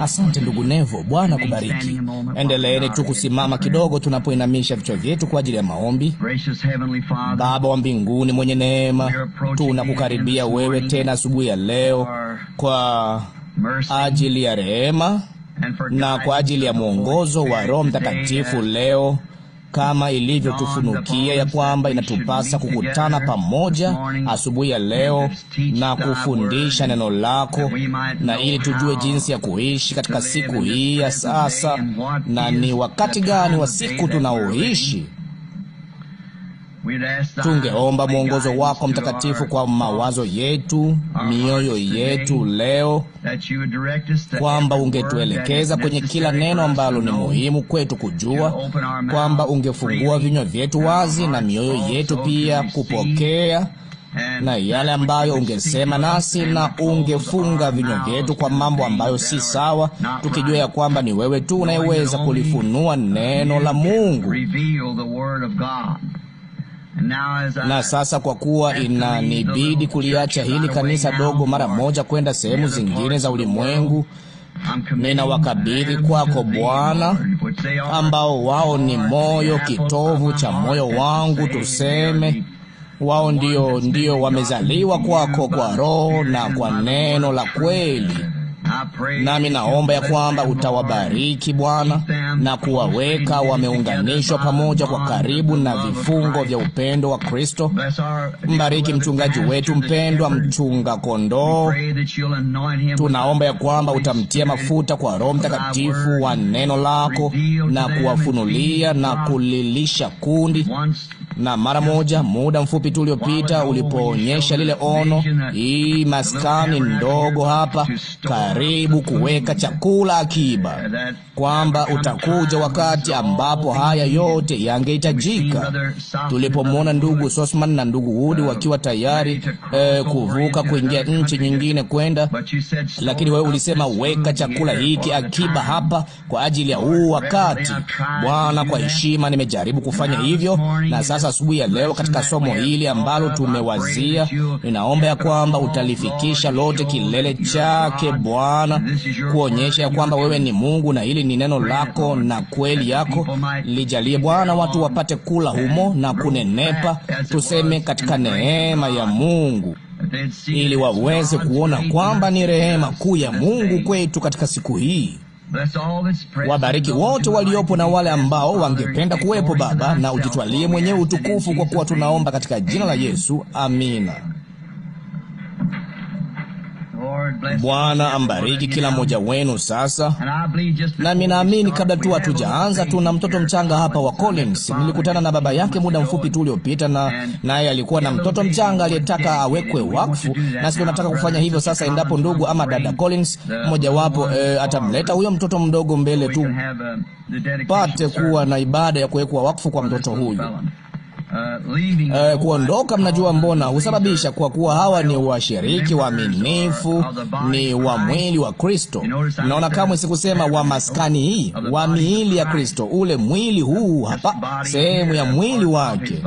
Asante ndugu Nevo, Bwana kubariki. Endeleeni tu kusimama kidogo tunapoinamisha vichwa vyetu kwa ajili ya maombi. Baba wa mbinguni mwenye neema, tunakukaribia wewe tena asubuhi ya leo kwa ajili ya rehema na kwa ajili ya mwongozo wa Roho Mtakatifu leo kama ilivyotufunukia ya kwamba inatupasa kukutana pamoja asubuhi ya leo na kufundisha neno lako, na ili tujue jinsi ya kuishi katika siku hii ya sasa, na ni wakati gani wa siku tunaoishi Tungeomba mwongozo wako mtakatifu kwa mawazo yetu, mioyo yetu leo, kwamba ungetuelekeza kwenye kila neno ambalo ni muhimu kwetu kujua, kwamba ungefungua vinywa vyetu wazi na mioyo yetu pia kupokea na yale ambayo ungesema nasi, na ungefunga vinywa vyetu kwa mambo ambayo si sawa, tukijua ya kwamba ni wewe tu unayeweza kulifunua neno la Mungu na sasa kwa kuwa inanibidi kuliacha hili kanisa dogo mara moja kwenda sehemu zingine za ulimwengu, ninawakabidhi kwako Bwana, ambao wao ni moyo, kitovu cha moyo wangu, tuseme wao ndio ndio wamezaliwa kwako kwa roho na kwa neno la kweli. Nami naomba ya kwamba utawabariki Bwana na kuwaweka wameunganishwa pamoja kwa karibu na vifungo vya upendo wa Kristo. Mbariki mchungaji wetu mpendwa, mchunga kondoo. Tunaomba ya kwamba utamtia mafuta kwa Roho Mtakatifu wa neno lako na kuwafunulia na kulilisha kundi. Na mara moja, muda mfupi tu uliopita, ulipoonyesha lile ono, hii maskani ndogo hapa karibu karibu kuweka chakula akiba. kwamba utakuja wakati ambapo haya yote yangehitajika. Tulipomwona ndugu Sosman na ndugu Wood wakiwa tayari eh, kuvuka kuingia nchi nyingine kwenda, lakini wewe ulisema weka chakula hiki akiba hapa kwa ajili ya huu wakati. Bwana, kwa heshima, nimejaribu kufanya hivyo, na sasa asubuhi ya leo katika somo hili ambalo tumewazia, ninaomba ya kwamba utalifikisha lote kilele chake Bwana, kuonyesha ya kwamba wewe ni Mungu na hili ni neno lako na kweli yako. Lijalie Bwana watu wapate kula humo na kunenepa, tuseme katika neema ya Mungu, ili waweze kuona kwamba ni rehema kuu ya Mungu kwetu katika siku hii. Wabariki wote waliopo na wale ambao wangependa kuwepo, Baba, na ujitwalie mwenyewe utukufu, kwa kuwa tunaomba katika jina la Yesu, amina. Bwana ambariki kila mmoja wenu. Sasa nami naamini kabla tu hatujaanza, tuna mtoto mchanga hapa wa Collins. Nilikutana na baba yake muda mfupi tu uliopita, na naye alikuwa na mtoto mchanga aliyetaka awekwe wakfu, nasi tunataka kufanya hivyo sasa. Endapo ndugu ama dada Collins mmojawapo e, eh, atamleta huyo mtoto mdogo mbele tu pate kuwa na ibada ya kuwekwa wakfu kwa mtoto huyu. Uh, eh, kuondoka, mnajua mbona husababisha, kwa kuwa hawa ni washiriki waaminifu, ni wa mwili wa Kristo. Naona kamwe sikusema wa maskani hii, wa miili ya Kristo, ule mwili huu hapa, sehemu ya mwili wake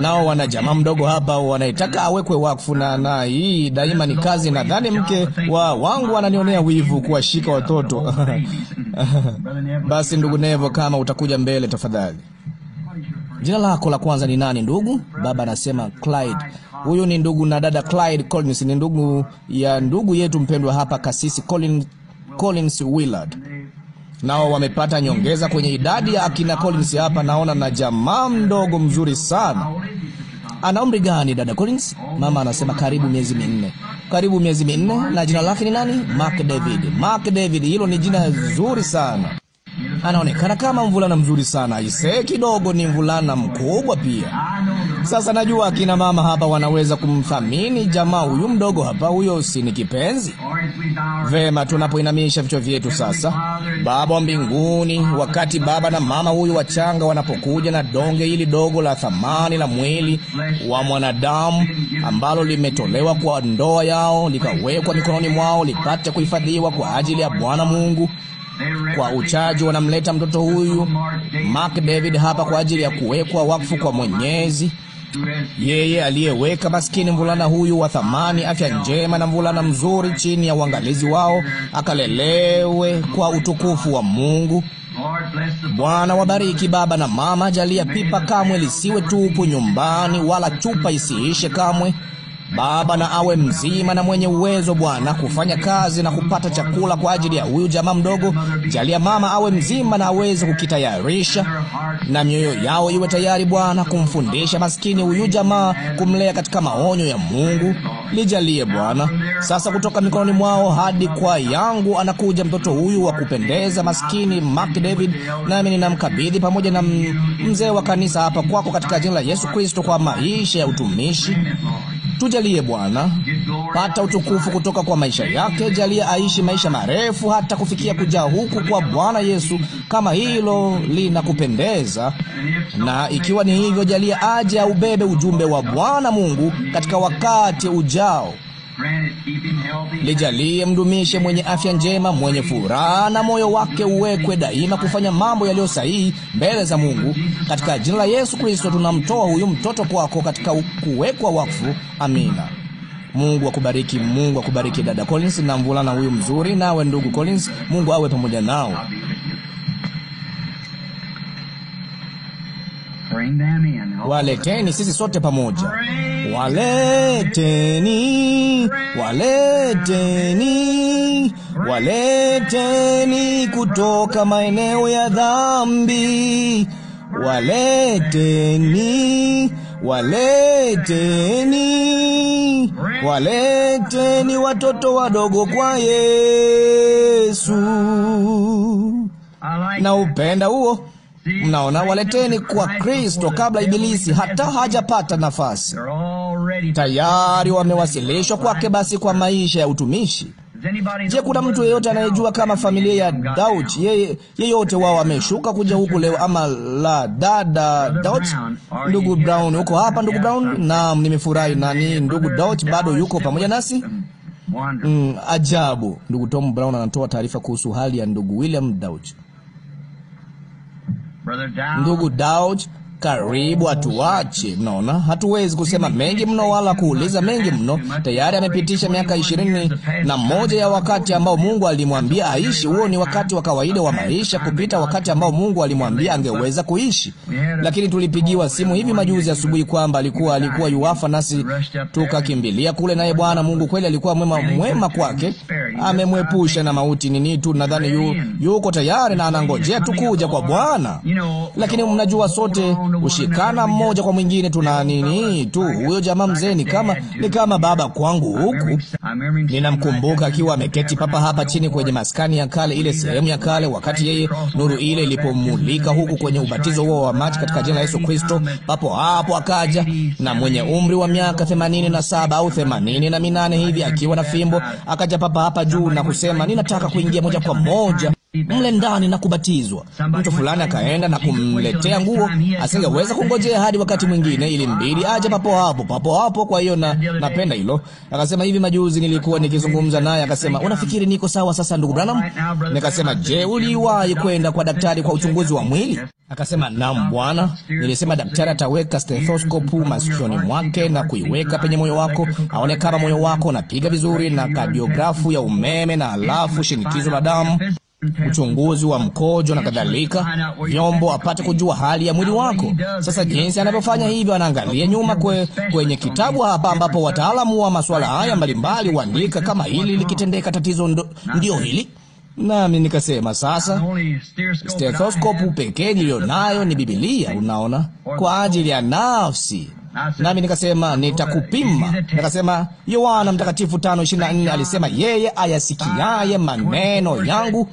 nao wana jamaa mdogo hapa wanaitaka awekwe wakfu, na na hii daima ni kazi. Nadhani mke wa wangu ananionea wivu kuwashika watoto. Basi ndugu Nevo, kama utakuja mbele tafadhali. Jina lako la kwanza ni nani ndugu? Baba anasema Clyde. Huyu ni ndugu na dada Clyde Collins, ni ndugu ya ndugu yetu mpendwa hapa kasisi Collins, Collins Willard. Nao wamepata nyongeza kwenye idadi ya akina Collins hapa. Naona na jamaa mdogo mzuri sana. Ana umri gani dada Collins? Mama anasema karibu miezi minne karibu miezi minne. Na jina lake ni nani? Mark David. Mark David, hilo ni jina zuri sana. Anaonekana kama mvulana mzuri sana. Isee, kidogo ni mvulana mkubwa pia. Sasa najua akina mama hapa wanaweza kumthamini jamaa huyu mdogo hapa, huyo si ni kipenzi. Vema, tunapoinamisha vichwa vyetu sasa. Baba wa mbinguni, wakati baba na mama huyu wachanga wanapokuja na donge hili dogo la thamani la mwili wa mwanadamu ambalo limetolewa kwa ndoa yao likawekwa mikononi mwao lipate kuhifadhiwa kwa ajili ya Bwana Mungu kwa uchaji wanamleta mtoto huyu Mark David hapa kwa ajili ya kuwekwa wakfu kwa Mwenyezi, yeye aliyeweka maskini mvulana huyu wa thamani, afya njema na mvulana mzuri, chini ya uangalizi wao, akalelewe kwa utukufu wa Mungu. Bwana wabariki baba na mama, jalia pipa kamwe lisiwe tupu nyumbani, wala chupa isiishe kamwe. Baba, na awe mzima na mwenye uwezo Bwana kufanya kazi na kupata chakula kwa ajili ya huyu jamaa mdogo. Jalia mama awe mzima na aweze kukitayarisha, na mioyo yao iwe tayari Bwana kumfundisha maskini huyu jamaa, kumlea katika maonyo ya Mungu. Lijalie Bwana sasa, kutoka mikononi mwao hadi kwa yangu anakuja mtoto huyu wa kupendeza maskini Mark David, nami ninamkabidhi pamoja na mzee wa kanisa hapa kwako katika jina la Yesu Kristo kwa maisha ya utumishi Tujalie Bwana, pata utukufu kutoka kwa maisha yake. jalia aishi maisha marefu hata kufikia kujaa huku kwa Bwana Yesu, kama hilo linakupendeza. Na ikiwa ni hivyo, jalie aje aubebe ujumbe wa Bwana Mungu katika wakati ujao. Lijalie mdumishe mwenye afya njema, mwenye furaha, na moyo wake uwekwe daima kufanya mambo yaliyo sahihi mbele za Mungu. Katika jina la Yesu Kristo tunamtoa huyu mtoto kwako katika kuwekwa wakfu. Amina. Mungu akubariki. Mungu akubariki dada Collins na mvulana huyu mzuri, nawe ndugu Collins. Mungu awe pamoja nao. waleteni sisi sote pamoja, waleteni, waleteni, waleteni kutoka maeneo ya dhambi, waleteni waleteni waleteni watoto wadogo kwa Yesu. Na upenda huo Mnaona, waleteni kwa Kristo kabla ibilisi hata hajapata nafasi. Tayari wamewasilishwa kwake, basi kwa maisha ya utumishi. Je, kuna mtu yeyote anayejua kama familia ya Dauch yeyote wao ameshuka kuja huku leo ama la? Dada Dauch, ndugu Brown, uko hapa ndugu Brown? Naam, nimefurahi. Nani ndugu Dauch bado yuko pamoja nasi? Mm, ajabu. Ndugu Tom Brown anatoa taarifa kuhusu hali ya ndugu William Dauch. ndugu Dowd. karibu atuache. Mnaona, hatuwezi kusema mengi mno wala kuuliza mengi mno. Tayari amepitisha miaka ishirini na moja ya wakati ambao Mungu alimwambia aishi. Huo ni wakati wa kawaida wa maisha, kupita wakati ambao Mungu alimwambia angeweza kuishi. Lakini tulipigiwa simu hivi majuzi asubuhi kwamba alikuwa alikuwa yuafa, nasi tukakimbilia kule, naye Bwana Mungu kweli alikuwa mwema, mwema kwake, amemwepusha na mauti nini tu. Nadhani yu, yuko tayari na anangojea tu kuja kwa Bwana. Lakini mnajua sote kushikana mmoja kwa mwingine, tuna nini tu. Huyo jamaa mzee ni kama ni kama baba kwangu huku. Ninamkumbuka akiwa ameketi papa hapa chini kwenye maskani ya kale, ile sehemu ya kale, wakati yeye nuru ile ilipomulika huku kwenye ubatizo huo wa maji katika jina la Yesu Kristo. Papo hapo akaja na mwenye umri wa miaka themanini na saba au themanini na minane hivi, akiwa na fimbo, akaja papa hapa juu na kusema, ninataka kuingia moja kwa moja mle ndani na kubatizwa. Mtu fulani akaenda na kumletea nguo, asingeweza kungojea hadi wakati mwingine, ili mbidi aje papo hapo papo hapo. Kwa hiyo na napenda hilo. Akasema hivi majuzi nilikuwa nikizungumza naye, akasema unafikiri niko sawa sasa, ndugu Branham? Nikasema je, uliwahi kwenda kwa daktari kwa uchunguzi wa mwili? Akasema naam bwana. Nilisema daktari ataweka stethoscope masikioni mwake na kuiweka penye moyo wako, aone kama moyo wako unapiga vizuri, na kadiografu ya umeme, na alafu shinikizo la damu uchunguzi wa mkojo na kadhalika, vyombo apate kujua hali ya mwili wako. Sasa jinsi anavyofanya hivyo, anaangalia nyuma kwe, kwenye kitabu hapa, ambapo wataalamu wa masuala haya mbalimbali huandika kama hili likitendeka tatizo ndo, ndio hili nami nikasema sasa, stethoskopu pekee nayo ni Bibilia, unaona, kwa ajili ya nafsi. Nami nikasema nitakupima. Nikasema Yohana Mtakatifu tano ishirini nne alisema yeye ayasikiaye maneno yangu.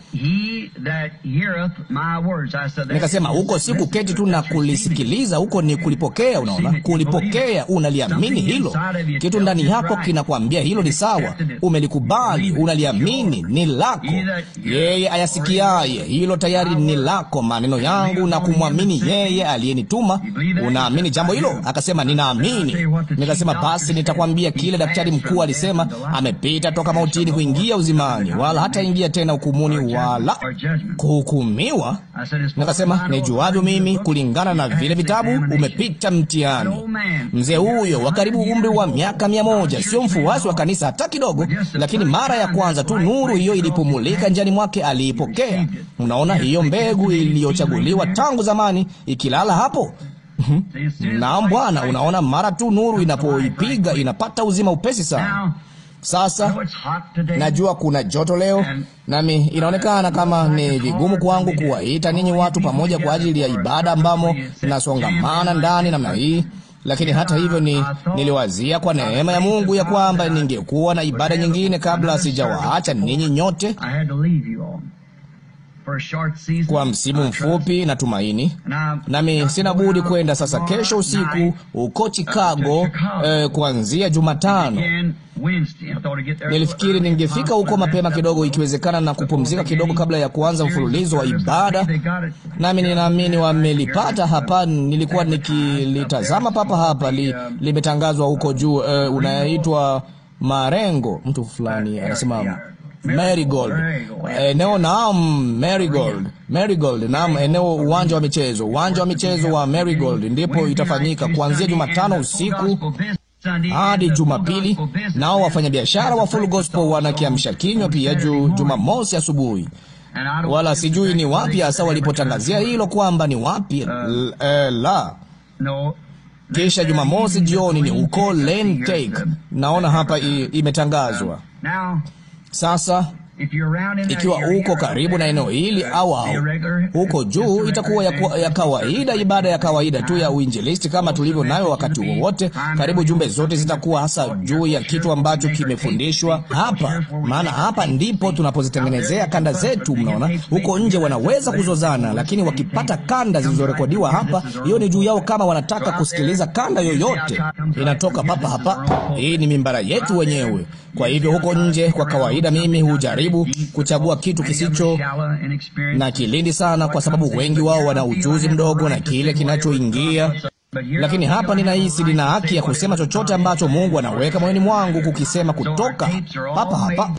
Nikasema huko si kuketi tu na kulisikiliza, huko ni kulipokea. Unaona, kulipokea, unaliamini hilo. Kitu ndani yako kinakwambia hilo ni sawa, umelikubali, unaliamini, ni lako. Yeye ayasikiaye hilo tayari ni lako, maneno yangu, na kumwamini yeye aliyenituma. Unaamini jambo hilo? Akasema ninaamini. Nikasema basi nitakwambia kile daktari mkuu alisema, amepita toka mautini kuingia uzimani, wala hataingia tena hukumuni wala kuhukumiwa. Nikasema nijuavyo mimi kulingana na vile vitabu, umepita mtihani. Mzee huyo wa karibu umri wa miaka mia moja, sio mfuasi wa kanisa hata kidogo, lakini mara ya kwanza tu nuru hiyo ilipomulika njani mwake aliipokea. Unaona, hiyo mbegu iliyochaguliwa tangu zamani ikilala hapo Naam Bwana, unaona, mara tu nuru inapoipiga inapata uzima upesi sana. Sasa najua kuna joto leo, nami inaonekana kama ni vigumu kwangu kuwaita ninyi watu pamoja kwa ajili ya ibada ambamo nasongamana ndani namna hii, lakini hata hivyo ni niliwazia kwa neema ya Mungu ya kwamba ningekuwa na ibada nyingine kabla sijawaacha ninyi nyote kwa msimu uh, mfupi na tumaini, nami sina budi kwenda sasa kesho usiku huko uh, Chicago, eh, kuanzia Jumatano. Nilifikiri ningefika huko mapema kidogo, ikiwezekana na kupumzika kidogo kabla ya kuanza mfululizo wa ibada, nami ninaamini wamelipata hapa. Nilikuwa nikilitazama papa hapa li, um, limetangazwa huko juu, eh, unaitwa Marengo, mtu fulani anasema Marigold, eh, eneo naam, Marigold, Marigold naam, eneo uwanja wa michezo, uwanja wa michezo wa Marigold, ndipo itafanyika kuanzia Jumatano usiku hadi Jumapili. Nao wafanyabiashara wa Full Gospel wana kiamsha kinywa pia juu Jumamosi asubuhi wala sijui ni wapi hasa walipotangazia hilo kwamba ni wapi eh, la. Kisha Jumamosi jioni ni uko Lane Take, naona hapa imetangazwa 啥啥。Ikiwa uko karibu na eneo hili uh, au au huko juu, itakuwa ya, ya kawaida, ibada ya kawaida tu ya uh, uinjilisti kama tulivyo nayo wakati wowote. Karibu jumbe zote zitakuwa hasa juu ya kitu ambacho kimefundishwa hapa, maana hapa ndipo tunapozitengenezea kanda zetu. Mnaona, huko nje wanaweza kuzozana, lakini wakipata kanda zilizorekodiwa hapa, hiyo ni juu yao. Kama wanataka kusikiliza kanda yoyote, inatoka papa hapa. Hii ni mimbara yetu wenyewe. Kwa hivyo huko nje, kwa kawaida mimi hujaribu wanajaribu kuchagua kitu kisicho na kilindi sana, kwa sababu wengi wao wana ujuzi mdogo na kile kinachoingia lakini hapa ninahisi nina haki ya kusema chochote ambacho Mungu anaweka moyoni mwangu kukisema kutoka hapa hapa.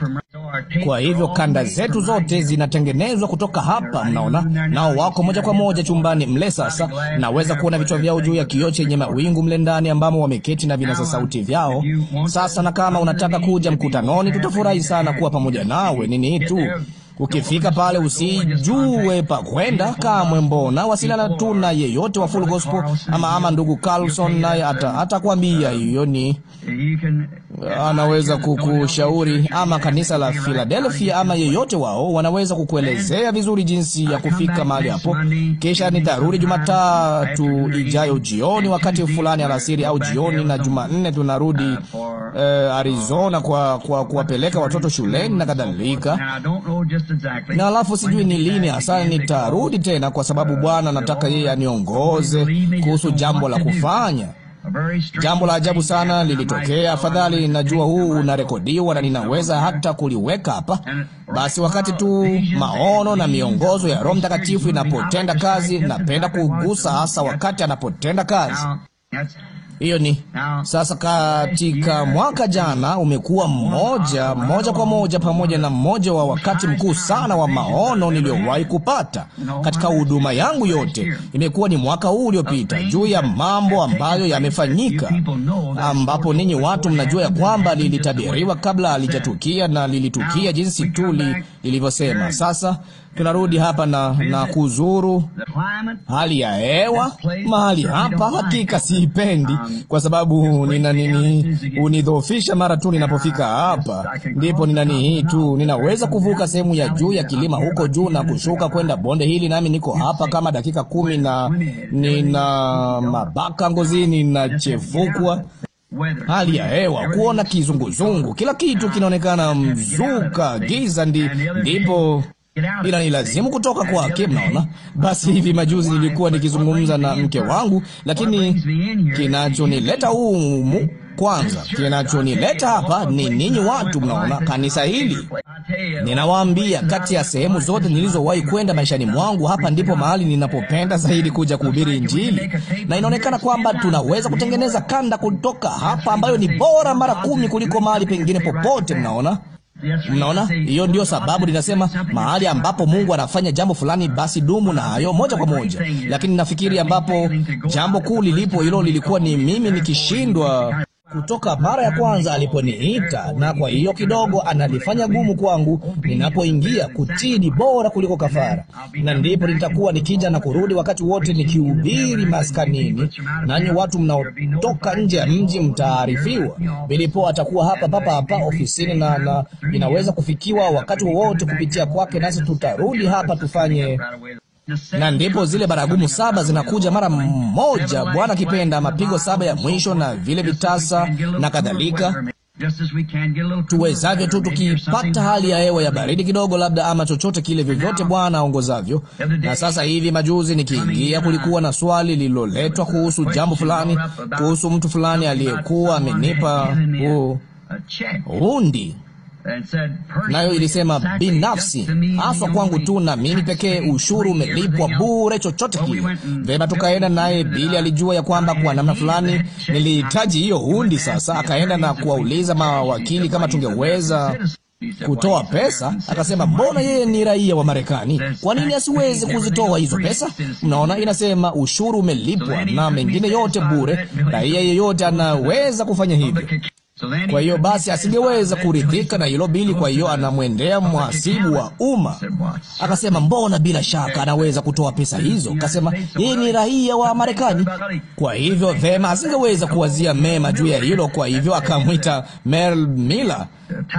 Kwa hivyo kanda zetu zote zinatengenezwa kutoka hapa, mnaona, nao wako moja kwa moja chumbani mle. Sasa naweza kuona vichwa vyao juu ya kioo chenye mawingu mle ndani, ambamo wameketi na vinasa sauti vyao. Sasa na kama unataka kuja mkutanoni, tutafurahi sana kuwa pamoja nawe. Nini tu Ukifika pale usijue pa kwenda kamwe. Mbona wasiliana tu na yeyote wa Full Gospel ama, ama ndugu Carlson, naye atakwambia ata hiyo ni anaweza kukushauri, ama kanisa la Philadelphia ama yeyote wao wanaweza kukuelezea vizuri jinsi ya kufika mahali hapo. Kisha nitarudi Jumatatu ijayo jioni, wakati fulani alasiri au jioni, na Jumanne tunarudi eh, Arizona kwa kuwapeleka watoto shuleni na kadhalika na alafu sijui ni lini hasa nitarudi tena, kwa sababu Bwana nataka yeye aniongoze kuhusu jambo la kufanya. Jambo la ajabu sana lilitokea. Afadhali najua huu unarekodiwa na ninaweza hata kuliweka hapa. Basi wakati tu maono na miongozo ya Roho Mtakatifu inapotenda kazi, napenda kugusa hasa wakati anapotenda kazi. Hiyo ni sasa. Eh, katika eh, mwaka jana umekuwa mmoja moja kwa moja pamoja na mmoja wa wakati mkuu sana wa maono niliyowahi kupata katika huduma yangu yote. Imekuwa ni mwaka huu uliopita juu ya mambo ambayo yamefanyika, ambapo ninyi watu mnajua ya kwamba lilitabiriwa kabla halijatukia na lilitukia jinsi tu li, lilivyosema. Sasa tunarudi hapa na, na kuzuru hali ya hewa mahali hapa. Hakika siipendi, kwa sababu nina nini, unidhoofisha mara tu ninapofika hapa. Ndipo nina nini tu, ninaweza kuvuka sehemu ya juu ya kilima huko juu na kushuka kwenda bonde hili, nami niko hapa kama dakika kumi, na nina mabaka ngozini, nachefukwa hali ya hewa, kuona kizunguzungu, kila kitu kinaonekana mzuka, giza, ndi ndipo ila ni lazimu kutoka kwake. Mnaona, basi hivi majuzi nilikuwa nikizungumza na mke wangu, lakini kinachonileta humu kwanza, kinachonileta hapa ni ninyi watu. Mnaona, kanisa hili, ninawaambia, kati ya sehemu zote nilizowahi kwenda maishani mwangu, hapa ndipo mahali ninapopenda zaidi kuja kuhubiri Injili, na inaonekana kwamba tunaweza kutengeneza kanda kutoka hapa ambayo ni bora mara kumi kuliko mahali pengine popote. Mnaona. Mnaona, hiyo ndio sababu ninasema mahali ambapo Mungu anafanya jambo fulani, basi dumu na hayo moja kwa moja. Lakini nafikiri ambapo jambo kuu lilipo, hilo lilikuwa ni mimi nikishindwa kutoka mara ya kwanza aliponiita, na kwa hiyo kidogo analifanya gumu kwangu ninapoingia. Kutii ni bora kuliko kafara, na ndipo nitakuwa nikija na kurudi wakati wote nikihubiri maskanini, nanyi watu mnaotoka nje ya mji mtaarifiwa. Bilipo atakuwa hapa papa hapa ofisini, na, na inaweza kufikiwa wakati wowote kupitia kwake, nasi tutarudi hapa tufanye na ndipo zile baragumu saba zinakuja mara mmoja Bwana akipenda, mapigo saba ya mwisho na vile vitasa na kadhalika tuwezavyo tu, tukipata hali ya hewa ya baridi kidogo, labda ama chochote kile, vyovyote Bwana aongozavyo. Na sasa hivi majuzi nikiingia, kulikuwa na swali lililoletwa kuhusu jambo fulani, kuhusu mtu fulani aliyekuwa amenipa hundi nayo ilisema binafsi, haswa kwangu tu na mimi pekee, ushuru umelipwa bure, chochote kile. Vema, tukaenda naye. Bili alijua ya kwamba kwa namna fulani nilihitaji hiyo hundi. Sasa akaenda na kuwauliza mawakili kama tungeweza kutoa pesa. Akasema, mbona yeye ni raia wa Marekani, kwa nini asiwezi kuzitoa hizo pesa? Mnaona, inasema ushuru umelipwa na mengine yote bure. Raia yeyote anaweza kufanya hivyo. Kwa hiyo basi asingeweza kuridhika na hilo bili. Kwa hiyo anamwendea mhasibu wa umma, akasema, mbona bila shaka anaweza kutoa pesa hizo. Akasema yeye ni raia wa Marekani, kwa hivyo vema, asingeweza kuwazia mema juu ya hilo. Kwa hivyo akamwita Mel Miller,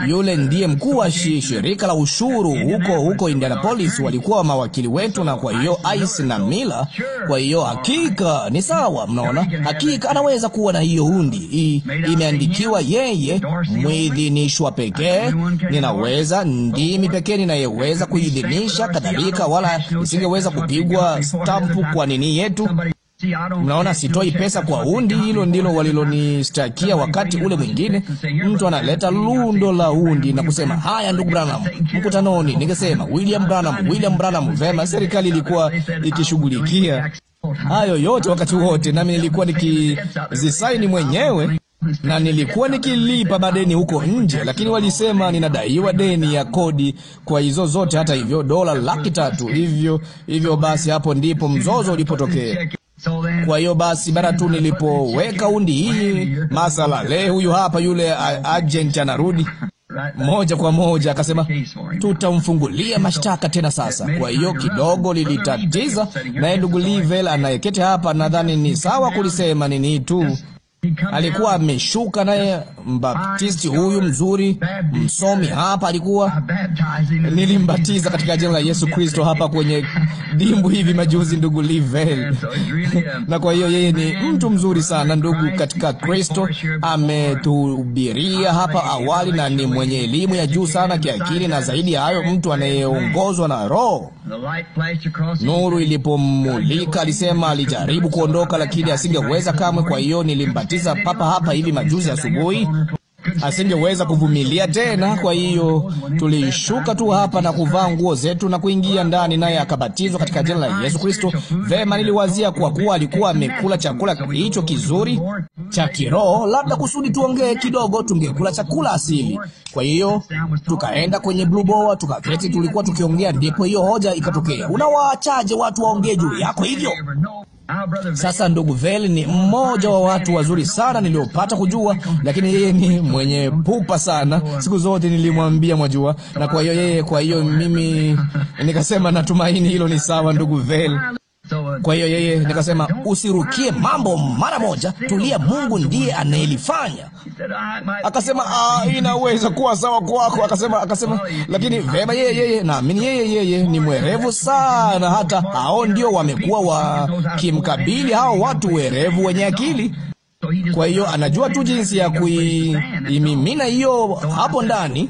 yule ndiye mkuu wa shirika la ushuru huko huko Indianapolis, walikuwa mawakili wetu, na kwa hiyo Ice na Miller. Kwa hiyo hakika ni sawa, mnaona, hakika anaweza kuwa na hiyo hundi imeandikiwa yeye mwidhinishwa pekee. Ninaweza, ndimi pekee ninayeweza kuidhinisha kadhalika, wala isingeweza kupigwa stampu kwa nini yetu. Mnaona, sitoi pesa kwa undi. Hilo ndilo walilonistakia wakati ule mwingine. Mtu analeta lundo la undi na kusema, haya, ndugu Branham, mkutanoni ningesema William Branham, William Branham. Vema, serikali ilikuwa ikishughulikia hayo yote wakati wote, nami nilikuwa nikizisaini mwenyewe na nilikuwa nikilipa madeni huko nje, lakini walisema ninadaiwa deni ya kodi kwa hizo zote, hata hivyo dola laki tatu. Hivyo hivyo basi, hapo ndipo mzozo ulipotokea. Kwa hiyo basi, bara tu nilipoweka undi hii masala le, huyu hapa yule agent anarudi moja kwa moja akasema, tutamfungulia mashtaka tena sasa. Kwa hiyo kidogo lilitatiza, naye ndugu Livel anayeketi hapa, nadhani ni sawa kulisema nini tu alikuwa ameshuka naye mbaptisti huyu mzuri msomi hapa, alikuwa nilimbatiza katika jina la Yesu Kristo hapa kwenye dimbu hivi majuzi, ndugu Livel. na kwa hiyo yeye ni mtu mzuri sana, ndugu katika Kristo. Ametuhubiria hapa awali na ni mwenye elimu ya juu sana kiakili, na zaidi ya hayo, mtu anayeongozwa na Roho. Nuru ilipomulika, alisema alijaribu kuondoka, lakini asingeweza kamwe. Kwa hiyo nilimbatiza tisa papa hapa hivi majuzi asubuhi. Asingeweza kuvumilia tena, kwa hiyo tulishuka tu hapa na kuvaa nguo zetu na kuingia ndani, naye akabatizwa katika jina la Yesu Kristo. Vema, niliwazia kwa kuwa alikuwa amekula chakula hicho kizuri cha kiroho, labda kusudi tuongee kidogo, tungekula chakula asili. Kwa hiyo tukaenda kwenye Blue Boa, tukaketi, tulikuwa tukiongea, ndipo hiyo hoja ikatokea, unawaachaje watu waongee juu yako hivyo? Sasa ndugu Veli ni mmoja wa watu wazuri sana niliopata kujua, lakini yeye ni mwenye pupa sana. Siku zote nilimwambia mwajua, na kwa hiyo yeye, kwa hiyo mimi nikasema, natumaini hilo ni sawa, ndugu Veli. Kwa hiyo yeye, nikasema usirukie mambo mara moja, tulia, Mungu ndiye anayelifanya. Akasema ah, inaweza kuwa sawa kwako, akasema akasema, lakini vema, yeye yeye, naamini yeye yeye ni mwerevu sana, hata hao ndio wamekuwa wakimkabili hao watu werevu wenye akili kwa hiyo anajua tu jinsi ya kuimimina hiyo hapo ndani,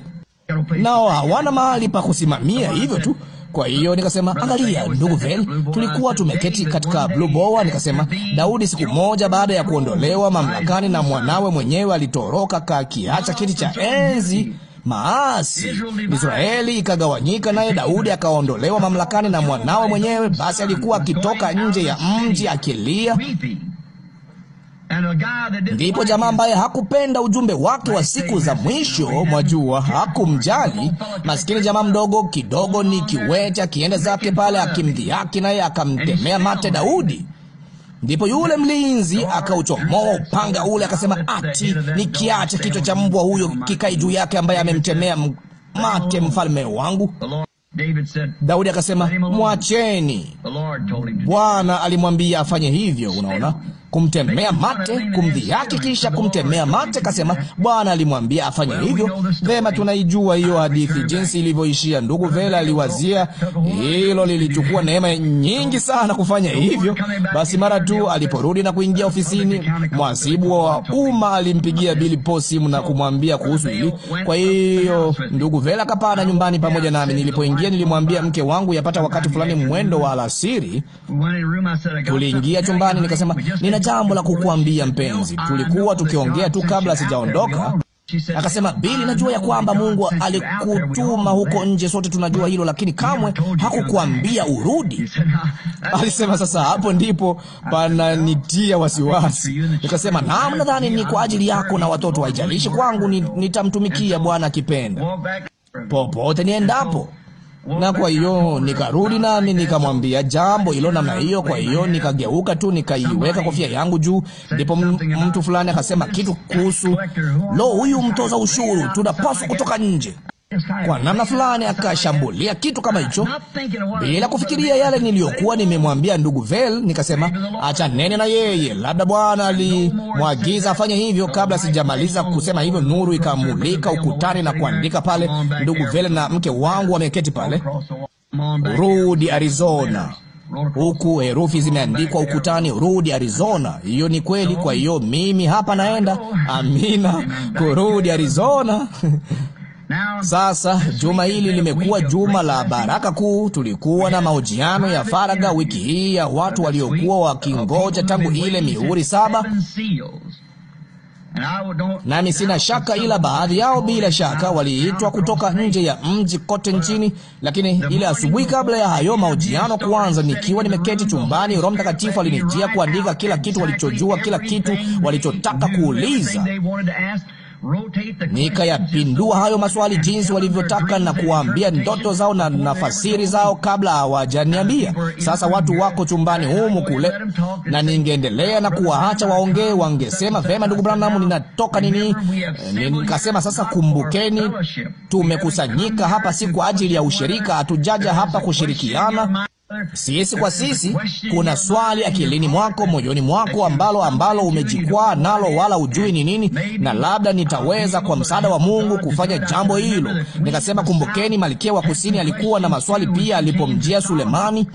nao hawana mahali pa kusimamia, hivyo tu. Kwa hiyo nikasema, angalia ndugu Vel, tulikuwa tumeketi katika Blue Boa. Nikasema, Daudi siku moja baada ya kuondolewa mamlakani na mwanawe mwenyewe alitoroka kakiacha kiti cha enzi maasi Israeli ikagawanyika, naye Daudi akaondolewa mamlakani na mwanawe mwenyewe. Basi alikuwa akitoka nje ya mji akilia, Ndipo jamaa ambaye hakupenda ujumbe wake wa siku za mwisho, mwajua, hakumjali maskini jamaa mdogo kidogo, ni kiwete, akienda zake pale akimdhihaki, naye akamtemea mate Daudi. Ndipo yule mlinzi akauchomoa upanga ule, akasema ati nikiache kichwa cha mbwa huyo kikae juu yake, ambaye amemtemea mate mfalme wangu. Daudi akasema, mwacheni. Bwana alimwambia afanye hivyo. Unaona kumtemea mate, kumdhihaki, kisha kumtemea mate. Kasema Bwana alimwambia afanye hivyo. Vema, tunaijua hiyo hadithi jinsi ilivyoishia. Ndugu Vela aliwazia hilo, lilichukua neema nyingi sana kufanya hivyo. Basi mara tu aliporudi na kuingia ofisini, mwasibu wa umma alimpigia Bili Po simu na kumwambia kuhusu hili. Kwa hiyo ndugu Vela kapana nyumbani pamoja nami. Nilipoingia nilimwambia mke wangu, yapata wakati fulani mwendo wa alasiri, tuliingia chumbani, nikasema nina jambo la kukuambia mpenzi. Tulikuwa tukiongea tu kabla sijaondoka. Akasema, Bili, najua ya kwamba Mungu alikutuma huko nje, sote tunajua hilo, lakini kamwe hakukuambia urudi. Ah, Alisema, sasa hapo ndipo pananitia wasiwasi. Nikasema, naam, nadhani ni kwa ajili yako na watoto, haijalishi kwangu, nitamtumikia Bwana akipenda, popote niendapo na kwa hiyo nikarudi nami nikamwambia jambo hilo namna hiyo. Kwa hiyo nikageuka tu nikaiweka kofia yangu juu, ndipo mtu fulani akasema kitu kuhusu lo, huyu mtoza ushuru tunapaswa kutoka nje kwa namna fulani akashambulia kitu kama hicho bila kufikiria yale niliyokuwa nimemwambia ndugu Vel. Nikasema nene na yeye, labda Bwana alimwagiza afanye hivyo. Kabla sijamaliza kusema hivyo, nuru ikamulika ukutani na kuandika pale, ndugu Vel na mke wangu wameketi pale, rudi Arizona huku herufi zimeandikwa ukutani, rudi Arizona. Hiyo ni kweli. Kwa hiyo mimi hapa naenda, amina, kurudi Arizona. Sasa juma hili limekuwa juma la baraka kuu. Tulikuwa na mahojiano ya faragha wiki hii ya watu waliokuwa wakingoja tangu ile mihuri saba nami sina shaka, ila baadhi yao bila shaka waliitwa kutoka nje ya mji kote nchini. Lakini ile asubuhi kabla ya hayo mahojiano kuanza, nikiwa nimeketi chumbani, Roho Mtakatifu alinijia kuandika kila kitu walichojua, kila kitu walichotaka kuuliza nikayapindua hayo maswali jinsi walivyotaka na kuwaambia ndoto zao na nafasiri zao kabla hawajaniambia. Sasa watu wako chumbani humu kule, na ningeendelea na kuwaacha waongee, wangesema vema, ndugu Branham, ninatoka nini? Eh, Nikasema sasa, kumbukeni, tumekusanyika hapa si kwa ajili ya ushirika, hatujaja hapa kushirikiana sisi kwa sisi. Kuna swali akilini mwako, moyoni mwako, ambalo ambalo umejikwaa nalo, wala ujui ni nini, na labda nitaweza kwa msaada wa Mungu kufanya jambo hilo. Nikasema, kumbukeni, malkia wa kusini alikuwa na maswali pia alipomjia Sulemani.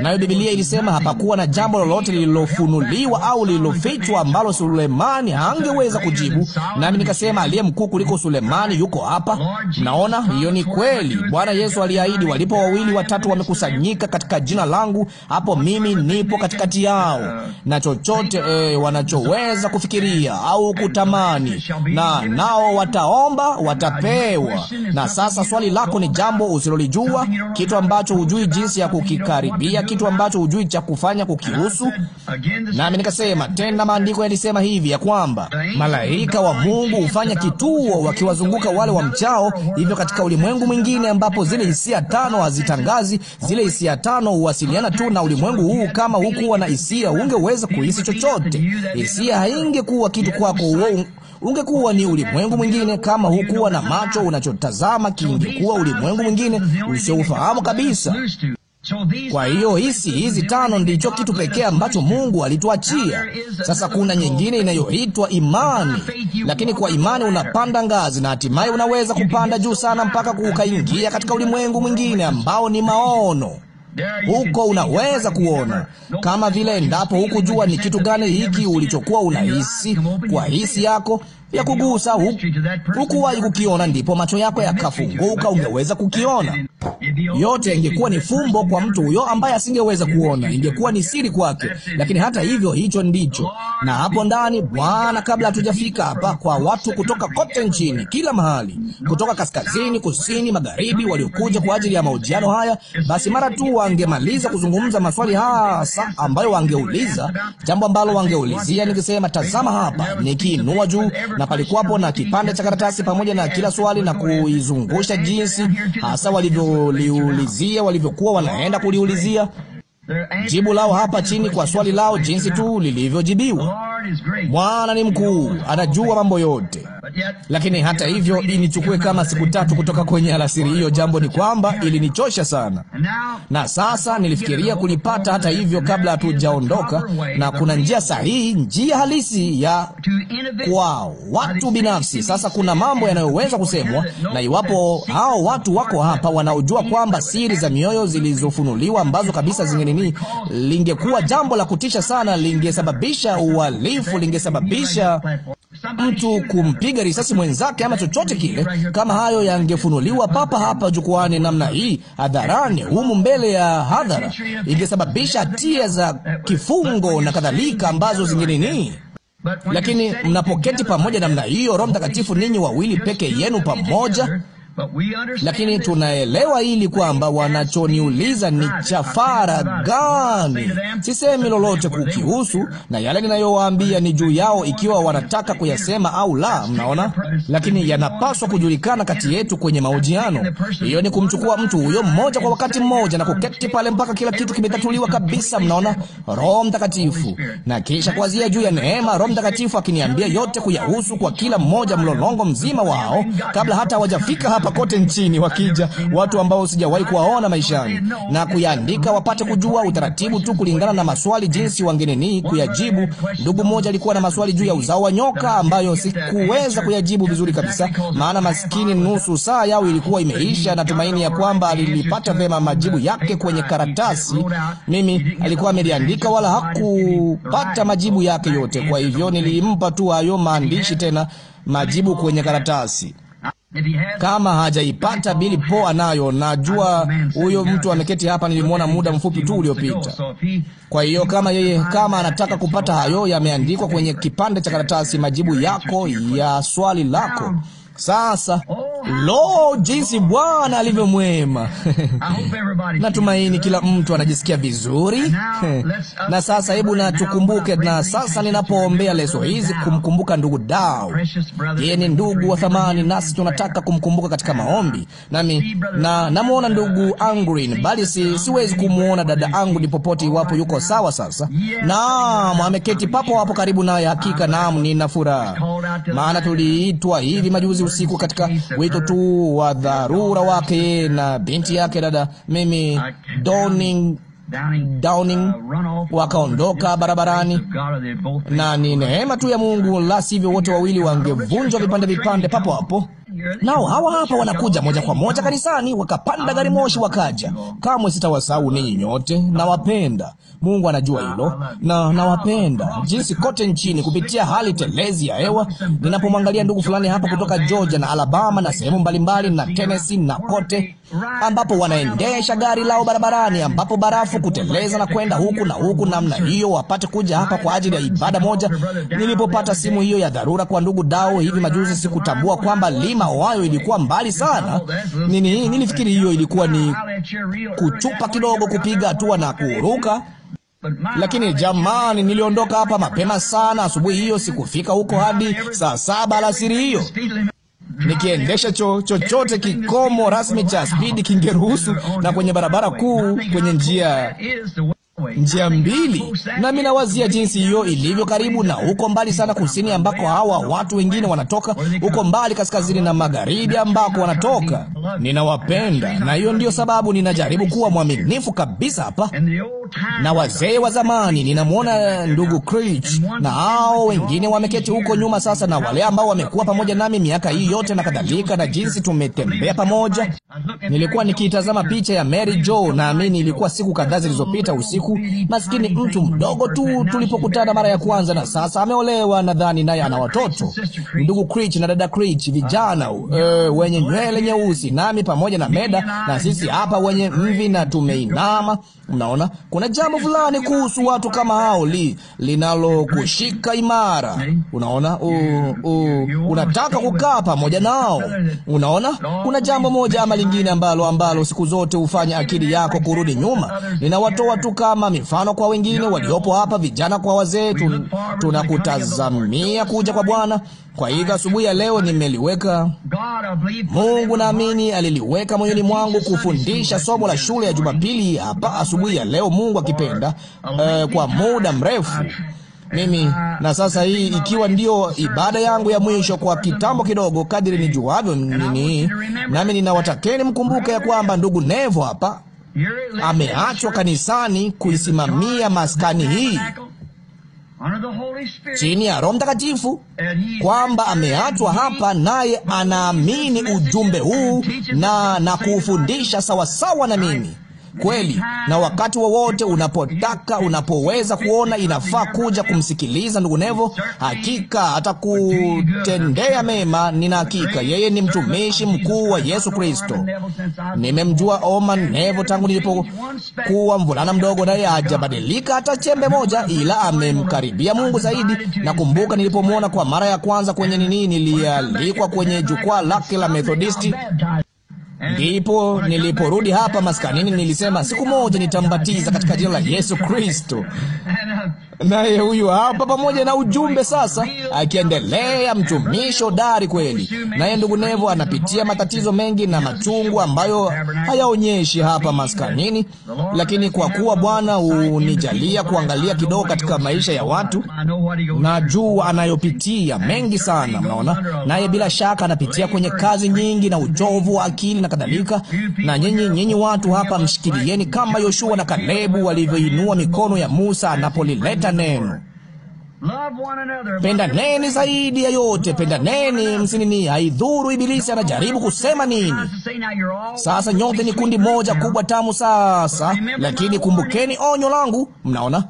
Nayo Bibilia ilisema hapakuwa na jambo lolote lililofunuliwa au lililofichwa ambalo Sulemani hangeweza kujibu. Nami nikasema aliye mkuu kuliko Sulemani yuko hapa. naona hiyo ni kweli. Bwana Yesu aliahidi, walipo wawili watatu wamekusanyika katika jina langu, hapo mimi nipo katikati uh, yao. Na chochote e, wanachoweza kufikiria au kutamani, na nao wataomba, watapewa. Na sasa swali lako ni jambo usilolijua, kitu ambacho hujui jinsi ya kuki ukikaribia kitu ambacho hujui cha kufanya kukihusu. Nami nikasema tena, maandiko yalisema hivi ya kwamba malaika wa Mungu hufanya kituo wakiwazunguka wale wa mchao Hivyo katika ulimwengu mwingine ambapo zile hisia tano hazitangazi, zile hisia tano huwasiliana tu na ulimwengu huu. Kama hukuwa na hisia, ungeweza kuhisi chochote. Hisia haingekuwa kitu kwako, ungekuwa ni ulimwengu mwingine. Kama hukuwa na macho, unachotazama kingekuwa ulimwengu mwingine usioufahamu kabisa. Kwa hiyo hisi hizi tano ndicho kitu pekee ambacho Mungu alituachia. Sasa kuna nyingine inayoitwa imani, lakini kwa imani unapanda ngazi na hatimaye unaweza kupanda juu sana mpaka kukaingia katika ulimwengu mwingine ambao ni maono. Huko unaweza kuona kama vile endapo huku jua ni kitu gani hiki ulichokuwa unahisi kwa hisi yako ya kugusa hukuwahi kukiona, ndipo macho yako yakafunguka, ungeweza kukiona. Yote ingekuwa ni fumbo kwa mtu huyo ambaye asingeweza kuona, ingekuwa ni siri kwake. Lakini hata hivyo, hicho ndicho. Na hapo ndani, Bwana, kabla hatujafika hapa, kwa watu kutoka kote nchini, kila mahali, kutoka kaskazini, kusini, magharibi, waliokuja kwa ajili ya mahojiano haya, basi mara tu wangemaliza kuzungumza maswali hasa ambayo wangeuliza, jambo ambalo wangeulizia, nikisema tazama hapa, nikiinua juu na palikuwapo na kipande cha karatasi pamoja na kila swali na kuizungusha jinsi hasa walivyoliulizia, walivyokuwa wanaenda kuliulizia jibu lao hapa chini kwa swali lao, jinsi tu lilivyojibiwa. Bwana ni mkuu, anajua mambo yote. Lakini hata hivyo, inichukue kama siku tatu kutoka kwenye alasiri hiyo. Jambo ni kwamba ilinichosha sana, na sasa nilifikiria kulipata hata hivyo kabla hatujaondoka, na kuna njia sahihi, njia halisi ya kwa watu binafsi. Sasa kuna mambo yanayoweza kusemwa, na iwapo hao watu wako hapa wanaojua kwamba siri za mioyo zilizofunuliwa ambazo kabisa zingenini, lingekuwa jambo la kutisha sana, lingesababisha uhalifu, lingesababisha mtu kumpiga kumpiga risasi mwenzake ama chochote kile. Kama hayo yangefunuliwa papa hapa jukwani namna hii hadharani, humu mbele ya hadhara, ingesababisha hatia za kifungo na kadhalika ambazo zingine ni lakini mnapoketi pamoja namna hiyo, Roho Mtakatifu ninyi wawili peke yenu pamoja, lakini tunaelewa ili kwamba wanachoniuliza ni chafara gani. Sisemi lolote kukihusu, na yale ninayowaambia ni juu yao, ikiwa wanataka kuyasema au la. Mnaona, lakini yanapaswa kujulikana kati yetu kwenye mahojiano. Hiyo ni kumchukua mtu huyo mmoja kwa wakati mmoja na kuketi pale mpaka kila kitu kimetatuliwa kabisa. Mnaona, Roho Mtakatifu, na kisha kuwazia juu ya neema, Roho Mtakatifu akiniambia yote kuyahusu kwa kila mmoja, mlolongo mzima wao, kabla hata hawajafika hapa hapa kote nchini wakija watu ambao sijawahi kuwaona maishani, na kuyaandika wapate kujua utaratibu tu kulingana na maswali jinsi wangenini kuyajibu. Ndugu mmoja alikuwa na maswali juu ya uzao wa nyoka ambayo sikuweza kuyajibu vizuri kabisa, maana maskini nusu saa yao ilikuwa imeisha. Natumaini ya kwamba alilipata vema majibu yake kwenye karatasi. Mimi alikuwa ameliandika wala hakupata majibu yake yote, kwa hivyo nilimpa tu hayo maandishi tena majibu kwenye karatasi. Kama hajaipata Billy po anayo. Najua huyo mtu ameketi hapa, nilimwona muda mfupi tu uliopita. Kwa hiyo kama yeye, kama anataka kupata hayo, yameandikwa kwenye kipande cha karatasi, majibu yako ya swali lako. Sasa oh, lo, jinsi Bwana alivyo mwema! Natumaini kila mtu anajisikia vizuri. Na sasa hebu natukumbuke, na sasa ninapoombea leso hizi, kumkumbuka ndugu Dau. Yeye ni ndugu wa thamani, nasi tunataka kumkumbuka katika maombi. Nami na namwona ndugu Angrin, bali si, siwezi kumwona dada angu ni popote, iwapo yuko sawa. Sasa naam, ameketi papo hapo karibu naye. Hakika naam, nina furaha, maana tuliitwa hivi majuzi usiku katika wito tu wa dharura wake na binti yake dada Mimi Downing Downing wakaondoka barabarani, na ni neema tu ya Mungu, la sivyo wote wawili wangevunjwa vipande vipande papo hapo nao hawa hapa wanakuja moja kwa moja kanisani, wakapanda gari moshi wakaja. Kamwe sitawasahau ninyi nyote, nawapenda. Mungu anajua hilo, na nawapenda jinsi kote nchini kupitia hali telezi ya hewa. Ninapomwangalia ndugu fulani hapa kutoka Georgia na Alabama na sehemu mbalimbali na Tennessee na kote ambapo wanaendesha gari lao barabarani, ambapo barafu kuteleza na kwenda huku na huku namna hiyo, wapate kuja hapa kwa ajili ya ibada moja. Nilipopata simu hiyo ya dharura kwa ndugu Dao hivi majuzi, sikutambua kwamba Lima kama Ohio ilikuwa mbali sana. Nini, nilifikiri hiyo ilikuwa ni kuchupa kidogo, kupiga hatua na kuruka. Lakini jamani, niliondoka hapa mapema sana asubuhi hiyo, sikufika huko hadi saa saba alasiri hiyo nikiendesha cho chochote kikomo rasmi cha spidi kingeruhusu, na kwenye barabara kuu, kwenye njia njia mbili, nami nawazia jinsi hiyo ilivyo karibu na huko mbali sana kusini, ambako hawa watu wengine wanatoka huko mbali kaskazini na magharibi, ambako wanatoka. Ninawapenda, na hiyo ndiyo sababu ninajaribu kuwa mwaminifu kabisa hapa na wazee wa zamani. Ninamwona ndugu Critch na hao wengine wameketi huko nyuma sasa, na wale ambao wamekuwa pamoja nami miaka hii yote na kadhalika, na jinsi tumetembea pamoja. Nilikuwa nikiitazama picha ya Mary Jo, naamini ilikuwa siku kadhaa zilizopita usiku, maskini mtu mdogo tu tulipokutana mara ya kwanza, na sasa ameolewa nadhani, naye ana watoto, ndugu Critch na dada Critch, vijana uh, wenye nywele nyeusi, nami pamoja na Meda na sisi hapa wenye mvi na tumeinama. Mnaona kuna kuna jambo fulani kuhusu watu kama hao li, linalokushika imara. Unaona unataka kukaa pamoja nao. Unaona, kuna jambo moja ama lingine ambalo ambalo siku zote hufanya akili yako kurudi nyuma. Ninawatoa tu kama mifano kwa wengine waliopo hapa, vijana kwa wazee. Tunakutazamia kuja kwa Bwana. Kwa hivyo asubuhi ya leo nimeliweka, Mungu naamini aliliweka moyoni mwangu kufundisha somo la shule ya Jumapili hapa asubuhi ya leo, Mungu akipenda, uh, kwa muda mrefu mimi na sasa, hii ikiwa ndiyo ibada yangu ya mwisho kwa kitambo kidogo, kadiri nijuavyo nini, nami ninawatakeni mkumbuke ya kwamba ndugu Nevo hapa ameachwa kanisani kuisimamia maskani hii chini ya Roho Mtakatifu, kwamba ameachwa hapa, naye anaamini ujumbe huu na na kuufundisha sawasawa na mimi kweli, na wakati wowote wa unapotaka, unapoweza kuona inafaa kuja kumsikiliza ndugu Nevo. Hakika atakutendea mema, nina hakika. Yeye ni mtumishi mkuu wa Yesu Kristo. Nimemjua Oman Nevo tangu nilipokuwa mvulana mdogo, naye hajabadilika hata chembe moja, ila amemkaribia Mungu zaidi. Nakumbuka nilipomwona kwa mara ya kwanza kwenye nini, nilialikwa kwenye jukwaa lake la Methodisti Ndipo niliporudi hapa maskanini, nilisema siku moja nitambatiza katika jina la Yesu Kristo naye huyu hapa pamoja na ujumbe sasa, akiendelea. Mtumishi hodari kweli, naye ndugu Nevo anapitia matatizo mengi na machungu ambayo hayaonyeshi hapa maskanini, lakini kwa kuwa Bwana hunijalia kuangalia kidogo katika maisha ya watu, najua anayopitia mengi sana, mnaona. Naye bila shaka anapitia kwenye kazi nyingi na uchovu wa akili na kadhalika, na nyinyi nyinyi watu hapa mshikilieni kama Yoshua na Kalebu walivyoinua mikono ya Musa anapolileta neno. Pendaneni zaidi ya yote, pendaneni, msinini. Haidhuru ibilisi anajaribu kusema nini. Sasa nyote ni kundi moja kubwa tamu sasa, lakini kumbukeni onyo langu. Mnaona?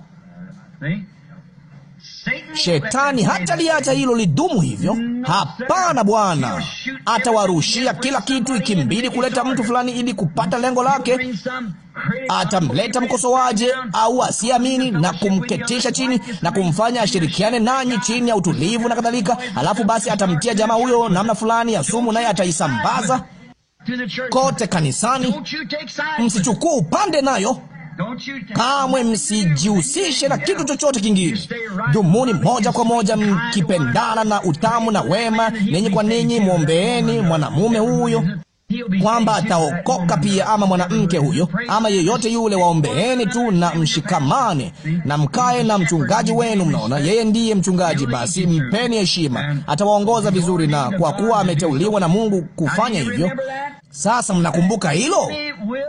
Shetani hata liacha hilo lidumu hivyo. Hapana, Bwana atawarushia kila kitu, ikimbidi kuleta mtu fulani ili kupata lengo lake. Atamleta mkosoaje au asiamini na kumketisha chini na kumfanya ashirikiane nanyi chini ya utulivu na kadhalika. Alafu basi atamtia jamaa huyo namna fulani ya sumu, naye ataisambaza kote kanisani. msichukuu upande nayo. Kamwe msijihusishe na kitu chochote kingine. Dumuni moja kwa moja mkipendana na utamu na wema ninyi kwa ninyi. Mwombeeni mwanamume huyo kwamba ataokoka pia, ama mwanamke huyo ama yeyote yule. Waombeeni tu na mshikamane na mkae na mchungaji wenu. Mnaona, yeye ndiye mchungaji, basi mpeni heshima, atawaongoza vizuri, na kwa kuwa ameteuliwa na Mungu kufanya hivyo. Sasa mnakumbuka hilo,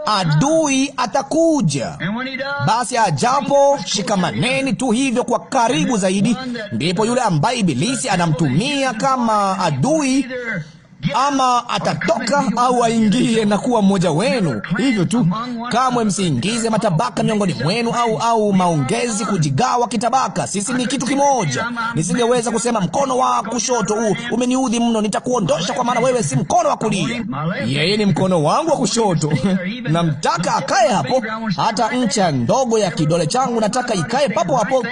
adui atakuja. Basi ajapo, shikamaneni tu hivyo kwa karibu zaidi, ndipo yule ambaye Ibilisi anamtumia kama adui ama atatoka au aingie na kuwa mmoja wenu. Hivyo tu, kamwe msiingize matabaka miongoni mwenu, au au maongezi, kujigawa kitabaka. Sisi ni kitu kimoja. Nisingeweza kusema mkono wa kushoto huu umeniudhi mno, nitakuondosha kwa maana wewe si mkono wa kulia. Yeye ni mkono wangu wa kushoto. Namtaka akae hapo, hata ncha ndogo ya kidole changu nataka ikae papo hapo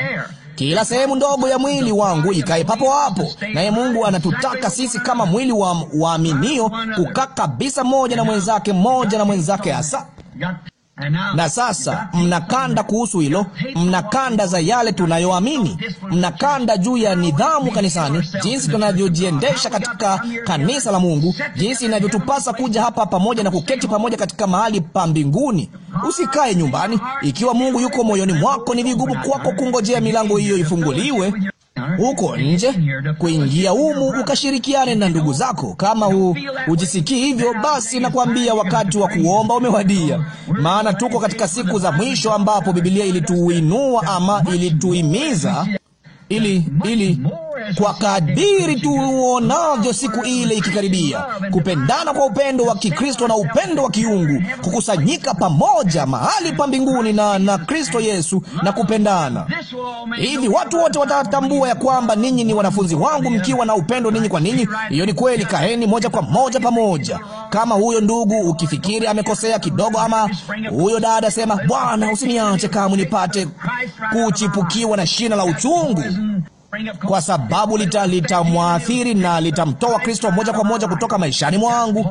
kila sehemu ndogo ya mwili wangu ikae papo hapo. Naye Mungu anatutaka sisi kama mwili wa waaminio kukaa kabisa moja na mwenzake, moja na mwenzake hasa na sasa mnakanda kuhusu hilo, mnakanda za yale tunayoamini, mnakanda juu ya nidhamu kanisani, jinsi tunavyojiendesha katika kanisa la Mungu, jinsi inavyotupasa kuja hapa pamoja na kuketi pamoja katika mahali pa mbinguni. Usikae nyumbani. Ikiwa Mungu yuko moyoni mwako, ni vigumu kwako kungojea milango hiyo ifunguliwe huko nje, kuingia humu ukashirikiane na ndugu zako. Kama u, hivyo, basi nakwambia wakati wa kuomba umewadia, maana tuko katika siku za mwisho ambapo Biblia ilituinua ama ilituhimiza ili ili kwa kadiri tuonavyo siku ile ikikaribia, kupendana kwa upendo wa Kikristo na upendo wa kiungu, kukusanyika pamoja mahali pa mbinguni na na Kristo Yesu na kupendana hivi, watu wote watatambua ya kwamba ninyi ni wanafunzi wangu mkiwa na upendo ninyi kwa ninyi. Hiyo ni kweli. Kaheni moja kwa moja pamoja kama huyo ndugu ukifikiri amekosea kidogo, ama huyo dada, sema Bwana, usiniache kamwe nipate kuchipukiwa na shina la uchungu kwa sababu litamwathiri lita na litamtoa Kristo moja kwa moja kutoka maishani mwangu.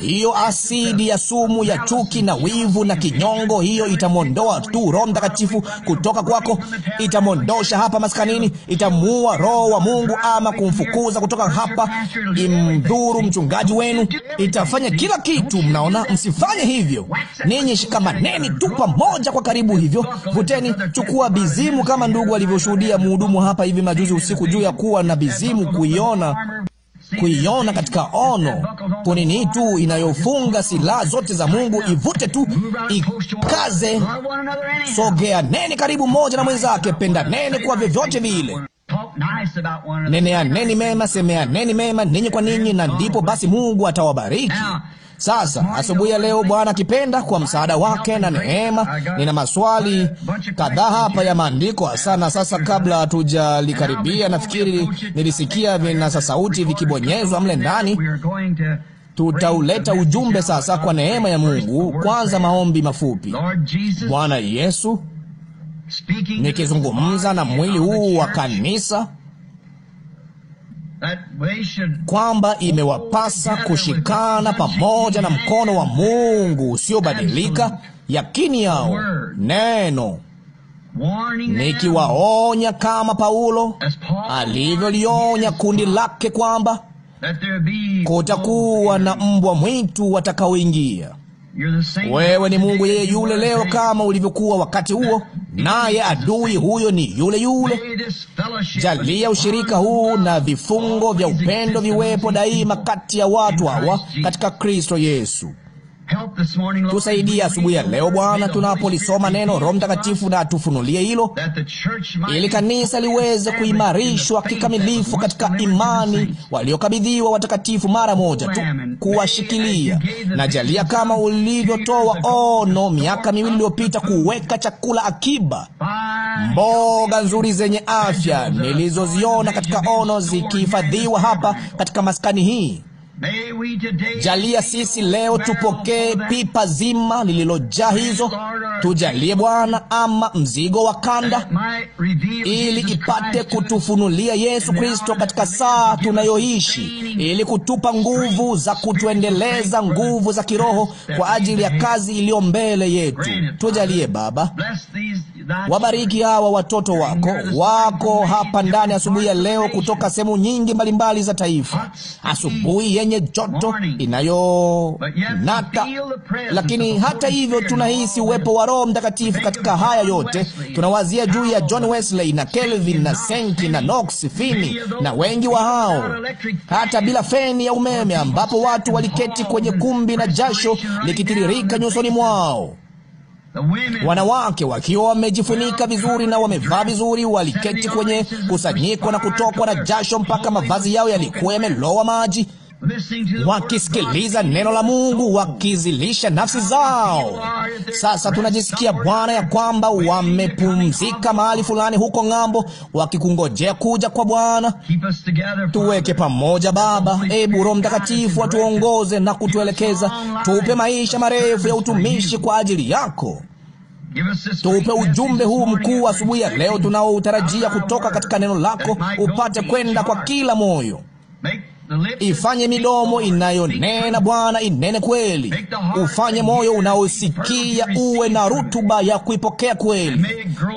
Hiyo asidi ya sumu ya chuki na wivu na kinyongo, hiyo itamwondoa tu Roho Mtakatifu kutoka kwako, itamwondosha hapa maskanini, itamuua Roho wa Mungu ama kumfukuza kutoka hapa, imdhuru mchungaji wenu, itafanya kila kitu. Mnaona, msifanye hivyo. Ninyi shikamaneni tu pamoja kwa karibu hivyo, vuteni, chukua bizimu kama ndugu alivyoshuhudia mhudumu hapa hivi na juzi usiku juu ya kuwa na bizimu, kuiona kuiona katika ono. kunini tu inayofunga silaha zote za Mungu, ivute tu, ikaze, sogea neni karibu moja na mwenzake, penda neni kwa vyovyote vile Neneaneni mema, semeaneni mema ninyi kwa ninyi, na ndipo basi Mungu atawabariki. Sasa asubuhi ya leo, Bwana akipenda, kwa msaada wake na neema, nina maswali kadhaa hapa ya maandiko sana. Sasa kabla hatujalikaribia, nafikiri nilisikia vinasa sauti vikibonyezwa mle ndani. Tutauleta ujumbe sasa kwa neema ya Mungu. Kwanza maombi mafupi. Bwana Yesu, nikizungumza na mwili huu wa kanisa kwamba imewapasa kushikana pamoja na mkono wa Mungu usiobadilika, yakini yao neno, nikiwaonya kama Paulo alivyolionya kundi lake kwamba kutakuwa na mbwa mwitu watakaoingia wewe ni Mungu yeye yule leo kama ulivyokuwa wakati huo, naye adui huyo ni yule yule. Jalia ushirika huu na vifungo vya upendo viwepo daima kati ya watu hawa katika Kristo Yesu. Tusaidie asubuhi ya leo Bwana, tunapolisoma neno. Roho Mtakatifu na tufunulie hilo, ili kanisa liweze kuimarishwa kikamilifu katika imani, waliokabidhiwa watakatifu mara moja tu, kuwashikilia na jalia, kama ulivyotoa ono miaka miwili iliyopita, kuweka chakula akiba, mboga nzuri zenye afya nilizoziona katika ono zikihifadhiwa hapa katika maskani hii Jalia sisi leo tupokee pipa zima lililojaa hizo, tujalie Bwana, ama mzigo wa kanda, ili ipate kutufunulia Yesu Kristo katika saa tunayoishi, ili kutupa nguvu za kutuendeleza, nguvu za kiroho kwa ajili ya kazi iliyo mbele yetu. Tujalie Baba, wabariki hawa watoto wako wako hapa ndani asubuhi ya leo kutoka sehemu nyingi mbalimbali za taifa, asubuhi yenye yenye joto inayonata, lakini hata hivyo tunahisi uwepo wa Roho Mtakatifu katika haya yote. Tunawazia juu ya John Wesley na Kelvin na Senki na Knox, Finney na wengi wa hao, hata bila feni ya umeme, ambapo watu waliketi kwenye kumbi na jasho likitiririka nyusoni mwao wanawake wakiwa wamejifunika vizuri na wamevaa vizuri, waliketi kwenye kusanyiko na kutokwa na jasho mpaka mavazi yao yalikuwa yamelowa maji wakisikiliza neno la Mungu, wakizilisha nafsi zao. Sasa tunajisikia Bwana ya kwamba wamepumzika mahali fulani huko ng'ambo, wakikungojea kuja kwa Bwana. Tuweke pamoja, Baba. Ebu Roho Mtakatifu atuongoze na kutuelekeza, tupe maisha marefu ya utumishi kwa ajili yako. tupe ujumbe huu mkuu asubuhi ya leo tunaoutarajia kutoka katika neno lako, upate kwenda kwa kila moyo. Ifanye midomo inayonena Bwana inene kweli, ufanye moyo unaosikia uwe na rutuba ya kuipokea kweli.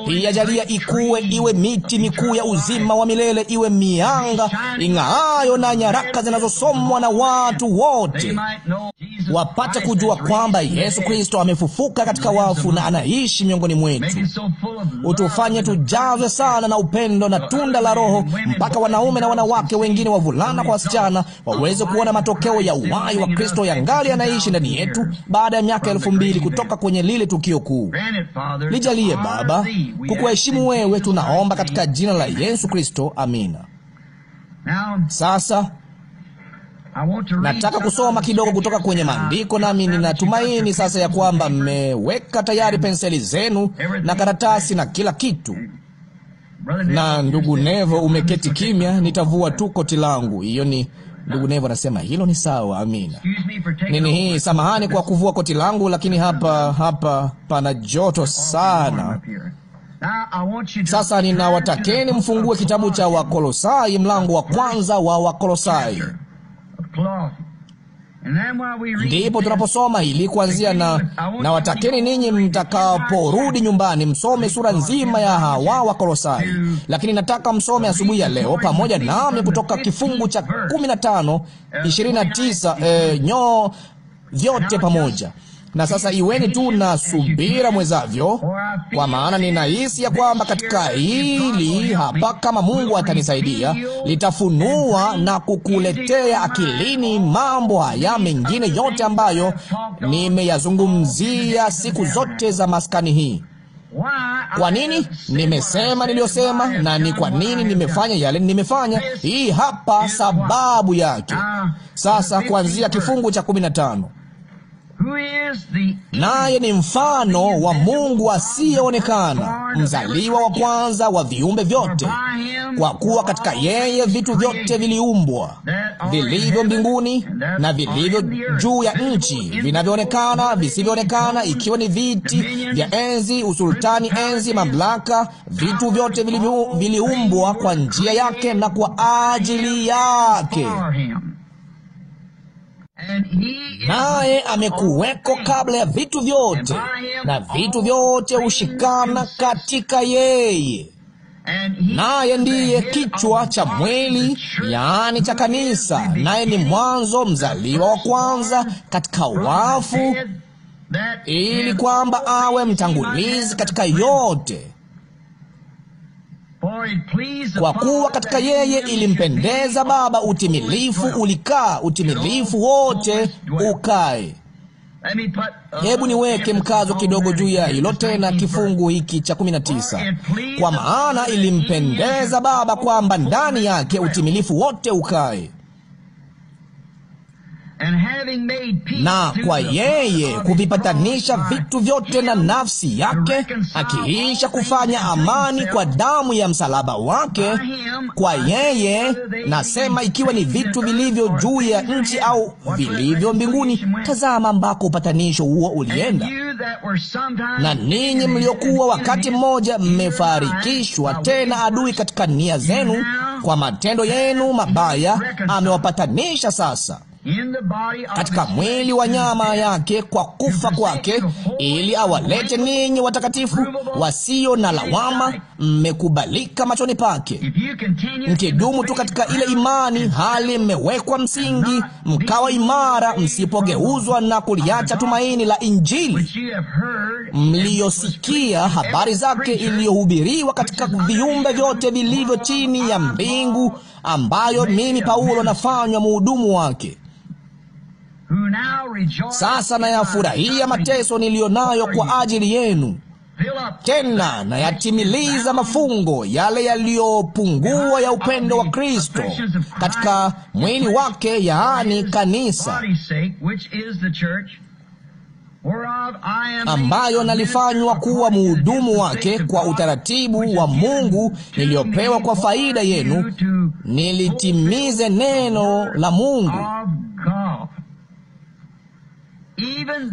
Pia jalia ikue iwe miti mikuu ya uzima wa milele, iwe mianga ing'aayo na nyaraka zinazosomwa na watu wote, wapate kujua kwamba Yesu Kristo amefufuka katika wafu na anaishi miongoni mwetu. Utufanye tujazwe sana na upendo na tunda la Roho, mpaka wanaume na wanawake wengine, wavulana kwa wasichana sana waweze kuona matokeo ya uhai wa Kristo yangali anaishi ndani yetu baada ya miaka elfu mbili kutoka kwenye lile tukio kuu. Lijalie Baba, kukuheshimu wewe, tunaomba katika jina la Yesu Kristo, amina. Sasa nataka kusoma kidogo kutoka kwenye Maandiko, nami ninatumaini sasa ya kwamba mmeweka tayari penseli zenu na karatasi na kila kitu na ndugu Nevo, umeketi kimya, nitavua tu koti langu. Hiyo ni ndugu Nevo anasema hilo ni sawa. Amina. Nini hii? Samahani kwa kuvua koti langu, lakini hapa hapa pana joto sana. Sasa ninawatakeni mfungue kitabu cha Wakolosai mlango wa kwanza wa Wakolosai ndipo tunaposoma hili kuanzia na, na watakeni ninyi mtakaporudi nyumbani msome sura nzima ya hawa wa Kolosai, lakini nataka msome asubuhi ya leo pamoja nami kutoka kifungu cha 15 29 eh, nyoo vyote pamoja na sasa iweni tu na subira mwezavyo, kwa maana ninahisi ya kwamba katika hili hapa, kama Mungu atanisaidia, litafunua na kukuletea akilini mambo haya mengine yote ambayo nimeyazungumzia siku zote za maskani hii. Kwa nini nimesema niliyosema, na ni kwa nini nimefanya yale nimefanya? Hii hapa sababu yake. Sasa kuanzia kifungu cha kumi na tano naye ni mfano wa Mungu asiyeonekana, mzaliwa wa kwanza wa viumbe vyote, kwa kuwa katika yeye vitu vyote viliumbwa, vilivyo mbinguni na vilivyo juu ya nchi, vinavyoonekana, visivyoonekana, ikiwa ni viti vya enzi, usultani, enzi, mamlaka. Vitu vyote viliumbwa kwa njia yake na kwa ajili yake naye amekuweko kabla ya vitu vyote, na vitu vyote hushikana katika yeye, naye ndiye kichwa cha mwili, yaani cha kanisa, naye ni mwanzo, mzaliwa wa kwanza katika wafu, ili kwamba awe mtangulizi katika yote kwa kuwa katika yeye ilimpendeza Baba utimilifu ulikaa, utimilifu wote ukae. Hebu niweke mkazo kidogo juu ya hilo tena, kifungu hiki cha 19, kwa maana ilimpendeza Baba kwamba ndani yake utimilifu wote ukae na kwa yeye kuvipatanisha vitu vyote na nafsi yake, akiisha kufanya amani kwa damu ya msalaba wake. Kwa yeye nasema, ikiwa ni vitu vilivyo juu ya nchi au vilivyo mbinguni, tazama ambako upatanisho huo ulienda. Na ninyi mliokuwa wakati mmoja mmefarikishwa tena adui katika nia zenu, kwa matendo yenu mabaya amewapatanisha sasa katika mwili wa nyama yake kwa kufa kwake, ili awalete ninyi watakatifu wasio na lawama, mmekubalika machoni pake. Mkidumu tu katika ile imani, hali mmewekwa msingi, mkawa imara, msipogeuzwa na kuliacha tumaini la Injili mliyosikia habari zake, iliyohubiriwa katika viumbe vyote vilivyo chini ya mbingu, ambayo mimi Paulo nafanywa muhudumu wake. Sasa nayafurahia mateso niliyonayo kwa ajili yenu, tena nayatimiliza mafungo yale yaliyopungua ya upendo wa Kristo katika mwili wake, yaani kanisa, ambayo nalifanywa kuwa muhudumu wake kwa utaratibu wa Mungu niliyopewa kwa faida yenu, nilitimize neno la Mungu.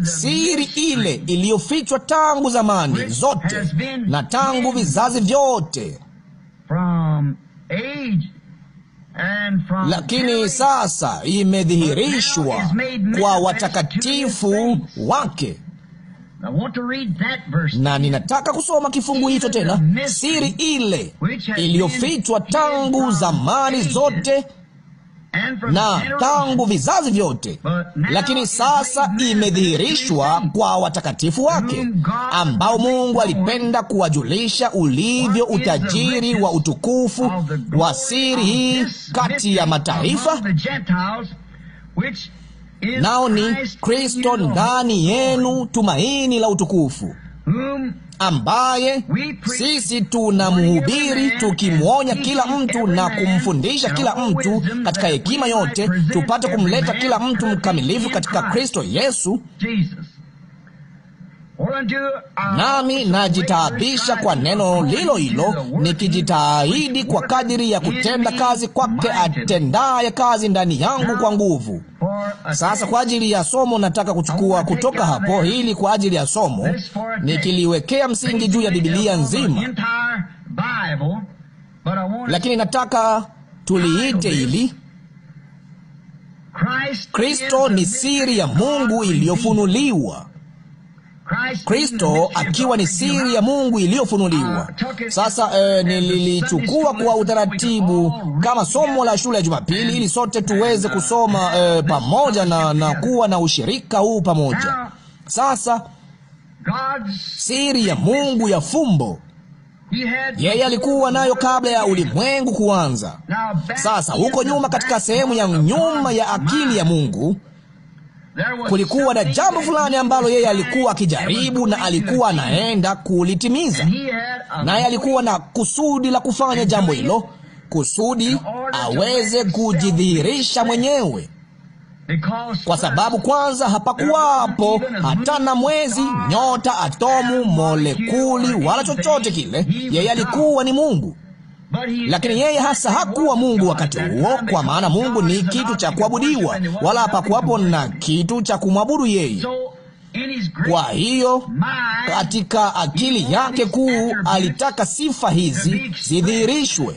Siri ile iliyofichwa tangu zamani zote na tangu vizazi vyote, lakini sasa imedhihirishwa kwa watakatifu wake. Na ninataka kusoma kifungu hicho tena, siri ile iliyofichwa tangu zamani zote na tangu vizazi vyote, lakini sasa imedhihirishwa kwa watakatifu wake ambao Mungu alipenda kuwajulisha ulivyo utajiri wa utukufu wa siri hii kati ya mataifa nao ni Kristo ndani yenu, tumaini la utukufu ambaye sisi tunamhubiri tukimwonya kila mtu na kumfundisha kila mtu katika hekima yote, tupate kumleta kila mtu mkamilifu katika Kristo Yesu nami najitaabisha kwa neno lilo hilo, nikijitahidi kwa kadiri ya kutenda kazi kwake atendaye kazi ndani yangu kwa nguvu. Sasa kwa ajili ya somo nataka kuchukua kutoka hapo hili kwa ajili ya somo, nikiliwekea msingi juu ya Biblia nzima, lakini nataka tuliite hili Kristo ni siri ya Mungu iliyofunuliwa. Kristo akiwa ni siri ya Mungu iliyofunuliwa. Sasa eh, nililichukua kwa utaratibu kama somo la shule ya Jumapili ili sote tuweze kusoma eh, pamoja na, na kuwa na ushirika huu pamoja. Sasa siri ya Mungu ya fumbo yeye alikuwa nayo kabla ya ulimwengu kuanza. Sasa huko nyuma, katika sehemu ya nyuma ya akili ya Mungu Kulikuwa na jambo fulani ambalo yeye alikuwa akijaribu na alikuwa anaenda kulitimiza, naye alikuwa na kusudi la kufanya jambo hilo, kusudi aweze kujidhihirisha mwenyewe kwa sababu kwanza hapakuwapo hata na mwezi, nyota, atomu, molekuli wala chochote kile. Yeye alikuwa ni Mungu. Lakini yeye hasa hakuwa Mungu wakati huo, kwa maana Mungu ni kitu cha kuabudiwa, wala hapakuwapo na kitu cha kumwabudu yeye. Kwa hiyo katika akili yake kuu alitaka sifa hizi zidhihirishwe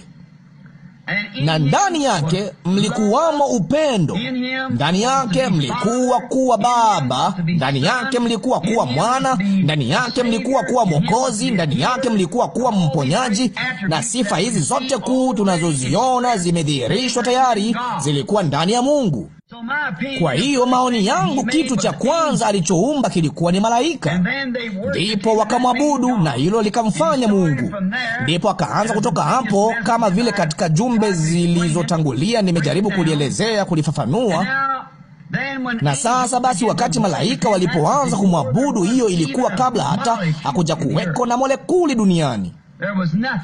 na ndani yake mlikuwamo upendo, ndani yake mlikuwa kuwa Baba, ndani yake mlikuwa kuwa Mwana, ndani yake mlikuwa kuwa Mwokozi, ndani yake mlikuwa kuwa Mponyaji. Na sifa hizi zote kuu tunazoziona zimedhihirishwa tayari zilikuwa ndani ya Mungu. Kwa hiyo maoni yangu, kitu cha kwanza alichoumba kilikuwa ni malaika, ndipo wakamwabudu na hilo likamfanya Mungu. Ndipo akaanza kutoka hapo, kama vile katika jumbe zilizotangulia nimejaribu kulielezea, kulifafanua. Na sasa basi, wakati malaika walipoanza kumwabudu, hiyo ilikuwa kabla hata hakuja kuweko na molekuli duniani.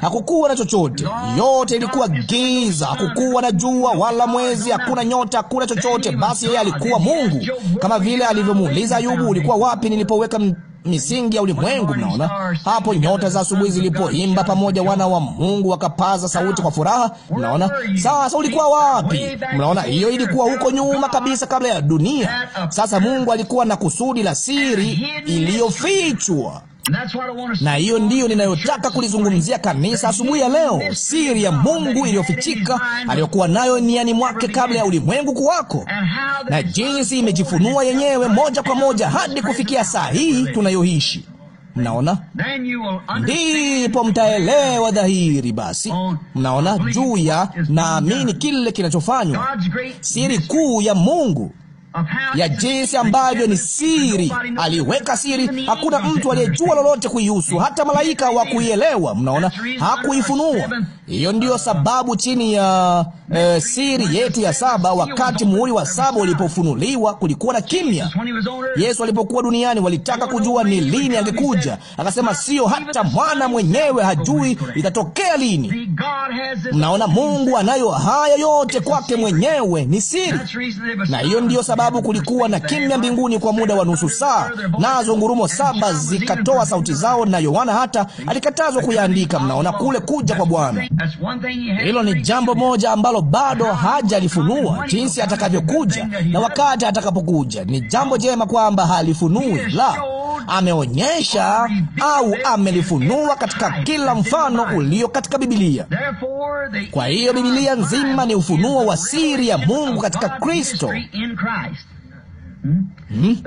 Hakukuwa na chochote, yote ilikuwa giza. Hakukuwa na jua wala mwezi, hakuna nyota, hakuna chochote. Basi yeye alikuwa Mungu, kama vile alivyomuuliza Ayubu, ulikuwa wapi nilipoweka misingi ya ulimwengu. Mnaona hapo nyota za asubuhi zilipoimba pamoja, wana wa Mungu wakapaza sauti kwa furaha. Mnaona sasa, ulikuwa wapi? Mnaona hiyo ilikuwa huko nyuma kabisa, kabla ya dunia. Sasa Mungu alikuwa na kusudi la siri iliyofichwa na hiyo ndiyo ninayotaka kulizungumzia kanisa asubuhi ya leo, siri ya Mungu iliyofichika aliyokuwa nayo niani mwake kabla ya ulimwengu kuwako, na jinsi imejifunua yenyewe moja kwa moja hadi kufikia saa hii tunayoishi. Mnaona, ndipo mtaelewa dhahiri. Basi mnaona juu ya naamini kile kinachofanywa, siri kuu ya Mungu ya jinsi ambavyo ni siri. Aliweka siri, hakuna mtu aliyejua lolote kuihusu, hata malaika wa kuielewa. Mnaona, hakuifunua hiyo ndiyo sababu chini ya e, siri yetu ya saba, wakati muhuri wa saba ulipofunuliwa kulikuwa na kimya. Yesu alipokuwa duniani walitaka kujua ni lini angekuja, akasema sio, hata mwana mwenyewe hajui itatokea lini. Mnaona, Mungu anayo haya yote kwake mwenyewe, ni siri. Na hiyo ndiyo sababu kulikuwa na kimya mbinguni kwa muda wa nusu saa, nazo ngurumo saba zikatoa sauti zao, na Yohana hata alikatazwa kuyaandika. Mnaona kule kuja kwa Bwana. Hilo ni jambo moja ambalo bado hajalifunua, jinsi atakavyokuja na wakati atakapokuja. Ni jambo jema kwamba halifunui, la ameonyesha au amelifunua katika kila mfano ulio katika Bibilia. Kwa hiyo Bibilia nzima ni ufunuo wa siri ya Mungu katika Kristo. Hmm?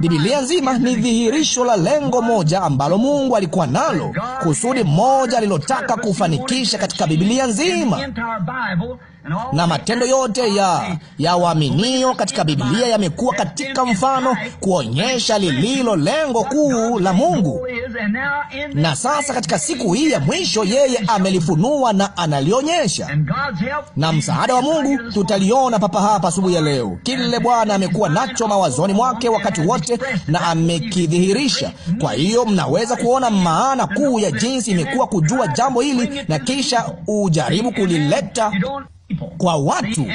bibilia nzima ni dhihirisho la lengo moja ambalo Mungu alikuwa nalo, kusudi moja alilotaka kufanikisha katika bibilia nzima na matendo yote ya, ya waaminio katika Biblia yamekuwa katika mfano kuonyesha lililo lengo kuu la Mungu. Na sasa katika siku hii ya mwisho yeye amelifunua na analionyesha, na msaada wa Mungu tutaliona papa hapa asubuhi ya leo, kile Bwana amekuwa nacho mawazoni mwake wakati wote na amekidhihirisha. Kwa hiyo mnaweza kuona maana kuu ya jinsi imekuwa kujua jambo hili na kisha ujaribu kulileta kwa watu.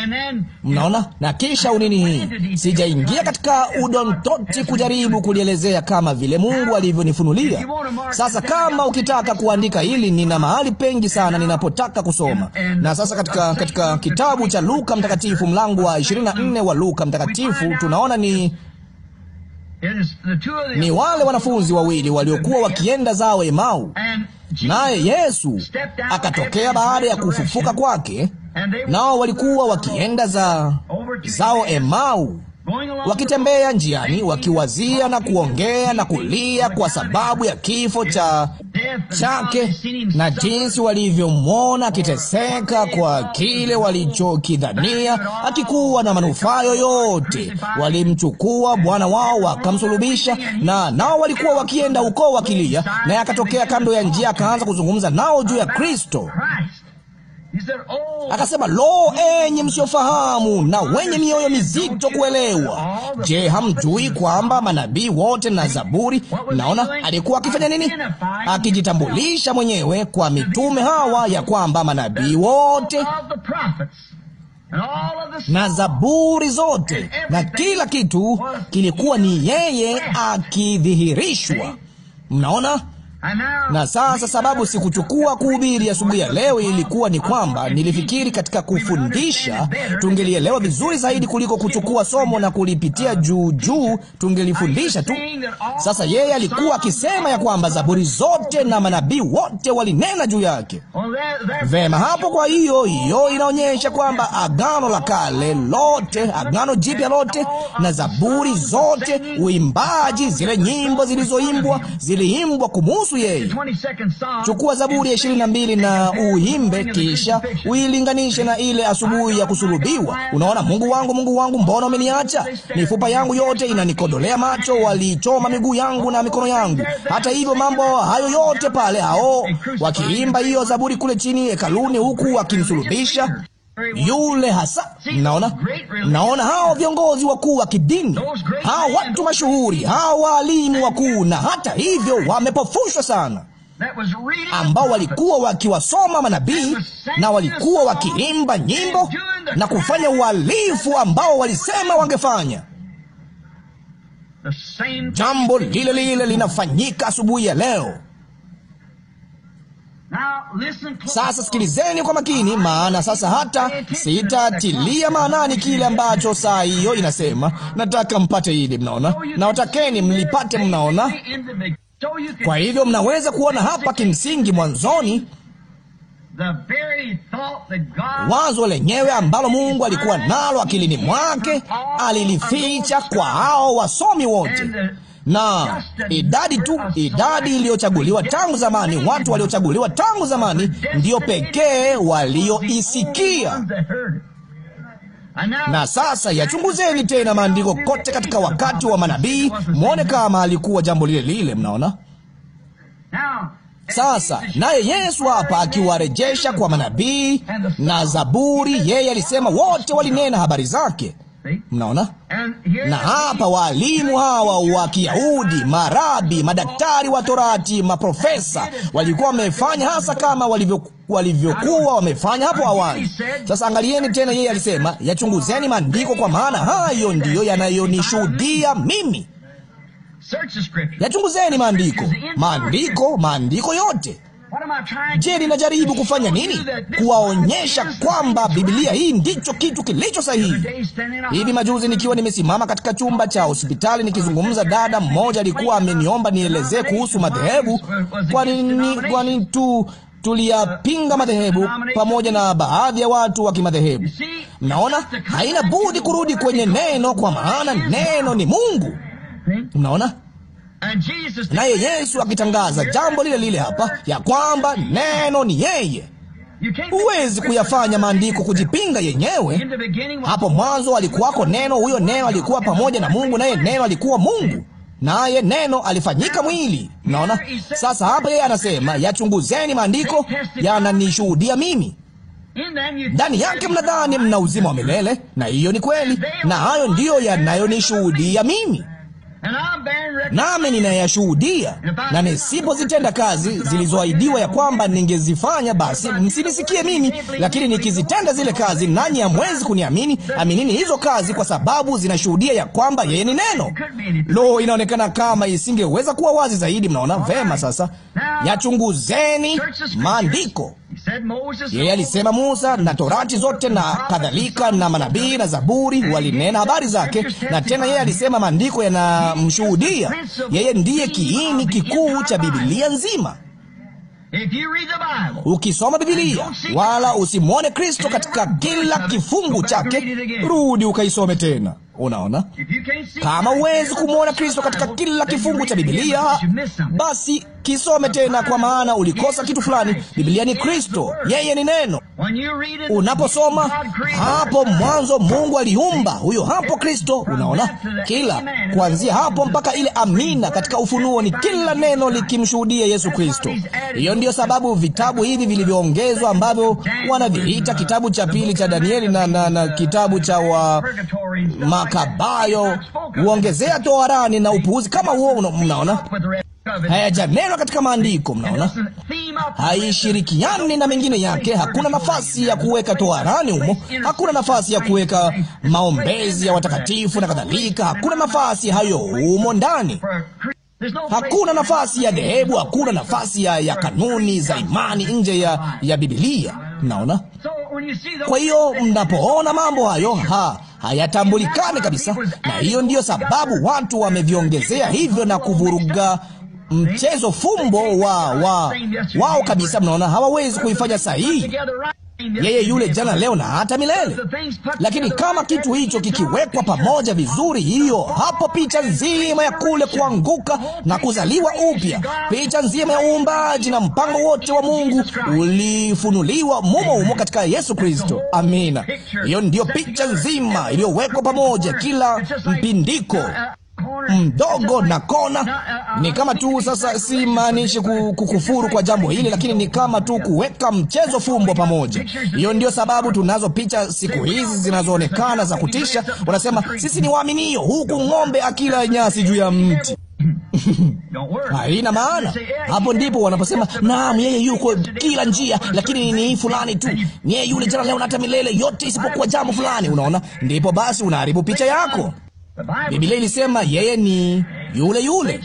Mnaona, na kisha unini hii, sijaingia katika udontoti kujaribu kulielezea kama vile Mungu alivyonifunulia. Sasa kama ukitaka kuandika hili, nina mahali pengi sana ninapotaka kusoma. Na sasa katika, katika kitabu cha Luka Mtakatifu mlango wa 24 wa Luka Mtakatifu tunaona ni ni wale wanafunzi wawili waliokuwa wakienda zao Emau, naye Yesu akatokea baada ya kufufuka kwake nao walikuwa wakienda za zao Emau, wakitembea njiani, wakiwazia na kuongea na kulia kwa sababu ya kifo cha chake na jinsi walivyomwona akiteseka kwa kile walichokidhania akikuwa na manufaa yoyote. Walimchukua Bwana wao wakamsulubisha, na nao walikuwa wakienda huko wakilia, naye akatokea kando ya njia akaanza kuzungumza nao juu ya Kristo. Akasema, lo, enyi msiofahamu na wenye mioyo mizito kuelewa, je, hamjui kwamba manabii wote na Zaburi? Naona alikuwa akifanya nini? Akijitambulisha mwenyewe kwa mitume hawa ya kwamba manabii wote na Zaburi zote na kila kitu kilikuwa ni yeye akidhihirishwa. Mnaona? Na sasa sababu sikuchukua kuhubiri asubuhi ya, ya leo ilikuwa ni kwamba nilifikiri katika kufundisha tungelielewa vizuri zaidi kuliko kuchukua somo na kulipitia juu juu, tungelifundisha tu. Sasa yeye alikuwa akisema ya kwamba Zaburi zote na manabii wote walinena juu yake. Vema hapo. Kwa hiyo hiyo inaonyesha kwamba Agano la Kale lote, Agano Jipya lote na Zaburi zote, uimbaji, zile nyimbo zilizoimbwa ziliimbwa kumuhusu kuhusu yeye. Chukua Zaburi ya ishirini na mbili na uimbe, kisha uilinganishe na ile asubuhi ya kusulubiwa. Unaona, Mungu wangu, Mungu wangu, mbona umeniacha? Mifupa yangu yote inanikodolea macho, walichoma miguu yangu na mikono yangu. Hata hivyo mambo hayo yote pale, hao wakiimba hiyo zaburi kule chini hekaluni, huku wakimsulubisha yule hasa. Naona, naona hao viongozi wakuu wa kidini, hao watu mashuhuri, hao waalimu wakuu, na hata hivyo wamepofushwa sana ambao walikuwa wakiwasoma manabii na walikuwa wakiimba nyimbo na kufanya uhalifu ambao walisema wangefanya. Jambo lile lile linafanyika asubuhi ya leo. Sasa sikilizeni kwa makini, maana sasa hata sitatilia maanani kile ambacho saa hiyo inasema. Nataka mpate hili, mnaona, watakeni mlipate, mnaona. Kwa hivyo mnaweza kuona hapa, kimsingi mwanzoni wazo lenyewe ambalo Mungu alikuwa nalo akilini mwake alilificha kwa hao wasomi wote, na idadi tu, idadi iliyochaguliwa tangu zamani, watu waliochaguliwa tangu zamani ndiyo pekee walioisikia. Na sasa yachunguzeni tena maandiko kote katika wakati wa manabii, mwone kama alikuwa jambo lile lile. Mnaona sasa, naye Yesu hapa akiwarejesha kwa manabii na Zaburi, yeye alisema wote walinena habari zake. Eh? Mnaona, na hapa walimu hawa wa Kiyahudi, marabi, madaktari wa Torati, maprofesa walikuwa wamefanya hasa kama walivyokuwa wamefanya hapo awali. Sasa angalieni tena, yeye alisema, yachunguzeni maandiko kwa maana hayo ndiyo yanayonishuhudia mimi. Yachunguzeni maandiko, maandiko, maandiko yote Je, ninajaribu kufanya nini? Kuwaonyesha kwamba Biblia hii ndicho kitu kilicho sahihi. Hivi majuzi nikiwa nimesimama katika chumba cha hospitali nikizungumza, dada mmoja alikuwa ameniomba nielezee kuhusu madhehebu, kwani nini tu tuliyapinga madhehebu pamoja na baadhi ya watu wa kimadhehebu. Mnaona, haina budi kurudi kwenye neno, kwa maana neno ni Mungu. Mnaona? naye Yesu akitangaza jambo lile lile hapa ya kwamba neno ni yeye. Huwezi kuyafanya maandiko kujipinga yenyewe. Hapo mwanzo alikuwako neno, huyo neno alikuwa pamoja na Mungu, naye neno alikuwa Mungu, naye neno alifanyika mwili. Naona sasa hapa yeye anasema, yachunguzeni maandiko, yananishuhudia mimi ndani yake mnadhani mna uzima wa milele, na hiyo ni kweli, na hayo ndiyo yanayonishuhudia mimi nami ninayashuhudia, na nisipozitenda kazi zilizoahidiwa ya kwamba ningezifanya, basi msinisikie mimi, lakini nikizitenda zile kazi, nanyi hamwezi kuniamini. Aminini hizo kazi, kwa sababu zinashuhudia ya kwamba yeye ni Neno. Lo, inaonekana kama isingeweza kuwa wazi zaidi. Mnaona vema? Sasa yachunguzeni maandiko. Yeye alisema Musa na Torati zote na kadhalika na manabii na Zaburi walinena habari zake, na tena yeye alisema maandiko yanamshuhudia yeye. Ndiye kiini kikuu cha Biblia nzima. Ukisoma Biblia wala usimwone Kristo katika kila kifungu chake, rudi ukaisome tena. Unaona, kama huwezi kumwona Kristo katika kila kifungu cha Biblia, basi Kisome tena, kwa maana ulikosa kitu fulani. Biblia ni Kristo, yeye ni neno. Unaposoma hapo mwanzo Mungu aliumba, huyo hapo Kristo. Unaona, kila kuanzia hapo mpaka ile amina katika Ufunuo ni kila neno likimshuhudia Yesu Kristo. Hiyo ndiyo sababu vitabu hivi vilivyoongezwa ambavyo wanaviita kitabu cha pili cha Danieli na, na, na kitabu cha wa Makabayo huongezea toharani na upuuzi kama huo. Mnaona hayajanenwa katika maandiko. Mnaona, haishirikiani na mengine yake. Hakuna nafasi ya kuweka toharani humo, hakuna nafasi ya kuweka maombezi ya watakatifu na kadhalika. Hakuna nafasi hayo humo ndani hakuna nafasi ya dhehebu, hakuna nafasi ya, ya kanuni za imani nje ya, ya Bibilia. Mnaona? Kwa hiyo mnapoona mambo hayo ha, hayatambulikani kabisa, na hiyo ndiyo sababu watu wameviongezea hivyo na kuvuruga mchezo fumbo wa, wa wao kabisa. Mnaona hawawezi kuifanya sahihi yeye yule jana leo na hata milele. Lakini kama kitu hicho kikiwekwa pamoja vizuri, hiyo hapo picha nzima ya kule kuanguka na kuzaliwa upya, picha nzima ya uumbaji na mpango wote wa Mungu ulifunuliwa mumo humo katika Yesu Kristo. Amina. Hiyo ndiyo picha nzima iliyowekwa pamoja, kila mpindiko mdogo mm, na kona. Uh, uh, ni kama tu uh, sasa, si maanishi kukufuru kwa jambo hili, lakini ni kama tu kuweka mchezo fumbo pamoja. Hiyo ndio sababu tunazo picha siku hizi zinazoonekana za kutisha. Wanasema sisi ni waaminio, huku ng'ombe akila nyasi juu ya mti. Haina maana. Hapo ndipo wanaposema naam, yeye yuko kila njia, lakini ni fulani tu, ni yeye yule jana, leo na hata milele yote, isipokuwa jambo fulani. Unaona, ndipo basi unaharibu picha yako. Biblia ilisema yeye ni yule yule.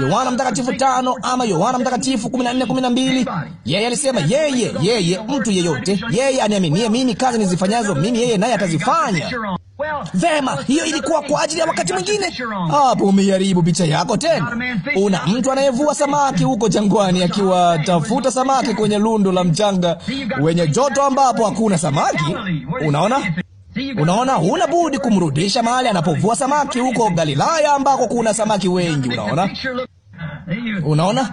Yohana Mtakatifu tano ama Yohana Mtakatifu kumi na nne kumi na mbili yeye alisema yeye, yeye, mtu yeyote, yeye aniaminie mimi, kazi nizifanyazo mimi yeye naye atazifanya. Vema, hiyo ilikuwa kwa ajili ya wakati mwingine. Hapo umeiharibu picha yako tena. Una mtu anayevua samaki huko jangwani, akiwatafuta samaki kwenye lundo la mchanga wenye joto, ambapo hakuna samaki. Unaona? Unaona, huna budi kumrudisha mahali anapovua samaki huko Galilaya, ambako kuna samaki wengi. Unaona, unaona,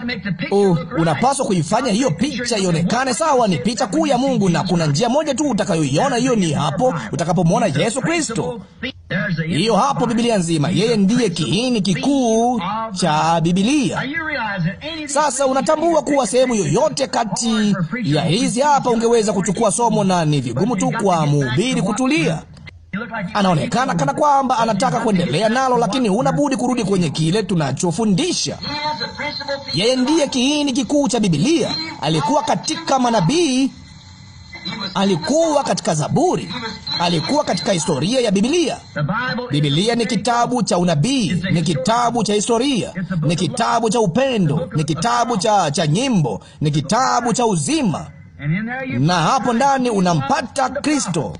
unapaswa kuifanya hiyo picha ionekane sawa. Ni picha kuu ya Mungu, na kuna njia moja tu utakayoiona hiyo, ni hapo utakapomwona Yesu Kristo. Hiyo hapo Biblia nzima, yeye ndiye kiini kikuu cha Biblia. Sasa unatambua kuwa sehemu yoyote kati ya hizi hapa ungeweza kuchukua somo, na ni vigumu tu kwa mhubiri kutulia. Anaonekana kana kwamba anataka kuendelea nalo, lakini huna budi kurudi kwenye kile tunachofundisha. Yeye ndiye kiini kikuu cha Biblia. Alikuwa katika manabii Alikuwa katika Zaburi, alikuwa katika historia ya Biblia. Biblia ni kitabu cha unabii, ni kitabu cha historia, ni kitabu cha upendo, ni kitabu cha, cha nyimbo, ni kitabu cha uzima, na hapo ndani unampata Kristo.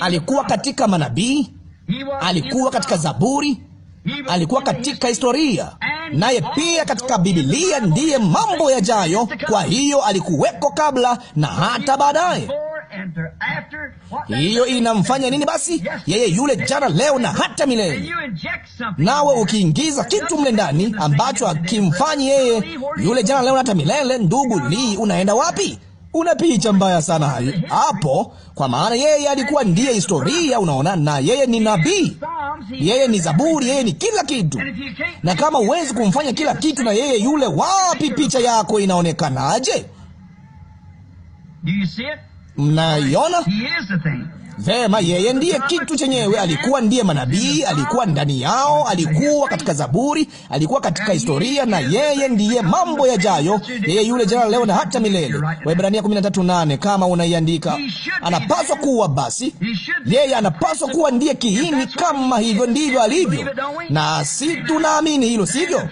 Alikuwa katika manabii, alikuwa katika Zaburi alikuwa katika historia, naye pia katika bibilia ndiye mambo yajayo. Kwa hiyo alikuweko kabla na hata baadaye. Hiyo inamfanya nini basi? Yeye yule jana, leo na hata milele. Nawe ukiingiza kitu mle ndani ambacho akimfanyi yeye yule jana, leo na hata milele, ndugu, lii unaenda wapi? Una picha mbaya sana hapo, kwa maana yeye alikuwa ndiye historia, unaona, na yeye ni nabii, yeye ni Zaburi, yeye ni kila kitu. Na kama huwezi kumfanya kila kitu na yeye yule, wapi picha yako inaonekanaje? Mnaiona? Vema, yeye ndiye kitu chenyewe. Alikuwa ndiye manabii, alikuwa ndani yao, alikuwa katika Zaburi, alikuwa katika historia, na yeye ndiye mambo yajayo. Yeye yule jana, leo na hata milele. Waebrania 13:8, kama unaiandika. Anapaswa kuwa basi, yeye anapaswa kuwa ndiye kiini, kama hivyo ndivyo alivyo, na si tunaamini hilo, sivyo?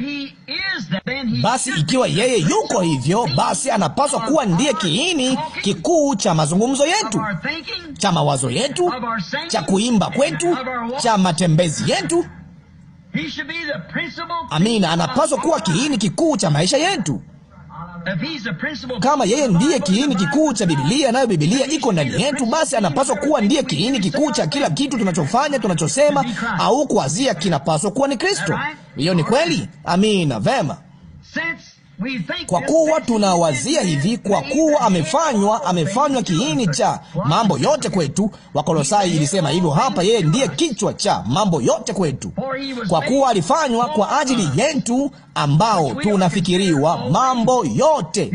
Basi ikiwa yeye yuko hivyo, basi anapaswa kuwa ndiye kiini kikuu cha mazungumzo yetu, cha mawazo letu, cha kuimba kwetu, cha matembezi yetu. Amina, anapaswa kuwa kiini kikuu cha maisha yetu. Kama yeye ndiye kiini kikuu cha Biblia, nayo Biblia iko ndani yetu, basi anapaswa kuwa ndiye kiini kikuu cha kila kitu tunachofanya, tunachosema au kuazia, kinapaswa kuwa ni Kristo. Hiyo ni kweli? Amina, vema. Kwa kuwa tunawazia hivi, kwa kuwa amefanywa amefanywa kiini cha mambo yote kwetu. Wakolosai ilisema hivyo hapa, yeye ndiye kichwa cha mambo yote kwetu, kwa kuwa alifanywa kwa ajili yetu ambao tunafikiriwa mambo yote.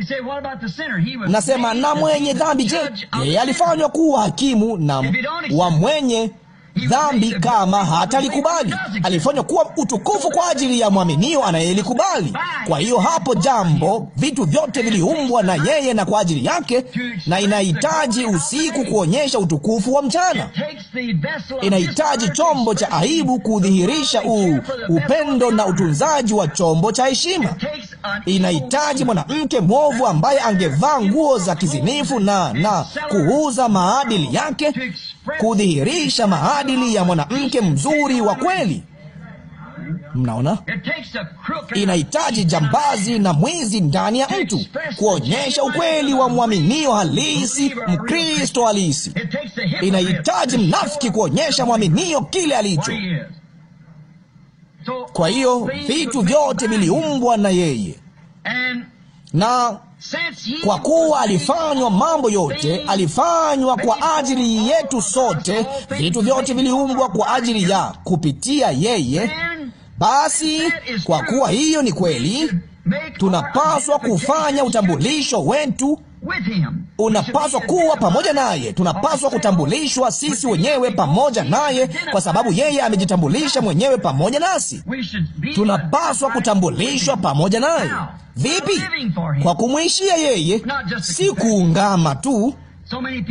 Nasema na mwenye dhambi, je, yeye alifanywa kuwa hakimu na wa mwenye dhambi kama hatalikubali. Alifanywa kuwa utukufu kwa ajili ya mwaminio anayelikubali. Kwa hiyo hapo jambo, vitu vyote viliumbwa na yeye na kwa ajili yake, na inahitaji usiku kuonyesha utukufu wa mchana. Inahitaji chombo cha aibu kudhihirisha upendo na utunzaji wa chombo cha heshima. Inahitaji mwanamke mwovu ambaye angevaa nguo za kizinifu na na kuuza maadili yake kudhihirisha maadili ya mwanamke mzuri wa kweli. Mnaona, inahitaji jambazi na mwizi ndani ya mtu kuonyesha ukweli wa mwaminio halisi, Mkristo halisi. Inahitaji mnafiki kuonyesha mwaminio kile alicho. Kwa hiyo vitu vyote viliumbwa na yeye na kwa kuwa alifanywa mambo yote, alifanywa kwa ajili yetu sote, vitu vyote viliumbwa kwa ajili ya kupitia yeye. Basi kwa kuwa hiyo ni kweli Tunapaswa kufanya utambulisho wetu, unapaswa kuwa pamoja naye. Tunapaswa kutambulishwa sisi wenyewe pamoja naye, kwa sababu yeye amejitambulisha mwenyewe pamoja nasi. Tunapaswa kutambulishwa pamoja naye. Vipi? Kwa kumwishia yeye, si kuungama tu.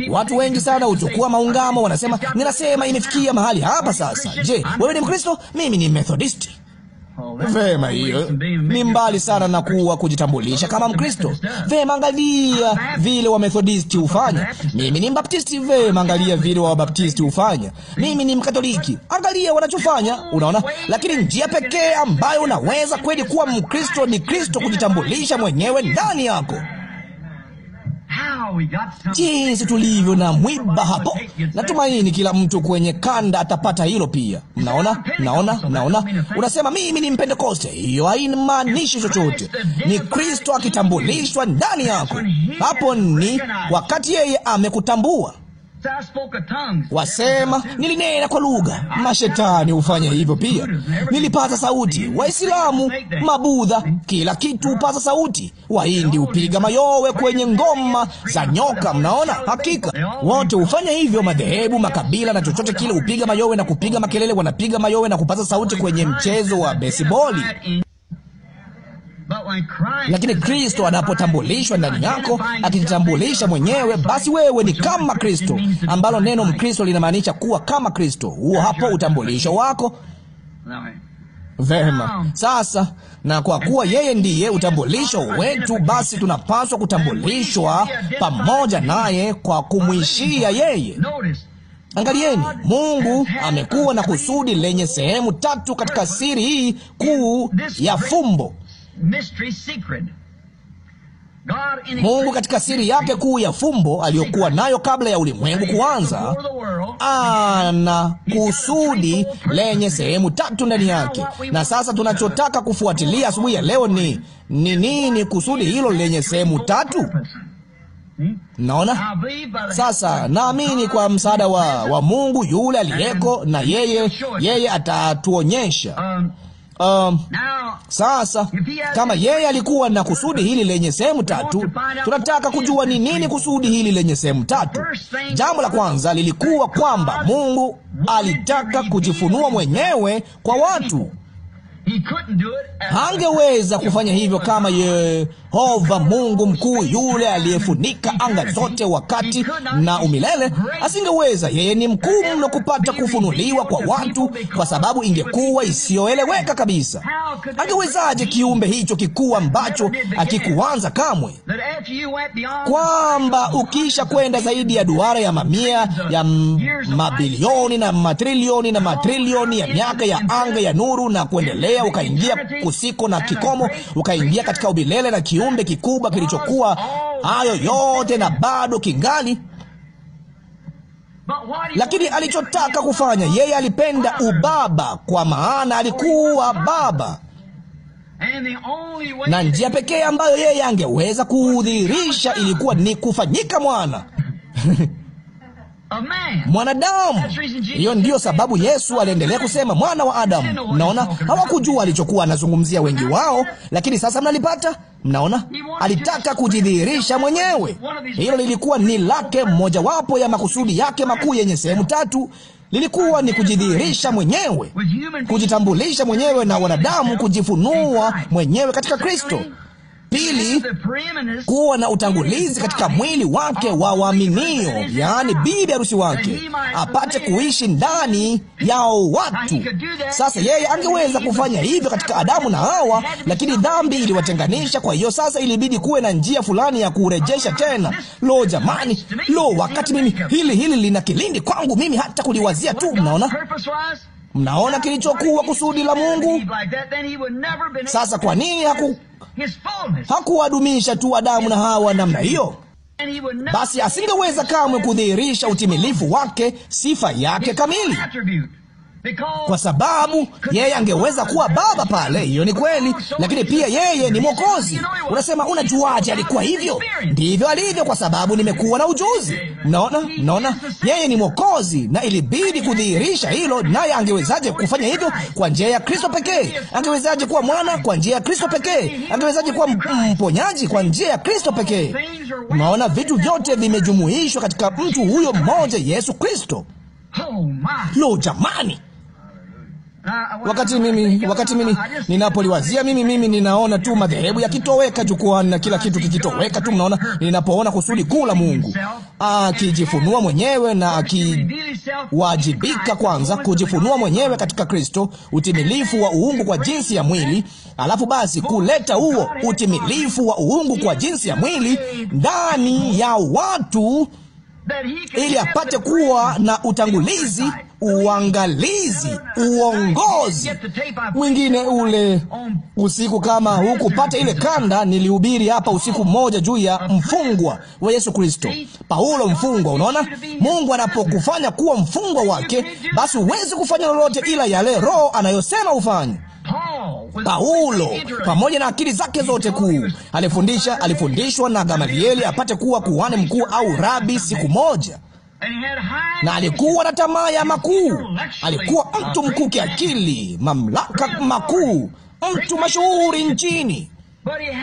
Watu wengi sana huchukua maungamo, wanasema, ninasema imefikia mahali hapa sasa. Je, wewe ni Mkristo? Mimi ni Methodisti. Vema, hiyo ni mbali sana na kuwa kujitambulisha kama Mkristo. Vema, angalia vile Wamethodisti hufanya. Mimi ni Mbaptisti. Vema, angalia vile Wabaptisti hufanya. Mimi ni Mkatoliki. Angalia wanachofanya, unaona. Lakini njia pekee ambayo unaweza kweli kuwa Mkristo ni Kristo kujitambulisha mwenyewe ndani yako jinsi tulivyo na mwiba hapo. Natumaini kila mtu kwenye kanda atapata hilo pia. Mnaona, mnaona, mnaona. Unasema mimi ni Mpentekoste, hiyo haimaanishi chochote. Ni Kristo akitambulishwa ndani yako, hapo ni wakati yeye amekutambua wasema nilinena kwa lugha. Mashetani hufanya hivyo pia. Nilipata sauti. Waislamu, Mabudha, kila kitu hupata sauti. Wahindi hupiga mayowe kwenye ngoma za nyoka. Mnaona, hakika wote hufanya hivyo, madhehebu, makabila na chochote kile hupiga mayowe na kupiga makelele. Wanapiga mayowe na kupata sauti kwenye mchezo wa besiboli. Lakini Kristo anapotambulishwa ndani yako, akijitambulisha mwenyewe, basi wewe ni kama Kristo, ambalo neno Mkristo linamaanisha kuwa kama Kristo. Huo hapo utambulisho wako. Vema. Sasa, na kwa kuwa yeye ndiye utambulisho wetu, basi tunapaswa kutambulishwa pamoja naye kwa kumwishia yeye. Angalieni, Mungu amekuwa na kusudi lenye sehemu tatu katika siri hii kuu ya fumbo. Mungu katika siri yake kuu ya fumbo aliyokuwa nayo kabla ya ulimwengu kuanza, ana kusudi lenye sehemu tatu ndani yake. Na sasa tunachotaka kufuatilia asubuhi ya leo ni ni nini kusudi hilo lenye sehemu tatu? Hmm? Naona sasa, naamini kwa msaada wa, wa Mungu yule aliyeko na yeye, yeye atatuonyesha um, Um, sasa kama yeye alikuwa na kusudi hili lenye sehemu tatu, tunataka kujua ni nini kusudi hili lenye sehemu tatu. Jambo la kwanza lilikuwa kwamba Mungu alitaka kujifunua mwenyewe kwa watu. Hangeweza kufanya hivyo kama Yehova Mungu mkuu yule aliyefunika anga zote wakati na umilele asingeweza. Yeye ni mkuu mno kupata kufunuliwa kwa watu, kwa sababu ingekuwa isiyoeleweka kabisa. Angewezaje kiumbe hicho kikuu ambacho akikuanza kamwe, kwamba ukiisha kwenda zaidi ya duara ya mamia ya mabilioni na matrilioni na matrilioni ya miaka ya anga ya nuru na kuendelea ukaendelea, ukaingia kusiko na kikomo, ukaingia katika ubilele na kiumbe kikubwa kilichokuwa hayo yote na bado kingali lakini alichotaka kufanya yeye, alipenda ubaba, kwa maana alikuwa baba, na njia pekee ambayo yeye angeweza kuudhirisha ilikuwa ni kufanyika mwana mwanadamu. Hiyo ndiyo sababu Yesu aliendelea kusema mwana wa Adamu. Mnaona, hawakujua alichokuwa anazungumzia wengi wao, lakini sasa mnalipata. Mnaona, alitaka kujidhihirisha mwenyewe. Hilo lilikuwa ni lake, mmojawapo ya makusudi yake makuu yenye sehemu tatu lilikuwa ni kujidhihirisha mwenyewe, kujitambulisha mwenyewe na wanadamu, kujifunua mwenyewe katika Kristo. Pili, kuwa na utangulizi katika mwili wake wa waaminio, yaani bibi harusi wake, apate kuishi ndani yao watu. Sasa yeye angeweza kufanya hivyo katika Adamu na Hawa, lakini dhambi iliwatenganisha. Kwa hiyo sasa ilibidi kuwe na njia fulani ya kurejesha tena. Lo, jamani, lo, wakati mimi hili hili lina kilindi kwangu mimi hata kuliwazia tu. Mnaona? Mnaona kilichokuwa kusudi la Mungu? Sasa kwa nini haku Hakuwadumisha tu Adamu na Hawa namna hiyo, basi asingeweza kamwe kudhihirisha utimilifu wake, sifa yake kamili kwa sababu yeye angeweza kuwa baba pale. Hiyo ni kweli, lakini pia yeye ni Mwokozi. Unasema, unajuaje alikuwa hivyo? Ndivyo alivyo, kwa sababu nimekuwa na ujuzi. Mnaona, mnaona, yeye ni Mwokozi na ilibidi kudhihirisha hilo. Naye angewezaje kufanya hivyo? Kwa njia ya Kristo pekee. Angewezaje kuwa mwana? Kwa njia ya Kristo pekee. Angewezaje kuwa mponyaji? Kwa njia ya Kristo pekee. Unaona, vitu vyote vimejumuishwa katika mtu huyo mmoja, Yesu Kristo. Lo, jamani! Wakati mimi wakati mimi ninapoliwazia mimi mimi ninaona tu madhehebu yakitoweka jukwani na kila kitu kikitoweka tu, mnaona, ninapoona kusudi kuu la Mungu akijifunua mwenyewe na akiwajibika kwanza kujifunua mwenyewe katika Kristo, utimilifu wa uungu kwa jinsi ya mwili, alafu basi kuleta huo utimilifu wa uungu kwa jinsi ya mwili ndani ya watu ili apate kuwa na utangulizi, uangalizi, uongozi mwingine. Ule usiku kama hukupata ile kanda, nilihubiri hapa usiku mmoja juu ya mfungwa wa Yesu Kristo, Paulo mfungwa. Unaona, Mungu anapokufanya kuwa mfungwa wake, basi huwezi kufanya lolote ila yale Roho anayosema ufanye. Paulo pamoja na akili zake zote kuu alifundisha, alifundishwa na Gamalieli apate kuwa kuhani mkuu au rabi siku moja, na alikuwa na tamaa ya makuu. Alikuwa mtu mkuu kiakili, mamlaka makuu, mtu mashuhuri nchini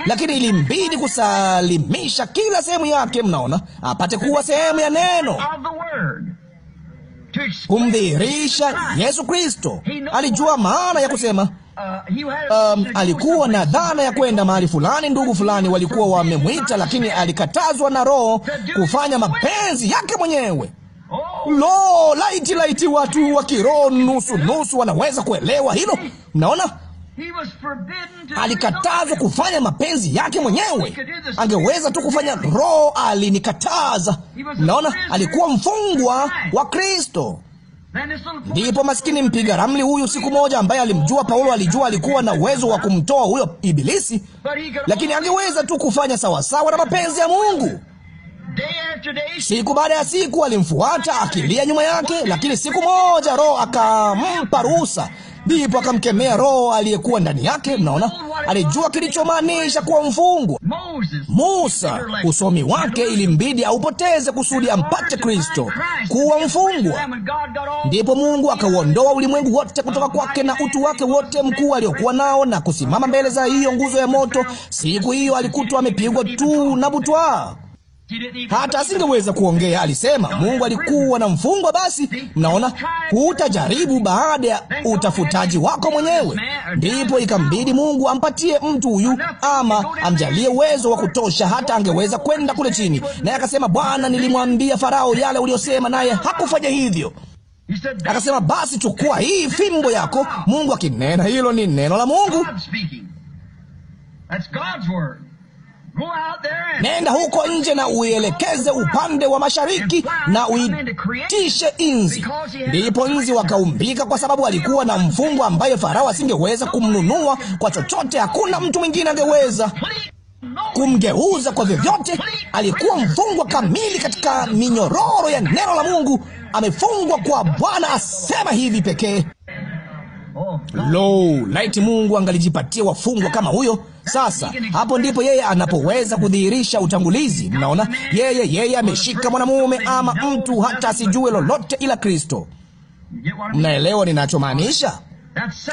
lakini ilimbidi kusalimisha kila sehemu yake, mnaona, apate kuwa sehemu ya neno, kumdhihirisha Yesu Kristo. Alijua maana ya kusema Um, uh, alikuwa na dhana ya kwenda mahali fulani. Ndugu fulani walikuwa wamemwita, lakini alikatazwa na Roho kufanya mapenzi yake mwenyewe. Lo, laiti laiti, watu wa kiroho nusu nusu wanaweza kuelewa hilo. Mnaona, alikatazwa kufanya mapenzi yake mwenyewe. Angeweza tu kufanya, Roho alinikataza. Mnaona, alikuwa mfungwa wa Kristo. Ndipo maskini mpiga ramli huyu siku moja, ambaye alimjua Paulo, alijua alikuwa na uwezo wa kumtoa huyo ibilisi, lakini angeweza tu kufanya sawasawa na mapenzi ya Mungu. Siku baada ya siku alimfuata akilia nyuma yake, lakini siku moja Roho akampa ruhusa. Ndipo akamkemea roho aliyekuwa ndani yake. Mnaona, alijua kilichomaanisha kuwa mfungwa. Musa, usomi wake ilimbidi aupoteze kusudi ampate Kristo, kuwa mfungwa. Ndipo Mungu akauondoa ulimwengu wote kutoka kwake na utu wake wote mkuu aliokuwa nao, na kusimama mbele za hiyo nguzo ya moto. Siku hiyo alikutwa amepigwa tu na butwaa hata asingeweza kuongea. Alisema Mungu alikuwa na mfungwa. Basi mnaona, hutajaribu baada ya utafutaji wako mwenyewe. Ndipo ikambidi Mungu ampatie mtu huyu, ama amjalie uwezo wa kutosha, hata angeweza kwenda kule chini. Naye akasema, Bwana, nilimwambia Farao yale uliyosema, naye hakufanya hivyo. Akasema, basi chukua hii fimbo yako. Mungu akinena, hilo ni neno la Mungu. Nenda huko nje na uielekeze upande wa mashariki na uitishe inzi. Ndipo inzi wakaumbika, kwa sababu alikuwa na mfungwa ambaye Farao asingeweza kumnunua kwa chochote. Hakuna mtu mwingine angeweza kumgeuza kwa vyovyote. Alikuwa mfungwa kamili katika minyororo ya neno la Mungu, amefungwa kwa Bwana asema hivi pekee. Oh, Lo, laiti Mungu angalijipatia wafungwa kama huyo. Sasa hapo ndipo yeye anapoweza kudhihirisha utangulizi. Mnaona, yeye yeye ameshika mwanamume ama mtu hata asijue lolote ila Kristo. Mnaelewa ninachomaanisha?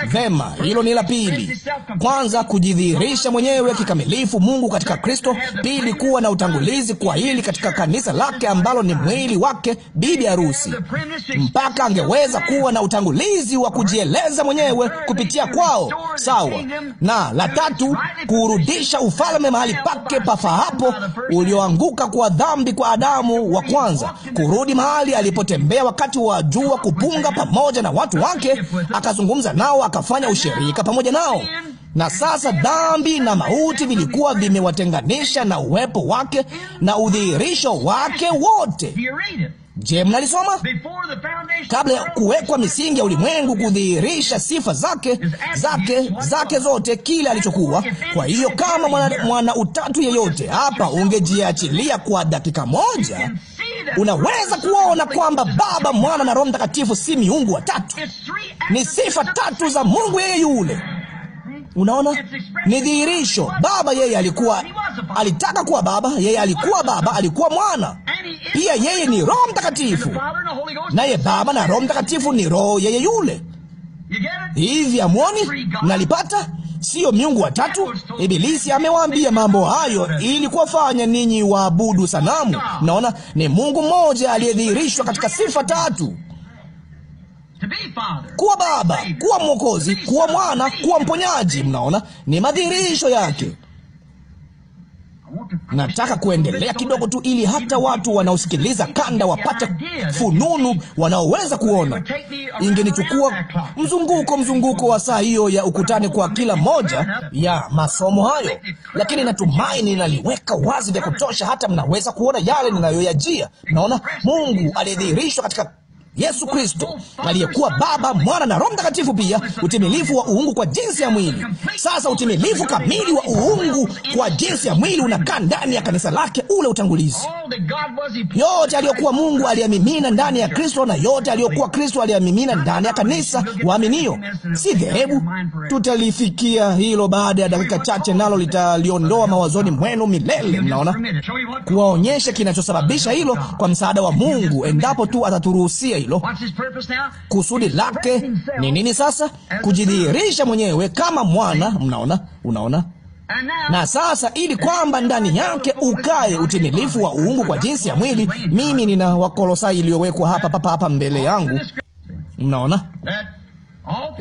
Vema, hilo ni la pili. Kwanza, kujidhihirisha mwenyewe kikamilifu Mungu katika Kristo. Pili, kuwa na utangulizi kwa hili katika kanisa lake ambalo ni mwili wake, bibi harusi, mpaka angeweza kuwa na utangulizi wa kujieleza mwenyewe kupitia kwao. Sawa. Na la tatu, kurudisha ufalme mahali pake pafahapo, ulioanguka kwa dhambi kwa Adamu wa kwanza, kurudi mahali alipotembea wakati wa jua kupunga pamoja na watu wake, akazungumza akajiunga nao akafanya ushirika pamoja nao. Na sasa dhambi na mauti vilikuwa vimewatenganisha na uwepo wake na udhihirisho wake wote. Je, mnalisoma kabla ya kuwekwa misingi ya ulimwengu, kudhihirisha sifa zake zake zake zote, kile alichokuwa. Kwa hiyo kama mwana, mwana utatu yeyote hapa ungejiachilia kwa dakika moja Unaweza kuona kwamba Baba, Mwana na Roho Mtakatifu si miungu watatu, ni sifa tatu za Mungu yeye yule. Unaona, ni dhihirisho. Baba yeye alikuwa, alitaka kuwa Baba, yeye alikuwa Baba, alikuwa Mwana pia, yeye ni Roho Mtakatifu, naye Baba na Roho Mtakatifu ni roho yeye yule. Hivi amwoni mnalipata? Siyo miungu watatu. Ibilisi amewaambia mambo hayo ili kuwafanya ninyi waabudu sanamu. Naona ni Mungu mmoja aliyedhihirishwa katika sifa tatu: kuwa Baba, kuwa Mwokozi, kuwa Mwana, kuwa mponyaji. Mnaona ni madhihirisho yake. Nataka kuendelea kidogo tu, ili hata watu wanaosikiliza kanda wapate fununu, wanaoweza kuona. Ingenichukua mzunguko mzunguko wa saa hiyo ya ukutani kwa kila moja ya masomo hayo, lakini natumaini naliweka wazi vya kutosha, hata mnaweza kuona yale ninayoyajia. Mnaona, Mungu alidhihirishwa katika Yesu Kristo aliyekuwa Baba, Mwana na Roho Mtakatifu, pia utimilifu wa uungu kwa jinsi ya mwili. Sasa utimilifu kamili wa uungu kwa jinsi ya mwili unakaa ndani ya kanisa lake, ule utangulizi. Yote aliyokuwa Mungu aliyamimina ndani ya Kristo, na yote aliyokuwa Kristo aliyamimina ndani ya kanisa waaminio. Si dhehebu. Tutalifikia hilo baada ya dakika chache, nalo litaliondoa mawazoni mwenu milele. Mnaona, kuwaonyesha kinachosababisha hilo kwa msaada wa Mungu, endapo tu ataturuhusia hilo hilo. Kusudi lake ni nini sasa? Kujidhihirisha mwenyewe kama mwana. Mnaona, unaona na sasa ili kwamba ndani yake ukae utimilifu wa uungu kwa jinsi ya mwili. Mimi nina Wakolosai iliyowekwa hapa papa hapa mbele yangu, mnaona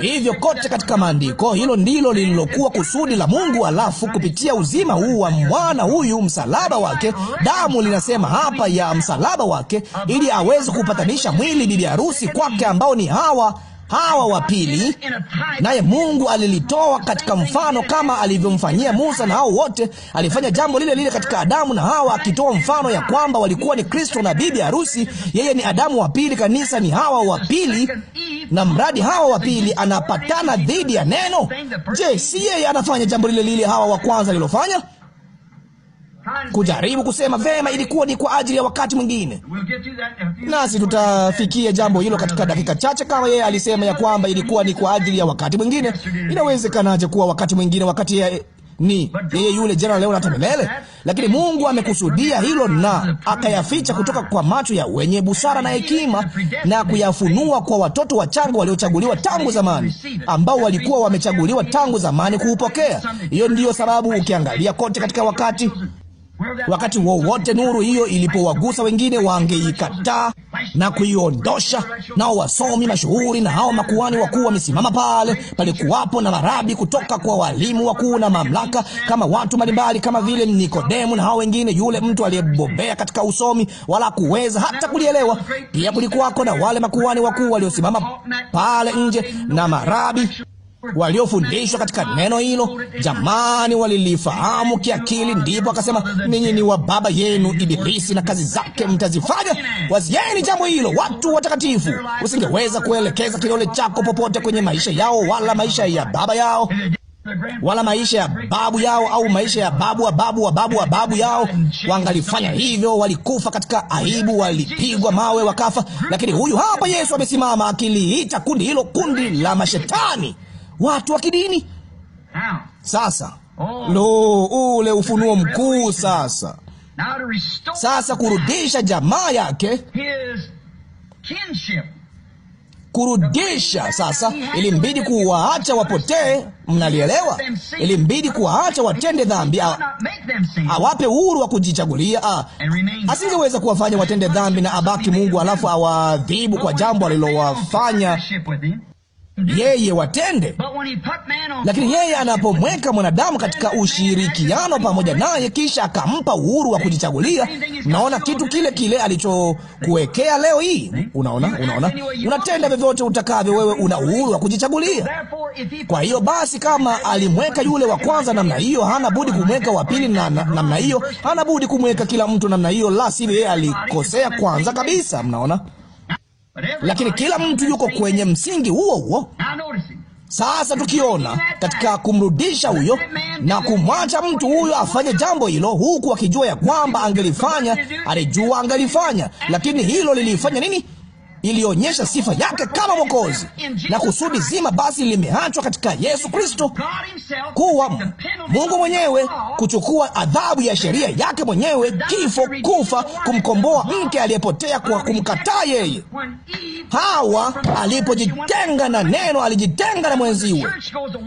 Hivyo kote katika maandiko, hilo ndilo lililokuwa kusudi la Mungu. Alafu kupitia uzima huu wa mwana huyu, msalaba wake, damu linasema hapa ya msalaba wake, ili aweze kupatanisha mwili bibi harusi kwake, ambao ni hawa hawa wa pili, naye Mungu alilitoa katika mfano kama alivyomfanyia Musa na hao wote. Alifanya jambo lile lile katika Adamu na Hawa, akitoa mfano ya kwamba walikuwa ni Kristo na bibi harusi. Yeye ni Adamu wa pili, kanisa ni Hawa wa pili, na mradi Hawa wa pili anapatana dhidi ya neno. Je, si yeye anafanya jambo lile lile Hawa wa kwanza alilofanya? kujaribu kusema vema, ilikuwa ni kwa ajili ya wakati mwingine, nasi tutafikia jambo hilo katika dakika chache. Kama yeye alisema ya kwamba ilikuwa ni kwa ajili ya wakati mwingine, inawezekanaje kuwa wakati mwingine wakati ya ni yeye yule jana leo hata milele. Lakini Mungu amekusudia hilo na akayaficha kutoka kwa macho ya wenye busara na hekima na kuyafunua kwa watoto wachanga waliochaguliwa tangu zamani, ambao walikuwa wamechaguliwa tangu zamani kuupokea. Hiyo ndiyo sababu ukiangalia kote katika wakati Wakati wowote nuru hiyo ilipowagusa wengine, wangeikataa na kuiondosha. Nao wasomi mashuhuri na hao makuhani wakuu wamesimama pale. Palikuwapo na marabi kutoka kwa walimu wakuu na mamlaka, kama watu mbalimbali, kama vile Nikodemu na hao wengine, yule mtu aliyebobea katika usomi, wala kuweza hata kulielewa. Pia kulikuwako na wale makuhani wakuu waliosimama pale nje na marabi waliofundishwa katika neno hilo, jamani, walilifahamu kiakili. Ndipo akasema, ninyi ni wa baba yenu Ibilisi na kazi zake mtazifanya. Wazieni jambo hilo, watu watakatifu. Usingeweza kuelekeza kidole chako popote kwenye maisha yao, wala maisha ya baba yao wala maisha ya babu yao au maisha ya babu wa babu wa babu wa babu yao. Wangalifanya hivyo, walikufa katika aibu, walipigwa mawe wakafa. Lakini huyu hapa Yesu amesimama akiliita kundi hilo kundi la mashetani watu wa kidini. Sasa oh. lo, ule ufunuo mkuu sasa, sasa kurudisha jamaa yake kurudisha sasa. Ilimbidi kuwaacha wapotee, mnalielewa? Ilimbidi kuwaacha watende dhambi, awape uhuru wa kujichagulia. Asingeweza kuwafanya watende dhambi na abaki Mungu, alafu awaadhibu kwa jambo alilowafanya yeye watende. Lakini yeye anapomweka mwanadamu katika ushirikiano pamoja naye, kisha akampa uhuru wa kujichagulia, unaona kitu kile kile alichokuwekea leo hii. Unaona, unaona, unatenda vyovyote utakavyo, wewe una uhuru wa kujichagulia. Kwa hiyo basi, kama alimweka yule wa kwanza namna hiyo, hana budi kumweka wa pili na namna hiyo, hana budi kumweka kila mtu namna hiyo, la sivyo yeye alikosea kwanza kabisa. Mnaona? lakini kila mtu yuko kwenye msingi huo huo. Sasa tukiona katika kumrudisha huyo na kumwacha mtu huyo afanye jambo hilo, huku akijua ya kwamba angelifanya, alijua angelifanya, lakini hilo lilifanya nini? ilionyesha sifa yake kama Mwokozi, na kusudi zima basi limeachwa katika Yesu Kristo, kuwa Mungu mwenyewe kuchukua adhabu ya sheria yake mwenyewe, kifo, kufa, kumkomboa mke aliyepotea kwa kumkataa yeye. Hawa alipojitenga na neno, alijitenga na mwenziwe,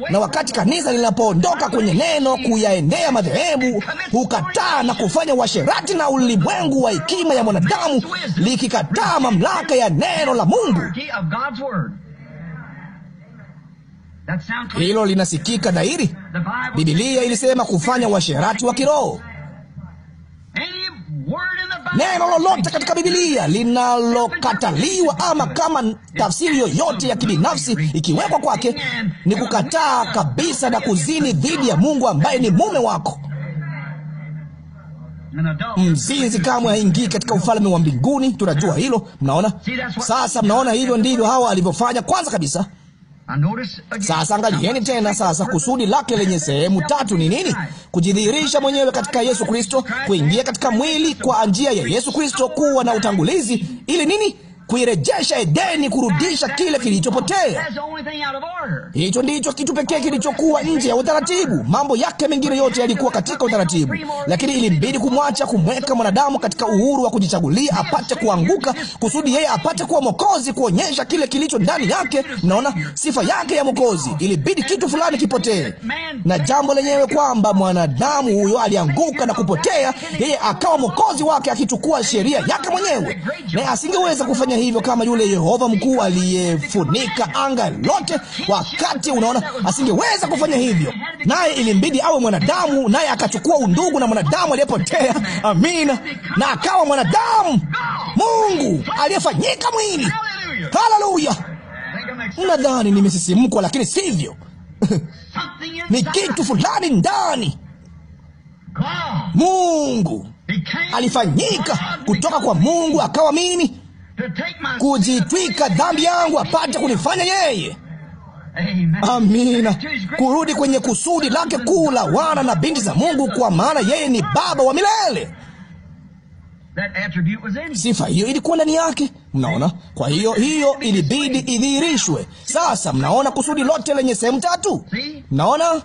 na wakati kanisa linapoondoka kwenye neno kuyaendea madhehebu, hukataa na kufanya uasherati na ulimwengu wa hekima ya mwanadamu, likikataa mamlaka ya neno la Mungu. Hilo linasikika dhahiri. Bibilia ilisema kufanya uasherati wa kiroho. Neno lolote katika Bibilia linalokataliwa ama kama tafsiri yoyote ya kibinafsi ikiwekwa kwake, ni kukataa kabisa na kuzini dhidi ya Mungu ambaye ni mume wako. Mzinzi mm, kamwe haingii katika ufalme wa mbinguni. Tunajua hilo, mnaona. Sasa mnaona, hivyo ndivyo hawa alivyofanya kwanza kabisa. Sasa angalieni tena sasa, kusudi lake lenye sehemu tatu ni nini? Kujidhihirisha mwenyewe katika Yesu Kristo, kuingia katika mwili kwa njia ya Yesu Kristo, kuwa na utangulizi ili nini? kuirejesha Edeni, kurudisha kile kilichopotea. Hicho ndicho kitu pekee kilichokuwa nje ya utaratibu. Mambo yake mengine yote yalikuwa katika utaratibu, lakini ilimbidi kumwacha, kumweka mwanadamu katika uhuru wa kujichagulia, apate kuanguka kusudi yeye apate kuwa Mwokozi, kuonyesha kile kilicho ndani yake. Naona sifa yake ya Mwokozi, ilibidi kitu fulani kipotee, na jambo lenyewe kwamba mwanadamu huyo alianguka na kupotea, yeye akawa mwokozi wake, akichukua sheria yake mwenyewe, naye asingeweza kufanya hivyo kama yule Yehova mkuu aliyefunika anga lote, wakati unaona asingeweza kufanya hivyo, naye ilimbidi awe mwanadamu, naye akachukua undugu na mwanadamu aliyepotea. Amina, na akawa mwanadamu, Mungu aliyefanyika mwili. Haleluya! Nadhani nimesisimkwa, lakini sivyo. ni kitu fulani ndani Mungu alifanyika kutoka kwa Mungu akawa mimi kujitwika dhambi yangu apate kunifanya yeye Amina, kurudi kwenye kusudi lake kuu la wana na binti za Mungu, kwa maana yeye ni Baba wa milele. Sifa hiyo ilikuwa ndani yake, mnaona. Kwa hiyo hiyo ilibidi idhihirishwe. Sasa mnaona kusudi lote lenye sehemu tatu, mnaona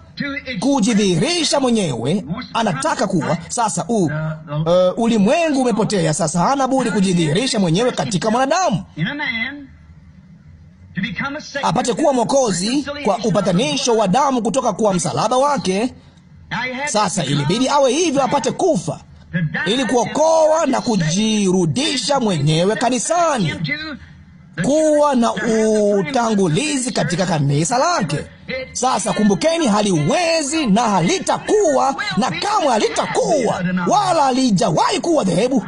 kujidhihirisha mwenyewe. Anataka kuwa sasa u, uh, ulimwengu umepotea, sasa hana budi kujidhihirisha mwenyewe katika mwanadamu apate kuwa mwokozi kwa upatanisho wa damu kutoka kwa msalaba wake. Sasa ilibidi awe hivyo, apate kufa ili kuokoa na kujirudisha mwenyewe kanisani, kuwa na utangulizi katika kanisa lake. Sasa kumbukeni, haliwezi na halitakuwa na kamwe halitakuwa wala halijawahi kuwa dhehebu.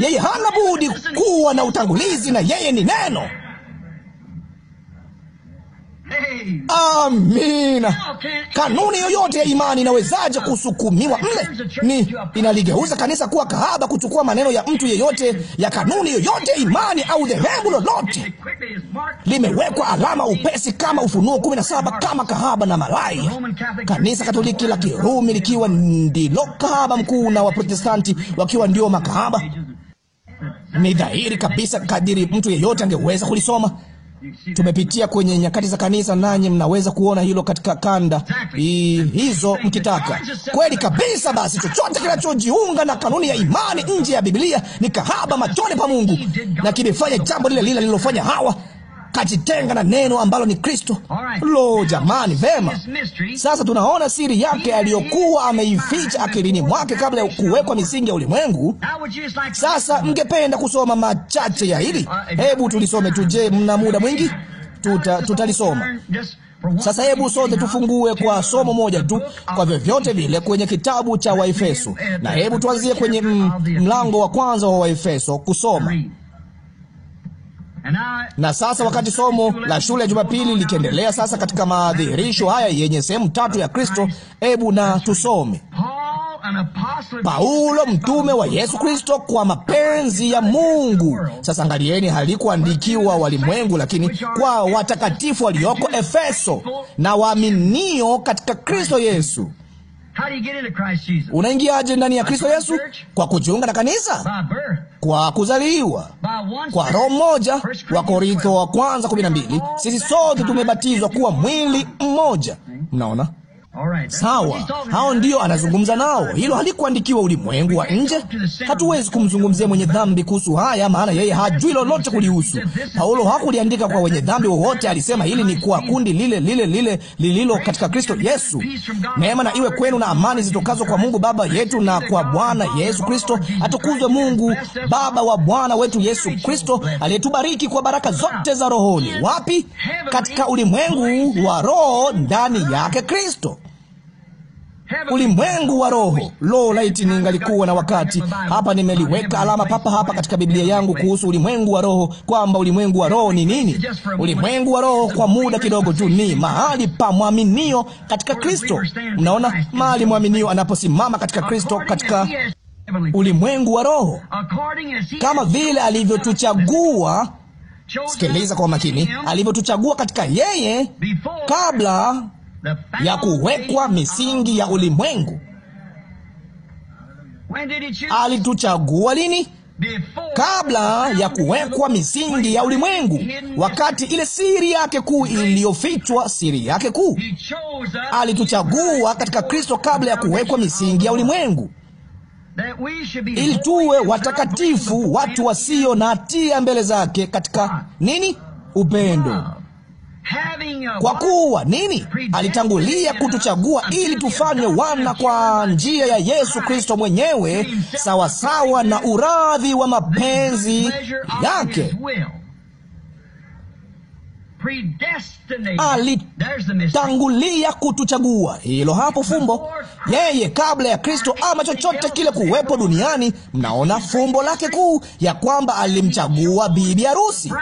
Yeye hana budi kuwa na utangulizi, na yeye ni neno. Amina. Kanuni yoyote ya imani inawezaje kusukumiwa mle? Ni inaligeuza kanisa kuwa kahaba, kuchukua maneno ya mtu yeyote, ya kanuni yoyote ya imani au dhehebu lolote. Limewekwa alama upesi kama Ufunuo 17 kama kahaba na malaya. Kanisa Katoliki la Kirumi likiwa ndilo kahaba mkuu na Waprotestanti wakiwa ndio makahaba. Ni dhahiri kabisa kadiri mtu yeyote angeweza kulisoma. Tumepitia kwenye nyakati za kanisa, nanyi mnaweza kuona hilo katika kanda I, hizo mkitaka kweli kabisa. Basi chochote kinachojiunga na kanuni ya imani nje ya Biblia ni kahaba machoni pa Mungu, na kimefanya jambo lile lile lililofanya Hawa akajitenga na neno ambalo ni Kristo. Lo, jamani, vema. Sasa tunaona siri yake aliyokuwa ameificha akilini mwake kabla ya kuwekwa misingi ya ulimwengu. Sasa mngependa kusoma machache ya hili? Uh, hebu tulisome tu. Je, mna muda mwingi? Tuta, tutalisoma sasa. Hebu sote tufungue kwa somo moja tu kwa vyovyote vile kwenye kitabu cha Waefeso, na hebu tuanzie kwenye mlango wa kwanza wa Waefeso kusoma na sasa wakati somo la shule ya Jumapili likiendelea sasa katika madhihirisho haya yenye sehemu tatu ya Kristo, hebu na tusome. Paulo mtume wa Yesu Kristo kwa mapenzi ya Mungu. Sasa angalieni, halikuandikiwa walimwengu, lakini kwa watakatifu walioko Efeso na waaminio katika Kristo Yesu. Unaingiaje ndani ya Kristo Yesu? Kwa kujiunga na kanisa, kwa kuzaliwa kwa roho mmoja. Wa Korintho wa kwanza mbili, sisi sote tumebatizwa kuwa mwili mmoja. Mnaona? Hmm? Sawa, hao ndio anazungumza nao. Hilo halikuandikiwa ulimwengu wa nje. Hatuwezi kumzungumzia mwenye dhambi kuhusu haya, maana yeye hajui lolote kulihusu. Paulo hakuliandika kwa wenye dhambi wowote, alisema hili ni kwa kundi lile lile lile lililo katika Kristo Yesu. Neema na iwe kwenu na amani zitokazo kwa Mungu Baba yetu na kwa Bwana Yesu Kristo. Atukuzwe Mungu Baba wa Bwana wetu Yesu Kristo, aliyetubariki kwa baraka zote za rohoni. Wapi? Katika ulimwengu wa roho ndani yake Kristo ulimwengu wa roho. Lo, laiti ningalikuwa na wakati hapa. Nimeliweka alama papa hapa katika Biblia yangu kuhusu ulimwengu wa roho, kwamba ulimwengu wa roho ni nini. Ulimwengu wa roho kwa muda kidogo tu ni mahali pa mwaminio katika Kristo. Mnaona, mahali mwaminio anaposimama katika Kristo, katika ulimwengu wa roho, kama vile alivyotuchagua. Sikiliza kwa makini, alivyotuchagua katika yeye kabla ya kuwekwa misingi ya ulimwengu. Alituchagua lini? Kabla ya kuwekwa misingi ya ulimwengu, wakati ile siri yake kuu iliyofichwa, siri yake kuu, alituchagua katika Kristo kabla ya kuwekwa misingi ya ulimwengu ili tuwe watakatifu, watu wasio na hatia mbele zake katika nini? Upendo kwa kuwa nini? Alitangulia kutuchagua ili tufanywe wana kwa njia ya Yesu Kristo mwenyewe, sawasawa na uradhi wa mapenzi yake. Alitangulia kutuchagua. Hilo hapo fumbo. Yeye kabla ya Kristo ama chochote kile kuwepo duniani, mnaona fumbo lake kuu ya kwamba alimchagua bibi harusi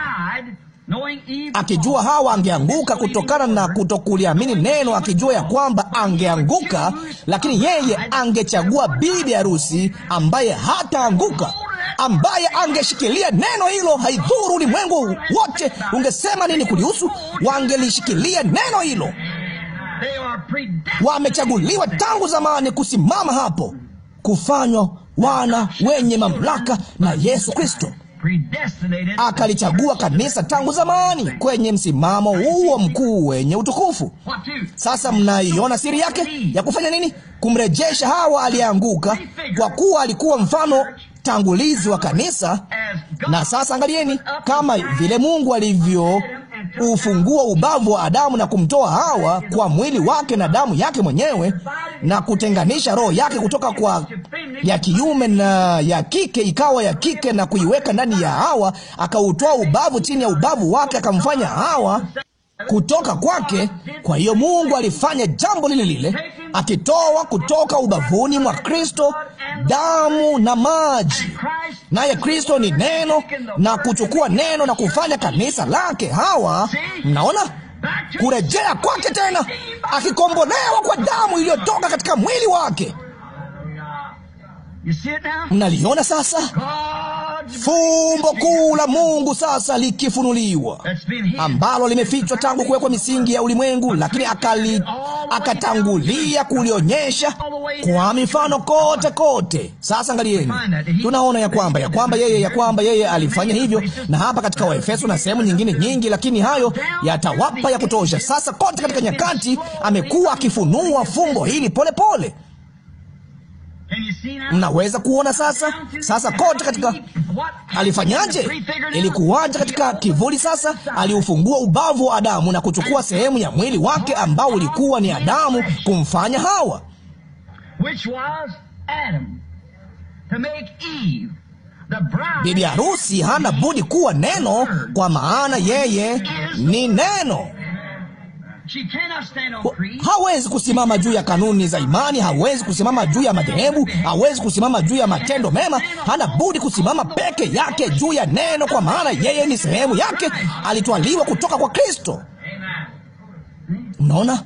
akijua Hawa angeanguka kutokana na kutokuliamini neno, akijua ya kwamba angeanguka, lakini yeye angechagua bibi harusi ambaye hataanguka, ambaye angeshikilia neno hilo. Haidhuru ulimwengu wote ungesema nini kulihusu, wangelishikilia neno hilo. Wamechaguliwa tangu zamani kusimama hapo, kufanywa wana wenye mamlaka na Yesu Kristo akalichagua kanisa tangu zamani kwenye msimamo huo mkuu wenye utukufu. Sasa mnaiona siri yake ya kufanya nini? Kumrejesha Hawa aliyeanguka, kwa kuwa alikuwa mfano tangulizi wa kanisa. Na sasa angalieni kama vile Mungu alivyo ufungua ubavu wa Adamu na kumtoa Hawa kwa mwili wake na damu yake mwenyewe na kutenganisha roho yake kutoka kwa ya kiume na ya kike ikawa ya kike na kuiweka ndani ya Hawa, akautoa ubavu chini ya ubavu wake, akamfanya Hawa kutoka kwake. Kwa hiyo Mungu alifanya jambo lile lile akitoa kutoka ubavuni mwa Kristo damu na maji, naye Kristo ni neno, na kuchukua neno na kufanya kanisa lake. Hawa mnaona kurejea kwake tena, akikombolewa kwa damu iliyotoka katika mwili wake. Mnaliona sasa fumbo kuu la Mungu sasa likifunuliwa, ambalo limefichwa tangu kuwekwa misingi ya ulimwengu, lakini akali, akatangulia kulionyesha kwa mifano kote kote. Sasa angalieni, tunaona ya kwamba ya kwamba yeye ya kwamba yeye alifanya hivyo, na hapa katika Waefeso na sehemu nyingine nyingi, lakini hayo yatawapa ya kutosha. Sasa kote katika nyakati amekuwa akifunua fumbo hili polepole pole. Mnaweza kuona sasa, sasa kote katika alifanyaje, ilikuwaje katika kivuli. Sasa aliufungua ubavu wa Adamu na kuchukua sehemu ya mwili wake ambao ulikuwa ni Adamu, kumfanya Hawa bibi harusi hana budi kuwa neno, kwa maana yeye ni neno hawezi kusimama juu ya kanuni za imani, hawezi kusimama juu ya madhehebu, hawezi kusimama juu ya matendo mema. Hana budi kusimama peke yake juu ya neno, kwa maana yeye ni sehemu yake, alitwaliwa kutoka kwa Kristo. Unaona?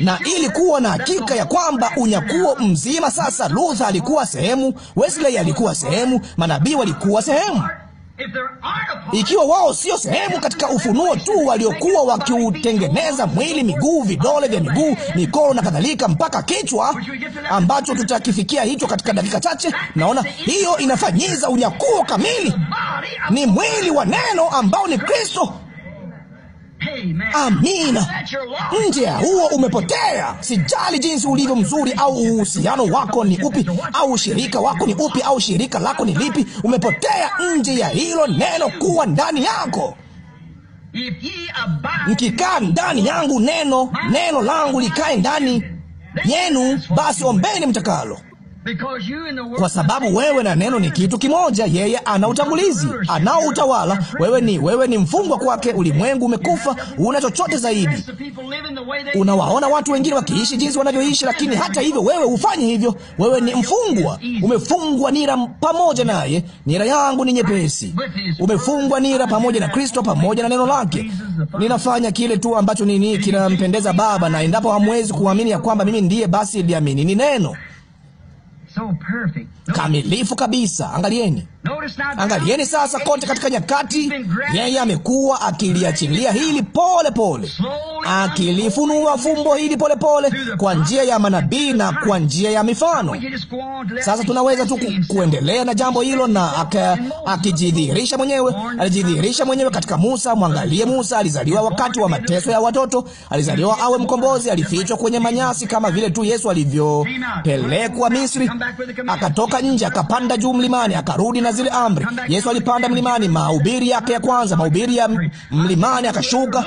na ili kuwa na hakika ya kwamba unyakuo mzima sasa. Luther alikuwa sehemu, Wesley alikuwa sehemu, manabii walikuwa sehemu ikiwa wao sio sehemu katika ufunuo tu waliokuwa wakiutengeneza mwili, miguu, vidole vya miguu, mikono na kadhalika, mpaka kichwa ambacho tutakifikia hicho katika dakika chache. Naona hiyo inafanyiza unyakuo kamili, ni mwili wa neno ambao ni Kristo. Amina. Nje ya huo umepotea. Sijali jinsi ulivyo mzuri, au uhusiano wako ni upi, au ushirika wako ni upi, au shirika lako ni lipi, umepotea nje ya hilo neno kuwa ndani yako. Mkikaa ndani yangu, neno neno langu likae ndani yenu, basi ombeni mtakalo kwa sababu wewe na neno ni kitu kimoja. Yeye ana utangulizi, anao utawala. Wewe ni wewe ni mfungwa kwake. Ulimwengu umekufa, una chochote zaidi. Unawaona watu wengine wakiishi jinsi wanavyoishi, lakini hata hivyo wewe hufanye hivyo. Wewe ni mfungwa, umefungwa nira pamoja naye. Nira yangu ni nyepesi. Umefungwa nira pamoja na Kristo, pamoja na neno lake. Ninafanya kile tu ambacho nini kinampendeza Baba, na endapo hamwezi kuamini ya kwamba mimi ndiye, basi liamini ni neno kamilifu kabisa. Angalieni, angalieni sasa, kote katika nyakati, yeye amekuwa akiliachilia hili pole pole, akilifunua fumbo hili pole pole, kwa njia ya manabii na kwa njia ya mifano. Sasa tunaweza tu kuendelea na jambo hilo, na akijidhihirisha mwenyewe. Alijidhihirisha mwenyewe katika Musa. Mwangalie Musa, alizaliwa wakati wa mateso ya watoto, alizaliwa awe mkombozi, alifichwa kwenye manyasi kama vile tu Yesu alivyopelekwa Misri akatoka nje, akapanda juu mlimani, akarudi na zile amri. Yesu alipanda mlimani, mahubiri yake ya kwanza, mahubiri ya mlimani, akashuka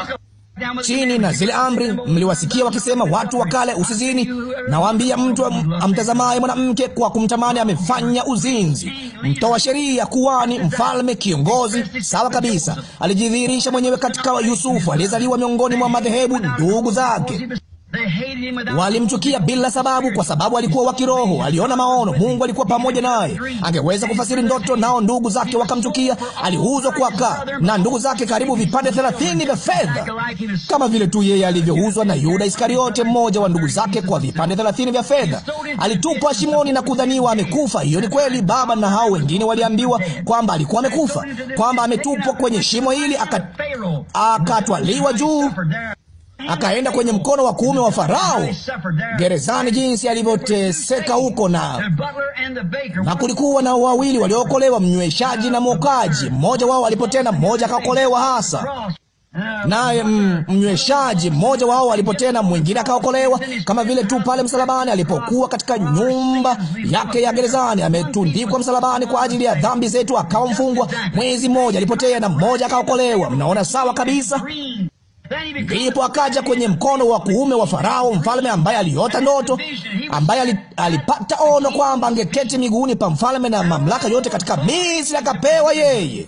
chini na zile amri. Mliwasikia wakisema watu wa kale, usizini. Nawaambia, mtu amtazamaye mwanamke kwa kumtamani amefanya uzinzi. Mtoa sheria, kuwani mfalme, kiongozi. Sawa kabisa. Alijidhihirisha mwenyewe katika Yusufu, aliyezaliwa miongoni mwa madhehebu ndugu zake Walimchukia bila sababu, kwa sababu alikuwa wa kiroho, aliona maono. Mungu alikuwa pamoja naye, angeweza kufasiri ndoto, nao ndugu zake wakamchukia. Aliuzwa kwa ka na ndugu zake karibu vipande thelathini vya fedha, kama vile tu yeye alivyouzwa na Yuda Iskariote, mmoja wa ndugu zake, kwa vipande thelathini vya fedha. Alitupwa shimoni na kudhaniwa amekufa. Hiyo ni kweli. Baba na hao wengine waliambiwa kwamba alikuwa amekufa, kwamba ametupwa kwenye shimo hili, akatwaliwa juu akaenda kwenye mkono wa kuume wa Farao gerezani, jinsi alivyoteseka huko. Na na kulikuwa na wawili waliokolewa, mnyweshaji na mwokaji. Mmoja wao alipotenda, mmoja akaokolewa hasa naye mnyweshaji mmoja wao alipotenda, mwingine akaokolewa, kama vile tu pale msalabani alipokuwa katika nyumba yake ya gerezani, ametundikwa msalabani kwa ajili ya dhambi zetu, akawa mfungwa mwezi mmoja, alipotea na mmoja akaokolewa. Mnaona sawa kabisa. Ndipo akaja kwenye mkono wa kuume wa Farao, mfalme ambaye aliota ndoto, ambaye alipata ono kwamba angeketi miguuni pa mfalme na mamlaka yote katika Misri, akapewa yeye.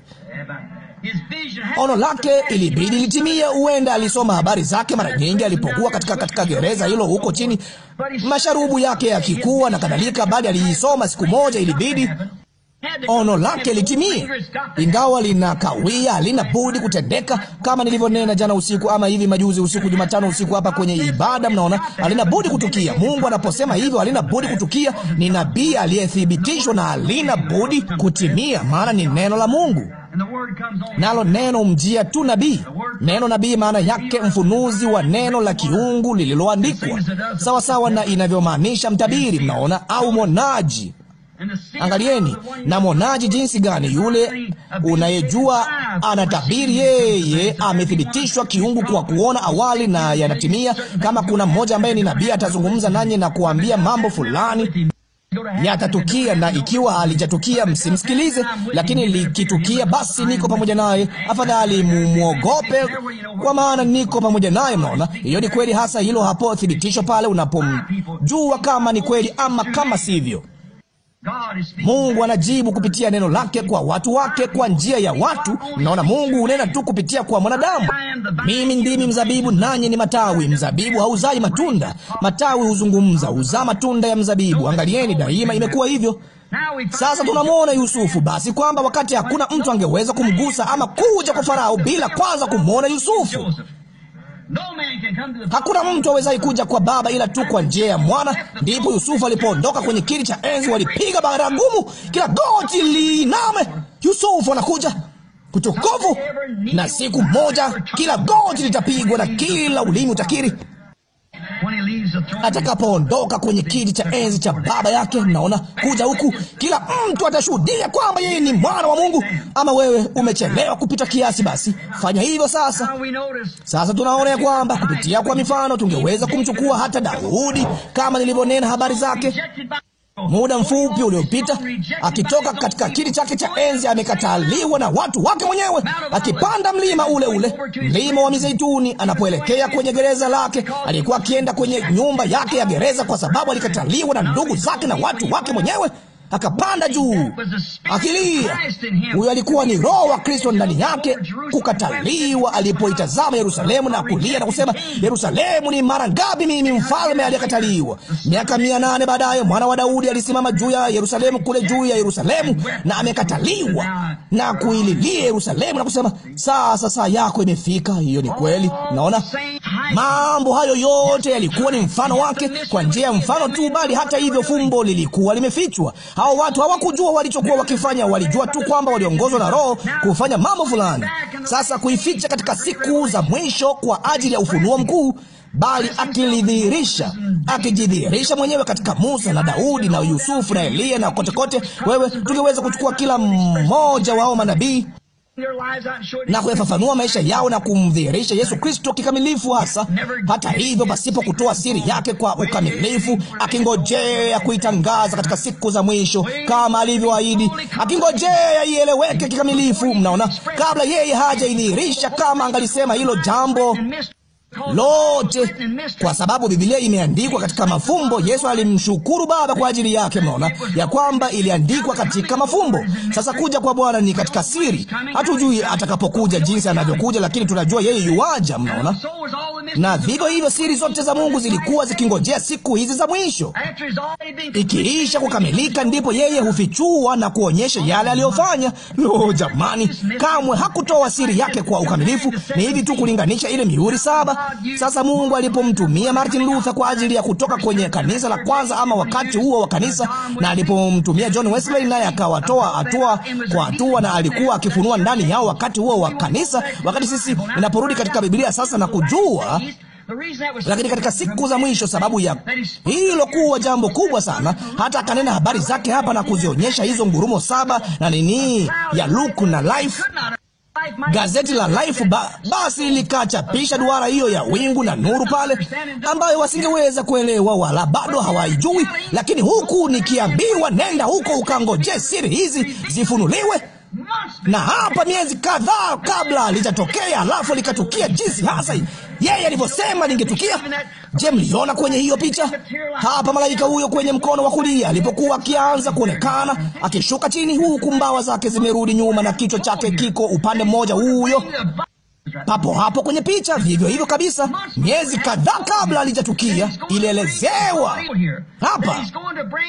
Ono lake ilibidi litimie. Huenda alisoma habari zake mara nyingi alipokuwa katika katika gereza hilo huko chini, masharubu yake yakikuwa na kadhalika, bali aliisoma siku moja ilibidi ono lake litimie. Ingawa linakawia, lina budi kutendeka, kama nilivyonena jana usiku, ama hivi majuzi usiku, Jumatano usiku hapa kwenye ibada. Mnaona, alina budi kutukia. Mungu anaposema hivyo, alina budi kutukia. Ni nabii aliyethibitishwa na alina budi kutimia, maana ni neno la Mungu nalo neno mjia tu nabii. Neno nabii maana yake mfunuzi wa neno la kiungu lililoandikwa, sawasawa na inavyomaanisha mtabiri, mnaona, au mwonaji. Angalieni, na jinsi gani yule unayejua anatabiri, yeye amethibitishwa kiungu kwa kuona awali na yanatimia. Kama kuna mmoja ambaye ni nabii, atazungumza nanyi na kuambia mambo fulani yatatukia, na ikiwa alijatukia msimsikilize, lakini likitukia, basi niko pamoja naye. Afadhali mumwogope, kwa maana niko pamoja naye. Mnaona, hiyo ni kweli hasa, hilo hapo thibitisho pale unapomjua kama ni kweli ama kama sivyo. Mungu anajibu kupitia neno lake kwa watu wake, kwa njia ya watu. Naona Mungu unena tu kupitia kwa mwanadamu. Mimi ndimi mzabibu, nanyi ni matawi. Mzabibu hauzai matunda, matawi huzungumza, huzaa matunda ya mzabibu. Angalieni, daima imekuwa hivyo. Sasa tunamwona Yusufu basi, kwamba wakati hakuna mtu angeweza kumgusa ama kuja kwa Farao bila kwanza kumwona Yusufu. Hakuna mtu awezaye kuja kwa Baba ila tu kwa njia ya Mwana. Ndipo Yusufu alipoondoka kwenye kiti cha enzi, walipiga baragumu, kila goti liiname. Yusufu anakuja kutukufu, na siku moja kila goti litapigwa na kila ulimi utakiri atakapoondoka kwenye kiti cha enzi cha baba yake. Mnaona, kuja huku, kila mtu atashuhudia kwamba yeye ni mwana wa Mungu. Ama wewe umechelewa kupita kiasi, basi fanya hivyo sasa. Sasa tunaona ya kwamba kupitia kwa mifano tungeweza kumchukua hata Daudi, kama nilivyonena habari zake muda mfupi uliopita, akitoka katika kiti chake cha enzi, amekataliwa na watu wake mwenyewe, akipanda mlima ule ule, mlima wa Mizeituni, anapoelekea kwenye gereza lake. Alikuwa akienda kwenye nyumba yake ya gereza, kwa sababu alikataliwa na ndugu zake na watu wake mwenyewe akapanda juu akilia. Huyo alikuwa ni Roho wa Kristo ndani yake, kukataliwa alipoitazama Yerusalemu na kulia na kusema, Yerusalemu, ni mara ngapi mimi mfalme aliyekataliwa? Miaka mia nane baadaye mwana wa Daudi alisimama juu ya Yerusalemu, kule juu ya Yerusalemu, na amekataliwa na kuililia Yerusalemu na kusema, sasa saa yako imefika. Hiyo ni kweli. Naona mambo hayo yote yalikuwa ni mfano wake, kwa njia ya mfano tu, bali hata hivyo fumbo lilikuwa limefichwa. Hao watu hawakujua walichokuwa wakifanya, walijua tu kwamba waliongozwa na Roho kufanya mambo fulani, sasa kuificha katika siku za mwisho kwa ajili ya ufunuo mkuu bali akilidhihirisha akijidhihirisha mwenyewe katika Musa na Daudi na Yusufu na Eliya na kotekote kote. Wewe tungeweza kuchukua kila mmoja wao manabii na kuyafafanua maisha yao na kumdhihirisha Yesu Kristo kikamilifu, hasa hata hivyo, pasipo kutoa siri yake kwa ukamilifu, akingojea kuitangaza katika siku za mwisho kama alivyoahidi, akingojea ieleweke kikamilifu. Mnaona, kabla yeye haja idhihirisha, kama angalisema hilo jambo lote, kwa sababu Biblia imeandikwa katika mafumbo. Yesu alimshukuru Baba kwa ajili yake, mona ya kwamba iliandikwa katika mafumbo. Sasa kuja kwa Bwana ni katika siri, hatujui atakapokuja jinsi anavyokuja, lakini tunajua yeye yuwaja, mnaona. Na vivyo hivyo siri zote za Mungu zilikuwa zikingojea siku hizi za mwisho. Ikiisha kukamilika, ndipo yeye hufichua na kuonyesha yale aliyofanya. Lo, jamani, kamwe hakutoa siri yake kwa ukamilifu. Ni hivi tu kulinganisha ile mihuri saba sasa Mungu alipomtumia Martin Luther kwa ajili ya kutoka kwenye kanisa la kwanza ama wakati huo wa kanisa, na alipomtumia John Wesley naye akawatoa hatua kwa hatua, na alikuwa akifunua ndani yao wakati huo wa kanisa. Wakati sisi inaporudi katika Biblia sasa na kujua lakini katika siku za mwisho, sababu ya hilo kuwa jambo kubwa sana, hata akanena habari zake hapa na kuzionyesha hizo ngurumo saba na nini ya luku na life. Gazeti la Life ba, basi likachapisha duara hiyo ya wingu na nuru pale, ambayo wasingeweza kuelewa wala bado hawaijui, lakini huku nikiambiwa nenda huko ukangoje siri hizi zifunuliwe na hapa miezi kadhaa kabla lijatokea alafu likatukia jinsi hasa yeye alivyosema lingetukia. Je, mliona kwenye hiyo picha hapa malaika huyo kwenye mkono wa kulia alipokuwa akianza kuonekana akishuka chini, huku mbawa zake zimerudi nyuma na kichwa chake kiko upande mmoja huyo papo hapo kwenye picha, vivyo hivyo kabisa. Miezi kadhaa kabla alijatukia, ilielezewa hapa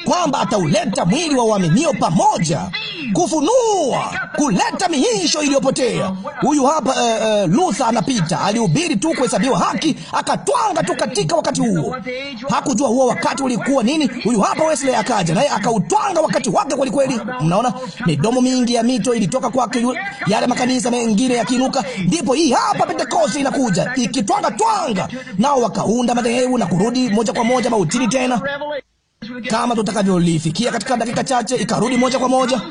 kwamba atauleta mwili wa uaminio pamoja, kufunua, kuleta mihisho iliyopotea. Huyu hapa uh, uh, Luther anapita, alihubiri tu kuhesabiwa haki, akatwanga tu katika wakati huo, hakujua huo wakati ulikuwa nini. Huyu hapa Wesley akaja naye akautwanga wakati wake kwelikweli. Mnaona midomo mingi ya mito ilitoka kwake, yale makanisa mengine yakiinuka, ndipo hii hapa Pentekoste inakuja ikitwanga twanga, nao wakaunda madhehebu na kurudi moja kwa moja mautini tena, kama tutakavyolifikia katika dakika chache, ikarudi moja kwa moja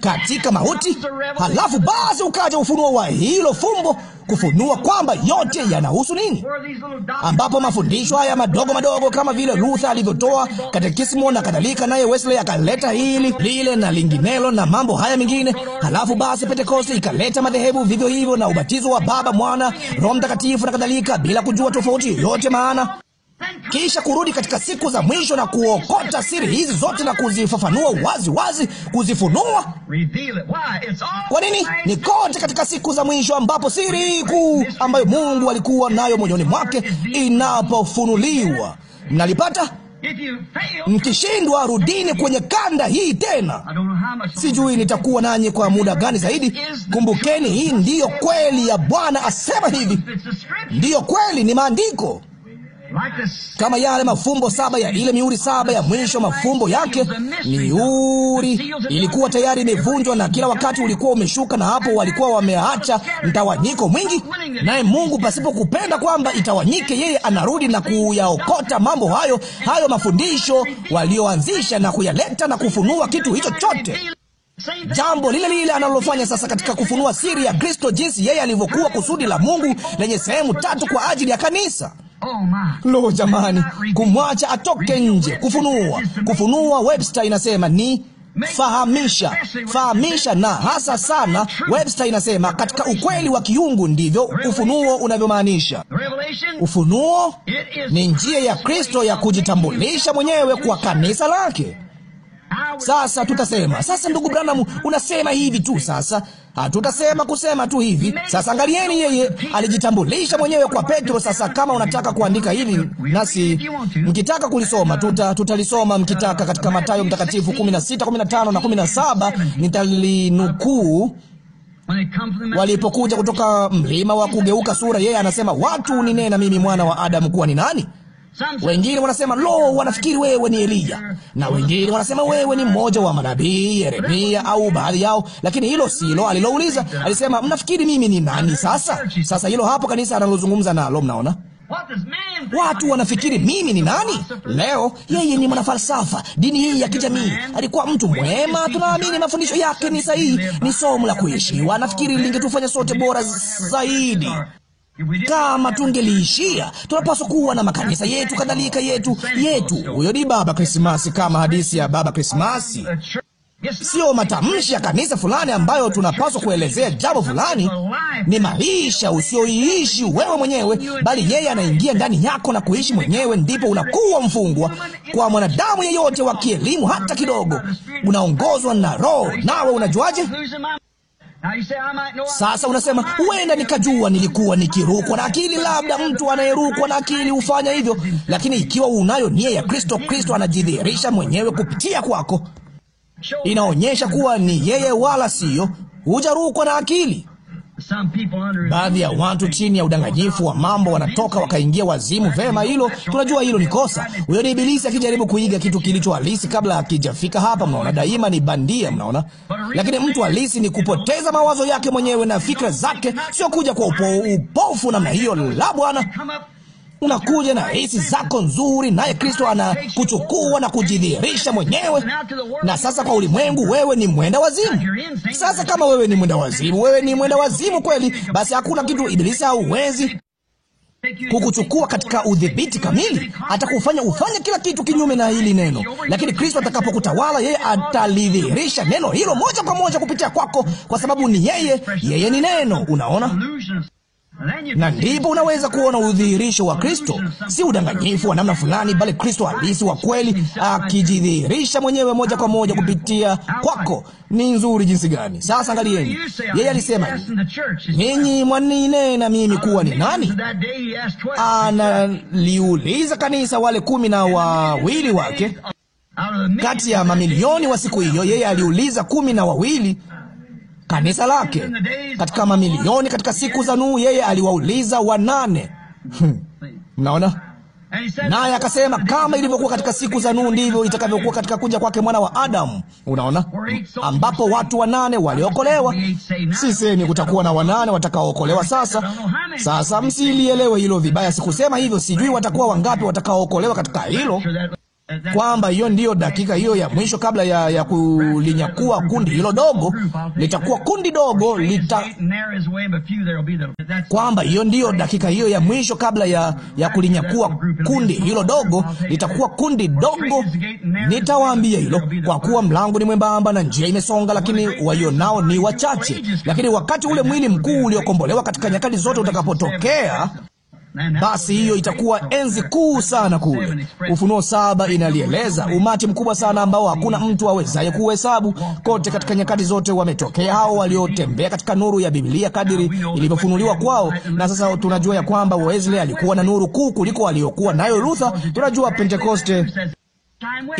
katika mauti. Halafu basi ukaja ufunuo wa hilo fumbo, kufunua kwamba yote yanahusu nini, ambapo mafundisho haya madogo madogo kama vile Luther alivyotoa katekismo na kadhalika, naye Wesley akaleta hili lile na linginelo na mambo haya mengine. Halafu basi Pentekoste ikaleta madhehebu vivyo hivyo na ubatizo wa Baba, Mwana, Roho Mtakatifu na kadhalika, bila kujua tofauti yoyote maana kisha kurudi katika siku za mwisho na kuokota siri hizi zote na kuzifafanua wazi wazi, kuzifunua. Kwa nini? Ni kote katika siku za mwisho ambapo siri kuu ambayo Mungu alikuwa nayo moyoni mwake inapofunuliwa. Mnalipata? Mkishindwa, rudini kwenye kanda hii tena. Sijui nitakuwa nanyi kwa muda gani zaidi. Kumbukeni, hii ndiyo kweli ya Bwana, asema hivi. Ndiyo kweli, ni maandiko kama yale mafumbo saba ya ile mihuri saba ya mwisho. Mafumbo yake mihuri ilikuwa tayari imevunjwa, na kila wakati ulikuwa umeshuka, na hapo walikuwa wameacha mtawanyiko mwingi, naye Mungu pasipo kupenda kwamba itawanyike, yeye anarudi na kuyaokota mambo hayo hayo mafundisho walioanzisha na kuyaleta na kufunua kitu hicho chote jambo lile lile analofanya sasa katika kufunua siri ya Kristo, jinsi yeye alivyokuwa kusudi la Mungu lenye sehemu tatu kwa ajili ya kanisa. Oh, Lo, jamani, kumwacha atoke nje. Kufunua, kufunua. Webster inasema ni fahamisha, fahamisha, na hasa sana. Webster inasema katika ukweli wa kiungu. Ndivyo ufunuo unavyomaanisha. Ufunuo ni njia ya Kristo ya kujitambulisha mwenyewe kwa kanisa lake. Sasa tutasema sasa, ndugu Branham, unasema hivi tu sasa. Hatutasema ah, kusema tu hivi sasa. Angalieni, yeye alijitambulisha mwenyewe kwa Petro. Sasa kama unataka kuandika hili nasi, mkitaka kulisoma tuta, tutalisoma mkitaka, katika Mathayo Mtakatifu 16 15 na 17, nitalinukuu walipokuja kutoka mlima wa kugeuka sura. Yeye anasema watu, ninena mimi mwana wa Adamu kuwa ni nani? Wengine wanasema lo, wanafikiri wewe ni Elija, na wengine wanasema wewe ni mmoja wa manabii Yeremia, au baadhi yao. Lakini hilo silo alilouliza. Alisema, mnafikiri mimi ni nani? Sasa sasa, hilo hapo kanisa analozungumza nalo, mnaona Watu wanafikiri mimi ni nani leo. Yeye ni mwanafalsafa dini hii ya kijamii. Alikuwa mtu mwema, tunaamini mafundisho yake ni sahihi, ni somo la kuishi. Wanafikiri lingetufanya sote bora zaidi kama tungeliishia. Tunapaswa kuwa na makanisa yetu, kadhalika yetu yetu. Huyo ni Baba Krismasi, kama hadithi ya Baba Krismasi, sio matamshi ya kanisa fulani ambayo tunapaswa kuelezea jambo fulani. Ni maisha usioiishi wewe mwenyewe, bali yeye anaingia ndani yako na kuishi mwenyewe, ndipo unakuwa mfungwa kwa mwanadamu yeyote wa kielimu hata kidogo. Unaongozwa na Roho. Nawe unajuaje? Sasa unasema huenda nikajua nilikuwa nikirukwa na akili. Labda mtu anayerukwa na akili hufanya hivyo, lakini ikiwa unayo nia ya Kristo, Kristo anajidhihirisha mwenyewe kupitia kwako. Inaonyesha kuwa ni yeye wala siyo hujarukwa na akili. Baadhi ya watu chini ya udanganyifu wa mambo wanatoka wakaingia wazimu. Vema, hilo tunajua, hilo ni kosa. Huyo ni Ibilisi akijaribu kuiga kitu kilicho halisi kabla hakijafika hapa. Mnaona, daima ni bandia, mnaona. Lakini mtu halisi ni kupoteza mawazo yake mwenyewe na fikra zake, sio kuja kwa upo, upofu namna hiyo. La, Bwana unakuja na hisi zako nzuri, naye Kristo anakuchukua na kujidhihirisha mwenyewe. Na sasa kwa ulimwengu, wewe ni mwenda wazimu. Sasa kama wewe ni mwenda wazimu, wewe ni mwenda wazimu kweli, basi hakuna kitu Ibilisi hauwezi kukuchukua katika udhibiti kamili. Atakufanya ufanye kila kitu kinyume na hili neno, lakini Kristo atakapokutawala, yeye atalidhihirisha neno hilo moja kwa moja kupitia kwako, kwa sababu ni yeye. Yeye ni neno. Unaona? na ndipo unaweza kuona udhihirisho wa Kristo, si udanganyifu wa namna fulani, bali Kristo halisi wa kweli akijidhihirisha mwenyewe moja kwa moja kupitia kwako. Ni nzuri jinsi gani! Sasa angalieni, yeye alisema, ninyi mwaninena mimi kuwa ni nani? Analiuliza kanisa wale kumi na wawili wake kati ya mamilioni wa siku hiyo. Yeye aliuliza kumi na wawili kanisa lake katika mamilioni. Katika siku za Nuhu yeye aliwauliza wanane. Hmm. Mnaona, naye akasema kama ilivyokuwa katika siku za Nuhu ndivyo itakavyokuwa katika kuja kwake mwana wa Adamu. Unaona, ambapo watu wanane waliokolewa. Sisemi kutakuwa na wanane watakaookolewa. Sasa, sasa msilielewe hilo vibaya, sikusema hivyo. Sijui watakuwa wangapi watakaookolewa katika hilo kwamba hiyo ndiyo dakika hiyo ya mwisho kabla ya, ya kulinyakua kundi hilo dogo. Litakuwa kundi dogo lita, kwamba hiyo ndiyo dakika hiyo ya mwisho kabla ya, ya kulinyakua kundi hilo dogo. Litakuwa kundi dogo, nitawaambia hilo, kwa kuwa mlango ni mwembamba na njia imesonga, lakini waionao ni wachache. Lakini wakati ule mwili mkuu uliokombolewa katika nyakati zote utakapotokea basi hiyo itakuwa enzi kuu sana kule. Ufunuo saba inalieleza umati mkubwa sana ambao hakuna mtu awezaye kuhesabu. Kote katika nyakati zote wametokea hao waliotembea katika nuru ya Biblia kadiri ilivyofunuliwa kwao. Na sasa tunajua ya kwamba Wesley alikuwa na nuru kuu kuliko aliyokuwa nayo Luther. Tunajua Pentekoste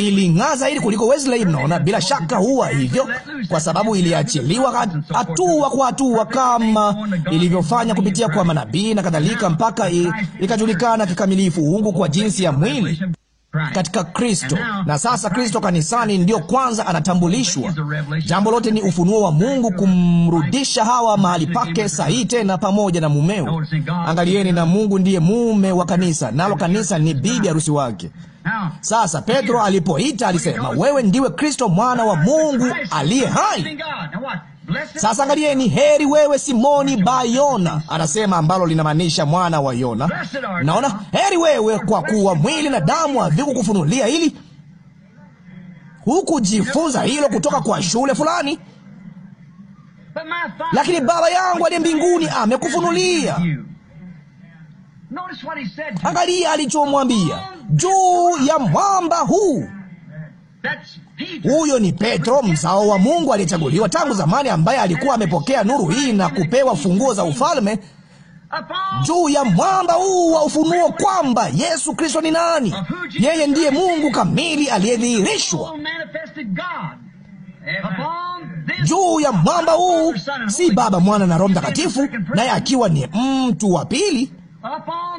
iling'aa zaidi kuliko Wesley. Mnaona, bila shaka huwa hivyo, kwa sababu iliachiliwa hatua kwa hatua kama ilivyofanya kupitia kwa manabii na kadhalika, mpaka ikajulikana kikamilifu uungu kwa jinsi ya mwili katika Kristo, na sasa Kristo kanisani ndiyo kwanza anatambulishwa. Jambo lote ni ufunuo wa Mungu kumrudisha Hawa mahali pake sahihi tena pamoja na mumeo. Angalieni, na Mungu ndiye mume wa kanisa, nalo kanisa ni bibi harusi wake. Sasa Petro alipoita alisema, wewe ndiwe Kristo mwana wa Mungu aliye hai. Sasa angalieni, heri wewe Simoni ba Yona, anasema ambalo linamaanisha mwana wa Yona. Naona heri wewe, kwa kuwa mwili na damu havikukufunulia hili. Hukujifunza hilo kutoka kwa shule fulani, lakini Baba yangu aliye mbinguni amekufunulia. Angalia alichomwambia juu ya mwamba huu huyo ni Petro, mzao wa Mungu aliyechaguliwa tangu zamani, ambaye alikuwa amepokea nuru hii na kupewa funguo za ufalme juu ya mwamba huu wa ufunuo, kwamba Yesu Kristo ni nani. Yeye ndiye Mungu kamili aliyedhihirishwa juu ya mwamba huu, si Baba, Mwana na Roho Mtakatifu, naye akiwa ni mtu wa pili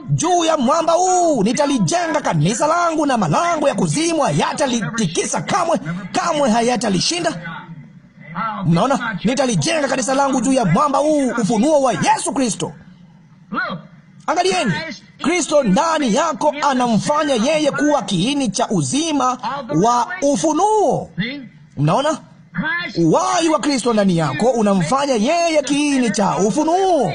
juu ya mwamba huu nitalijenga kanisa langu, na malango ya kuzimu hayatalitikisa kamwe, kamwe hayatalishinda. Mnaona, nitalijenga kanisa langu juu ya mwamba huu, ufunuo wa Yesu Kristo. Angalieni, Kristo ndani yako anamfanya yeye kuwa kiini cha uzima wa ufunuo. Mnaona, uwai wa Kristo ndani yako unamfanya yeye kiini cha ufunuo.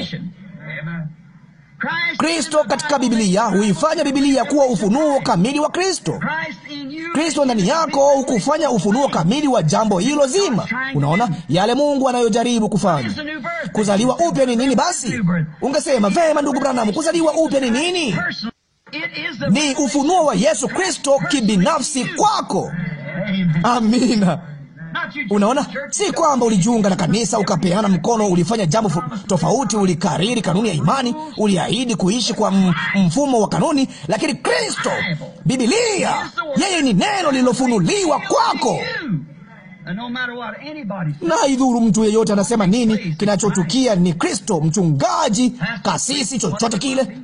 Kristo katika Biblia huifanya Biblia kuwa ufunuo kamili wa Kristo. Kristo ndani yako hukufanya ufunuo kamili wa jambo hilo zima. Unaona yale Mungu anayojaribu kufanya. Kuzaliwa upya ni nini? Basi ungesema vema, ndugu Branham, kuzaliwa upya ni nini? Ni ufunuo wa Yesu Kristo kibinafsi kwako. Amina. Unaona, si kwamba ulijiunga na kanisa ukapeana mkono, ulifanya jambo tofauti, ulikariri kanuni ya imani, uliahidi kuishi kwa mfumo wa kanuni, lakini Kristo, Biblia, yeye ni neno lililofunuliwa kwako na idhuru mtu yeyote anasema nini, kinachotukia ni Kristo, mchungaji, kasisi, chochote kile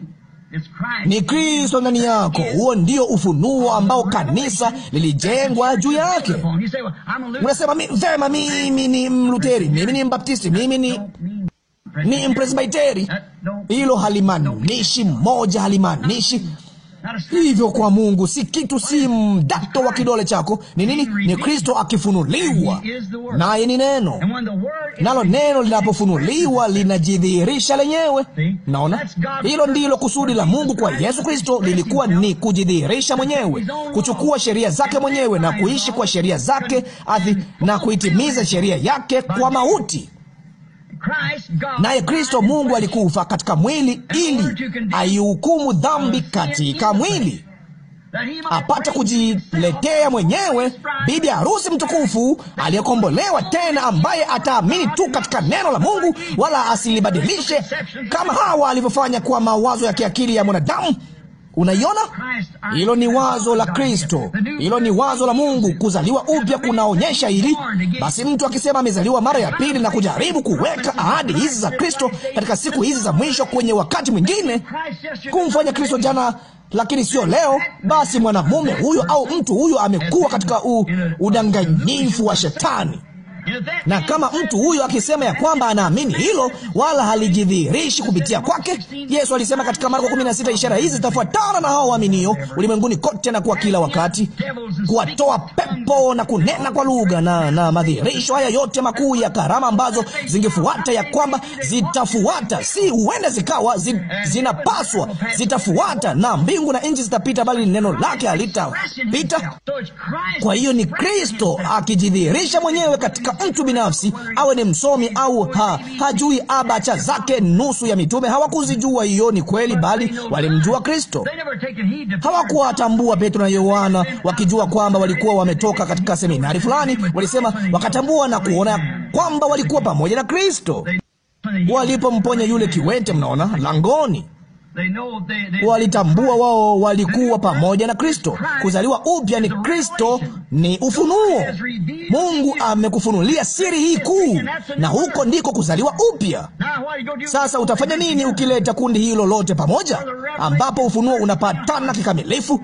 ni Kristo ndani yako. Huo ndio ufunuo ambao kanisa lilijengwa juu yake. Unasema mi, vema, mimi ni Mluteri, mimi ni Mbaptisti, mimi ni ni Mpresbiteri. Hilo halimanishi moja, halimanishi hivyo kwa Mungu si kitu, si mdato wa kidole chako. Ni nini? Ni Kristo akifunuliwa, naye ni Neno, nalo Neno linapofunuliwa linajidhihirisha lenyewe. Naona hilo ndilo kusudi la Mungu kwa Yesu Kristo, lilikuwa ni kujidhihirisha mwenyewe, kuchukua sheria zake mwenyewe na kuishi kwa sheria zake adhi na kuitimiza sheria yake kwa mauti naye Kristo Mungu alikufa katika mwili ili aihukumu dhambi katika mwili apate kujiletea mwenyewe bibi harusi mtukufu aliyekombolewa tena, ambaye ataamini tu katika neno la Mungu wala asilibadilishe, kama Hawa alivyofanya kwa mawazo ya kiakili ya mwanadamu. Unaiona, hilo ni wazo la Kristo, hilo ni wazo la Mungu. Kuzaliwa upya kunaonyesha hili. Basi mtu akisema amezaliwa mara ya pili na kujaribu kuweka ahadi hizi za Kristo katika siku hizi za mwisho kwenye wakati mwingine, kumfanya Kristo jana lakini sio leo, basi mwanamume huyo au mtu huyo amekuwa katika u, udanganyifu wa Shetani. Na kama mtu huyo akisema ya kwamba anaamini hilo wala halijidhihirishi kupitia kwake, Yesu alisema katika Marko 16, ishara hizi zitafuatana na hao waaminio ulimwenguni kote na kwa kila wakati kuwatoa pepo na kunena kwa lugha, na, na madhihirisho haya yote makuu ya karama ambazo zingefuata, ya kwamba zitafuata, si huenda zikawa zi, zinapaswa zitafuata, na mbingu na nchi zitapita, bali neno lake halitapita. Kwa hiyo ni Kristo akijidhihirisha mwenyewe katika mtu binafsi, awe ni msomi au ha, hajui abacha zake. Nusu ya mitume hawakuzijua hiyo, ni kweli, bali walimjua Kristo. Hawakuwatambua Petro na Yohana, wakijua kwamba walikuwa wametoka katika seminari fulani. Walisema wakatambua na kuona kwamba walikuwa pamoja na Kristo walipomponya yule kiwete, mnaona langoni Walitambua wao walikuwa pamoja na Kristo. Kuzaliwa upya ni Kristo, ni ufunuo. Mungu amekufunulia siri hii kuu, na huko ndiko kuzaliwa upya. Sasa utafanya nini ukileta kundi hilo lote pamoja, ambapo ufunuo unapatana kikamilifu?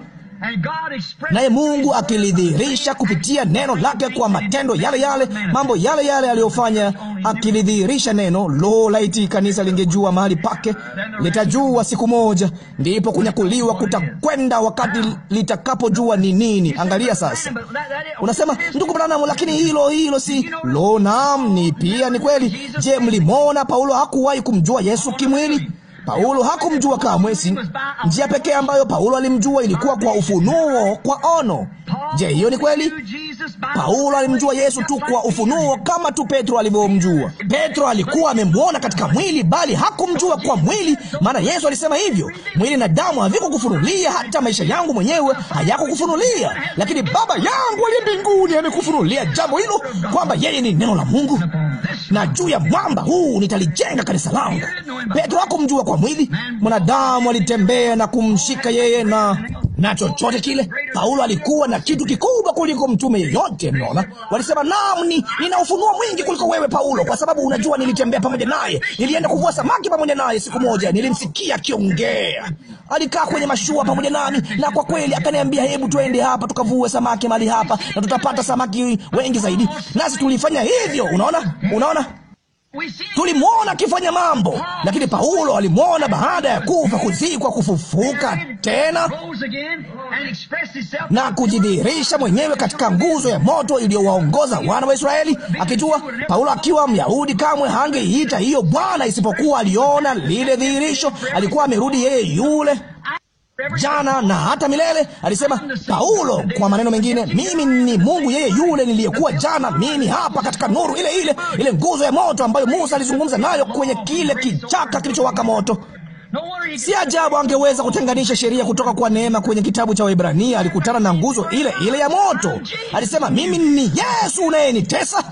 naye Mungu akilidhihirisha kupitia neno lake kwa matendo yale yale, mambo yale yale aliyofanya, akilidhihirisha neno. Lo, laiti kanisa lingejua mahali pake! Litajua siku moja, ndipo kunyakuliwa kutakwenda wakati litakapojua ni nini. Angalia sasa, unasema ndugu Branham, lakini hilo hilo si lo. Naam, ni pia ni kweli. Je, mlimwona Paulo hakuwahi kumjua Yesu kimwili? Paulo hakumjua kamwe. Si njia pekee ambayo Paulo alimjua ilikuwa kwa ufunuo, kwa ono. Je, hiyo ni kweli? Paulo alimjua Yesu tu kwa ufunuo kama tu Petro alivyomjua. Petro alikuwa amemwona katika mwili, bali hakumjua kwa mwili, maana Yesu alisema hivyo, mwili na damu havikukufunulia, hata maisha yangu mwenyewe hayakukufunulia, lakini Baba yangu aliye mbinguni yeye amekufunulia jambo hilo, kwamba yeye ni neno la Mungu, na juu ya mwamba huu nitalijenga kanisa langu. Petro hakumjua kwa mwili, mwanadamu alitembea na kumshika yeye na na chochote kile. Paulo alikuwa na kitu kikubwa kuliko mtume yeyote. Mnaona, walisema naam, ni nina ufunuo mwingi kuliko wewe Paulo, kwa sababu unajua, nilitembea pamoja naye, nilienda kuvua samaki pamoja naye. Siku moja nilimsikia akiongea, alikaa kwenye mashua pamoja nami, na kwa kweli akaniambia, hebu twende hapa tukavue samaki mahali hapa, na tutapata samaki wengi zaidi. Nasi tulifanya hivyo. Unaona, unaona Tulimwona akifanya mambo, lakini Paulo alimwona baada ya kufa, kuzikwa, kufufuka tena na kujidhihirisha mwenyewe katika nguzo ya moto iliyowaongoza wana wa Israeli akitua. Paulo akiwa Myahudi kamwe hangeiita hiyo Bwana, isipokuwa aliona lile dhihirisho. Alikuwa amerudi yeye yule jana na hata milele. Alisema Paulo kwa maneno mengine, mimi ni Mungu yeye yule niliyekuwa jana, mimi hapa katika nuru ile ile, ile nguzo ya moto ambayo Musa alizungumza nayo kwenye kile kichaka kilichowaka moto. Si ajabu angeweza kutenganisha sheria kutoka kwa neema. Kwenye kitabu cha Waebrania alikutana na nguzo ile ile ya moto. Alisema mimi ni Yesu unayenitesa,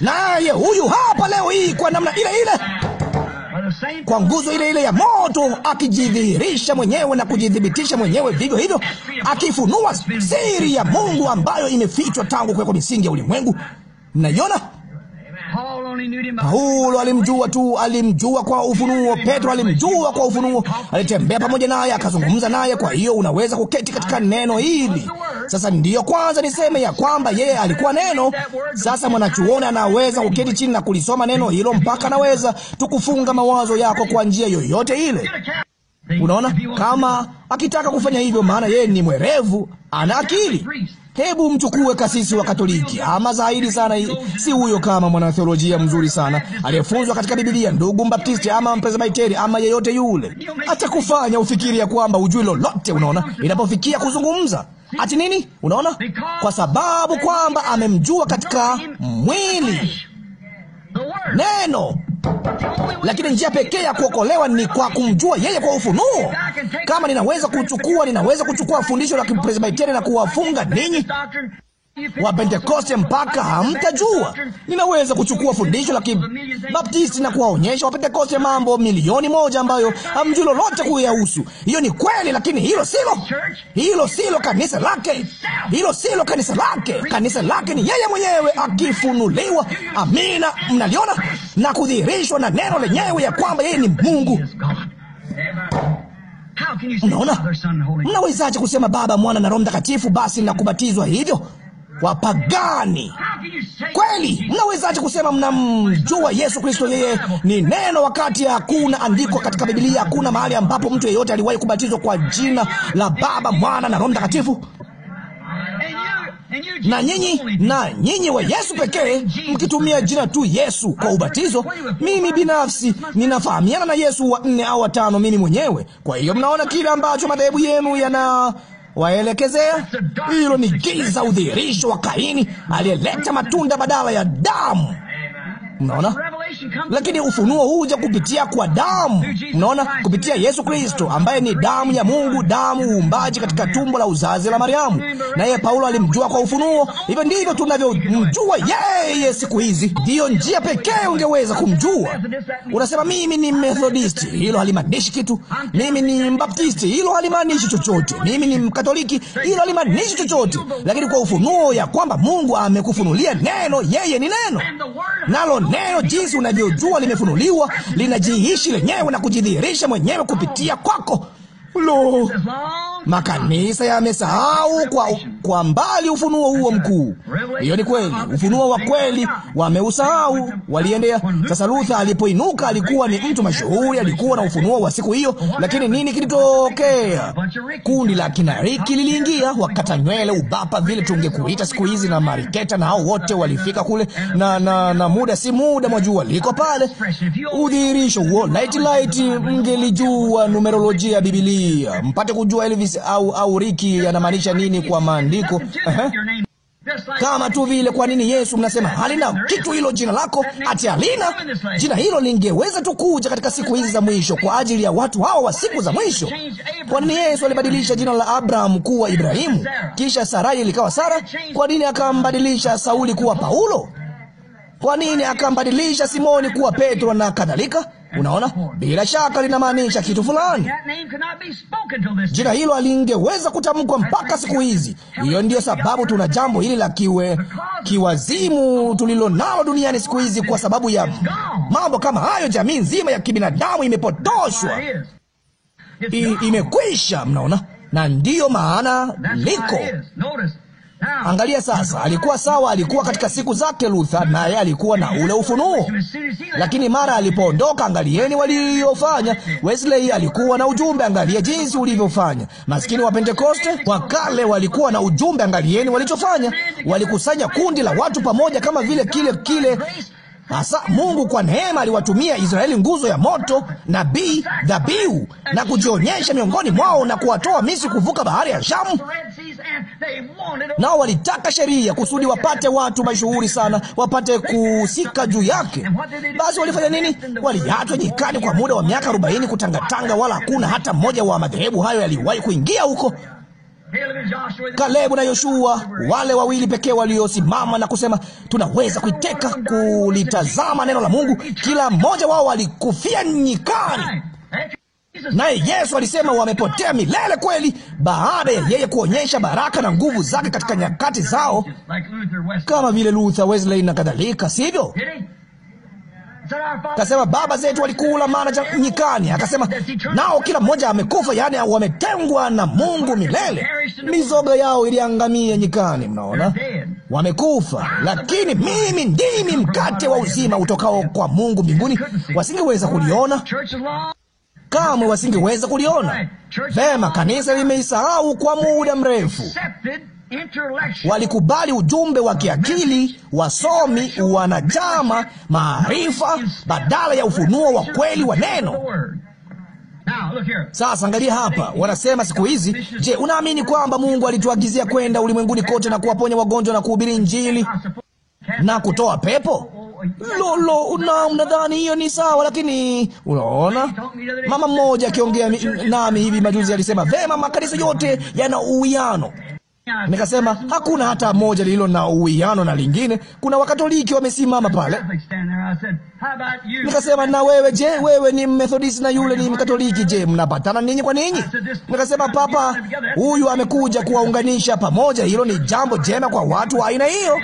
naye huyu hapa leo hii kwa namna ile ile kwa nguzo ile ile ya moto, akijidhihirisha mwenyewe na kujidhibitisha mwenyewe vivyo hivyo, akifunua siri ya Mungu ambayo imefichwa tangu kuwekwa misingi ya ulimwengu. Mnaiona? Paulo alimjua tu, alimjua kwa ufunuo. Petro alimjua kwa ufunuo, alitembea pamoja naye, akazungumza naye. Kwa hiyo unaweza kuketi katika neno hili. Sasa ndiyo kwanza niseme ya kwamba yeye alikuwa neno. Sasa mwanachuoni anaweza kuketi chini na kulisoma neno hilo mpaka anaweza tukufunga mawazo yako kwa njia yoyote ile. Unaona, kama akitaka kufanya hivyo, maana yeye ni mwerevu, ana akili Hebu mchukue kasisi wa Katoliki ama zaidi sana, si huyo, kama mwanatheolojia mzuri sana aliyefunzwa katika Biblia, ndugu Mbaptisti ama Mpresbiteri ama yeyote yule, atakufanya ufikiri ya kwamba ujui lolote. Unaona, inapofikia kuzungumza ati nini, unaona, kwa sababu kwamba amemjua katika mwili neno lakini njia pekee ya kuokolewa ni kwa kumjua yeye kwa ufunuo. Kama ninaweza kuchukua, ninaweza kuchukua fundisho la kipresbiteri na kuwafunga ninyi wa Pentekoste mpaka hamtajua. Ninaweza kuchukua fundisho la Kibaptisti na kuwaonyesha Wapentekoste mambo milioni moja ambayo hamjui lolote kuyahusu. Hiyo ni kweli, lakini hilo silo, hilo silo kanisa lake, hilo silo kanisa lake. Kanisa lake ni yeye mwenyewe akifunuliwa, amina, mnaliona na kudhihirishwa na neno lenyewe ya kwamba yeye ni Mungu. Unaona, mnawezaje kusema Baba, Mwana na Roho Mtakatifu basi na kubatizwa hivyo? wapagani. Kweli, mnawezaje kusema mnamjua Yesu Kristo? Yeye ni neno, wakati hakuna andiko katika Biblia, hakuna mahali ambapo mtu yeyote aliwahi kubatizwa kwa jina la Baba, Mwana na Roho Mtakatifu na nyinyi na nyinyi wa Yesu pekee mkitumia jina tu Yesu kwa ubatizo. Mimi binafsi ninafahamiana na Yesu wa nne au watano mimi mwenyewe. Kwa hiyo mnaona kile ambacho madhehebu yenu yana waelekezea. Hilo ni giza, udhihirisho wa Kaini aliyeleta matunda badala ya damu. Mnaona lakini ufunuo huja kupitia kwa damu. Unaona, kupitia Yesu Kristo ambaye ni damu ya Mungu, damu uumbaji katika tumbo la uzazi la Mariamu. Naye Paulo alimjua kwa ufunuo. Hivyo ndivyo tunavyomjua yeye siku hizi, ndiyo njia pekee ungeweza kumjua. Unasema mimi ni Methodisti, hilo halimaanishi kitu. Mimi ni Mbaptisti, hilo halimaanishi chochote. Mimi ni Mkatoliki, hilo halimaanishi chochote, lakini kwa ufunuo ya kwamba Mungu amekufunulia neno, yeye ni neno, nalo neno jinsi unavyojua limefunuliwa, linajiishi lenyewe na kujidhihirisha mwenyewe kupitia kwako. Lo, makanisa yamesahau kwa, kwa mbali ufunuo huo mkuu. Hiyo ni kweli, ufunuo wa kweli wameusahau, waliendea. Sasa Luther alipoinuka alikuwa ni mtu mashuhuri, alikuwa na ufunuo wa siku hiyo, lakini nini kilitokea? Kundi la kinariki liliingia, wakata nywele, ubapa vile tungekuita siku hizi, na mariketa na hao wote walifika kule, na, na, na muda si muda mwajua liko pale udhihirisho huo. Light light, mngelijua numerolojia ya Biblia Biblia mpate kujua Elvis au, au Riki yanamaanisha nini kwa maandiko. Kama tu vile kwa nini Yesu mnasema halina kitu hilo jina lako, ati halina jina hilo lingeweza tu kuja katika siku hizi za mwisho kwa ajili ya watu hawa wa siku za mwisho. Kwa nini Yesu alibadilisha jina la Abrahamu kuwa Ibrahimu, kisha Sarai likawa Sara? Kwa nini akambadilisha Sauli kuwa Paulo? Kwa nini akambadilisha Simoni kuwa Petro na kadhalika? Unaona, bila shaka linamaanisha kitu fulani. Jina hilo alingeweza kutamkwa mpaka siku hizi. Hiyo ndiyo sababu tuna jambo hili la kiwe kiwazimu tulilonalo duniani siku hizi, kwa sababu ya mambo kama hayo. Jamii nzima ya kibinadamu imepotoshwa, imekwisha. Mnaona, na ndiyo maana liko Angalia sasa, alikuwa sawa, alikuwa katika siku zake Luther, naye alikuwa na ule ufunuo, lakini mara alipoondoka, angalieni waliyofanya. Wesley alikuwa na ujumbe, angalia jinsi ulivyofanya. Maskini wa Pentekoste wa kale walikuwa na ujumbe, angalieni walichofanya. Walikusanya kundi la watu pamoja, kama vile kile kile Hasa Mungu kwa neema aliwatumia Israeli nguzo ya moto, nabii, dhabihu na kujionyesha miongoni mwao na kuwatoa Misri kuvuka bahari ya Shamu nao walitaka sheria kusudi wapate watu mashuhuri sana, wapate kuhusika juu yake. Basi walifanya nini? Waliachwa nyikani kwa muda wa miaka arobaini kutangatanga, wala hakuna hata mmoja wa madhehebu hayo yaliwahi kuingia huko. Kalebu na Yoshua wale wawili pekee waliosimama na kusema tunaweza kuiteka kulitazama neno la Mungu. Kila mmoja wao walikufia nyikani. Naye Yesu alisema wamepotea milele kweli, baada ya yeye kuonyesha baraka na nguvu zake katika nyakati zao, kama vile Luther, Wesley na kadhalika, sivyo? kasema baba zetu walikula mana nyikani, akasema nao kila mmoja amekufa, yaani wametengwa na Mungu milele, mizoga yao iliangamia nyikani. Mnaona, wamekufa. Lakini mimi ndimi mkate wa uzima utokao kwa Mungu mbinguni. Wasingeweza kuliona kamwe wasingeweza kuliona vema. Kanisa limeisahau kwa muda mrefu. Walikubali ujumbe wa kiakili, wasomi, wanachama, maarifa badala ya ufunuo wa kweli wa neno. Sasa angalia hapa, wanasema siku hizi, je, unaamini kwamba Mungu alituagizia kwenda ulimwenguni kote na kuwaponya wagonjwa na kuhubiri Injili na kutoa pepo? Lolo, lo, una unadhani hiyo ni sawa, lakini unaona, mama mmoja akiongea nami hivi majuzi alisema vema, makanisa yote yana uwiano. Nikasema hakuna hata moja lililo na uwiano na lingine. Kuna Wakatoliki wamesimama pale, nikasema na wewe je, wewe ni Methodist na yule ni Mkatoliki, je, mnapatana ninyi kwa ninyi? Nikasema papa huyu amekuja kuwaunganisha pamoja, hilo ni jambo jema kwa watu wa aina hiyo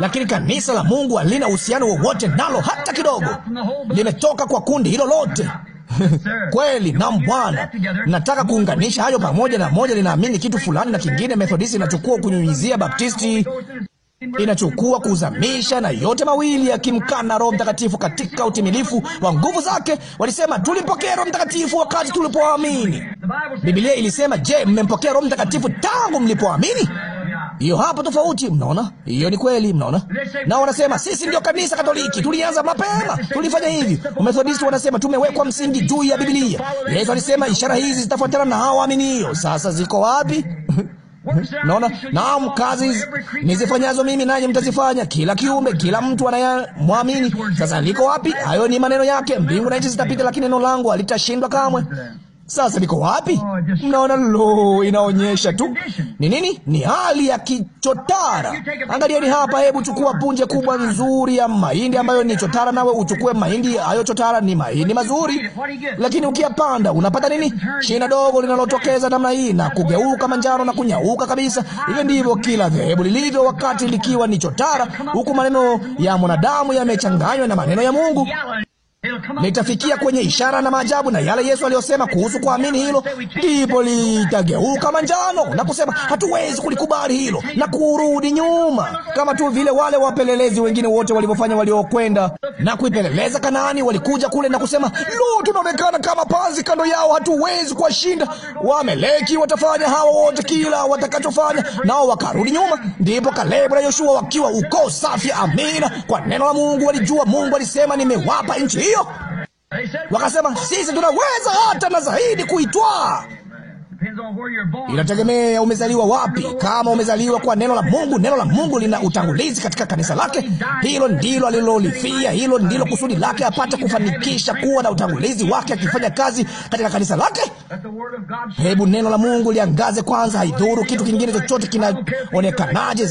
lakini kanisa la Mungu halina uhusiano wowote nalo hata kidogo, limetoka kwa kundi hilo lote. Kweli na Bwana, nataka kuunganisha hayo pamoja. Na moja linaamini kitu fulani na kingine. Methodisti inachukua kunyunyizia, Baptisti inachukua kuzamisha, na yote mawili yakimkana Roho Mtakatifu katika utimilifu wa nguvu zake. Walisema tulimpokea Roho Mtakatifu wakati tulipoamini. Biblia ilisema, je, mmempokea Roho Mtakatifu tangu mlipoamini? Hiyo hapo tofauti, mnaona? Hiyo ni kweli, mnaona? Na wanasema sisi ndio kanisa Katoliki, tulianza mapema, tulifanya hivi. Umethodisti wanasema tumewekwa msingi juu ya Biblia. Yesu alisema ishara hizi zitafuatana na hao waaminio. Sasa ziko wapi? Naona naam, kazi nizifanyazo mimi nanyi mtazifanya, kila kiumbe, kila mtu anayemwamini. Sasa liko wapi? Hayo ni maneno yake, mbingu na nchi zitapita, lakini neno langu halitashindwa kamwe. Sasa niko wapi? Oh, Mnaona, lo, inaonyesha tu ni nini? Ni hali ya kichotara. Angalieni hapa, hebu chukua punje kubwa nzuri ya mahindi ambayo ni chotara, nawe uchukue mahindi hayo chotara. Ni mahindi mazuri, lakini ukiyapanda unapata nini? Shina dogo linalotokeza namna hii na kugeuka manjano na kunyauka kabisa. Hivyo ndivyo kila dhehebu lilivyo, wakati likiwa ni chotara, huku maneno ya mwanadamu yamechanganywa na maneno ya Mungu litafikia kwenye ishara na maajabu na yale Yesu aliyosema kuhusu kuamini hilo, ndipo litageuka manjano na kusema hatuwezi kulikubali hilo na kurudi nyuma, kama tu vile wale wapelelezi wengine wote walivyofanya, waliokwenda na kuipeleleza Kanaani. Walikuja kule na kusema, lu, tunaonekana kama panzi kando yao, hatuwezi kuwashinda. Wameleki watafanya hawa wote kila watakachofanya, nao wakarudi nyuma. Ndipo Kalebu na Yoshua wakiwa uko safi, amina, kwa neno la Mungu, walijua Mungu alisema, nimewapa nchi hiyo. Wakasema sisi tunaweza hata na zaidi kuitwaa. Inategemea umezaliwa wapi. Kama umezaliwa kwa neno la Mungu, neno la Mungu lina utangulizi katika kanisa lake. Hilo ndilo alilolifia, hilo ndilo kusudi lake, apate kufanikisha kuwa na utangulizi wake, akifanya kazi katika kanisa lake. Hebu neno la Mungu liangaze kwanza, haidhuru kitu kingine chochote kinaonekanaje.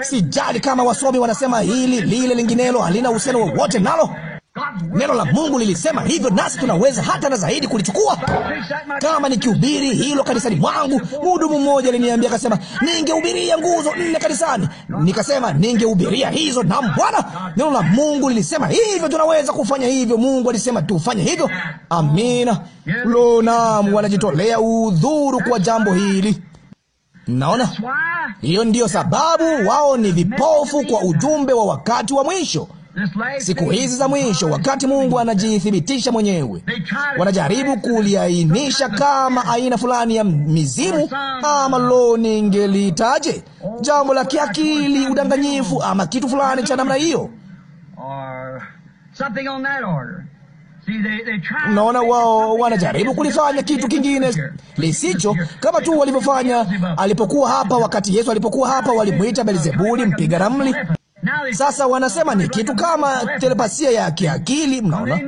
Sijali kama wasomi wanasema hili lile linginelo, halina uhusiano wowote nalo. Neno la Mungu lilisema hivyo, nasi tunaweza hata na zaidi kulichukua. Kama nikihubiri hilo kanisani mwangu, mhudumu mmoja aliniambia akasema, ningehubiria nguzo nne kanisani. Nikasema ningehubiria hizo. Na Bwana, neno la Mungu lilisema hivyo, tunaweza kufanya hivyo. Mungu alisema tufanye hivyo. Amina. Lo, naam, wanajitolea udhuru kwa jambo hili. Naona hiyo ndiyo sababu wao ni vipofu kwa ujumbe wa wakati wa mwisho siku hizi za mwisho, wakati Mungu anajithibitisha mwenyewe. Wanajaribu kuliainisha kama aina fulani ya mizimu, ama lo, ningelitaje, jambo la kiakili, udanganyifu, ama kitu fulani cha namna hiyo. Naona wao wanajaribu kulifanya kitu kingine lisicho kama tu walivyofanya alipokuwa hapa. Wakati Yesu alipokuwa hapa, walimwita Belzebuli, mpiga ramli. Sasa wanasema ni kitu kama telepasia ya kiakili. Mnaona,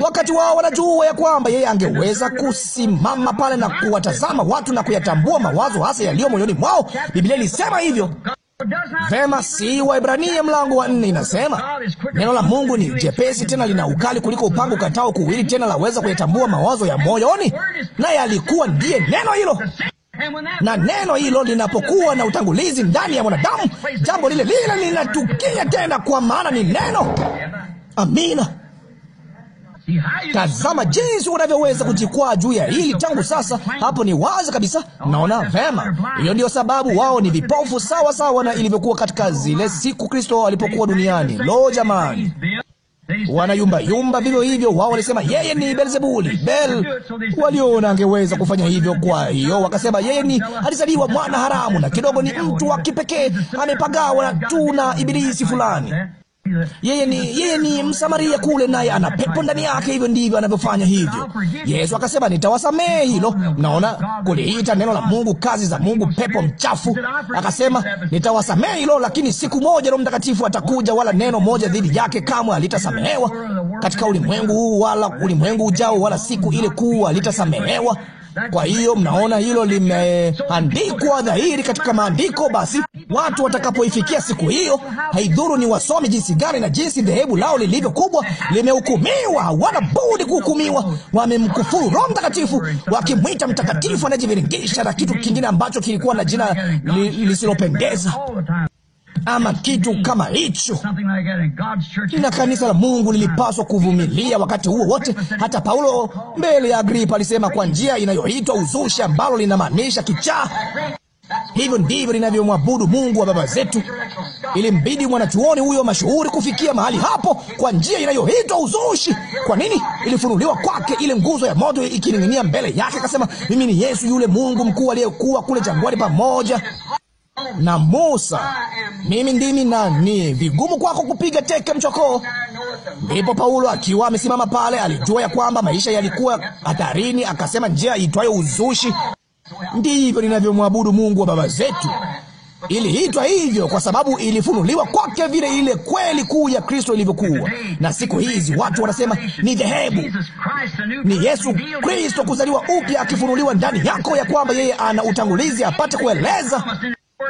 wakati wao wanajua ya kwamba yeye angeweza kusimama pale na kuwatazama watu na kuyatambua mawazo hasa yaliyo moyoni mwao. Biblia ilisema hivyo. Vema, si Waibrania mlango wa nne inasema neno la Mungu ni jepesi tena lina ukali kuliko upanga ukatao kuwili, tena laweza kuyatambua mawazo ya moyoni, naye alikuwa ndiye neno hilo. Na neno hilo linapokuwa na utangulizi ndani ya mwanadamu, jambo lile lile linatukia tena, kwa maana ni neno. Amina. Tazama jinsi unavyoweza kujikwaa juu ya hili tangu sasa. Hapo ni wazi kabisa, naona vema. Hiyo ndio sababu wao ni vipofu, sawa sawa na ilivyokuwa katika zile siku Kristo alipokuwa duniani. Lo, jamani! wanayumba yumba vivyo hivyo. Wao walisema yeye ni Beelzebuli, Bel. Waliona angeweza kufanya hivyo, kwa hiyo wakasema yeye ni alizaliwa mwana haramu, na kidogo ni mtu wa kipekee, amepagawa tu na ibilisi fulani. Yeye ni, yeye ni Msamaria kule, naye ana pepo ndani yake. Hivyo ndivyo anavyofanya hivyo. Yesu akasema, nitawasamehe hilo. Mnaona, kuliita neno la Mungu, kazi za Mungu, pepo mchafu. Akasema, nitawasamehe hilo, lakini siku moja Roho Mtakatifu atakuja, wala neno moja dhidi yake kamwe alitasamehewa katika ulimwengu huu wala ulimwengu ujao, wala siku ile kuu alitasamehewa kwa hiyo mnaona hilo limeandikwa dhahiri katika maandiko. Basi watu watakapoifikia siku hiyo, haidhuru ni wasomi jinsi gani na jinsi dhehebu lao lilivyo kubwa, limehukumiwa. Hawana budi kuhukumiwa. Wamemkufuru Roho Mtakatifu, wakimwita mtakatifu anajiviringisha na kitu kingine ambacho kilikuwa na jina li, lisilopendeza ama kitu kama hicho. Na kanisa la Mungu lilipaswa kuvumilia wakati huo wote. Hata Paulo mbele ya Agripa alisema kwa njia inayoitwa uzushi, ambalo linamaanisha kichaa. Hivyo ndivyo linavyomwabudu Mungu wa baba zetu. Ilimbidi mwanachuoni huyo mashuhuri kufikia mahali hapo kwa njia inayoitwa uzushi. Kwa nini? Ilifunuliwa kwake ile nguzo ya moto ikining'inia mbele yake, akasema, mimi ni Yesu, yule Mungu mkuu aliyekuwa kule jangwani pamoja na Musa. Mimi ndimi, na ni vigumu kwako kupiga teke mchokoo. Ndipo Paulo akiwa amesimama pale, alijua ya kwamba maisha yalikuwa hatarini, akasema, njia itwayo uzushi, ndivyo ninavyomwabudu Mungu wa baba zetu. Iliitwa hivyo kwa sababu ilifunuliwa kwake vile ile kweli kuu ya Kristo ilivyokuwa. Na siku hizi watu wanasema ni dhehebu, ni Yesu Kristo kuzaliwa upya, akifunuliwa ndani yako ya kwamba yeye ana utangulizi apate kueleza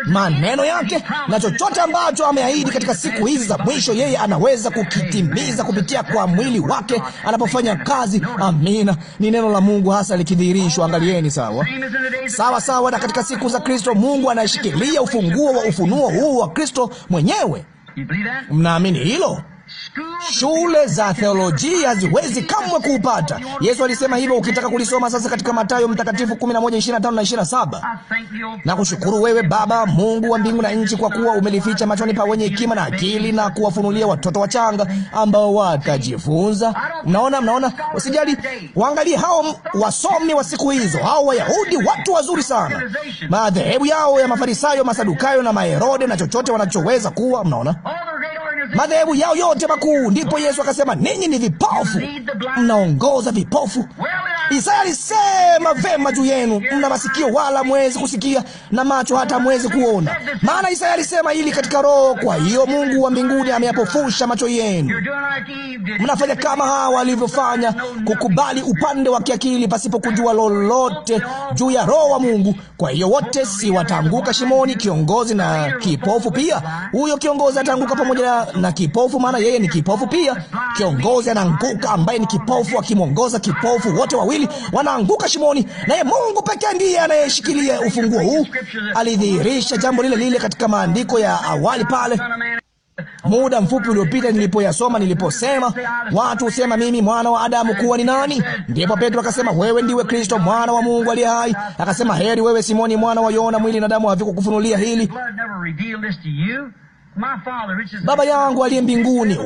maneno yake, na chochote ambacho ameahidi katika siku hizi za mwisho, yeye anaweza kukitimiza kupitia kwa mwili wake anapofanya kazi. Amina, ni neno la Mungu hasa likidhihirishwa. Angalieni sawa sawa sawa, na katika siku za Kristo Mungu anashikilia ufunguo wa ufunuo huu wa Kristo mwenyewe. Mnaamini hilo? Shule za theolojia haziwezi kamwe kuupata. Yesu alisema hivyo, ukitaka kulisoma sasa katika Mathayo Mtakatifu 11:25 na 27. Na kushukuru wewe Baba Mungu wa mbingu na nchi, kwa kuwa umelificha machoni pa wenye hekima na akili na kuwafunulia watoto wachanga ambao watajifunza. Mnaona, mnaona, usijali, waangalie hao wasomi wa siku hizo, hao Wayahudi, watu wazuri sana, madhehebu yao ya Mafarisayo, Masadukayo na Maherode na chochote wanachoweza kuwa, mnaona madhehebu yao yote makuu. Ndipo Yesu akasema, ninyi ni vipofu, mnaongoza vipofu. Isaya alisema vema juu yenu, mna masikio wala mwezi kusikia na macho hata mwezi kuona. Maana Isaya alisema hili katika roho. Kwa hiyo Mungu wa mbinguni ameyapofusha macho yenu. Mnafanya kama hawa walivyofanya, kukubali upande wa kiakili pasipo kujua lolote juu ya roho wa Mungu. Kwa hiyo wote si wataanguka shimoni, kiongozi na kipofu pia. Huyo kiongozi ataanguka pamoja na kipofu, maana yeye ni kipofu pia. Kiongozi anaanguka ambaye ni kipofu, akimwongoza kipofu, wote wawili wawili wanaanguka shimoni, naye Mungu pekee ndiye anayeshikilia ufunguo huu. Alidhihirisha jambo lile lile katika maandiko ya awali pale muda mfupi uliopita nilipoyasoma, niliposema watu husema mimi mwana wa Adamu kuwa ni nani? Ndipo Petro akasema wewe ndiwe Kristo mwana wa Mungu aliye hai. Akasema heri wewe Simoni mwana wa Yona, mwili na damu havikukufunulia hili Baba yangu aliye mbinguni,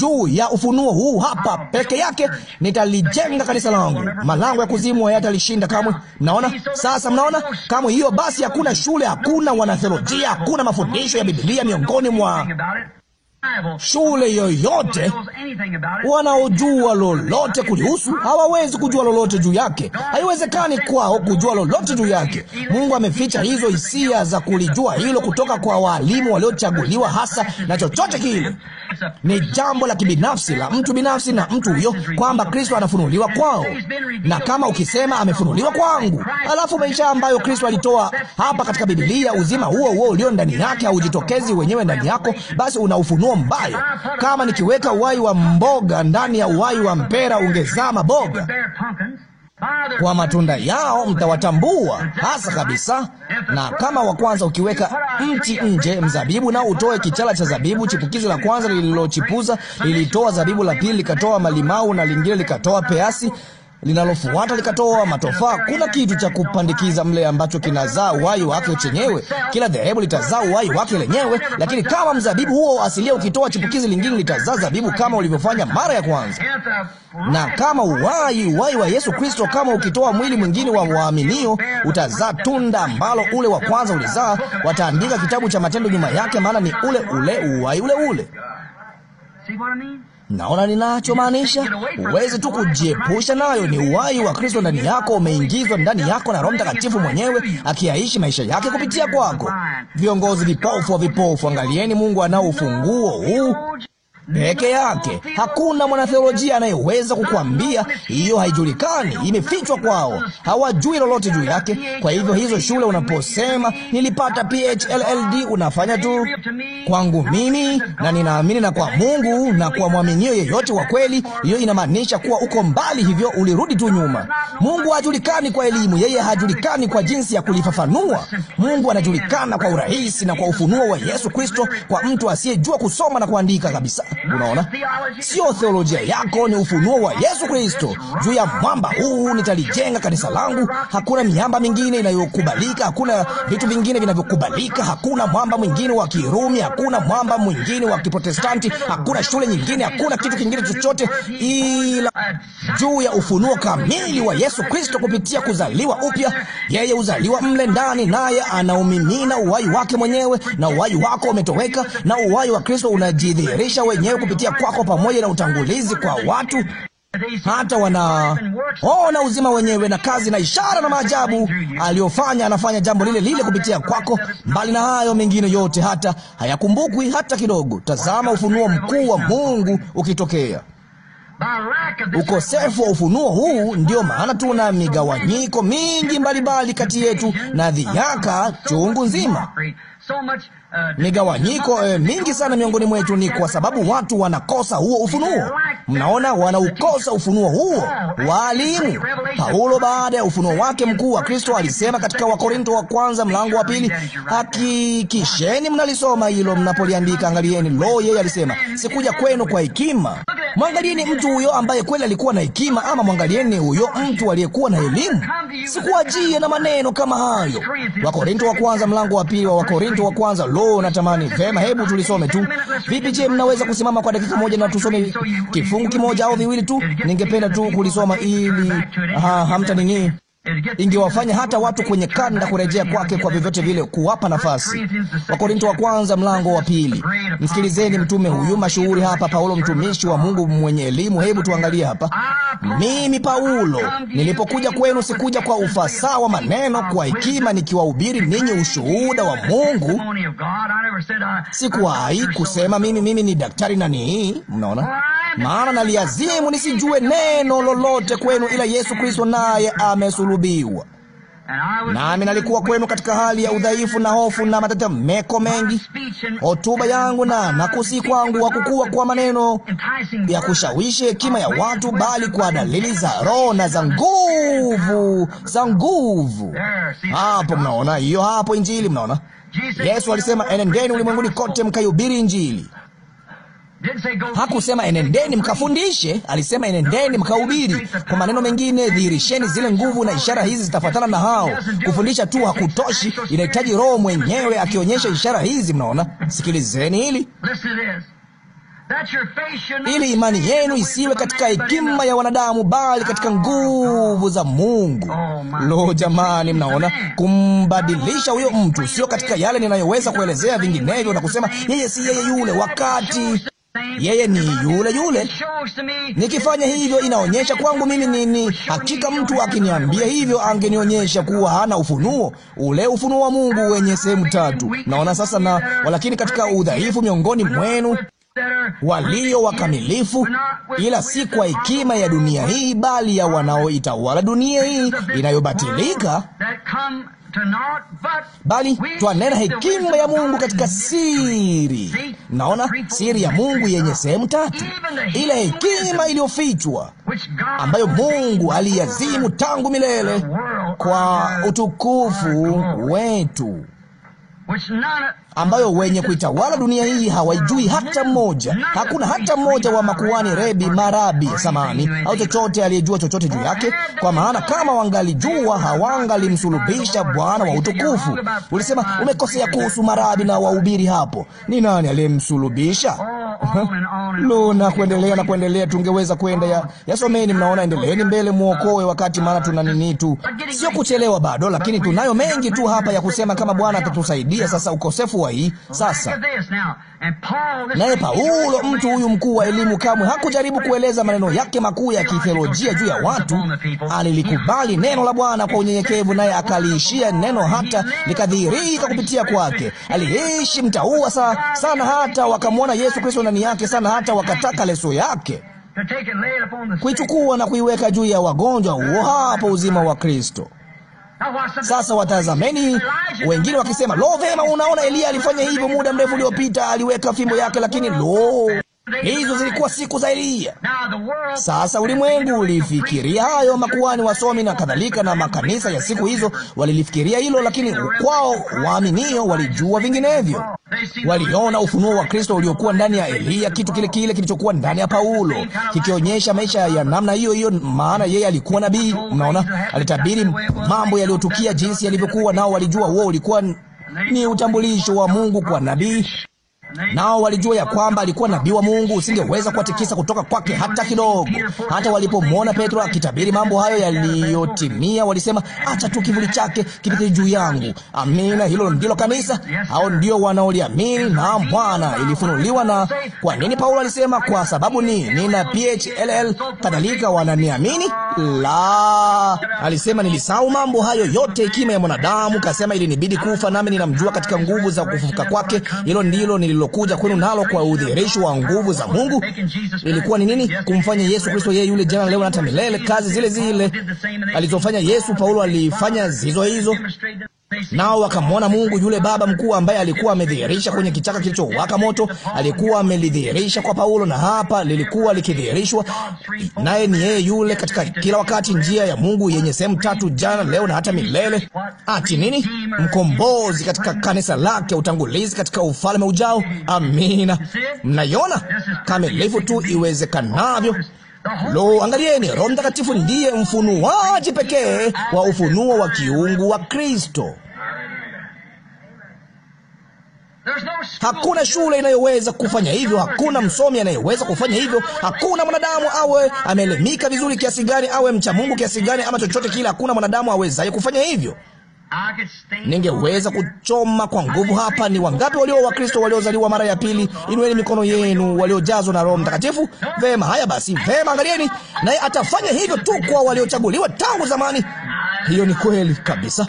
juu ya ufunuo huu hapa peke yake nitalijenga kanisa langu, malango ya kuzimu hayatalishinda kamwe. Mnaona sasa, mnaona kamwe hiyo. Basi hakuna shule, hakuna wanatheolojia, hakuna mafundisho ya Biblia miongoni mwa shule yoyote, wanaojua lolote kulihusu hawawezi kujua lolote juu yake. Haiwezekani kwao kujua lolote juu yake. Mungu ameficha hizo hisia za kulijua hilo kutoka kwa waalimu waliochaguliwa hasa, na chochote kile ni jambo la kibinafsi la mtu binafsi na mtu huyo, kwamba Kristo anafunuliwa kwao, na kama ukisema amefunuliwa kwangu, alafu maisha ambayo Kristo alitoa hapa katika Biblia, uzima huo huo ulio ndani yake haujitokezi wenyewe ndani yako, basi unaufunua roho mbaya. Kama nikiweka uwai wa mboga ndani ya uwai wa mpera, ungezaa maboga. Kwa matunda yao mtawatambua hasa kabisa. Na kama wa kwanza, ukiweka mti nje, mzabibu nao utoe kichala cha zabibu. Chipukizi la kwanza lililochipuza lilitoa zabibu, la pili likatoa malimau, na lingine likatoa peasi linalofuata likatoa matofaa. Kuna kitu cha kupandikiza mle ambacho kinazaa uhai wake chenyewe. Kila dhehebu litazaa uhai wake lenyewe, lakini kama mzabibu huo asilia ukitoa chipukizi lingine, litazaa zabibu kama ulivyofanya mara ya kwanza. Na kama uhai uhai wa Yesu Kristo, kama ukitoa mwili mwingine wa waaminio, utazaa tunda ambalo ule wa kwanza ulizaa. Wataandika kitabu cha matendo nyuma yake, maana ni ule ule uhai ule ule. Naona ninachomaanisha, huwezi tu kujiepusha nayo. Ni uhai wa Kristo ndani yako, umeingizwa ndani yako na Roho Mtakatifu mwenyewe akiyaishi maisha yake kupitia kwako. Viongozi vipofu wa vipofu, angalieni, Mungu anao ufunguo huu peke yake. Hakuna mwanatheolojia anayeweza kukwambia hiyo, haijulikani, imefichwa kwao, hawajui lolote juu yake. Kwa hivyo hizo shule, unaposema nilipata PhLLD, unafanya tu kwangu mimi na ninaamini na kwa Mungu na kwa mwaminio yeyote wa kweli, hiyo inamaanisha kuwa uko mbali, hivyo ulirudi tu nyuma. Mungu hajulikani kwa elimu, yeye hajulikani kwa jinsi ya kulifafanua. Mungu anajulikana kwa urahisi na kwa ufunuo wa Yesu Kristo kwa mtu asiyejua kusoma na kuandika kabisa. Unaona, sio theolojia yako, ni ufunuo wa Yesu Kristo. Juu ya mwamba huu nitalijenga kanisa langu. Hakuna miamba mingine inayokubalika, hakuna vitu vingine vinavyokubalika, hakuna mwamba mwingine wa Kirumi, hakuna mwamba mwingine wa Kiprotestanti, hakuna shule nyingine, hakuna kitu kingine chochote, ila juu ya ufunuo kamili wa Yesu Kristo kupitia kuzaliwa upya. Yeye uzaliwa mle ndani, naye anaumimina uhai wake mwenyewe, na uhai wako umetoweka, na uhai wa Kristo unajidhihirisha wenyewe wenyewe kupitia kwako, pamoja na utangulizi kwa watu hata wanaona uzima wenyewe na kazi na ishara na maajabu aliyofanya. Anafanya jambo lile lile kupitia kwako. Mbali na hayo mengine yote, hata hayakumbukwi hata kidogo. Tazama ufunuo mkuu wa Mungu ukitokea. Ukosefu wa ufunuo huu, ndio maana tuna migawanyiko mingi mbalimbali kati yetu na dhihaka chungu nzima migawanyiko e, mingi sana miongoni mwetu ni kwa sababu watu wanakosa huo ufunuo. Mnaona, wanaukosa ufunuo huo. Waalimu Paulo, baada ya ufunuo wake mkuu wa Kristo, alisema katika Wakorinto wa kwanza mlango wa pili, hakikisheni mnalisoma hilo mnapoliandika, angalieni. Lo, yeye alisema sikuja kwenu kwa hekima. Mwangalieni mtu huyo ambaye kweli alikuwa na hekima, ama mwangalieni huyo mtu aliyekuwa na elimu. Sikuajie na maneno kama hayo. Wakorinto wa kwanza mlango wa pili wa Wakorinto wa kwanza. Lo, roho natamani. Vema, hebu tulisome tu. Vipi, je, mnaweza kusimama kwa dakika moja na tusome kifungu kimoja au viwili tu? Ningependa tu kulisoma ili ha, hamta nini ingewafanya hata watu kwenye kanda kurejea kwake kwa vyovyote vile, kuwapa nafasi. Wakorinto wa kwanza mlango wa pili. Msikilizeni mtume huyu mashuhuri hapa, Paulo mtumishi wa Mungu mwenye elimu. Hebu tuangalie hapa: mimi Paulo nilipokuja kwenu, sikuja kwa ufasaha wa maneno, kwa hekima, nikiwahubiri ninyi ushuhuda wa Mungu. Sikuwahi kusema mimi mimi ni daktari na ni mnaona, maana naliazimu nisijue neno lolote kwenu ila Yesu Kristo, naye amesulu kusulubiwa. Nami nalikuwa kwenu katika hali ya udhaifu na hofu na matetemeko mengi. Hotuba yangu na nakusi kwangu hakukuwa kwa maneno ya kushawishi hekima ya watu, bali kwa dalili za Roho na za nguvu, za nguvu. Hapo mnaona hiyo, hapo Injili mnaona. Yesu alisema, enendeni ulimwenguni kote mkaihubiri Injili. Hakusema enendeni mkafundishe, alisema enendeni mkahubiri. Kwa maneno mengine, dhihirisheni zile nguvu, na ishara hizi zitafuatana na hao. Kufundisha tu hakutoshi, inahitaji Roho mwenyewe akionyesha ishara hizi. Mnaona, sikilizeni hili ili imani yenu isiwe katika hekima ya wanadamu bali katika nguvu za Mungu. Lo, jamani, mnaona kumbadilisha huyo mtu, sio katika yale ninayoweza kuelezea vinginevyo, na kusema yeye si yeye yule wakati yeye ni yule yule. Nikifanya hivyo, inaonyesha kwangu mimi nini. Hakika mtu akiniambia hivyo, angenionyesha kuwa hana ufunuo, ule ufunuo wa Mungu wenye sehemu tatu. Naona sasa na walakini, katika udhaifu miongoni mwenu walio wakamilifu, ila si kwa hekima ya dunia hii, bali ya wanaoitawala dunia hii inayobatilika bali twanena hekima ya Mungu katika siri. Naona siri ya Mungu yenye sehemu tatu, ile hekima iliyofichwa ambayo Mungu aliyazimu tangu milele kwa utukufu wetu ambayo wenye kuitawala dunia hii hawaijui hata mmoja. Hakuna hata mmoja wa makuani, rebi marabi samani au chochote aliyejua chochote juu yake, kwa maana kama wangalijua hawangalimsulubisha Bwana wa utukufu. Ulisema umekosea kuhusu marabi na wahubiri hapo. Ni nani aliyemsulubisha? Lo, na kuendelea na kuendelea, tungeweza kwenda ya yasomeni. Mnaona, endeleeni mbele, muokoe wakati, maana tuna nini tu, sio kuchelewa bado, lakini tunayo mengi tu hapa ya kusema, kama Bwana atatusaidia. Sasa ukosefu kuwa hii sasa. Naye Paulo, mtu huyu mkuu wa elimu, kamwe hakujaribu kueleza maneno yake makuu ya kitheolojia juu ya watu. Alilikubali neno la Bwana kwa unyenyekevu, naye akaliishia neno hata likadhihirika kupitia kwake. Aliishi mtaua sa, sana hata wakamwona Yesu Kristo ndani yake sana hata wakataka leso yake kuichukua na kuiweka juu ya wagonjwa. Huo hapo uzima wa Kristo. Sasa watazameni wengine wakisema, lo, vema, unaona Eliya alifanya hivyo muda mrefu uliopita, aliweka fimbo yake, lakini lo Hizo zilikuwa siku za Eliya. Sasa ulimwengu ulifikiria hayo, makuhani wasomi na kadhalika, na makanisa ya siku hizo walilifikiria hilo, lakini kwao waaminio walijua vinginevyo. Waliona ufunuo wa Kristo uliokuwa ndani ya Eliya, kitu kile kile kilichokuwa ndani ya Paulo, kikionyesha maisha ya namna hiyo hiyo, maana yeye alikuwa nabii. Mnaona, alitabiri mambo yaliyotukia jinsi yalivyokuwa, nao walijua huo ulikuwa ni utambulisho wa Mungu kwa nabii nao walijua ya kwamba alikuwa nabii wa Mungu, usingeweza kuwatikisa kutoka kwake hata kidogo. Hata walipomwona Petro akitabiri mambo hayo yaliyotimia, walisema acha tu kivuli chake kipite juu yangu. Amina, hilo ndilo kanisa, hao ndio wanaoliamini. Na Bwana ilifunuliwa. Na kwa nini Paulo alisema kwa sababu ni nina PHLL kadhalika wananiamini? La, alisema nilisahau mambo hayo yote, hekima ya mwanadamu. Kasema ilinibidi kufa, nami ninamjua katika nguvu za kufufuka kwake. Hilo ndilo nililo lililokuja kwenu nalo kwa udhihirisho wa nguvu za Mungu ilikuwa ni nini? Kumfanya Yesu Kristo yeye yule jana, leo na hata milele. Kazi zile zile alizofanya Yesu, Paulo alifanya zizo hizo nao wakamwona Mungu yule Baba mkuu ambaye alikuwa amedhihirisha kwenye kichaka kilichowaka moto, alikuwa amelidhihirisha kwa Paulo, na hapa lilikuwa likidhihirishwa naye. Ni yeye yule katika kila wakati, njia ya Mungu yenye sehemu tatu, jana, leo na hata milele. Ati nini? Mkombozi katika kanisa lake, utangulizi katika ufalme ujao, Amina. Mnaiona kamilifu tu iwezekanavyo. Lo, angalieni, Roho Mtakatifu ndiye mfunuaji pekee wa ufunuo wa kiungu wa Kristo. Hakuna shule inayoweza kufanya hivyo. Hakuna msomi anayeweza kufanya hivyo. Hakuna mwanadamu awe ameelemika vizuri kiasi gani, awe mcha Mungu kiasi gani, ama chochote kile. Hakuna mwanadamu awezaye kufanya hivyo ningeweza kuchoma kwa nguvu hapa. Ni wangapi walio Wakristo waliozaliwa mara ya pili? Inueni mikono yenu, waliojazwa na Roho Mtakatifu. Vema, haya basi, vema, angalieni, naye atafanya hivyo tu kwa waliochaguliwa tangu zamani. Hiyo ni kweli kabisa.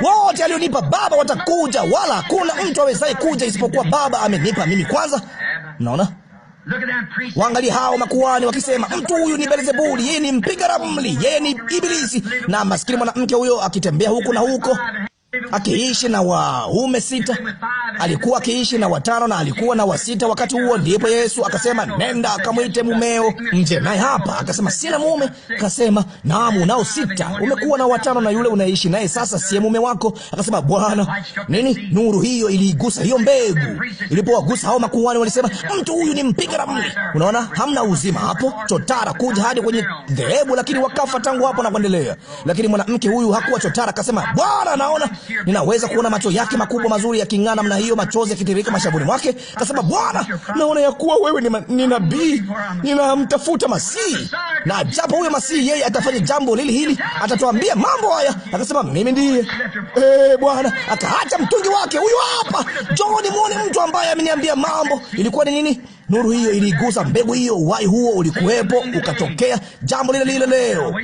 Wote alionipa Baba watakuja, wala hakuna mtu awezaye kuja isipokuwa Baba amenipa mimi kwanza. naona wangali hao makuani wakisema, mtu huyu ni Beelzebuli, yeye ni mpiga ramli, yeye ni Ibilisi. Na maskini mwanamke huyo akitembea huku na huko akiishi na waume sita, alikuwa akiishi na watano na alikuwa na wasita wakati huo. Ndipo Yesu akasema, nenda akamwite mumeo nje, naye hapa. Akasema, sina mume. Akasema, naam, unao sita, umekuwa na watano na yule unaishi naye sasa si mume wako. Akasema, Bwana, nini? Nuru hiyo iliigusa hiyo mbegu, ilipowagusa hao makuhani walisema, mtu huyu ni mpiga ramli. Unaona, hamna uzima hapo, chotara kuja hadi kwenye dhehebu, lakini wakafa tangu hapo na kuendelea. Lakini mwanamke huyu hakuwa chotara, akasema, Bwana, naona Ninaweza kuona macho yake makubwa mazuri yaking'aa namna hiyo, machozi yakitiririka mashavuni mwake, kasema, Bwana, naona ya kuwa wewe ni, ni nabii, ninamtafuta Masihi, na japo huyo Masihi yeye atafanya jambo lili hili, atatuambia mambo haya. Akasema, mimi ndiye eh, Bwana. Akaacha mtungi wake, huyo hapa, njoni mwone mtu ambaye ameniambia mambo. Ilikuwa ni nini? Nuru hiyo iligusa mbegu hiyo, uhai huo ulikuwepo ukatokea, jambo lile lile leo.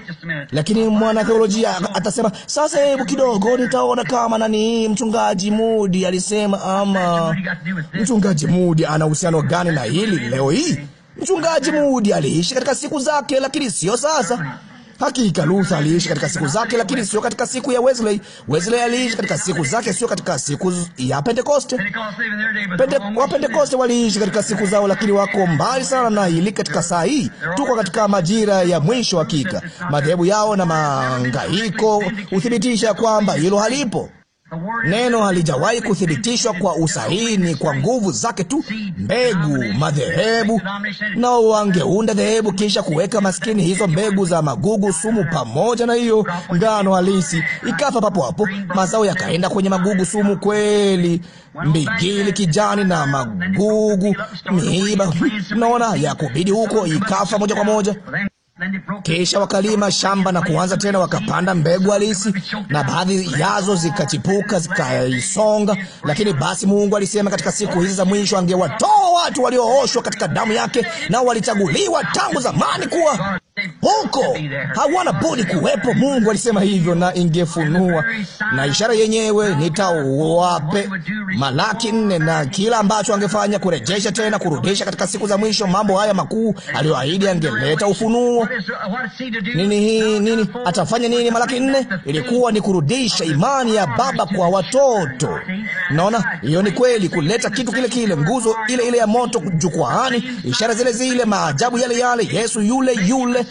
Lakini mwanatheolojia atasema sasa, hebu kidogo, nitaona kama nani mchungaji Mudi alisema, ama mchungaji Mudi ana uhusiano gani na hili leo hii? Mchungaji Mudi aliishi katika siku zake, lakini sio sasa. Hakika Luther aliishi katika siku zake, lakini sio katika siku ya Wesley. Wesley aliishi katika siku zake, sio katika siku ya Pentekoste. Pente, wa Pentekoste waliishi katika siku zao, lakini wako mbali sana na hili katika saa hii. Tuko katika majira ya mwisho. Hakika madhehebu yao na mangaiko huthibitisha kwamba hilo halipo. Neno halijawahi kuthibitishwa kwa usahihi, ni kwa nguvu zake tu. Mbegu, madhehebu, nao wangeunda dhehebu kisha kuweka maskini hizo mbegu za magugu, sumu pamoja na hiyo ngano halisi, ikafa papo hapo. Mazao yakaenda kwenye magugu, sumu, kweli, mbigili kijani na magugu, miiba, naona yakubidi huko, ikafa moja kwa moja. Kisha wakalima shamba na kuanza tena, wakapanda mbegu halisi na baadhi yazo zikachipuka zikaisonga. Lakini basi Mungu alisema katika siku hizi za mwisho angewatoa watu waliooshwa katika damu yake, nao walichaguliwa tangu zamani kuwa huko hawana budi kuwepo. Mungu alisema hivyo na ingefunua, na ishara yenyewe nitawape, Malaki nne, na kila ambacho angefanya kurejesha tena kurudisha katika siku za mwisho mambo haya makuu aliyoahidi, angeleta ufunuo. Nini hii nini? Atafanya nini? Malaki nne ilikuwa ni kurudisha imani ya baba kwa watoto. Naona hiyo ni kweli, kuleta kitu kile kile, nguzo ile ile ya moto jukwaani, ishara zile zile, maajabu yale yale, Yesu yule yule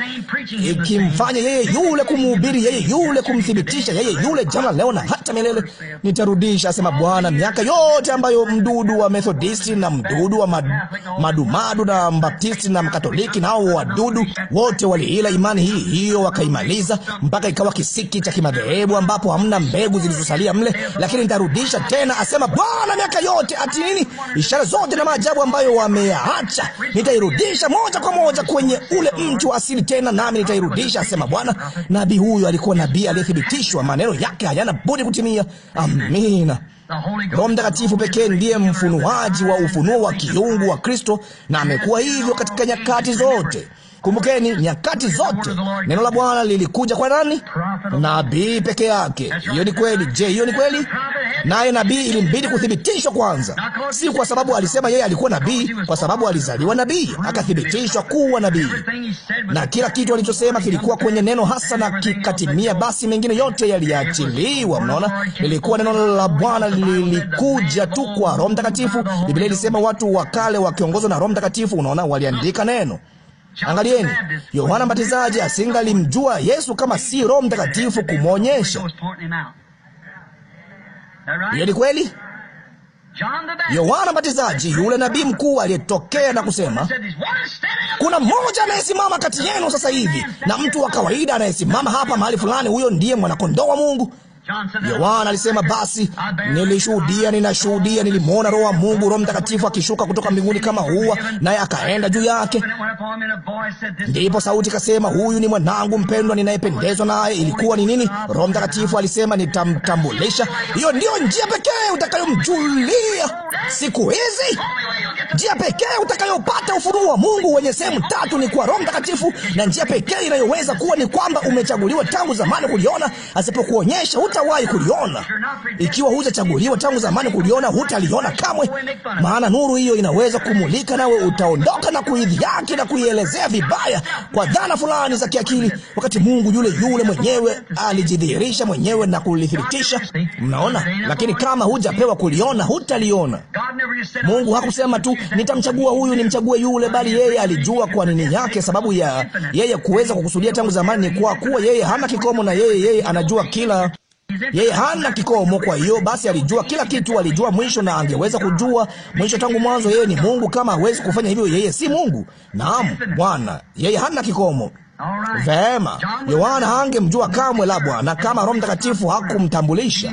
ikimfanya yeye yule, kumhubiri yeye yule, kumthibitisha yeye yule, jana leo na hata milele. Nitarudisha, asema Bwana, miaka yote ambayo mdudu wa Methodisti na mdudu wa madumadu madu na Mbaptisti na Mkatoliki nao wadudu wote waliila imani hii hiyo, wakaimaliza mpaka ikawa kisiki cha kimadhehebu ambapo hamna mbegu zilizosalia mle, lakini nitarudisha tena, asema Bwana, miaka yote ati nini, ishara zote na maajabu ambayo wameyaacha nitairudisha moja kwa moja kwenye ule mtu wa asili tena, nami nitairudisha, asema Bwana. Nabii huyo alikuwa nabii aliyethibitishwa, maneno yake hayana budi kutimia. Amina. Roho Mtakatifu pekee ndiye mfunuaji wa ufunuo wa kiungu wa Kristo, na amekuwa hivyo katika nyakati zote. Kumbukeni nyakati zote neno la Bwana lilikuja kwa nani? Nabii peke yake. Hiyo ni kweli. Je, hiyo ni kweli? Naye nabii ilimbidi kuthibitishwa kwanza, si kwa sababu alisema yeye alikuwa nabii, kwa sababu alizaliwa nabii, akathibitishwa kuwa nabii, na kila kitu alichosema kilikuwa kwenye neno hasa na kikatimia. Basi mengine yote yaliachiliwa. Mnaona, lilikuwa neno la Bwana lilikuja tu kwa Roho Mtakatifu. Biblia ilisema watu wa kale wakiongozwa na Roho Mtakatifu, unaona, waliandika neno Angalieni, Yohana Mbatizaji asingalimjua Yesu kama si Roho Mtakatifu kumwonyesha. Hiyo ni kweli. Yohana Mbatizaji, yule nabii mkuu aliyetokea na kusema, kuna mmoja anayesimama kati yenu sasa hivi, na mtu wa kawaida anayesimama hapa mahali fulani, huyo ndiye mwanakondoo wa Mungu. Yohana alisema, basi nilishuhudia, ninashuhudia, nilimwona Roho wa Mungu, Roho Mtakatifu akishuka kutoka mbinguni kama hua, naye akaenda juu yake. Ndipo sauti ikasema, huyu ni mwanangu mpendwa, ninayependezwa naye. Ilikuwa ni nini? Roho Mtakatifu alisema, nitamtambulisha. Hiyo ndiyo njia pekee utakayomjulia siku hizi. Njia pekee utakayopata ufunuo wa Mungu wenye sehemu tatu ni kwa Roho Mtakatifu, na njia pekee inayoweza kuwa ni kwamba umechaguliwa tangu zamani kuliona. Asipokuonyesha hutawahi kuliona. Ikiwa hujachaguliwa tangu zamani kuliona, hutaliona kamwe, maana nuru hiyo inaweza kumulika, nawe utaondoka na kuidhihaki na kuielezea vibaya kwa dhana fulani za kiakili, wakati Mungu yule yule mwenyewe alijidhihirisha mwenyewe na kulithibitisha. Mnaona? Lakini kama hujapewa kuliona, hutaliona. Mungu hakusema tu nitamchagua huyu nimchague yule, bali yeye alijua kwa nini yake. Sababu ya yeye kuweza kukusudia tangu zamani ni kwa kuwa yeye hana kikomo, na yeye yeye anajua kila yeye hana kikomo. Kwa hiyo basi, alijua kila kitu, alijua mwisho, na angeweza kujua mwisho tangu mwanzo. Yeye ni Mungu. Kama hawezi kufanya hivyo, yeye si Mungu. Naam Bwana, yeye hana kikomo. Vema, Yohana hangemjua kamwe la Bwana kama Roho Mtakatifu hakumtambulisha.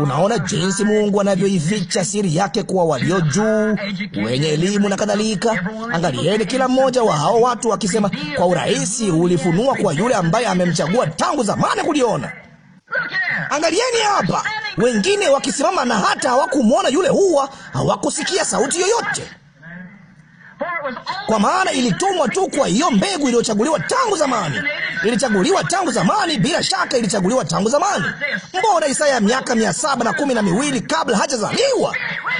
Unaona jinsi Mungu anavyoificha siri yake kwa walio juu, wenye elimu na kadhalika. Angalieni kila mmoja wa hao watu wakisema kwa urahisi, ulifunua kwa yule ambaye amemchagua tangu zamani kuliona. Angalieni hapa, wengine wakisimama na hata hawakumwona yule huwa hawakusikia sauti yoyote kwa maana ilitumwa tu kwa hiyo mbegu iliyochaguliwa tangu zamani. Ilichaguliwa tangu zamani, bila shaka ilichaguliwa tangu zamani. Mbona Isaya miaka mia saba na kumi na miwili kabla hajazaliwa,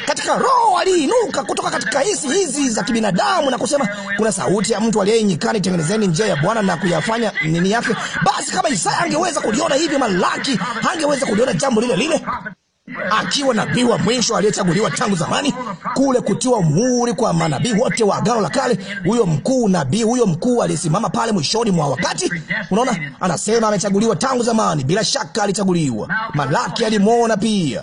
katika roho aliinuka kutoka katika hisi hizi za kibinadamu na kusema, kuna sauti ya mtu aliyeinyikani tengenezeni njia ya Bwana na kuyafanya nini yake. Basi kama Isaya angeweza kuliona hivyo, Malaki angeweza kuliona jambo lile lile akiwa nabii wa mwisho aliyechaguliwa tangu zamani, kule kutiwa muhuri kwa manabii wote wa Agano la Kale. Huyo mkuu nabii, huyo mkuu aliyesimama pale mwishoni mwa wakati. Unaona, anasema amechaguliwa tangu zamani. Bila shaka alichaguliwa. Malaki alimwona pia.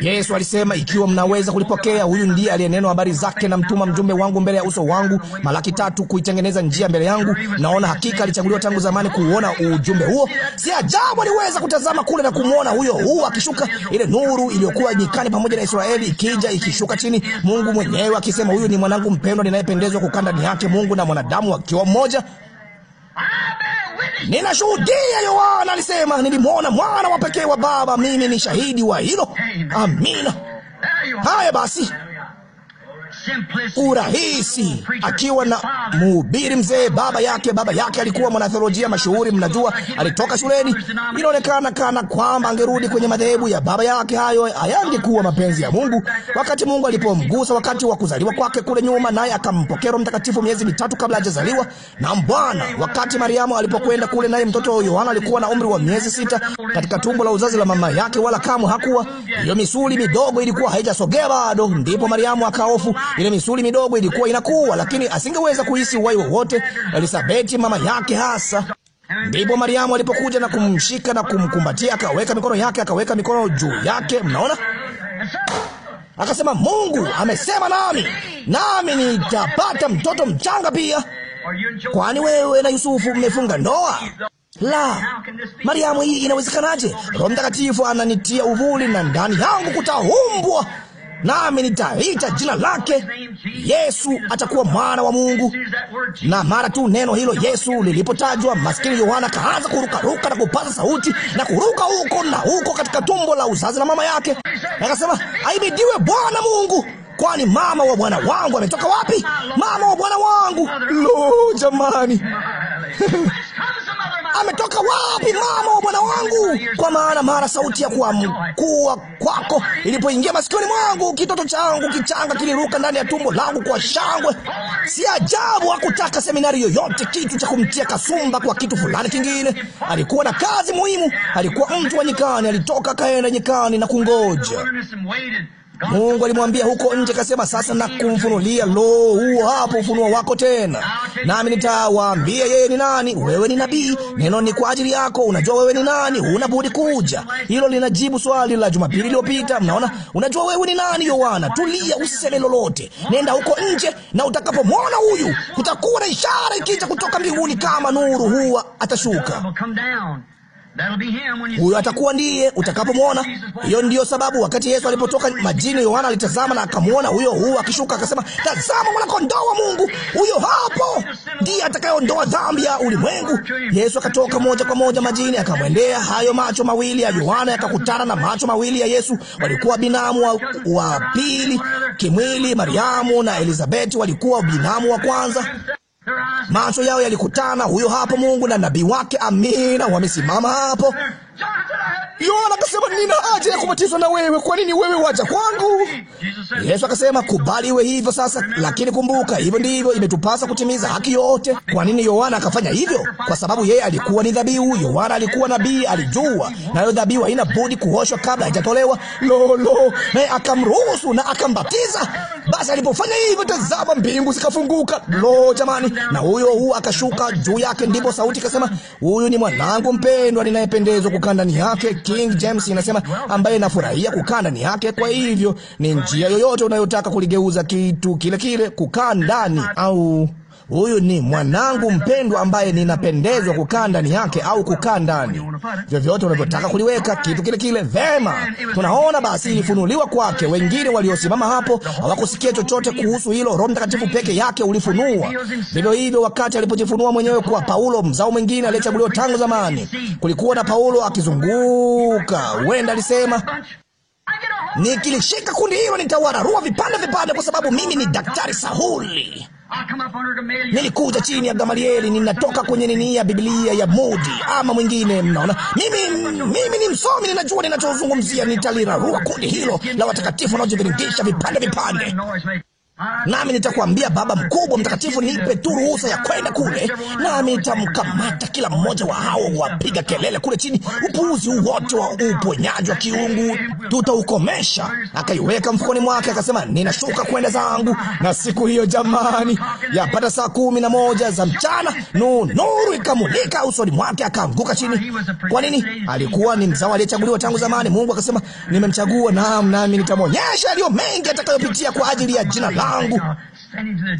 Yesu alisema, ikiwa mnaweza kulipokea, huyu ndiye aliyenenwa habari zake, na mtuma mjumbe wangu mbele ya uso wangu, Malaki tatu, kuitengeneza njia mbele yangu. Naona hakika alichaguliwa tangu zamani kuuona ujumbe huo. Si ajabu aliweza kutazama kule na kumwona huyo huu akishuka, ile nuru iliyokuwa nyikani pamoja na Israeli ikija ikishuka chini, Mungu mwenyewe akisema, huyu ni mwanangu mpendwa, ninayependezwa kukaa ndani yake, Mungu na mwanadamu wakiwa mmoja. Ninashuhudia Yohana alisema, nilimwona mwana wa pekee wa Baba, mimi ni shahidi wa hilo. Amina. Haya basi urahisi, akiwa na mhubiri mzee. Baba yake baba yake alikuwa mwanatheolojia mashuhuri, mnajua, alitoka shuleni. Inaonekana kana kwamba angerudi kwenye madhehebu ya baba yake, hayo hayangekuwa mapenzi ya Mungu. Wakati Mungu alipomgusa wakati wa kuzaliwa kwake kule nyuma, naye akampokea Roho Mtakatifu miezi mitatu kabla hajazaliwa na Bwana. Wakati Mariamu alipokwenda kule, naye mtoto Yohana alikuwa na umri wa miezi sita katika tumbo la uzazi la mama yake, wala kamwe hakuwa hiyo misuli midogo ilikuwa haijasogea bado. Ndipo Mariamu akaofu ile misuli midogo ilikuwa inakuwa, lakini asingeweza kuhisi uhai wowote. Elisabeti mama yake hasa Ndipo Mariamu alipokuja na kumshika na kumkumbatia, akaweka mikono yake, akaweka mikono juu yake. Mnaona, akasema, Mungu amesema nami, nami nitapata mtoto mchanga pia, kwani wewe na Yusufu mmefunga ndoa. La, Mariamu, hii inawezekanaje? Roho Mtakatifu ananitia uvuli na ndani yangu kutaumbwa nami nitaita jina lake Yesu, atakuwa mwana wa Mungu. Na mara tu neno hilo Yesu lilipotajwa, maskini Yohana kaanza kurukaruka na kupaza sauti na kuruka huko na huko katika tumbo la uzazi la mama yake, akasema, aibidiwe Bwana Mungu, kwani mama wa Bwana wangu ametoka wapi? Mama wa Bwana wangu! Lo, jamani! ametoka wapi mama wa bwana wangu? Kwa maana mara sauti ya kuamkua kwako ilipoingia masikioni mwangu, kitoto changu kichanga kiliruka ndani ya tumbo langu kwa shangwe. Si ajabu hakutaka seminari yoyote, kitu cha kumtia kasumba kwa kitu fulani kingine. Alikuwa na kazi muhimu, alikuwa mtu wa nyikani, alitoka akaenda nyikani na kungoja Mungu alimwambia huko nje, akasema sasa na kumfunulia lo, huo hapo ufunuo wako tena, nami nitawaambia yeye ni nani. Wewe ni nabii, neno ni kwa ajili yako, unajua wewe ni nani, huna budi kuja. Hilo linajibu swali la Jumapili iliyopita. Mnaona, unajua wewe ni nani. Yohana, tulia, usiseme lolote, nenda huko nje, na utakapomwona huyu, kutakuwa na ishara ikija kutoka mbinguni, kama nuru huwa atashuka huyo atakuwa ndiye utakapomwona. Hiyo ndiyo sababu wakati Yesu alipotoka majini, Yohana alitazama na akamwona huyo huu akishuka, akasema, tazama mwanakondoo wa Mungu, huyo hapo ndiye atakayeondoa dhambi ya ulimwengu. Yesu akatoka moja kwa moja majini, akamwendea. Hayo macho mawili ya Yohana yakakutana na macho mawili ya Yesu. Walikuwa binamu wa, wa pili kimwili. Mariamu na Elizabeti walikuwa binamu wa kwanza. Macho yao yalikutana. Huyo hapo Mungu na nabii wake, amina, wamesimama hapo. Yohana akasema, nina haja ya kubatizwa na wewe, kwa nini wewe waja kwangu? Yesu akasema, kubali iwe hivyo sasa, lakini kumbuka, hivyo ndivyo imetupasa kutimiza haki yote. Kwa nini Yohana akafanya hivyo? Kwa sababu yeye alikuwa ni dhabihu. Yohana alikuwa nabii, alijua nayo dhabihu haina budi kuoshwa kabla haijatolewa. Lo, lo, naye akamruhusu na akambatiza. Basi alipofanya hivyo, tazama, mbingu zikafunguka. Lo, jamani! Na huyo huu akashuka juu yake, ndipo sauti ikasema, huyu ni mwanangu mpendwa, ninayependezwa kuk kukaa ndani yake. King James inasema ambaye inafurahia kukaa ndani yake. Kwa hivyo ni njia yoyote unayotaka kuligeuza kitu kile kile, kukaa ndani au huyu ni mwanangu mpendwa ambaye ninapendezwa kukaa ndani yake, au kukaa ndani vyovyote unavyotaka kuliweka kitu kile kile. Vema, tunaona basi ilifunuliwa kwake. Wengine waliosimama hapo hawakusikia chochote kuhusu hilo, Roho Mtakatifu peke yake ulifunua. Vivyo hivyo, wakati alipojifunua mwenyewe kwa Paulo, mzao mwingine aliyechaguliwa tangu zamani, kulikuwa na Paulo akizunguka. Huenda alisema nikilishika kundi hilo nitawararua vipande vipande, kwa sababu mimi ni daktari sahuli. Ah, Nilikuja chini ya Gamalieli, ninatoka kwenye nini ya Biblia ya Mudi ama mwingine. Mnaona, mimi mimi ni msomi, ninajua ninachozungumzia. Nitalirarua kundi hilo la watakatifu wanaojiviringisha vipande vipande nami nitakwambia Baba mkubwa mtakatifu, nipe tu ruhusa ya kwenda kule, nami nitamkamata kila mmoja wa hao wapiga kelele kule chini, upuuzi wote wa uponyaji wa kiungu tutaukomesha. Akaiweka mfukoni mwake, akasema, ninashuka kwenda zangu. Na siku hiyo jamani, yapata saa kumi na moja za mchana, nu nuru ikamulika usoni mwake, akaanguka chini. Kwa nini? Alikuwa ni mzao aliyechaguliwa tangu zamani. Mungu akasema, nimemchagua, naam, nami nitamwonyesha yaliyo mengi atakayopitia kwa ajili ya jina la wangu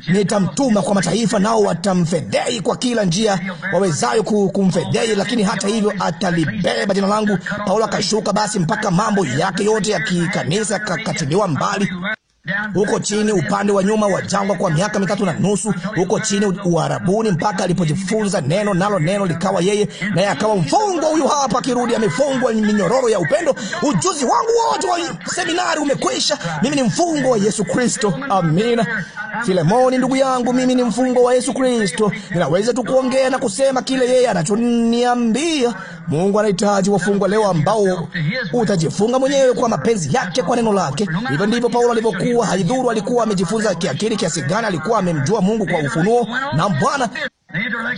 nitamtuma kwa mataifa, nao watamfedhei kwa kila njia wawezayo kumfedhei, lakini hata hivyo atalibeba jina langu. Paulo akashuka basi mpaka mambo yake yote ya kikanisa kakatiliwa mbali huko chini upande wa nyuma wa jangwa kwa miaka mitatu na nusu, huko chini Uarabuni, mpaka alipojifunza neno, nalo neno likawa yeye, naye akawa mfungwa. Huyu hapa akirudi amefungwa minyororo ya upendo. Ujuzi wangu wote wa seminari umekwisha. Mimi ni mfungwa wa Yesu Kristo. Amina. Filemoni, ndugu yangu, mimi ni mfungwa wa Yesu Kristo. Ninaweza tu kuongea na kusema kile yeye anachoniambia. Mungu anahitaji wafungwa leo ambao utajifunga mwenyewe kwa mapenzi yake, kwa neno lake. Hivyo ndivyo Paulo alivyokuwa haidhuru alikuwa amejifunza kiakili kiasi gani, alikuwa amemjua Mungu kwa ufunuo na Bwana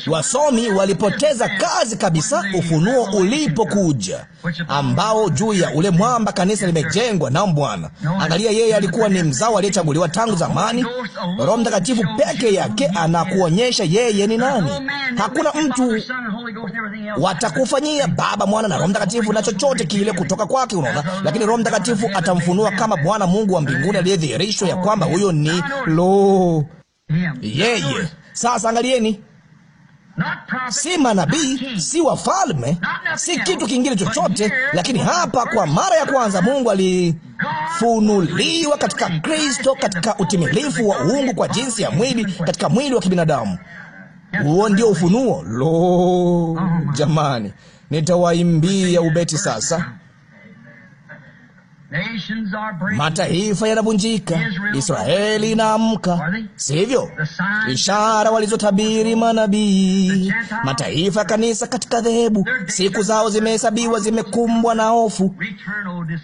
Wasomi walipoteza kazi kabisa ufunuo ulipokuja, ambao juu ya ule mwamba kanisa limejengwa. na Bwana, angalia, yeye alikuwa ni mzao aliyechaguliwa tangu zamani. Roho Mtakatifu peke yake anakuonyesha yeye ni nani. Hakuna mtu watakufanyia Baba, Mwana na Roho Mtakatifu na chochote kile kutoka kwake, unaona. Lakini Roho Mtakatifu atamfunua kama Bwana Mungu wa mbinguni aliyedhihirishwa ya kwamba huyo ni lo yeye. Sasa angalieni si manabii, si wafalme, si kitu kingine chochote, lakini hapa kwa mara ya kwanza Mungu alifunuliwa katika Kristo, katika utimilifu wa uungu kwa jinsi ya mwili, katika mwili wa kibinadamu. Huo ndio ufunuo. Lo, oh jamani, nitawaimbia ubeti sasa mataifa yanavunjika, Israeli inaamka, sivyo? Ishara walizotabiri manabii, mataifa ya kanisa katika dhehebu, siku zao zimehesabiwa, zimekumbwa na hofu.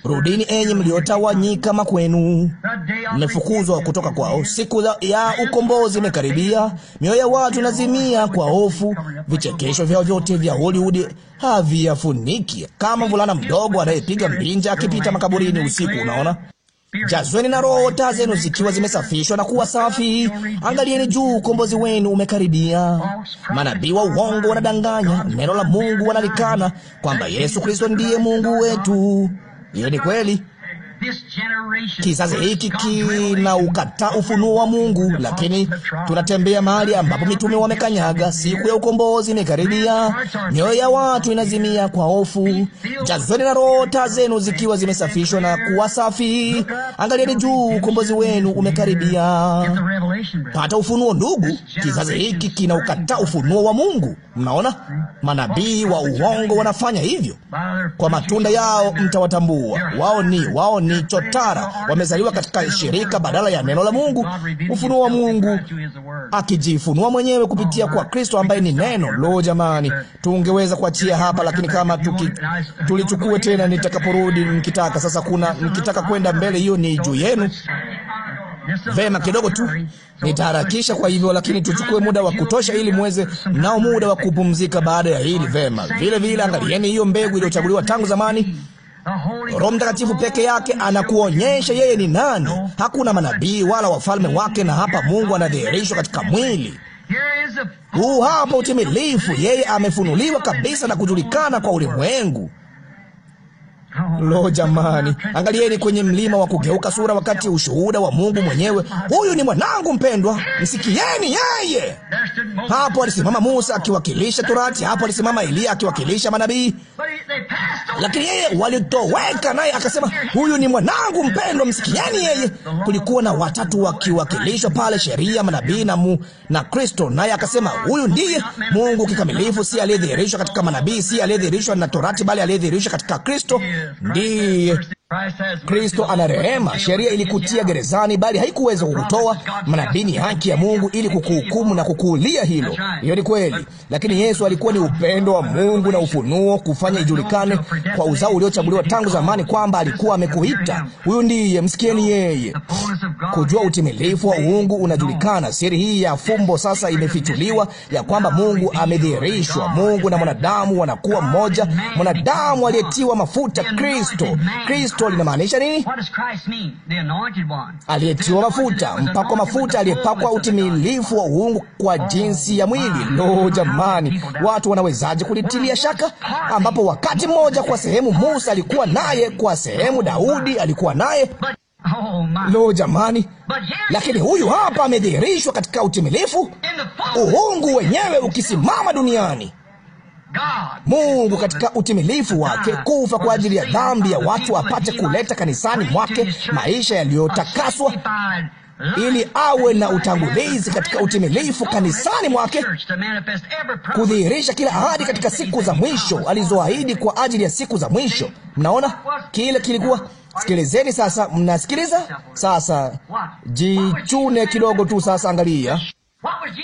Rudini enyi mliotawanyika makwenu, mmefukuzwa kutoka kwao. Siku ya ukombozi imekaribia. Mioyo ya watu inazimia kwa hofu. Vichekesho vyao vyote vya Hollywood haviyafuniki, kama vulana mdogo anayepiga mbinja akipita makaburini usiku. Unaona, jazweni na roho, taa zenu zikiwa zimesafishwa na kuwa safi. Angalieni juu, ukombozi wenu umekaribia. Manabii wa uongo wanadanganya, neno la Mungu wanalikana, kwamba Yesu Kristo ndiye Mungu wetu. Hiyo ni kweli. Kizazi hiki ukata ufunuo wa Mungu, lakini tunatembea mahali ambapo mitume wamekanyaga. Siku ya ukombozi imekaribia, mioyo ya watu inazimia kwa hofu. Jazeni na roho taa zenu zikiwa zimesafishwa na kuwa safi. Angalieni juu, ukombozi wenu umekaribia. Pata ufunuo, ndugu. Kizazi hiki ukata ufunuo wa Mungu. Mnaona, manabii wa uongo wanafanya hivyo. Kwa matunda yao mtawatambua. Wao ni wao ni ni chotara, wamezaliwa katika shirika badala ya neno la Mungu. Ufunuo wa Mungu akijifunua mwenyewe kupitia kwa Kristo ambaye ni neno. Lo, jamani, tungeweza kuachia hapa, lakini kama tuki, tulichukue tena nitakaporudi nikitaka. Sasa kuna nikitaka kwenda mbele, hiyo ni juu yenu. Vema, kidogo tu nitaharakisha kwa hivyo, lakini tuchukue muda wa kutosha ili muweze nao muda wa kupumzika baada ya hili. Vema, vile vile angalieni hiyo mbegu iliyochaguliwa tangu zamani Roho Mtakatifu peke yake anakuonyesha yeye ni nani. Hakuna manabii wala wafalme wake, na hapa Mungu anadhihirishwa katika mwili. Huu hapa utimilifu, yeye amefunuliwa kabisa na kujulikana kwa ulimwengu. Lo, jamani, angalieni kwenye mlima wa kugeuka sura, wakati ushuhuda wa Mungu mwenyewe. Huyu ni mwanangu mpendwa, msikieni yeye. Hapo alisimama Musa akiwakilisha Torati, hapo alisimama Eliya akiwakilisha manabii, lakini yeye walitoweka, naye akasema, huyu ni mwanangu mpendwa, msikieni yeye. Kulikuwa na watatu wakiwakilishwa pale, sheria, manabii na mu, na Kristo, naye akasema, huyu ndiye Mungu kikamilifu, si aliyedhihirishwa katika manabii, si aliyedhihirishwa na Torati, bali aliyedhihirishwa katika Kristo. ndiye Kristo ana rehema. Sheria ilikutia gerezani, bali haikuweza kukutoa. Manabii ni haki ya Mungu ili kukuhukumu na kukuulia hilo. Hiyo ni kweli, lakini Yesu alikuwa ni upendo wa Mungu na ufunuo, kufanya ijulikane kwa uzao uliochaguliwa tangu zamani kwamba alikuwa amekuita. Huyu ndiye, msikieni yeye. Kujua utimilifu wa uungu unajulikana. Siri hii ya fumbo sasa imefichuliwa, ya kwamba Mungu amedhihirishwa. Mungu na mwanadamu wanakuwa mmoja, mwanadamu aliyetiwa mafuta, Kristo. Kristo Kristo linamaanisha nini? Aliyetiwa mafuta, mpakwa mafuta, aliyepakwa utimilifu wa uungu kwa oh, jinsi ya mwili. Lo, jamani, watu wanawezaje kulitilia shaka, ambapo wakati mmoja kwa sehemu Musa alikuwa naye, kwa sehemu oh, Daudi alikuwa naye. Oh, Lo, jamani! Lakini huyu hapa amedhihirishwa katika utimilifu, uungu wenyewe ukisimama duniani. Mungu katika utimilifu wake kufa kwa ajili ya dhambi ya watu apate kuleta kanisani mwake maisha yaliyotakaswa ili awe na utangulizi katika utimilifu kanisani mwake, kudhihirisha kila ahadi katika siku za mwisho alizoahidi kwa ajili ya siku za mwisho. Mnaona kile kilikuwa. Sikilizeni sasa, mnasikiliza sasa, jichune kidogo tu sasa, angalia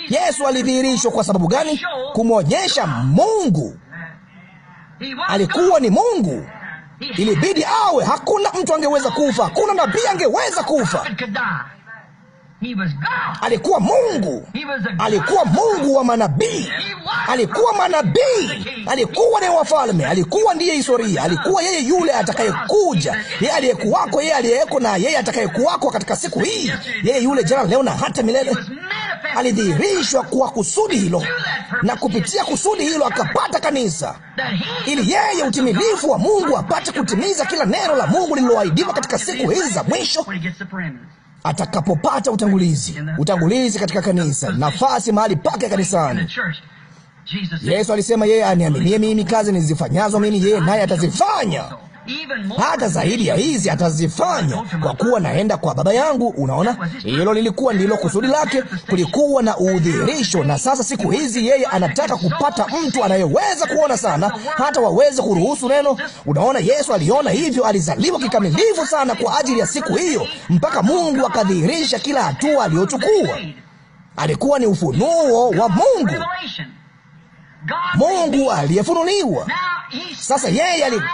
Yesu alidhihirishwa kwa sababu gani? Kumwonyesha Mungu. Alikuwa ni Mungu, ilibidi awe. Hakuna mtu angeweza kufa, hakuna nabii angeweza kufa. Alikuwa Mungu, alikuwa Mungu wa manabii, alikuwa manabii, alikuwa ni wafalme, alikuwa ndiye historia, alikuwa yeye yule atakayekuja, yeye aliyekuwako, yeye aliyeko na yeye atakayekuwako katika siku hii, yeye yule jana, leo na hata milele alidhihirishwa kwa kusudi hilo, na kupitia kusudi hilo akapata kanisa, ili yeye utimilifu wa Mungu apate kutimiza kila neno la Mungu lililoahidiwa katika siku hizi za mwisho atakapopata utangulizi, utangulizi katika kanisa, nafasi mahali pake kanisani. Yesu alisema, yeye aniaminie mimi, kazi nizifanyazo mimi yeye naye atazifanya hata zaidi ya hizi atazifanya, kwa kuwa naenda kwa Baba yangu. Unaona, hilo lilikuwa ndilo kusudi lake. Kulikuwa na udhihirisho, na sasa siku hizi yeye anataka kupata mtu anayeweza kuona sana, hata waweze kuruhusu neno. Unaona, Yesu aliona hivyo, alizaliwa kikamilifu sana kwa ajili ya siku hiyo, mpaka Mungu akadhihirisha kila hatua aliyochukua. Alikuwa ni ufunuo wa Mungu, Mungu aliyefunuliwa. Sasa yeye alikuwa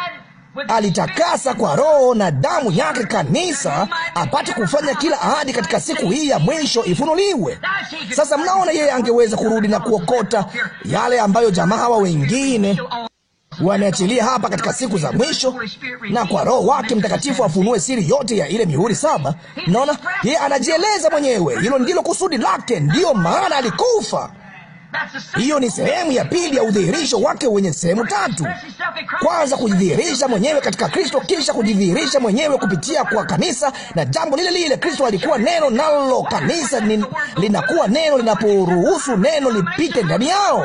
alitakasa kwa Roho na damu yake kanisa, apate kufanya kila ahadi katika siku hii ya mwisho ifunuliwe. Sasa mnaona, yeye angeweza kurudi na kuokota yale ambayo jamaa hawa wengine wameachilia hapa katika siku za mwisho, na kwa Roho wake Mtakatifu afunue siri yote ya ile mihuri saba. Mnaona, yeye anajieleza mwenyewe, hilo ndilo kusudi lake, ndiyo maana alikufa. Hiyo ni sehemu ya pili ya udhihirisho wake wenye sehemu tatu: kwanza kujidhihirisha mwenyewe katika Kristo, kisha kujidhihirisha mwenyewe kupitia kwa kanisa. Na jambo lile lile, Kristo alikuwa neno, nalo kanisa ni, linakuwa neno linaporuhusu neno lipite ndani yao.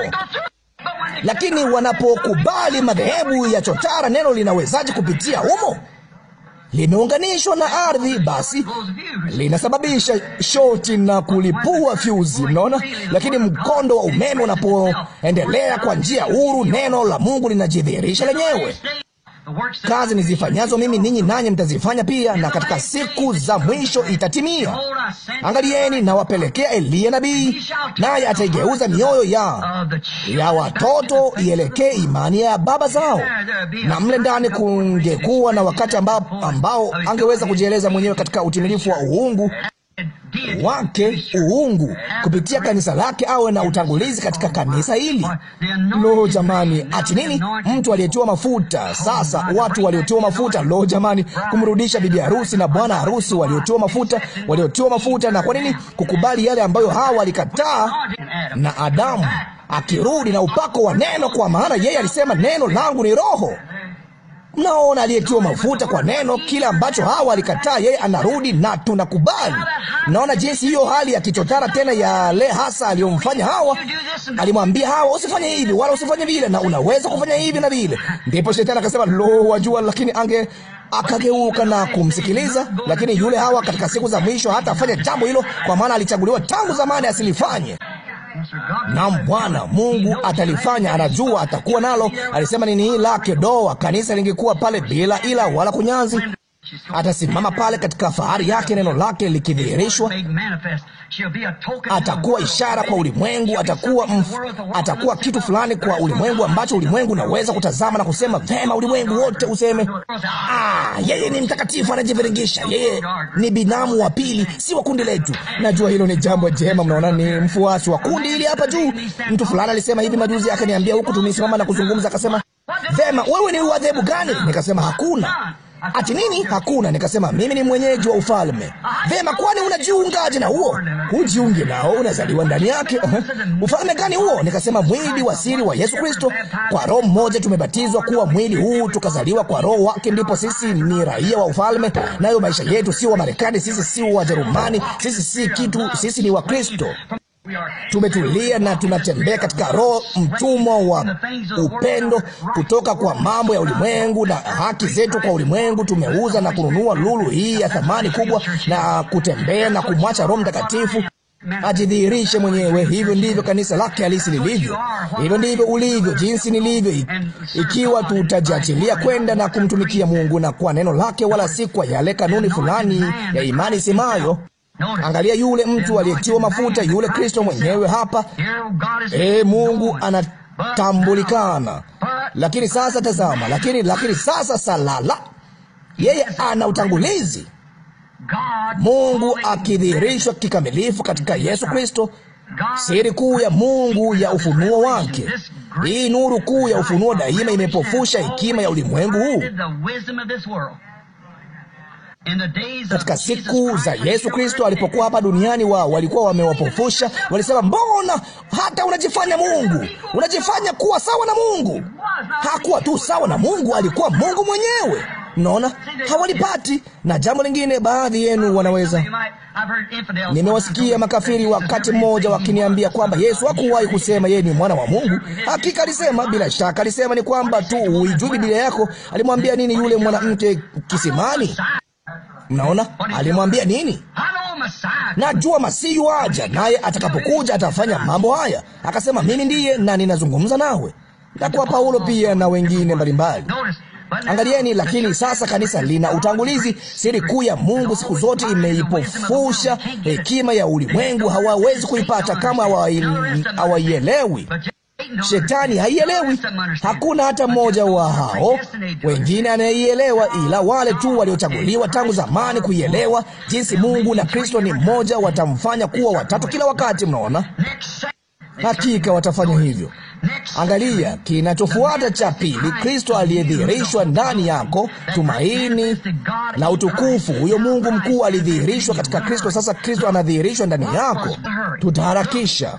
Lakini wanapokubali madhehebu ya chotara, neno linawezaje kupitia humo? limeunganishwa na ardhi, basi linasababisha shoti na kulipua fyuzi. Mnaona? Lakini mkondo wa umeme unapoendelea kwa njia huru, neno la Mungu linajidhihirisha lenyewe kazi nizifanyazo mimi ninyi nanyi mtazifanya pia, na katika siku za mwisho itatimia. Angalieni, nawapelekea Eliya nabii, naye ataigeuza mioyo ya ya watoto ielekee imani ya baba zao. Na mle ndani kungekuwa na wakati ambao, ambao angeweza kujieleza mwenyewe katika utimilifu wa uungu wake uungu kupitia kanisa lake, awe na utangulizi katika kanisa hili. Lo jamani, ati nini? Mtu aliyetiwa mafuta. Sasa watu waliotiwa mafuta, lo jamani, kumrudisha bibi harusi na bwana harusi, waliotiwa mafuta, waliotiwa mafuta. Na kwa nini kukubali yale ambayo hawa walikataa? Na Adamu akirudi na upako wa neno, kwa maana yeye alisema neno langu ni roho Mnaona, aliyetiwa mafuta kwa neno, kila ambacho Hawa alikataa, yeye anarudi na tunakubali. Naona jinsi hiyo hali ya kichotara tena ya le hasa aliyomfanya Hawa. Alimwambia Hawa, usifanye hivi wala usifanye vile, na unaweza kufanya hivi na vile. Ndipo shetani akasema, lo, wajua, lakini ange akageuka na kumsikiliza. Lakini yule Hawa katika siku za mwisho hata afanye jambo hilo, kwa maana alichaguliwa tangu zamani asilifanye na Bwana Mungu atalifanya, anajua atakuwa nalo. Alisema nini lake doa, kanisa lingekuwa pale bila ila wala kunyanzi. Atasimama pale katika fahari yake, neno lake likidhihirishwa. Atakuwa ishara kwa ulimwengu, atakuwa mf, atakuwa kitu fulani kwa ulimwengu ambacho ulimwengu unaweza kutazama na kusema vema. Ulimwengu wote useme ah, yeye ni mtakatifu, anajiviringisha, yeye ni binamu wa pili, si wa kundi letu. Najua hilo ni jambo jema. Mnaona, ni mfuasi wa kundi hili hapa juu. Mtu fulani alisema hivi majuzi, akaniambia huku tumesimama na kuzungumza, akasema Vema, wewe ni wadhehebu gani? Nikasema hakuna ati nini? Hakuna. Nikasema mimi ni mwenyeji wa ufalme. Vema, kwani unajiungaje na huo? Hujiungi nao, unazaliwa ndani yake. Ufalme gani huo? Nikasema mwili wa siri wa Yesu Kristo. Kwa roho mmoja tumebatizwa kuwa mwili huu, tukazaliwa kwa roho wake, ndipo sisi ni raia wa ufalme, nayo maisha yetu si wa Marekani, sisi si wa Jerumani, sisi si kitu, sisi ni wa Kristo tumetulia na tunatembea katika roho, mtumwa wa upendo, kutoka kwa mambo ya ulimwengu na haki zetu kwa ulimwengu. Tumeuza na kununua lulu hii ya thamani kubwa, na kutembea na kumwacha Roho Mtakatifu ajidhihirishe mwenyewe. Hivyo ndivyo kanisa lake halisi lilivyo, hivyo ndivyo ulivyo, jinsi nilivyo, ikiwa tutajiachilia kwenda na kumtumikia Mungu na kwa neno lake, wala si kwa yale kanuni fulani ya imani semayo Angalia yule mtu aliyetiwa mafuta, yule Kristo mwenyewe hapa. E, Mungu anatambulikana. Lakini sasa tazama, lakini lakini sasa salala, yeye ana utangulizi. Mungu akidhihirishwa kikamilifu katika Yesu Kristo, siri kuu ya Mungu ya ufunuo wake. Hii nuru kuu ya ufunuo daima imepofusha hekima ya ulimwengu huu katika siku za Yesu Kristo alipokuwa hapa duniani, wao walikuwa wamewapofusha. Walisema, mbona hata unajifanya Mungu, unajifanya kuwa sawa na Mungu? Hakuwa tu sawa na Mungu, alikuwa Mungu mwenyewe. Mnaona, hawalipati. Na jambo lingine, baadhi yenu wanaweza, nimewasikia makafiri wakati mmoja wakiniambia kwamba Yesu hakuwahi kusema yeye ni mwana wa Mungu. Hakika alisema, bila shaka alisema, ni kwamba tu uijui Biblia yako. Alimwambia nini yule mwanamke kisimani? Mnaona alimwambia nini? Najua Masihi waja, naye atakapokuja atafanya mambo haya. Akasema mimi ndiye na ninazungumza nawe, na kwa Paulo pia na wengine mbalimbali. Angalieni, lakini sasa kanisa lina utangulizi. Siri kuu ya Mungu siku zote imeipofusha hekima ya ulimwengu, hawawezi kuipata kama hawaielewi. Shetani haielewi. Hakuna hata mmoja wa hao wengine anayeielewa, ila wale tu waliochaguliwa tangu zamani kuielewa jinsi Mungu na Kristo ni mmoja. Watamfanya kuwa watatu kila wakati. Mnaona, hakika watafanya hivyo. Angalia kinachofuata cha pili, Kristo aliyedhihirishwa ndani yako, tumaini la utukufu. Huyo Mungu mkuu alidhihirishwa katika Kristo. Sasa Kristo anadhihirishwa ndani yako. Tutaharakisha.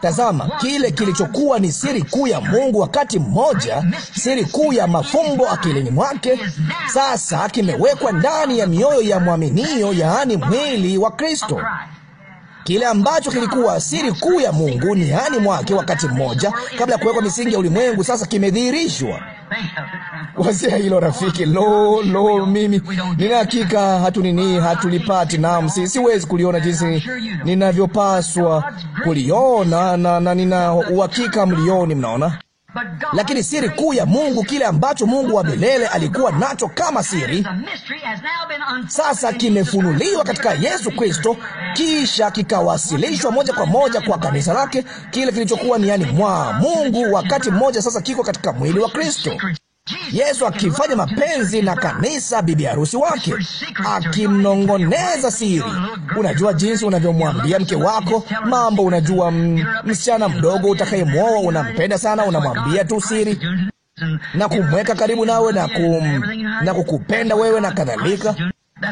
Tazama kile kilichokuwa ni siri kuu ya Mungu wakati mmoja, siri kuu ya mafumbo akilini mwake, sasa kimewekwa ndani ya mioyo ya mwaminio, yaani mwili wa Kristo kile ambacho kilikuwa siri kuu ya Mungu nihani mwake wakati mmoja kabla ya kuwekwa misingi ya ulimwengu, sasa kimedhihirishwa. Wazia hilo rafiki. Lo, lo, mimi nina hakika hatunini, hatulipati. Naam, si siwezi kuliona jinsi ninavyopaswa kuliona, na, na nina uhakika mlioni, mnaona lakini siri kuu ya Mungu, kile ambacho Mungu wa milele alikuwa nacho kama siri, sasa kimefunuliwa katika Yesu Kristo, kisha kikawasilishwa moja kwa moja kwa kanisa lake. Kile kilichokuwa niani mwa Mungu wakati mmoja, sasa kiko katika mwili wa Kristo. Yesu akifanya mapenzi na kanisa, bibi harusi wake, akimnongoneza siri. Unajua jinsi unavyomwambia mke wako mambo. Unajua msichana mdogo utakayemwoa, unampenda sana, unamwambia tu siri na kumweka karibu nawe na, kum, na kukupenda wewe na kadhalika.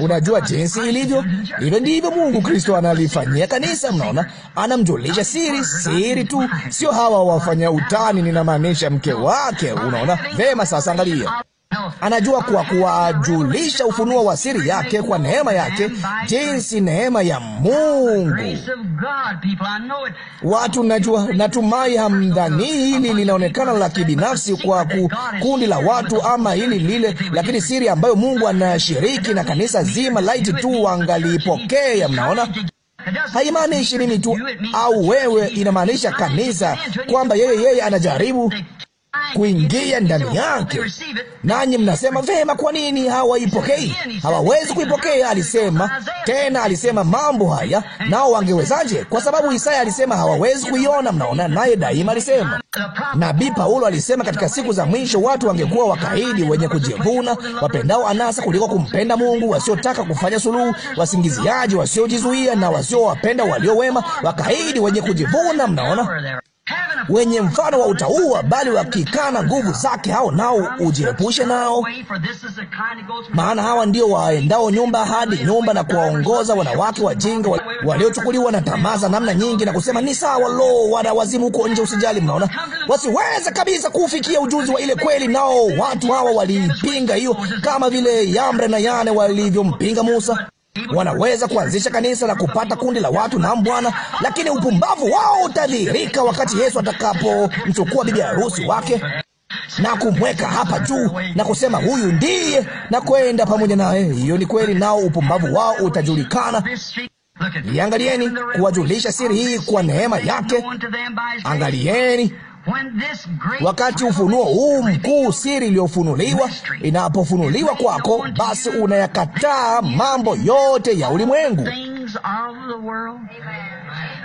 Unajua jinsi ilivyo, hivyo ndivyo Mungu Kristo analifanyia kanisa. Mnaona, anamjulisha siri, siri tu, sio hawa wafanya utani, ninamaanisha mke wake. Unaona vema? Sasa angalia Anajua kwa kuwajulisha ufunuo wa siri yake kwa neema yake, jinsi neema ya Mungu. Watu najua, natumai hamdhani hili linaonekana la kibinafsi kwa kundi la watu ama hili lile, lakini siri ambayo Mungu anashiriki na kanisa zima, laiti tu wangalipokea. Mnaona, haimaanishi mimi tu au wewe, inamaanisha kanisa, kwamba yeye yeye anajaribu kuingia ndani yake. Nanyi mnasema vema, kwa nini hawaipokei? Hawawezi kuipokea, alisema tena, alisema mambo haya, nao wangewezaje? Kwa sababu Isaya alisema hawawezi kuiona. Mnaona, naye daima alisema, nabii Paulo alisema, katika siku za mwisho watu wangekuwa wakaidi, wenye kujivuna, wapendao anasa kuliko kumpenda Mungu, wasiotaka kufanya suluhu, wasingiziaji, wasiojizuia na wasiowapenda walio wema, wakaidi, wenye kujivuna. Mnaona wenye mfano wa utauwa, bali wakikana nguvu zake, hao nao ujiepushe nao, maana hawa ndio waendao nyumba hadi nyumba na kuwaongoza wanawake wajinga waliochukuliwa na tamaa za namna nyingi na kusema ni sawa. Lo, wana wazimu huko nje, usijali. Mnaona wasiweza kabisa kufikia ujuzi wa ile kweli, nao watu hawa waliipinga hiyo, kama vile Yambre na Yane walivyompinga Musa. Wanaweza kuanzisha kanisa na kupata kundi la watu na Bwana, lakini upumbavu wao utadhihirika wakati Yesu atakapomchukua bibi harusi wake na kumweka hapa juu na kusema huyu ndiye, na kwenda pamoja naye. Hiyo ni kweli, nao upumbavu wao utajulikana. Iangalieni kuwajulisha siri hii kwa neema yake. Angalieni Wakati ufunuo huu mkuu, siri iliyofunuliwa inapofunuliwa kwako, basi unayakataa mambo yote ya ulimwengu.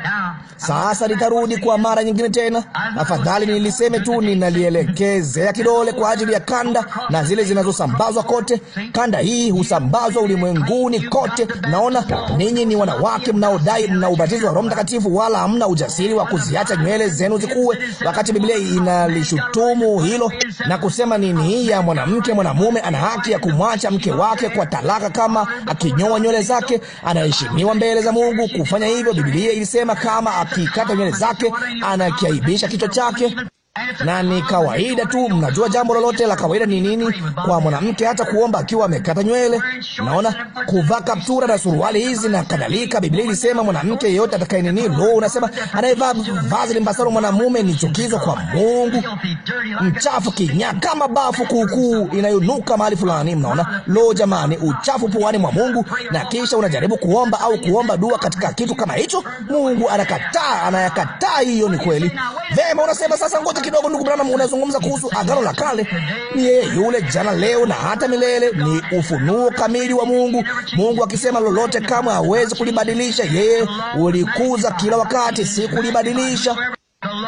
Ah, Sasa litarudi ah, kwa mara nyingine tena. Ah, Afadhali niliseme tu, ninalielekezea kidole kwa ajili ya kanda na zile zinazosambazwa kote. Kanda hii husambazwa ulimwenguni kote. Naona ninyi ni wanawake mnaodai mna ubatizo wa Roho Mtakatifu, wala hamna ujasiri wa kuziacha nywele zenu zikuwe, wakati Biblia inalishutumu hilo na kusema nini ya mwanamke. Mwanamume ana haki ya kumwacha mke wake kwa talaka kama akinyoa nywele zake, anaheshimiwa mbele za Mungu kufanya hivyo. Biblia ilisema kama akikata nywele zake, anakiaibisha kichwa chake na ni kawaida tu. Mnajua jambo lolote la kawaida ni nini kwa mwanamke, hata kuomba akiwa amekata nywele, naona kuvaa kaptura na suruali hizi na kadhalika. Biblia ilisema mwanamke yeyote atakaye nini, lo, unasema anayevaa vazi limbasaro mwanamume ni chukizo kwa Mungu, mchafu, kinya, kama bafu kuukuu inayonuka mahali fulani. Mnaona, lo, jamani, uchafu puani mwa Mungu, na kisha unajaribu kuomba au kuomba dua katika kitu kama hicho. Mungu anakataa, anayakataa. Hiyo ni kweli. Vema, unasema sasa, ngoja kidogo, ndugu Branham, unazungumza kuhusu Agano la Kale. Yeye yule jana, leo na hata milele, ni ufunuo kamili wa Mungu. Mungu akisema lolote, kama hawezi kulibadilisha yeye, ulikuza kila wakati, si kulibadilisha.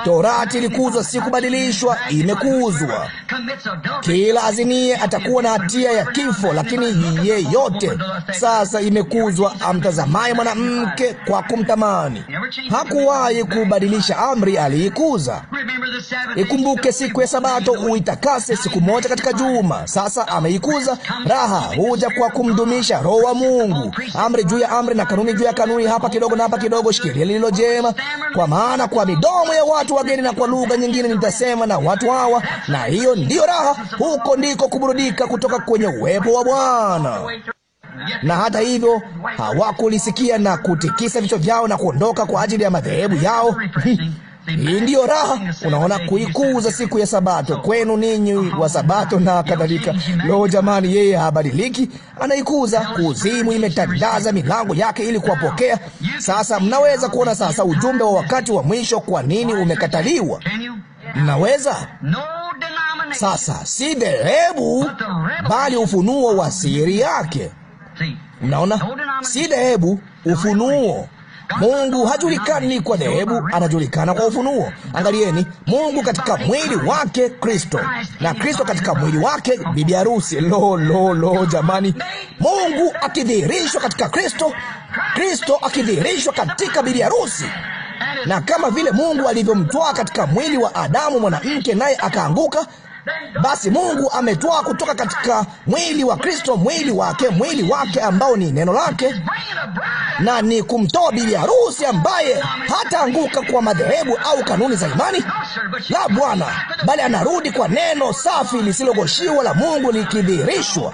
Torati ilikuzwa, si kubadilishwa, imekuzwa. Kila azinie atakuwa na hatia ya kifo, lakini yeyote sasa imekuzwa amtazamaye mwanamke kwa kumtamani. Hakuwahi kubadilisha amri, aliikuza. Ikumbuke siku ya Sabato uitakase, siku moja katika juma. Sasa ameikuza. Raha huja kwa kumdumisha Roho wa Mungu, amri juu ya amri na kanuni juu ya kanuni, hapa kidogo na hapa kidogo. Shikilia lililo jema, kwa maana kwa midomo ya watu wageni na kwa lugha nyingine nitasema na watu hawa, na hiyo ndiyo raha. Huko ndiko kuburudika kutoka kwenye uwepo wa Bwana. Na hata hivyo hawakulisikia na kutikisa vichwa vyao na kuondoka kwa ajili ya madhehebu yao. Hii ndiyo raha, unaona, kuikuza siku ya Sabato kwenu ninyi wa Sabato na kadhalika. Lo, jamani, yeye habadiliki, anaikuza. Kuzimu imetandaza milango yake ili kuwapokea. Sasa mnaweza kuona sasa ujumbe wa wakati wa mwisho, kwa nini umekataliwa? Mnaweza sasa, si dhehebu, bali ufunuo wa siri yake. Mnaona, si dhehebu, ufunuo Mungu hajulikani kwa dhehebu, anajulikana kwa ufunuo. Angalieni Mungu katika mwili wake Kristo, na Kristo katika mwili wake bibi harusi. Lo, lo, lo, jamani! Mungu akidhihirishwa katika Kristo, Kristo akidhihirishwa katika bibi harusi na kama vile Mungu alivyomtwaa katika mwili wa Adamu mwanamke, naye akaanguka, basi Mungu ametwaa kutoka katika mwili wa Kristo mwili wake, mwili wake ambao ni neno lake, na ni kumtoa bibi harusi ambaye hataanguka kwa madhehebu au kanuni za imani la Bwana, bali anarudi kwa neno safi lisilogoshiwa la Mungu likidhihirishwa.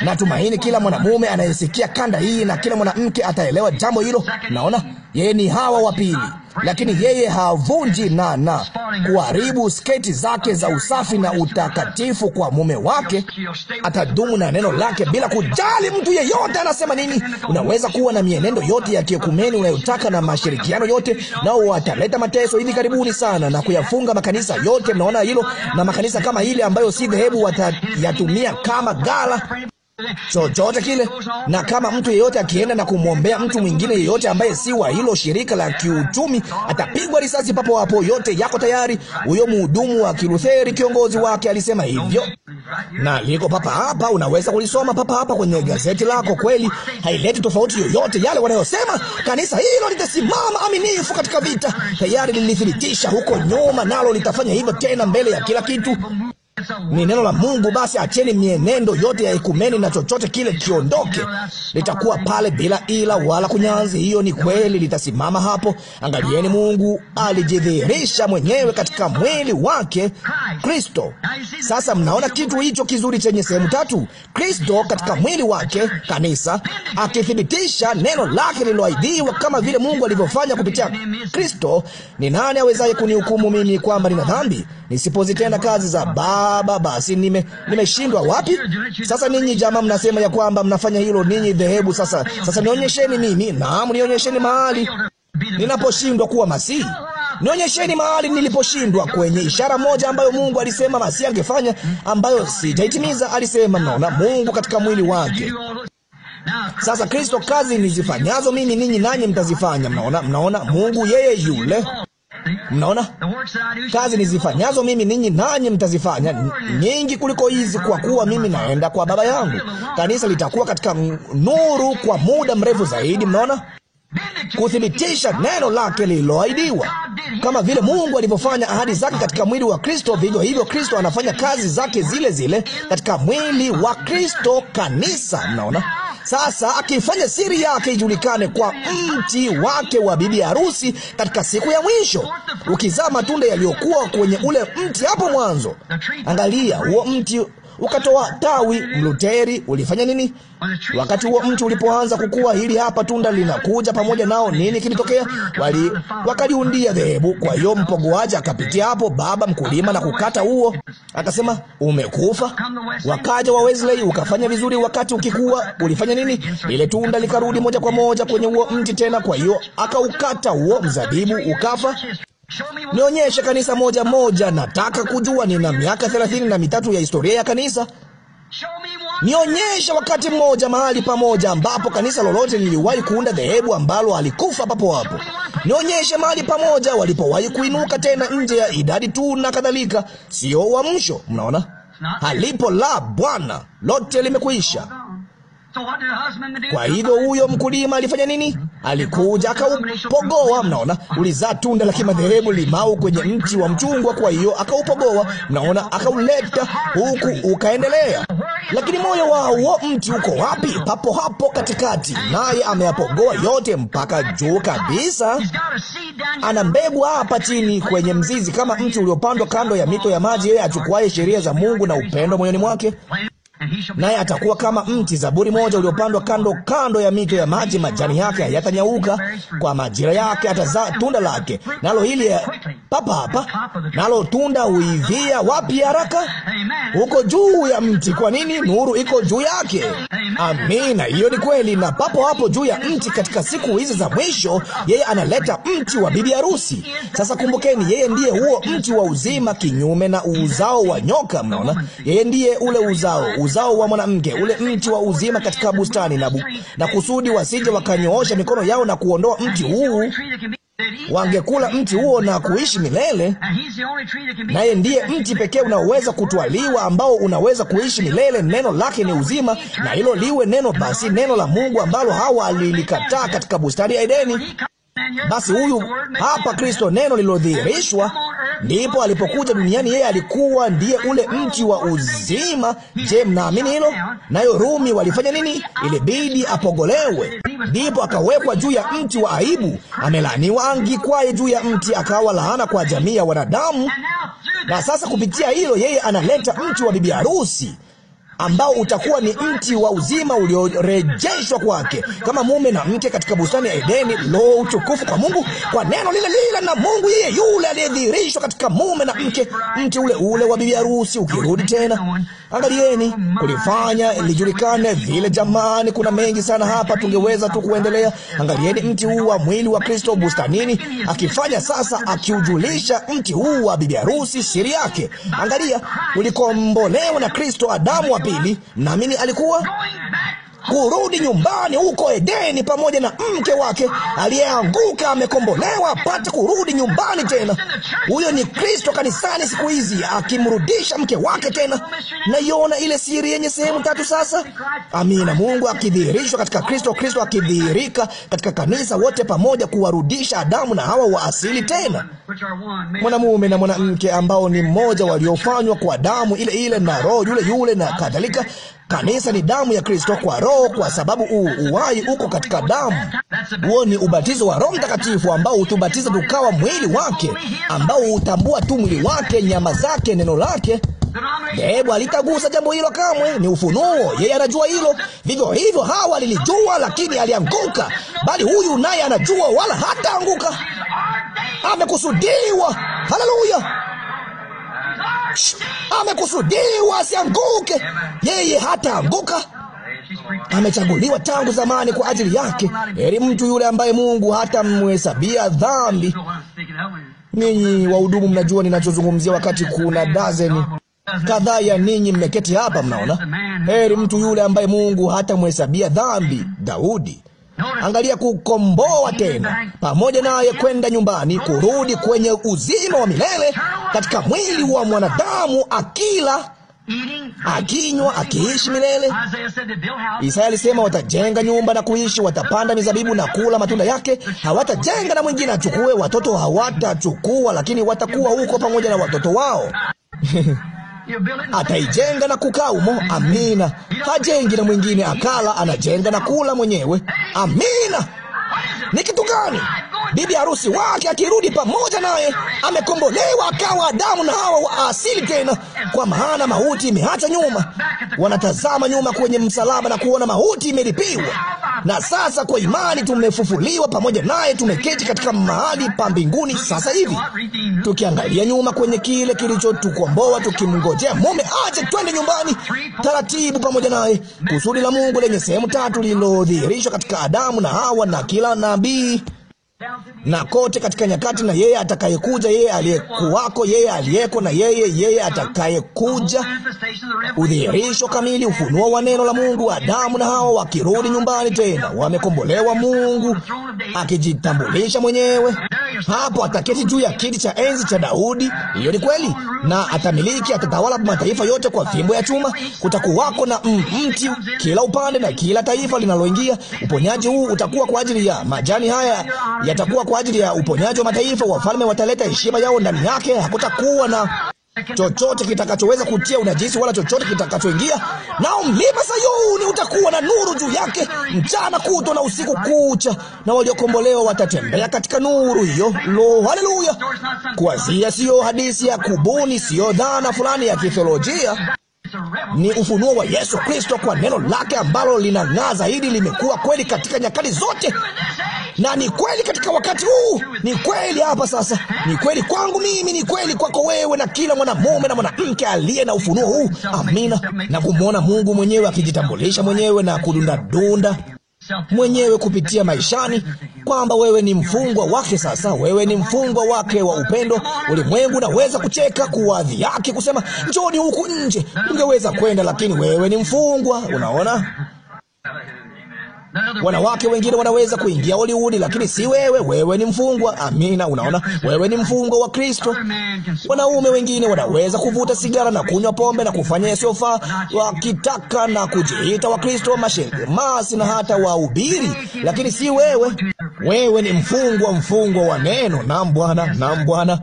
Natumaini kila mwanamume anayesikia kanda hii na kila mwanamke ataelewa jambo hilo. Naona yeye ni Hawa wa pili, lakini yeye havunji na na kuharibu sketi zake za usafi na utakatifu kwa mume wake. Atadumu na neno lake bila kujali mtu yeyote anasema nini. Unaweza kuwa na mienendo yote ya kiekumeni unayotaka na mashirikiano yote, nao wataleta mateso hivi karibuni sana na kuyafunga makanisa yote. Mnaona hilo, na makanisa kama ile ambayo si dhehebu watayatumia kama gala chochote kile. Na kama mtu yeyote akienda na kumwombea mtu mwingine yeyote ambaye si wa hilo shirika la kiuchumi, atapigwa risasi papo hapo. Yote yako tayari. Huyo mhudumu wa Kilutheri, kiongozi wake, alisema hivyo, na liko papa hapa. Unaweza kulisoma papa hapa kwenye gazeti lako. Kweli haileti tofauti yoyote yale wanayosema. Kanisa hilo litasimama aminifu katika vita. Tayari lilithibitisha huko nyuma, nalo litafanya hivyo tena mbele ya kila kitu ni neno la Mungu. Basi acheni mienendo yote ya ikumeni na chochote kile kiondoke. Litakuwa pale bila ila wala kunyanzi. Hiyo ni kweli, litasimama hapo. Angalieni, Mungu alijidhihirisha mwenyewe katika mwili wake Kristo. Sasa mnaona kitu hicho kizuri chenye sehemu tatu: Kristo katika mwili wake kanisa, akithibitisha neno lake lililoahidiwa kama vile Mungu alivyofanya kupitia Kristo. Ni nani awezaye kunihukumu mimi kwamba nina dhambi nisipozitenda kazi za ba Baba, basi nime nimeshindwa wapi? Sasa ninyi jamaa mnasema ya kwamba mnafanya hilo ninyi dhehebu. Sasa sasa nionyesheni mimi, naam, nionyesheni mahali ninaposhindwa kuwa masihi. Nionyesheni mahali niliposhindwa kwenye ishara moja ambayo Mungu alisema Masihi angefanya, ambayo sijaitimiza. Alisema, naona Mungu katika mwili wake. Sasa Kristo, kazi nizifanyazo mimi ninyi nanyi mtazifanya. Mnaona, mnaona Mungu yeye yule Mnaona kazi nizifanyazo mimi, ninyi nanyi mtazifanya nyingi kuliko hizi, kwa kuwa mimi naenda kwa Baba yangu. Kanisa litakuwa katika nuru kwa muda mrefu zaidi. Mnaona kuthibitisha neno lake lililoahidiwa. Kama vile Mungu alivyofanya ahadi zake katika mwili wa Kristo, vivyo hivyo Kristo anafanya kazi zake zile zile katika mwili wa Kristo, kanisa. Mnaona sasa akifanya siri yake ijulikane kwa mti wake wa bibi harusi katika siku ya mwisho, ukizaa matunda yaliyokuwa kwenye ule mti hapo mwanzo. Angalia huo mti ukatoa tawi. Mluteri ulifanya nini? Wakati huo mti ulipoanza kukua, hili hapa tunda linakuja pamoja nao. Nini kilitokea? Wali wakaliundia dhehebu. Kwa hiyo mpogoaji akapitia hapo, baba mkulima, na kukata huo, akasema umekufa. Wakaja wa Wesley, ukafanya vizuri. Wakati ukikua ulifanya nini? Ile tunda likarudi moja kwa moja kwenye huo mti tena. Kwa hiyo akaukata huo mzabibu ukafa. Nionyeshe kanisa moja moja, nataka kujua. Nina miaka thelathini na mitatu ya historia ya kanisa. Nionyeshe wakati mmoja mahali pamoja ambapo kanisa lolote liliwahi kuunda dhehebu ambalo alikufa papo hapo. Nionyeshe mahali pamoja walipowahi kuinuka tena nje ya idadi tu na kadhalika, sio uamsho. Mnaona, halipo la Bwana lote limekuisha. Kwa hivyo huyo mkulima alifanya nini? Alikuja akaupogoa. Mnaona, ulizaa tunda la kimadhehebu, limau kwenye mti wa mchungwa. Kwa hiyo akaupogoa, mnaona, akauleta huku, ukaendelea. Lakini moyo wa huo mti uko wapi? Papo hapo katikati, naye ameyapogoa yote mpaka juu kabisa. Ana mbegu hapa chini kwenye mzizi, kama mti uliopandwa kando ya mito ya maji, yeye achukuaye sheria za Mungu na upendo moyoni mwake naye atakuwa kama mti, Zaburi moja, uliopandwa kando kando ya mito ya maji, majani yake hayatanyauka, kwa majira yake atazaa tunda lake, nalo hili papa hapa, nalo tunda huivia wapi? Haraka huko juu ya mti. Kwa nini? Nuru iko juu yake. Amina, hiyo ni kweli. Na papo hapo juu ya mti, katika siku hizi za mwisho, yeye analeta mti wa bibi harusi. Sasa kumbukeni, yeye ndiye huo mti wa uzima, kinyume na uzao wa nyoka. Mnaona, yeye ndiye ule uzao, uzao uzao wa mwanamke, ule mti wa uzima katika bustani, na, bu, na kusudi wasije wakanyoosha mikono yao na kuondoa mti huu wangekula mti huo na kuishi milele. Naye ndiye mti pekee unaoweza kutwaliwa, ambao unaweza kuishi milele. Neno lake ni uzima, na hilo liwe neno basi, neno la Mungu ambalo Hawa alilikataa katika bustani ya Edeni. Basi huyu hapa Kristo, neno lilodhihirishwa. Ndipo alipokuja duniani, yeye alikuwa ndiye ule mti wa uzima. Je, mnaamini hilo? Nayo Rumi walifanya nini? Ilibidi apogolewe, ndipo akawekwa juu ya mti wa aibu. Amelaaniwa angikwaye juu ya mti, akawa laana kwa jamii ya wanadamu. Na sasa kupitia hilo, yeye analeta mti wa bibi harusi ambao utakuwa ni mti wa uzima uliorejeshwa kwake, kama mume na mke katika bustani ya Edeni. Lo, utukufu kwa Mungu, kwa neno lile lile na Mungu yeye yule aliyedhihirishwa katika mume na mke, mti ule ule wa bibi harusi ukirudi tena. Angalieni kulifanya lijulikane vile. Jamani, kuna mengi sana hapa, tungeweza tu kuendelea. Angalieni mti huu wa mwili wa Kristo bustanini, akifanya sasa, akiujulisha mti huu wa bibi harusi siri yake. Angalia, ulikombolewa na Kristo, Adamu wa pili, naamini alikuwa kurudi nyumbani huko Edeni pamoja na mke wake aliyeanguka amekombolewa, apate kurudi nyumbani tena. Huyo ni Kristo kanisani siku hizi, akimrudisha mke wake tena. Naiona ile siri yenye sehemu tatu sasa. Amina. Mungu akidhihirishwa katika Kristo, Kristo akidhihirika katika kanisa, wote pamoja kuwarudisha Adamu na Hawa wa asili tena, mwanamume na mwanamke ambao ni mmoja, waliofanywa kwa damu ile ile na roho yule yule na kadhalika Kanisa ni damu ya Kristo kwa Roho, kwa sababu uu uwai uko katika damu. Huo ni ubatizo wa Roho Mtakatifu ambao hutubatiza tukawa mwili wake, ambao hutambua tu mwili wake, nyama zake, neno lake. Dhehebu alitagusa jambo hilo kamwe, ni ufunuo. Yeye anajua hilo. Vivyo hivyo Hawa alilijua, lakini alianguka, bali huyu naye anajua, wala hataanguka. Amekusudiwa. Haleluya! Amekusudiwa asianguke, yeye hataanguka. Amechaguliwa tangu zamani kwa ajili yake. Heri mtu yule ambaye Mungu hatamhesabia dhambi. Ninyi wahudumu, mnajua ninachozungumzia wakati kuna dazeni kadhaa ya ninyi mmeketi hapa, mnaona. Heri mtu yule ambaye Mungu hatamhesabia dhambi. Daudi Angalia, kukomboa tena pamoja naye kwenda nyumbani, kurudi kwenye uzima wa milele katika mwili wa mwanadamu, akila akinywa akiishi milele. Isaya alisema watajenga nyumba na kuishi, watapanda mizabibu na kula matunda yake, hawatajenga na mwingine achukue. Watoto hawatachukua, lakini watakuwa huko pamoja na watoto wao. ataijenga na kukaa umo. Amina. Hajengi na mwingine akala, anajenga na kula mwenyewe. Amina. Ni kitu gani? bibi harusi wake akirudi pamoja naye, amekombolewa akawa Adamu na Hawa wa asili tena, kwa maana mauti imeacha nyuma. Wanatazama nyuma kwenye msalaba na kuona mauti imelipiwa, na sasa kwa imani tumefufuliwa pamoja naye, tumeketi katika mahali pa mbinguni sasa hivi, tukiangalia nyuma kwenye kile kilichotukomboa, tukimngojea mume aje, twende nyumbani taratibu pamoja naye. Kusudi la Mungu lenye sehemu tatu lililodhihirishwa katika Adamu na Hawa na kila nabii na kote katika nyakati, na yeye atakayekuja, yeye aliyekuwako, yeye aliyeko na yeye yeye atakayekuja, udhihirisho kamili, ufunuo wa neno la Mungu. Adamu na Hawa wakirudi nyumbani tena, wamekombolewa, Mungu akijitambulisha mwenyewe. Hapo ataketi juu ya kiti cha enzi cha Daudi. Hiyo ni kweli, na atamiliki, atatawala mataifa yote kwa fimbo ya chuma. Kutakuwako na mti kila upande na kila taifa linaloingia. Uponyaji huu utakuwa kwa ajili ya majani haya yatakuwa kwa ajili ya uponyaji wa mataifa. Wafalme wataleta heshima yao ndani yake. Hakutakuwa na chochote kitakachoweza kutia unajisi wala chochote kitakachoingia nao. Mlima Sayuni utakuwa na nuru juu yake mchana kutwa na usiku kucha, na waliokombolewa watatembea katika nuru hiyo. Lo, haleluya! Kuwazia siyo hadithi ya kubuni, siyo dhana fulani ya kitholojia ni ufunuo wa Yesu Kristo kwa neno lake ambalo linang'aa zaidi, limekuwa kweli katika nyakati zote, na ni kweli katika wakati huu, ni kweli hapa sasa, ni kweli kwangu mimi, ni kweli kwako wewe na kila mwanamume na mwanamke aliye na ufunuo huu. Amina, na kumwona Mungu mwenyewe akijitambulisha mwenyewe na kudundadunda mwenyewe kupitia maishani, kwamba wewe ni mfungwa wake. Sasa wewe ni mfungwa wake wa upendo. Ulimwengu naweza kucheka, kuwadhi yake, kusema njoni huku nje, ungeweza kwenda, lakini wewe ni mfungwa. Unaona? Wanawake wengine wanaweza kuingia Hollywood, lakini si wewe. Wewe ni mfungwa. Amina, unaona, wewe ni mfungwa wa Kristo. Wanaume wengine wanaweza kuvuta sigara na kunywa pombe na kufanya yasiyofaa wakitaka na kujiita Wakristo wa mashemasi na hata wahubiri, lakini si wewe. Wewe ni mfungwa, mfungwa wa neno. Naam Bwana, naam Bwana.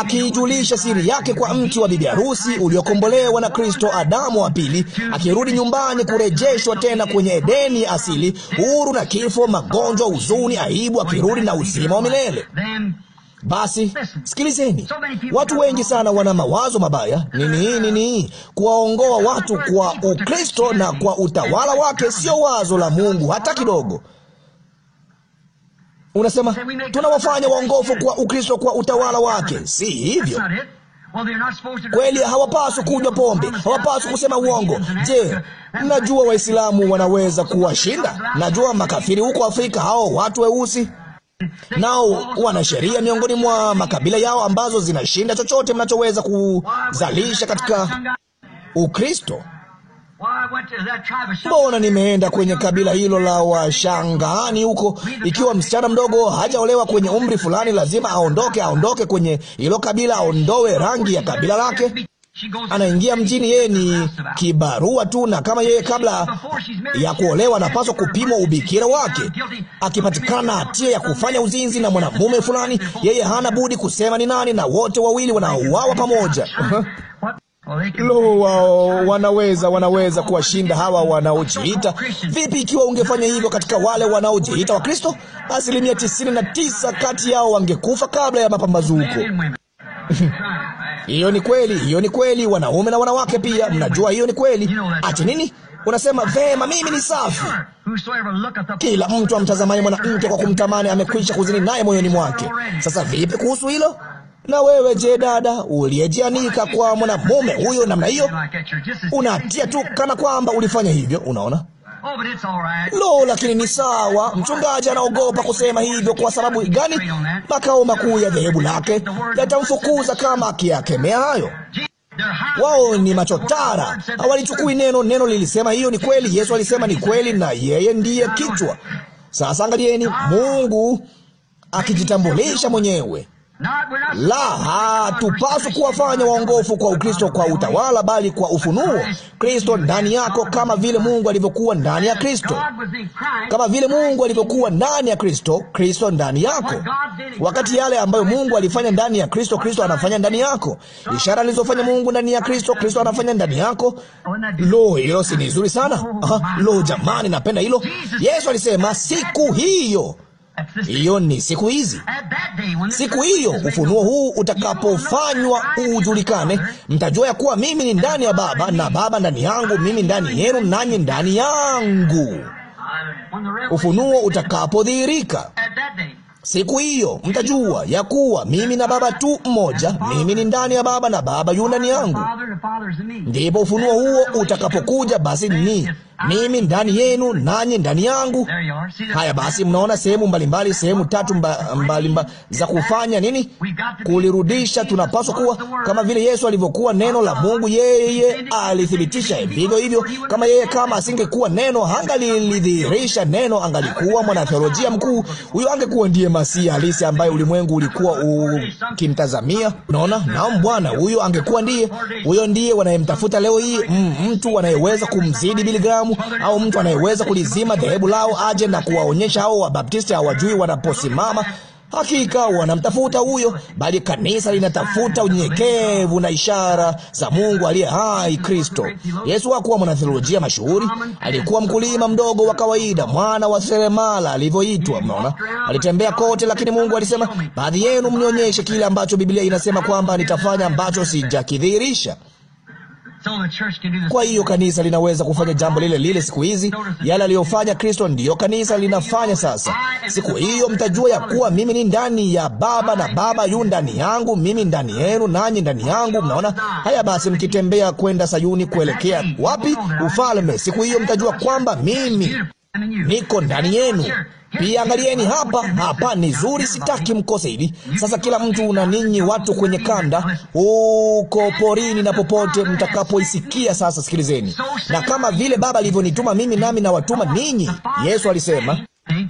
Akiijulisha siri yake kwa mti wa bibi harusi uliokombolewa na Kristo, Adamu wa pili, akirudi nyumbani, kurejeshwa tena kwenye Edeni asili, huru na kifo, magonjwa, huzuni, aibu, akirudi na uzima wa milele. Basi sikilizeni, watu wengi sana wana mawazo mabaya. Ni nini? Ni nini? Kuwaongoa watu kwa Ukristo na kwa utawala wake sio wazo la Mungu hata kidogo. Unasema tunawafanya waongofu kwa Ukristo, kwa utawala wake. Si hivyo. Kweli hawapaswi kunywa pombe, hawapaswi kusema uongo. Je, mnajua Waislamu wanaweza kuwashinda? Najua makafiri huko Afrika, hao watu weusi nao wana sheria miongoni mwa makabila yao ambazo zinashinda chochote mnachoweza kuzalisha katika Ukristo. Mbona nimeenda kwenye kabila hilo la Washangaani huko. Ikiwa msichana mdogo hajaolewa kwenye umri fulani, lazima aondoke, aondoke kwenye hilo kabila, aondoe rangi ya kabila lake anaingia mjini, yeye ni kibarua tu, na kama yeye kabla ya kuolewa anapaswa kupimwa ubikira wake. Akipatikana na hatia ya kufanya uzinzi na mwanamume fulani, yeye hana budi kusema ni nani, na wote wawili wanauawa pamoja. Lo, wao wanaweza wanaweza kuwashinda hawa wanaojiita vipi? Ikiwa ungefanya hivyo katika wale wanaojiita kristo asilimia tisini na tisa kati yao wangekufa kabla ya mapambazuko. Hiyo ni kweli, hiyo ni kweli. Wanaume na wanawake pia, mnajua hiyo ni kweli. Ati nini? Unasema vema, mimi ni safi. Kila mtu amtazamaye mwanamke kwa kumtamani amekwisha kuzini naye moyoni mwake. Sasa vipi kuhusu hilo? Na wewe je, dada uliyejianika kwa mwanamume huyo namna hiyo, unatia tu kana kwamba ulifanya hivyo. Unaona? Oh, Lo, lakini ni sawa. Mchungaji anaogopa kusema hivyo. Kwa sababu gani? Makao makuu ya dhehebu lake yatamfukuza kama akiyakemea hayo. Wao ni machotara, hawalichukui neno. Neno lilisema hiyo ni kweli, Yesu alisema ni kweli, na yeye ndiye kichwa. Sasa angalieni Mungu akijitambulisha mwenyewe la, hatupaswi kuwafanya waongofu kwa Ukristo kwa utawala, bali kwa ufunuo. Kristo ndani yako, kama vile Mungu alivyokuwa ndani ya Kristo, kama vile Mungu alivyokuwa ndani ya Kristo, Kristo ndani yako. Wakati yale ambayo Mungu alifanya ndani ya Kristo, Kristo anafanya ndani yako. Ishara alizofanya Mungu ndani ya Kristo, Kristo anafanya ndani yako. Lo, hilo si nzuri sana? Aha, lo, jamani, napenda hilo. Yesu alisema siku hiyo hiyo ni siku hizi, siku hiyo ufunuo huu utakapofanywa ujulikane, mtajua ya kuwa mimi ni ndani ya Baba na Baba ndani yangu, mimi ndani yenu nanyi ndani yangu. Ufunuo utakapodhihirika siku hiyo mtajua ya kuwa mimi na Baba tu mmoja, mimi ni ndani ya Baba na Baba yu ndani yangu. Ndipo ufunuo huo utakapokuja, basi ni mimi ndani yenu, nanyi ndani yangu. Haya basi, mnaona sehemu mbalimbali, sehemu tatu mbalimbali mba, za kufanya nini? Kulirudisha. Tunapaswa kuwa kama vile Yesu alivyokuwa neno la Mungu, yeye alithibitisha vivyo hivyo. Kama yeye kama asingekuwa neno, hangalilidhihirisha neno, angalikuwa mwanatheolojia mkuu. Huyo angekuwa ndiye Masihi halisi ambaye ulimwengu ulikuwa ukimtazamia. Unaona, naam Bwana, huyo angekuwa ndiye, huyo ndiye wanayemtafuta leo hii, mtu anayeweza kumzidi Billy Graham Kiislamu au mtu anayeweza kulizima dhehebu lao aje na kuwaonyesha hao Wabaptisti hawajui wanaposimama. Hakika wanamtafuta huyo, bali kanisa linatafuta unyenyekevu na ishara za Mungu aliye hai, Kristo Yesu. Hakuwa mwanatheolojia mashuhuri, alikuwa mkulima mdogo wa kawaida, mwana wa seremala alivyoitwa. Mnaona, alitembea kote, lakini Mungu alisema, baadhi yenu mnionyeshe kile ambacho Biblia inasema kwamba nitafanya, ambacho sijakidhihirisha. Kwa hiyo kanisa linaweza kufanya jambo lile lile siku hizi. Yale aliyofanya Kristo ndiyo kanisa linafanya sasa. Siku hiyo mtajua ya kuwa mimi ni ndani ya Baba na Baba yu ndani yangu, mimi ndani yenu nanyi ndani yangu. Mnaona haya? Basi mkitembea kwenda Sayuni, kuelekea wapi? Ufalme. Siku hiyo mtajua kwamba mimi niko ndani yenu. Pia angalieni hapa hapa, ni zuri, sitaki mkose hili. Sasa kila mtu una ninyi watu kwenye kanda huko porini na popote mtakapoisikia, sasa sikilizeni. Na kama vile Baba alivyonituma mimi, nami nawatuma ninyi. Yesu alisema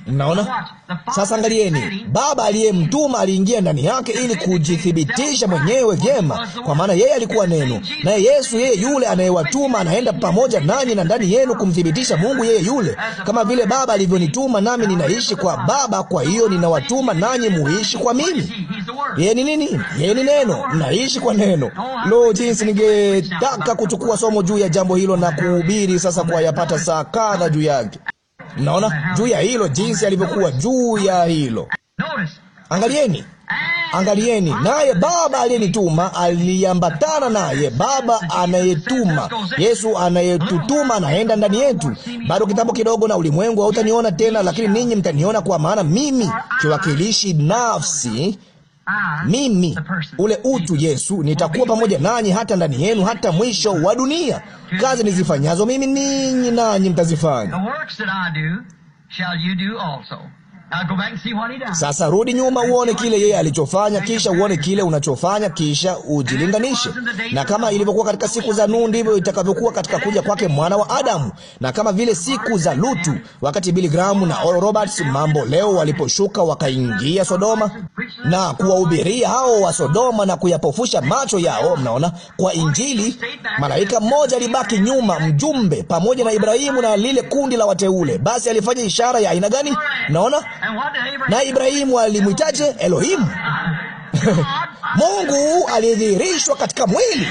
Mnaona hmm? sasa, angalieni, Baba aliyemtuma aliingia ndani yake ili kujithibitisha mwenyewe vyema, kwa maana yeye alikuwa neno. Naye Yesu, yeye yule anayewatuma, anaenda pamoja nanyi na ndani yenu kumthibitisha Mungu yeye yule, kama vile Baba alivyonituma, nami ninaishi kwa Baba, kwa hiyo ninawatuma nanyi muishi kwa mimi. Yeye ni nini? Yeye ni neno, naishi kwa neno. Lo, jinsi ningetaka kuchukua somo juu ya jambo hilo na kuhubiri sasa kwa yapata saa kadha juu yake. Mnaona juu ya hilo, jinsi alivyokuwa juu ya hilo. Angalieni, angalieni, naye Baba aliyenituma aliambatana naye. Baba anayetuma, Yesu anayetutuma, anaenda ndani yetu. Bado kitambo kidogo, na ulimwengu hautaniona tena, lakini ninyi mtaniona, kwa maana mimi kiwakilishi nafsi Ah, mimi, ule utu Yesu, nitakuwa pamoja nanyi hata ndani yenu, hata mwisho wa dunia. Kazi nizifanyazo mimi, ninyi nanyi mtazifanya. Sasa rudi nyuma uone kile yeye alichofanya, kisha uone kile unachofanya, kisha ujilinganishe. Na kama ilivyokuwa katika siku za Nuhu, ndivyo itakavyokuwa katika kuja kwake mwana wa Adamu. Na kama vile siku za Lutu, wakati Billy Graham na Oral Roberts mambo leo waliposhuka wakaingia Sodoma na kuwahubiria hao wa Sodoma na kuyapofusha macho yao, mnaona, kwa Injili. Malaika mmoja alibaki nyuma, mjumbe pamoja na Ibrahimu na lile kundi la wateule. Basi alifanya ishara ya aina gani? Mnaona? na Ibrahimu alimwitaje? Elohimu. Mungu alidhihirishwa katika mwili.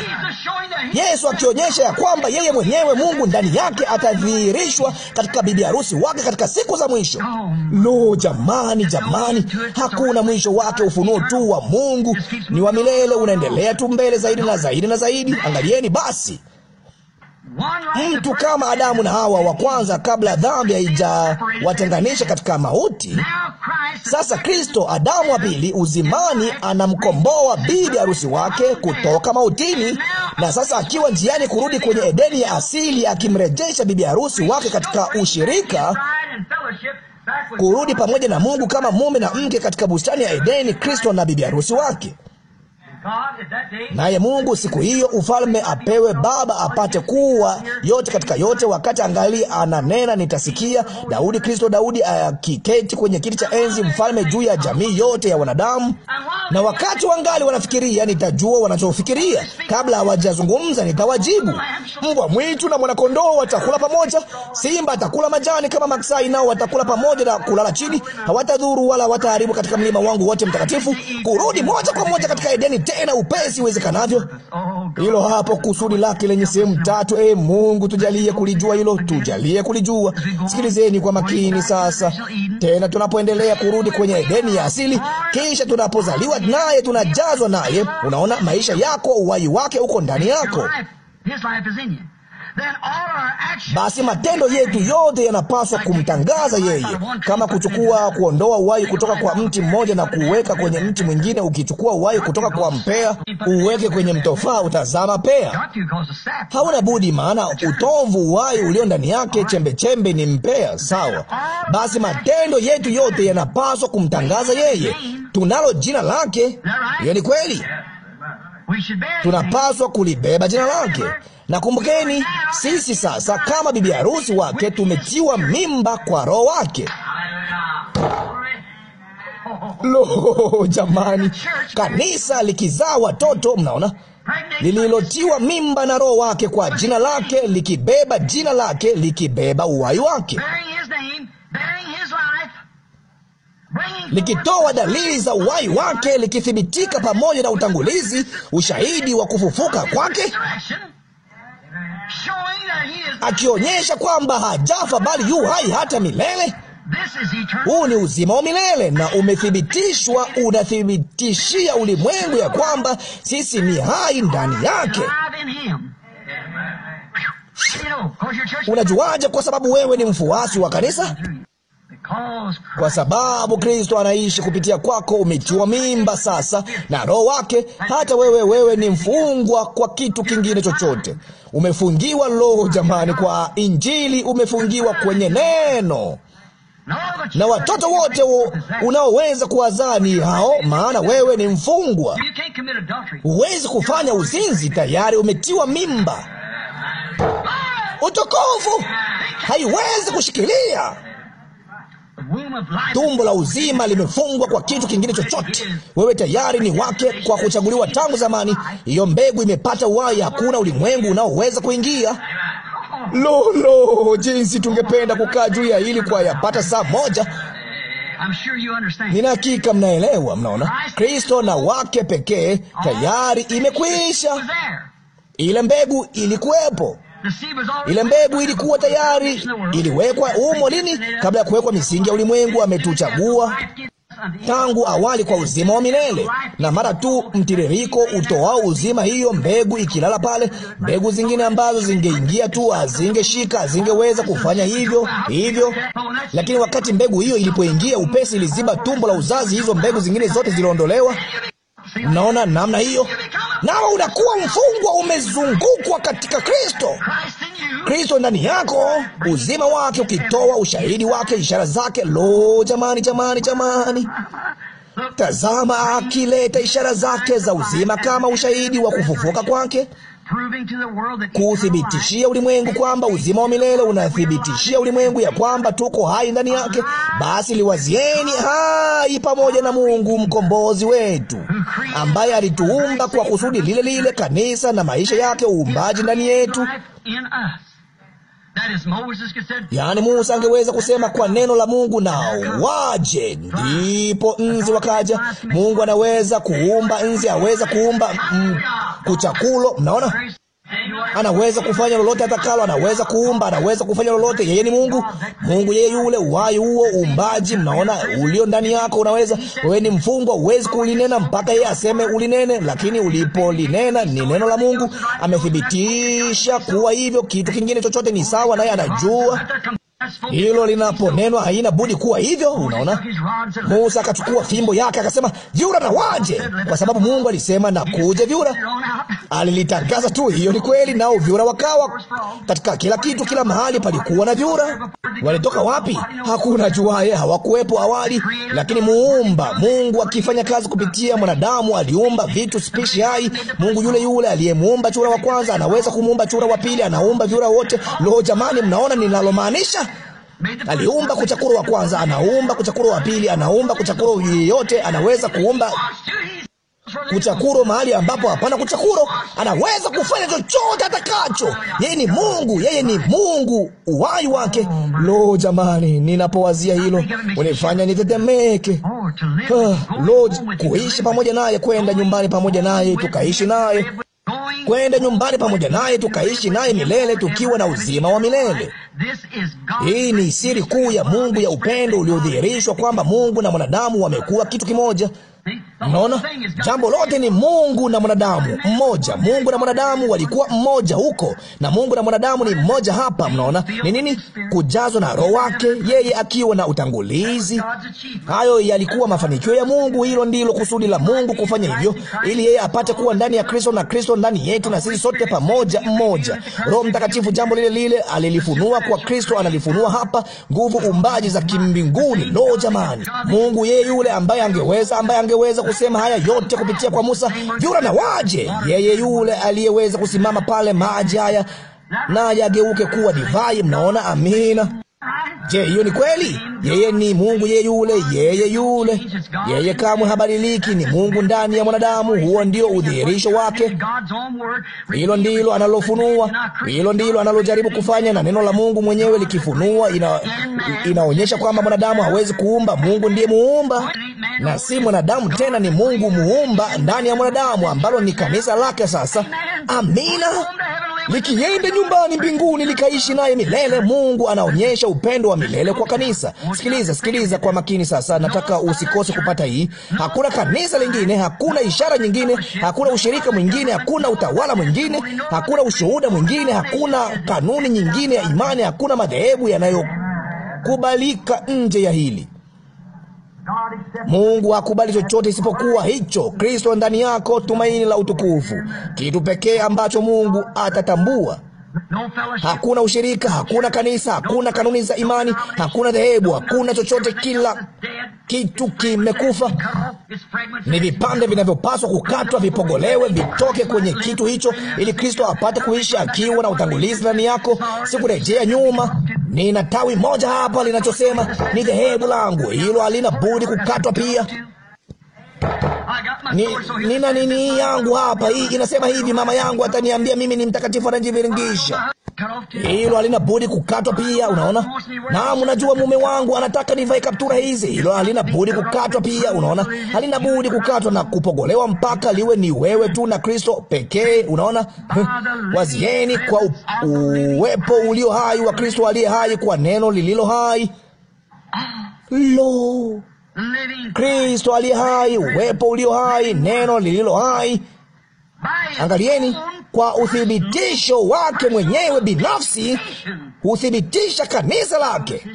Yesu akionyesha ya kwamba yeye mwenyewe Mungu ndani yake atadhihirishwa katika bibi harusi wake katika siku za mwisho. Lo, jamani, jamani, hakuna mwisho wake. Ufunuo tu wa Mungu ni wa milele, unaendelea tu mbele zaidi na zaidi na zaidi. Angalieni basi mtu kama Adamu na Hawa wa kwanza kabla dhambi haijawatenganisha katika mauti. Sasa Kristo, Adamu wa pili uzimani, anamkomboa bibi harusi wake kutoka mautini, na sasa akiwa njiani kurudi kwenye Edeni ya asili, akimrejesha bibi harusi wake katika ushirika kurudi pamoja na Mungu kama mume na mke katika bustani ya Edeni, Kristo na bibi harusi wake. Naye Mungu siku hiyo ufalme apewe Baba, apate kuwa yote katika yote. Wakati angali ananena, nitasikia Daudi, Kristo Daudi akiketi kwenye kiti cha enzi, mfalme juu ya jamii yote ya wanadamu. Na wakati wangali wanafikiria, nitajua wanachofikiria. Kabla hawajazungumza, nitawajibu. Mbwa mwitu na mwanakondoo watakula pamoja, simba atakula majani kama maksai, nao watakula pamoja na kulala chini. Hawatadhuru wala hawataharibu katika mlima wangu wote mtakatifu. Kurudi moja kwa moja katika Edeni tena upesi iwezekanavyo. Oh, hilo hapo kusudi lake lenye sehemu tatu. E Mungu, tujalie kulijua hilo, tujalie kulijua. Sikilizeni kwa makini sasa tena, tunapoendelea kurudi kwenye Edeni ya asili, kisha tunapozaliwa naye, tunajazwa naye. Unaona, maisha yako, uwai wake uko ndani yako basi matendo yetu yote yanapaswa kumtangaza yeye, kama kuchukua, kuondoa uwai kutoka kwa mti mmoja na kuweka kwenye mti mwingine. Ukichukua uwai kutoka kwa mpea uweke kwenye mtofaa, utazama pea. Hauna budi, maana utovu uwai ulio ndani yake chembechembe ni mpea. Sawa. Basi matendo yetu yote yanapaswa kumtangaza yeye. Tunalo jina lake. Hiyo ni kweli, tunapaswa kulibeba jina lake nakumbukeni sisi sasa kama bibi harusi wake tumetiwa mimba kwa Roho wake. Lo, jamani, kanisa likizaa watoto, mnaona, lililotiwa mimba na Roho wake kwa jina lake, likibeba jina lake, likibeba uhai wake, likitoa dalili za uhai wake, likithibitika pamoja na utangulizi, ushahidi wa kufufuka kwake akionyesha kwamba hajafa bali yu hai hata milele. Huu ni uzima wa milele na umethibitishwa, unathibitishia ulimwengu ya kwamba sisi ni hai ndani yake. Unajuaje? Kwa sababu wewe ni mfuasi wa kanisa kwa sababu Kristo anaishi kupitia kwako. Umetiwa mimba sasa na Roho wake. Hata wewe wewe ni mfungwa kwa kitu kingine chochote. Umefungiwa roho, jamani, kwa Injili, umefungiwa kwenye neno na watoto wote unaoweza kuwazaa ni hao, maana wewe ni mfungwa. Huwezi kufanya uzinzi, tayari umetiwa mimba. Utukufu haiwezi kushikilia Tumbo la uzima limefungwa kwa kitu kingine chochote. Wewe tayari ni wake kwa kuchaguliwa tangu zamani. Hiyo mbegu imepata uhai, hakuna ulimwengu unaoweza kuingia. lolo jinsi tungependa kukaa juu ya hili kwa yapata saa moja. Nina hakika mnaelewa. Mnaona, Kristo na wake pekee tayari imekwisha. Ile mbegu ilikuwepo. Ile mbegu ilikuwa tayari iliwekwa umo. Lini? Kabla ya kuwekwa misingi ya ulimwengu, ametuchagua tangu awali kwa uzima wa milele. Na mara tu mtiririko utoao uzima, hiyo mbegu ikilala pale, mbegu zingine ambazo zingeingia tu hazingeshika, hazingeweza kufanya hivyo hivyo. Lakini wakati mbegu hiyo ilipoingia, upesi iliziba tumbo la uzazi, hizo mbegu zingine zote ziliondolewa. Mnaona namna hiyo, nawe unakuwa mfungwa, umezungukwa katika Kristo, Kristo ndani yako, uzima wake ukitoa ushahidi wake, ishara zake. Lo, jamani, jamani, jamani! Tazama akileta ishara zake za uzima kama ushahidi wa kufufuka kwake kuthibitishia ulimwengu kwamba uzima wa milele, unathibitishia ulimwengu ya kwamba tuko hai ndani yake. Basi liwazieni hai pamoja na Mungu mkombozi wetu, ambaye alituumba kwa kusudi lile lile, kanisa na maisha yake, uumbaji ndani yetu Yaani Musa angeweza kusema kwa neno la Mungu na waje, ndipo nzi wakaja. Mungu anaweza kuumba nzi, aweza kuumba mm, kuchakulo. Mnaona? Anaweza kufanya lolote atakalo, anaweza kuumba, anaweza kufanya lolote. Yeye ni Mungu. Mungu yeye yule uhai huo, uumbaji, mnaona ulio ndani yako. Unaweza wewe ni mfungwa, uwezi kulinena mpaka yeye aseme ulinene, lakini ulipolinena ni neno la Mungu. Amethibitisha kuwa hivyo. Kitu kingine chochote ni sawa, naye anajua hilo linaponenwa haina budi kuwa hivyo. Unaona, Musa akachukua fimbo yake akasema, vyura na waje, kwa sababu Mungu alisema na kuje vyura. Alilitangaza tu, hiyo ni kweli, nao vyura wakawa katika kila kitu, kila mahali palikuwa na vyura. Walitoka wapi? Hakuna juaye, hawakuwepo awali, lakini muumba Mungu akifanya kazi kupitia mwanadamu, aliumba vitu spishi hai. Mungu yule yule aliyemuumba chura wa kwanza anaweza kumuumba chura wa pili, anaumba vyura wote. Lo, jamani, mnaona ninalomaanisha? Aliumba kuchakuro wa kwanza, anaumba kuchakuro wa pili, anaumba kuchakuro yeyote. Anaweza kuumba kuchakuro mahali ambapo hapana kuchakuro. Anaweza kufanya chochote atakacho. Yeye ni Mungu, yeye ni Mungu, uhai wake. Lo, jamani, ninapowazia hilo unifanya nitetemeke. Ah, lo, kuishi pamoja naye, kwenda nyumbani pamoja naye, tukaishi naye kwenda nyumbani pamoja naye, tukaishi naye milele, tukiwa na uzima wa milele. Hii ni siri kuu ya Mungu ya upendo uliodhihirishwa, kwamba Mungu na mwanadamu wamekuwa kitu kimoja. Mnaona, jambo lote ni Mungu na mwanadamu mmoja. Mungu na mwanadamu walikuwa mmoja huko, na Mungu na mwanadamu ni mmoja hapa. Mnaona ni nini? Kujazwa na Roho wake, yeye akiwa na utangulizi. Hayo yalikuwa mafanikio ya Mungu. Hilo ndilo kusudi la Mungu kufanya hivyo, ili yeye apate kuwa ndani ya Kristo na Kristo ndani yetu, na sisi sote pamoja mmoja. Roho Mtakatifu, jambo lile lile alilifunua kwa Kristo, analifunua hapa, nguvu umbaji za kimbinguni. Lo, jamani, Mungu yeye yule ambaye angeweza, ambaye angeweza aliyeweza kusema haya yote kupitia kwa Musa, yura na waje, yeye yule aliyeweza kusimama pale maji haya na ageuke kuwa divai. Mnaona? Amina. Je, hiyo ni kweli? Yeye ni Mungu, yeye yule, yeye yule, yeye kamwe habadiliki, ni Mungu ndani ya mwanadamu. Huo ndio udhihirisho wake. Hilo ndilo analofunua, hilo ndilo analojaribu kufanya, na neno la Mungu mwenyewe likifunua, ina, inaonyesha kwamba mwanadamu hawezi kuumba. Mungu ndiye muumba, na si mwanadamu tena, ni Mungu muumba ndani ya mwanadamu, ambalo ni kanisa lake. Sasa amina likiende nyumbani mbinguni likaishi naye milele. Mungu anaonyesha upendo wa milele kwa kanisa. Sikiliza, sikiliza kwa makini sasa, nataka usikose kupata hii. Hakuna kanisa lingine, hakuna ishara nyingine, hakuna ushirika mwingine, hakuna utawala mwingine, hakuna ushuhuda mwingine, hakuna kanuni nyingine ya imani, hakuna madhehebu yanayokubalika nje ya hili. Mungu hakubali chochote isipokuwa hicho, Kristo ndani yako, tumaini la utukufu, kitu pekee ambacho Mungu atatambua. Hakuna ushirika, hakuna kanisa, hakuna kanuni za imani, hakuna dhehebu, hakuna chochote. Kila kitu kimekufa. Ni vipande vinavyopaswa kukatwa, vipogolewe, vitoke kwenye kitu hicho, ili Kristo apate kuishi akiwa na utangulizi ndani yako. Sikurejea nyuma. Nina tawi moja hapa linachosema ni dhehebu langu, hilo halina budi kukatwa pia. Ni, nina nini yangu hapa hii inasema hivi, mama yangu ataniambia mimi ni mtakatifu, anajiviringisha. Hilo halina budi kukatwa pia. Unaona, naam, unajua mume wangu anataka nivae kaptura hizi. Hilo halina budi kukatwa pia. Unaona, halina budi kukatwa na kupogolewa mpaka liwe ni wewe tu na Kristo pekee. Unaona, wazieni kwa uwepo ulio hai wa Kristo aliye hai, kwa neno lililo hai. Lo, Kristo aliye hai, uwepo ulio hai, neno lililo hai. Angalieni, kwa uthibitisho wake mwenyewe binafsi huthibitisha kanisa lake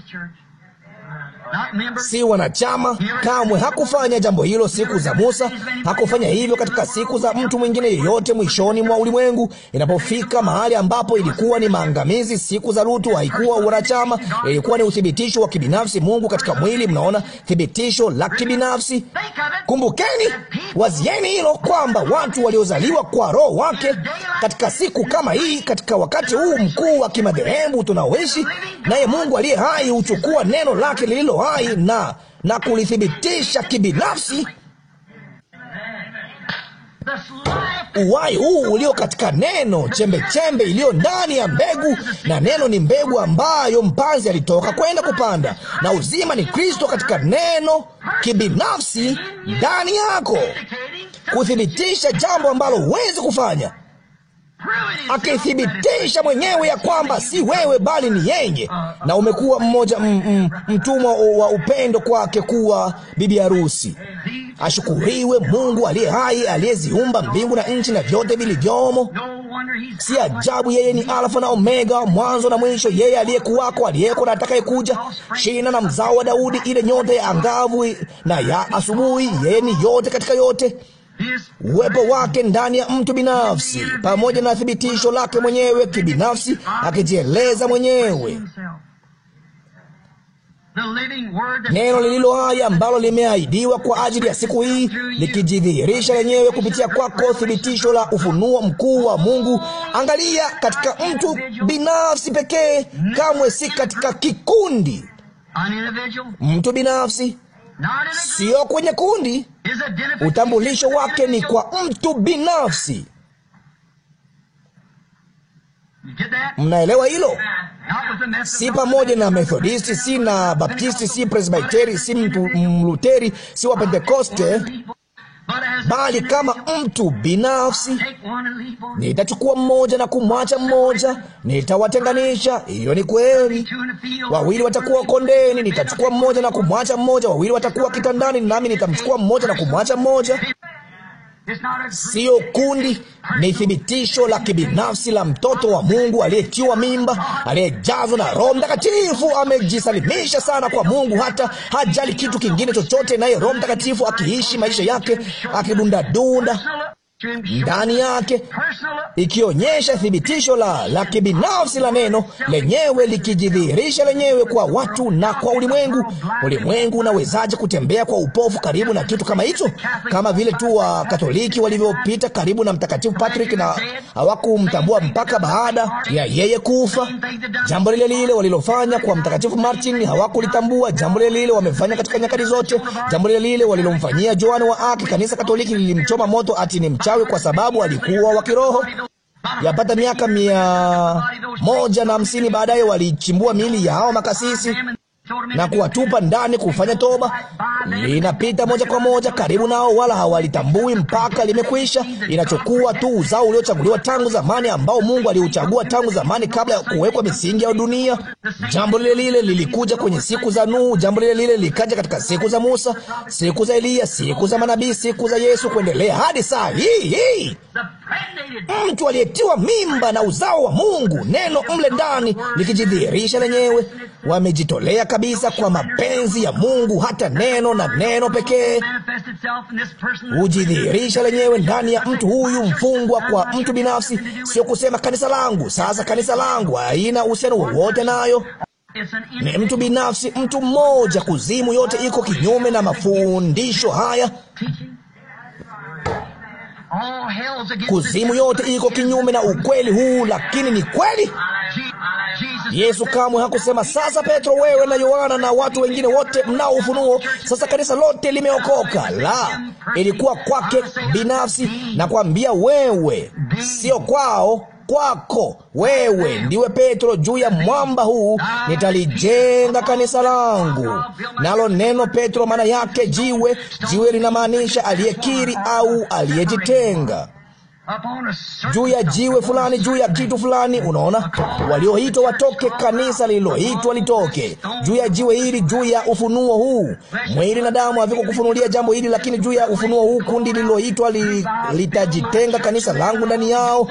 si wanachama. Kamwe hakufanya jambo hilo siku za Musa, hakufanya hivyo katika siku za mtu mwingine yeyote mwishoni mwa ulimwengu, inapofika mahali ambapo ilikuwa ni maangamizi. Siku za Lutu haikuwa wanachama, ilikuwa ni uthibitisho wa kibinafsi, Mungu katika mwili. Mnaona thibitisho la kibinafsi. Kumbukeni, wazieni hilo kwamba watu waliozaliwa kwa Roho wake katika siku kama hii, katika wakati huu mkuu wa kimadhehebu tunaoishi, naye Mungu aliye hai huchukua neno lake lililo uhai na na kulithibitisha kibinafsi. uwai huu ulio katika neno, chembe chembe iliyo ndani ya mbegu, na neno ni mbegu ambayo mpanzi alitoka kwenda kupanda, na uzima ni Kristo katika neno kibinafsi ndani yako, kuthibitisha jambo ambalo huwezi kufanya akithibitisha mwenyewe ya kwamba si wewe bali ni yeye, na umekuwa mmoja mtumwa wa upendo kwake, kuwa bibi harusi. Ashukuriwe Mungu aliye hai, aliyeziumba mbingu na nchi na vyote vilivyomo. Si ajabu yeye ni Alfa na Omega, mwanzo na mwisho, yeye aliyekuwako, aliyeko na atakayekuja, shina na mzao wa Daudi, ile nyota ya angavu na ya asubuhi. Yeye ni yote katika yote uwepo wake ndani ya mtu binafsi, pamoja na thibitisho lake mwenyewe kibinafsi, akijieleza mwenyewe. Neno lililo hai ambalo limeahidiwa kwa ajili ya siku hii likijidhihirisha lenyewe kupitia kwako, thibitisho la ufunuo mkuu wa Mungu. Angalia katika mtu binafsi pekee, kamwe si katika kikundi. Mtu binafsi sio kwenye kundi. Utambulisho wake ni kwa mtu binafsi. Mnaelewa hilo? Si pamoja na Methodisti, si na Baptisti, si Presbiteri, si mtu Mluteri, si wa Pentekoste bali kama mtu binafsi, nitachukua mmoja na kumwacha mmoja, nitawatenganisha. Hiyo ni kweli. Wawili watakuwa kondeni, nitachukua mmoja na kumwacha mmoja, wawili watakuwa kitandani, nami nitamchukua mmoja na kumwacha mmoja siyo kundi, ni thibitisho la kibinafsi la mtoto wa Mungu aliyetiwa mimba, aliyejazwa na Roho Mtakatifu. Amejisalimisha sana kwa Mungu, hata hajali kitu kingine chochote, naye Roho Mtakatifu akiishi maisha yake akidundadunda ndani yake, ikionyesha thibitisho la la kibinafsi la neno lenyewe, likijidhihirisha lenyewe kwa watu na kwa ulimwengu. Ulimwengu unawezaje kutembea kwa upofu karibu na kitu kama hicho? Kama vile tu wa Katoliki walivyopita karibu na Mtakatifu Patrick na hawakumtambua mpaka baada ya yeye kufa. Jambo lile lile walilofanya kwa Mtakatifu Martin hawakulitambua. Jambo lile lile wamefanya katika nyakati zote. Jambo lile lile walilomfanyia Joan wa Arc. Kanisa Katoliki lilimchoma moto ati ni mcha wachawi kwa sababu walikuwa wa kiroho. Yapata miaka mia moja na hamsini baadaye walichimbua miili ya hao makasisi na kuwatupa ndani kufanya toba. Linapita moja kwa moja karibu nao, wala hawalitambui mpaka limekwisha. Inachukua tu uzao uliochaguliwa tangu zamani, ambao Mungu aliuchagua tangu zamani, kabla ya kuwekwa misingi ya dunia. Jambo lile lile lilikuja kwenye siku za Nuhu, jambo lile lile likaja katika siku za Musa, siku za Eliya, siku za manabii, siku za Yesu, kuendelea hadi saa hii hii. Mtu aliyetiwa mimba na uzao wa Mungu, neno mle ndani likijidhihirisha lenyewe, wamejitolea kabisa kwa mapenzi ya Mungu, hata neno na neno pekee hujidhihirisha lenyewe ndani ya mtu huyu mfungwa, kwa mtu binafsi, sio kusema kanisa langu. Sasa kanisa langu haina uhusiano wowote nayo ni mtu binafsi, mtu mmoja. Kuzimu yote iko kinyume na mafundisho haya. Kuzimu yote iko kinyume na ukweli huu, lakini ni kweli. Yesu kamwe hakusema sasa, Petro, wewe na Yohana na watu wengine wote mnao ufunuo, sasa kanisa lote limeokoka. La, ilikuwa kwake binafsi na kuambia wewe, sio kwao kwako wewe ndiwe Petro, juu ya mwamba huu nitalijenga kanisa langu. Nalo neno Petro maana yake jiwe. Jiwe linamaanisha aliyekiri au aliyejitenga juu ya jiwe fulani, juu ya kitu fulani. Unaona, walioitwa watoke, kanisa lililoitwa litoke juu ya jiwe hili, juu ya ufunuo huu. Mwili na damu havikukufunulia jambo hili, lakini juu ya ufunuo huu kundi lililoitwa li, litajitenga, kanisa langu ndani yao,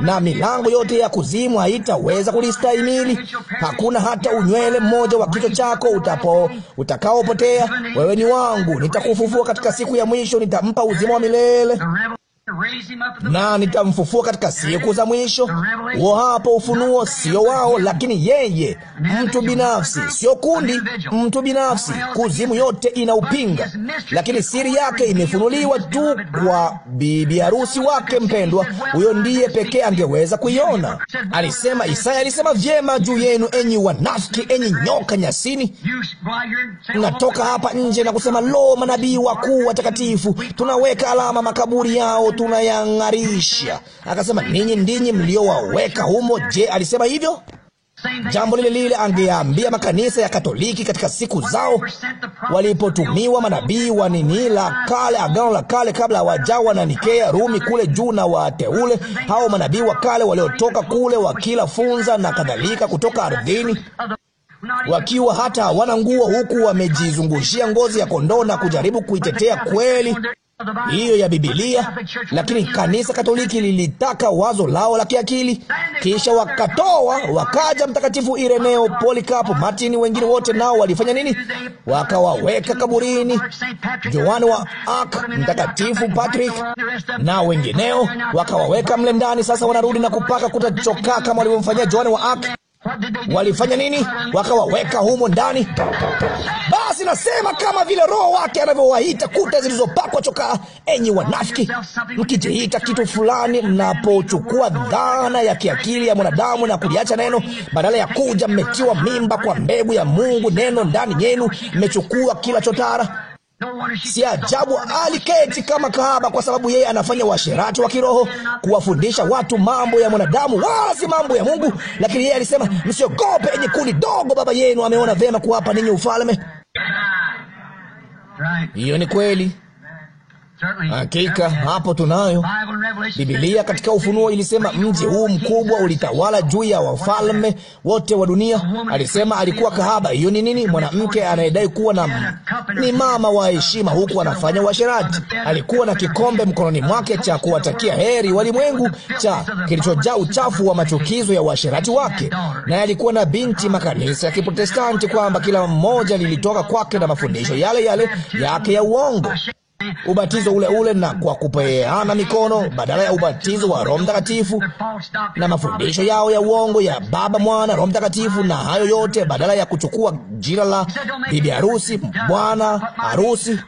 na milango yote ya kuzimu haitaweza kulistahimili. Hakuna hata unywele mmoja wa kichwa chako utapo utakaopotea. Wewe ni wangu, nitakufufua katika siku ya mwisho, nitampa uzima wa milele na nitamfufua katika siku za mwisho. Huo hapo ufunuo, sio wao, lakini yeye, mtu binafsi, sio kundi, mtu binafsi. Kuzimu yote inaupinga, lakini siri yake imefunuliwa tu kwa bibi harusi wake mpendwa. Huyo ndiye pekee angeweza kuiona. Alisema Isaya, alisema vyema juu yenu, enyi wanafiki, enyi nyoka nyasini. Natoka hapa nje na kusema, lo, manabii wakuu watakatifu, tunaweka alama makaburi yao tunayang'arisha. Akasema, ninyi ndinyi mliowaweka humo. Je, alisema hivyo? Jambo lile lile angeambia makanisa ya Katoliki katika siku zao walipotumiwa manabii wa nini la kale, agano la kale, kabla hawajawa na Nikea, Rumi kule juu, na wateule hao manabii wa kale waliotoka kule wakila funza na kadhalika kutoka ardhini, wakiwa hata hawana nguo, huku wamejizungushia ngozi ya kondoo na kujaribu kuitetea kweli hiyo ya Bibilia, lakini kanisa Katoliki lilitaka wazo lao la kiakili, kisha wakatoa, wakaja Mtakatifu Ireneo, Polikapo, Martini, wengine wote nao walifanya nini? Wakawaweka kaburini. Yohane wa Ark, Mtakatifu Patrick na wengineo wakawaweka mle ndani. Sasa wanarudi na kupaka kuta chokaa kama walivyomfanyia Yohane wa Ark. Walifanya nini? Wakawaweka humo ndani. Basi nasema kama vile Roho wake anavyowaita kuta zilizopakwa chokaa, enyi wanafiki, mkijiita kitu fulani, mnapochukua dhana ya kiakili ya mwanadamu na kuliacha neno, badala ya kuja, mmetiwa mimba kwa mbegu ya Mungu, neno ndani yenu, mmechukua kila chotara Si ajabu aliketi kama kahaba, kwa sababu yeye anafanya uasherati wa kiroho, kuwafundisha watu mambo ya mwanadamu, wala si mambo ya Mungu. Lakini yeye alisema, msiogope, enye kundi dogo, baba yenu ameona vyema kuwapa ninyi ufalme. Hiyo ni kweli. Hakika hapo tunayo Bibilia katika Ufunuo ilisema mji huu mkubwa ulitawala juu ya wafalme wote wa dunia. Alisema alikuwa kahaba. Hiyo ni nini? Mwanamke anayedai kuwa na ni mama wa heshima, huku anafanya uasherati. Alikuwa na kikombe mkononi mwake cha kuwatakia heri walimwengu, cha kilichojaa uchafu wa machukizo ya uasherati wake, naye alikuwa na binti makanisa ya Kiprotestanti, kwamba kila mmoja lilitoka kwake na mafundisho yale yale yake ya uongo ubatizo ule ule na kwa kupeana mikono badala ya ubatizo wa Roho Mtakatifu na mafundisho yao ya uongo ya Baba, Mwana, Roho Mtakatifu na hayo yote, badala ya kuchukua jina la bibi harusi, bwana harusi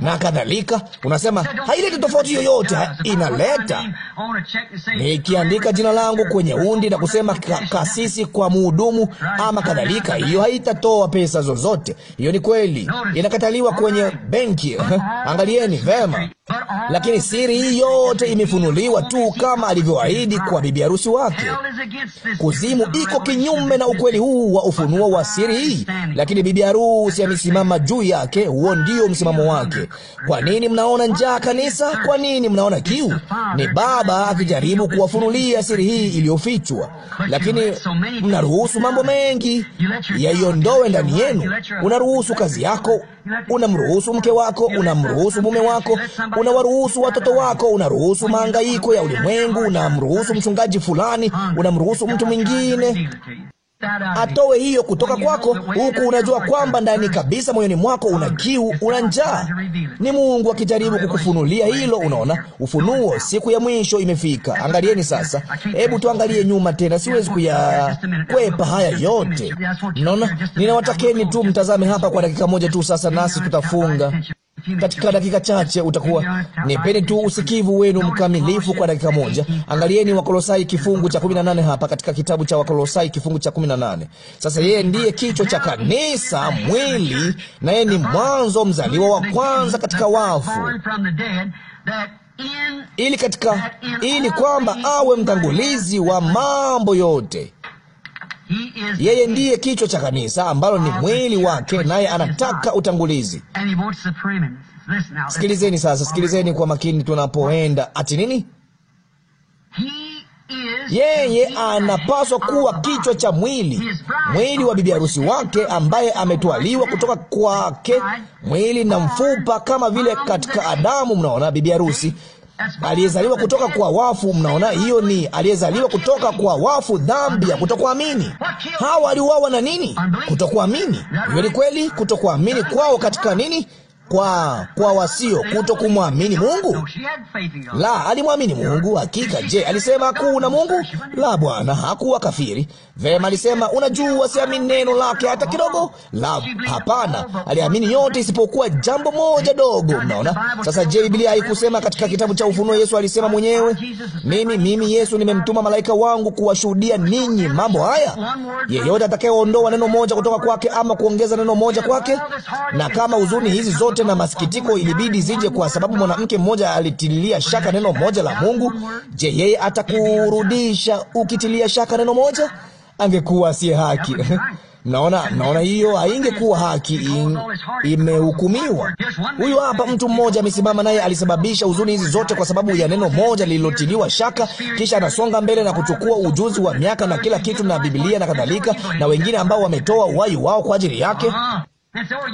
na kadhalika. Unasema haileti tofauti yoyote, inaleta. Nikiandika jina langu kwenye undi na kusema ka, kasisi kwa muhudumu ama kadhalika, hiyo haitatoa pesa zozote. Hiyo ni kweli, inakataliwa kwenye benki. Angalieni vema, lakini siri hii yote imefunuliwa tu kama alivyoahidi kwa bibi harusi wake. Kuzimu iko kinyume na ukweli huu wa ufunuo wa siri hii, lakini bibi harusi amesimama juu yake. Huo ndio msimamo wake. Kwa nini mnaona njaa kanisa? Kwa nini mnaona kiu? Ni Baba akijaribu kuwafunulia siri hii iliyofichwa, lakini mnaruhusu mambo mengi yaiondowe ndani yenu. Unaruhusu kazi yako, unamruhusu mke wako, unamruhusu mume wako, unawaruhusu watoto wako, unaruhusu maangaiko ya ulimwengu, unamruhusu mchungaji fulani, unamruhusu mtu mwingine atoe hiyo kutoka kwako, huku unajua kwamba ndani kabisa moyoni mwako una kiu, una njaa. Ni Mungu akijaribu kukufunulia hilo. Unaona, ufunuo, siku ya mwisho imefika. Angalieni sasa, hebu tuangalie nyuma tena, siwezi kuyakwepa haya yote. Mnaona, ninawatakeni tu mtazame hapa kwa dakika moja tu sasa, nasi tutafunga katika dakika chache utakuwa. Nipeni tu usikivu wenu mkamilifu kwa dakika moja. Angalieni Wakolosai kifungu cha 18 hapa katika kitabu cha Wakolosai kifungu cha 18. Sasa yeye ndiye kichwa cha kanisa mwili, naye ni mwanzo, mzaliwa wa kwanza katika wafu ili katika ili kwamba awe mtangulizi wa mambo yote. Yeye ndiye kichwa cha kanisa ambalo ni ah, mwili wake, naye anataka utangulizi. Sikilizeni sasa, sikilizeni kwa makini tunapoenda. Ati nini? Yeye anapaswa kuwa oh, kichwa cha mwili, mwili wa bibi harusi wake ambaye ametwaliwa kutoka kwake, mwili na mfupa, kama vile katika Adamu. Mnaona bibi harusi aliyezaliwa kutoka kwa wafu. Mnaona, hiyo ni aliyezaliwa kutoka kwa wafu, dhambi ya kutokuamini. Hawa waliuawa na nini? Kutokuamini. Hiyo ni kweli, kutokuamini kwao katika nini? kwa, kwa wasio kuto kumwamini Mungu? La, alimwamini Mungu hakika. Je, alisema kuna Mungu? La, Bwana hakuwa kafiri. Vema, alisema unajua, siamini neno lake hata kidogo. La, hapana, aliamini yote isipokuwa jambo moja dogo. Mnaona sasa? Je, Biblia haikusema katika kitabu cha Ufunuo Yesu alisema mwenyewe, mimi mimi Yesu nimemtuma malaika wangu kuwashuhudia ninyi mambo haya. Yeyote atakayeondoa neno moja kutoka kwake ama kuongeza neno moja kwake, na kama huzuni hizi zote yote na masikitiko ilibidi zije, kwa sababu mwanamke mmoja alitilia shaka neno moja la Mungu. Je, yeye atakurudisha ukitilia shaka neno moja? Angekuwa si haki. Naona, naona hiyo haingekuwa haki, imehukumiwa. Huyu hapa mtu mmoja amesimama, naye alisababisha huzuni hizi zote kwa sababu ya neno moja lililotiliwa shaka. Kisha anasonga mbele na kuchukua ujuzi wa miaka na kila kitu na Biblia na kadhalika, na wengine ambao wametoa uhai wao kwa ajili yake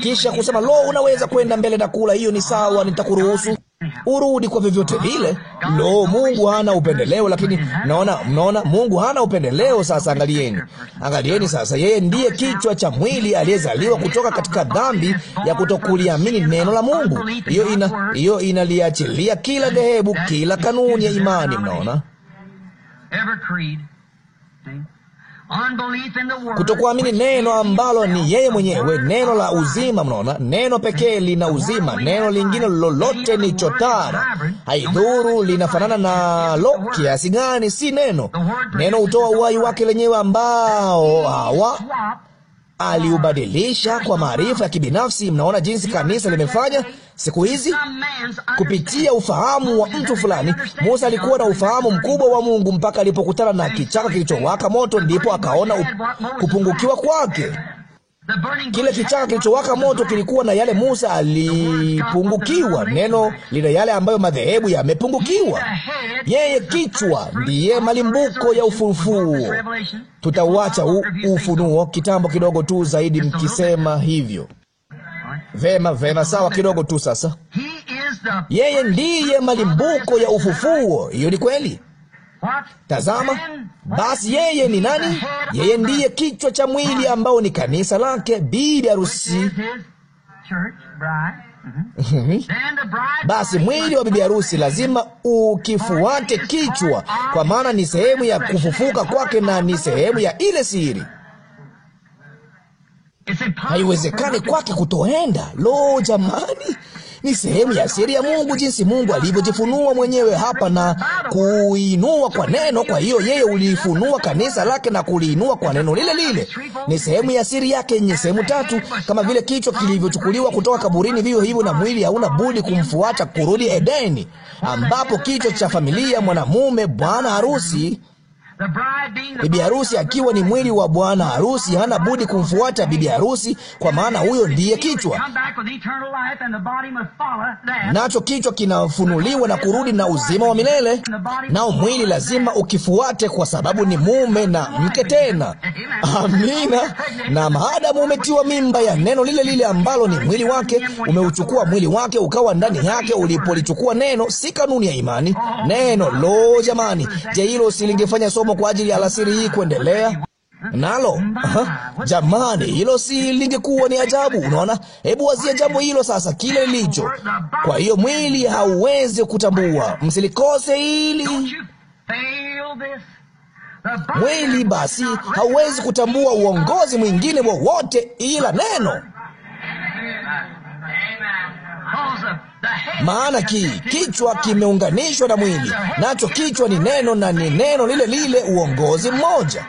kisha kusema, lo, unaweza kwenda mbele na kula, hiyo ni sawa, nitakuruhusu urudi kwa vyovyote vile. Lo, Mungu hana upendeleo, lakini mnaona, mnaona Mungu hana upendeleo. Sasa angalieni, angalieni sasa, yeye ndiye kichwa cha mwili aliyezaliwa kutoka katika dhambi ya kutokuliamini neno la Mungu. Hiyo ina hiyo inaliachilia kila dhehebu, kila kanuni ya imani, mnaona kutokuamini neno ambalo ni yeye mwenyewe, neno la uzima. Mnaona, neno pekee lina uzima, neno lingine lolote ni chotara, haidhuru linafanana na kiasi gani, si neno. Neno hutoa uhai wake lenyewe, ambao hawa aliubadilisha kwa maarifa ya kibinafsi. Mnaona jinsi kanisa limefanya Siku hizi kupitia ufahamu wa mtu fulani, Musa alikuwa na ufahamu mkubwa wa Mungu mpaka alipokutana na kichaka kilichowaka moto, ndipo akaona kupungukiwa kwake. Kile kichaka kilichowaka moto kilikuwa na yale Musa alipungukiwa. Neno lina yale ambayo madhehebu yamepungukiwa. Yeye kichwa ndiye malimbuko ya ufufuo. Tutauacha ufunuo kitambo kidogo tu zaidi mkisema hivyo. Vema, vema, sawa kidogo tu. Sasa yeye ndiye malimbuko ya ufufuo. Hiyo ni kweli. Tazama basi, yeye ni nani? Yeye ndiye kichwa cha mwili ambao ni kanisa lake, bibi harusi. Mhm. Basi mwili wa bibi harusi lazima ukifuate kichwa, kwa maana ni sehemu ya kufufuka kwake na ni sehemu ya ile siri haiwezekani kwake kutoenda. Lo, jamani, ni sehemu ya siri ya Mungu, jinsi Mungu alivyojifunua mwenyewe hapa na kuinua kwa neno. Kwa hiyo yeye ulifunua kanisa lake na kuliinua kwa neno lile lile. Ni sehemu ya siri yake yenye sehemu tatu, kama vile kichwa kilivyochukuliwa kutoka kaburini, vivyo hivyo na mwili hauna budi kumfuata kurudi Edeni, ambapo kichwa cha familia, mwanamume, bwana harusi Bibi harusi akiwa ni mwili wa bwana harusi hana budi kumfuata bibi harusi, kwa maana huyo ndiye kichwa. Nacho kichwa kinafunuliwa na kurudi na uzima wa milele, nao mwili lazima ukifuate, kwa sababu ni mume na mke tena. Amina. Na maadamu umetiwa mimba ya neno lile lile ambalo ni mwili wake, umeuchukua mwili wake ukawa ndani yake. Ulipolichukua neno, si kanuni ya imani neno. Lo, jamani, je, hilo silingefanya so masomo kwa ajili ya alasiri hii kuendelea nalo. Aha, jamani, hilo si lingekuwa ni ajabu? Unaona, hebu wazia jambo hilo sasa, kile licho. Kwa hiyo mwili hauwezi kutambua, msilikose hili mwili basi hauwezi kutambua uongozi mwingine wowote ila neno maana ki kichwa kimeunganishwa na mwili, nacho kichwa ni neno, na ni neno lile lile, uongozi mmoja.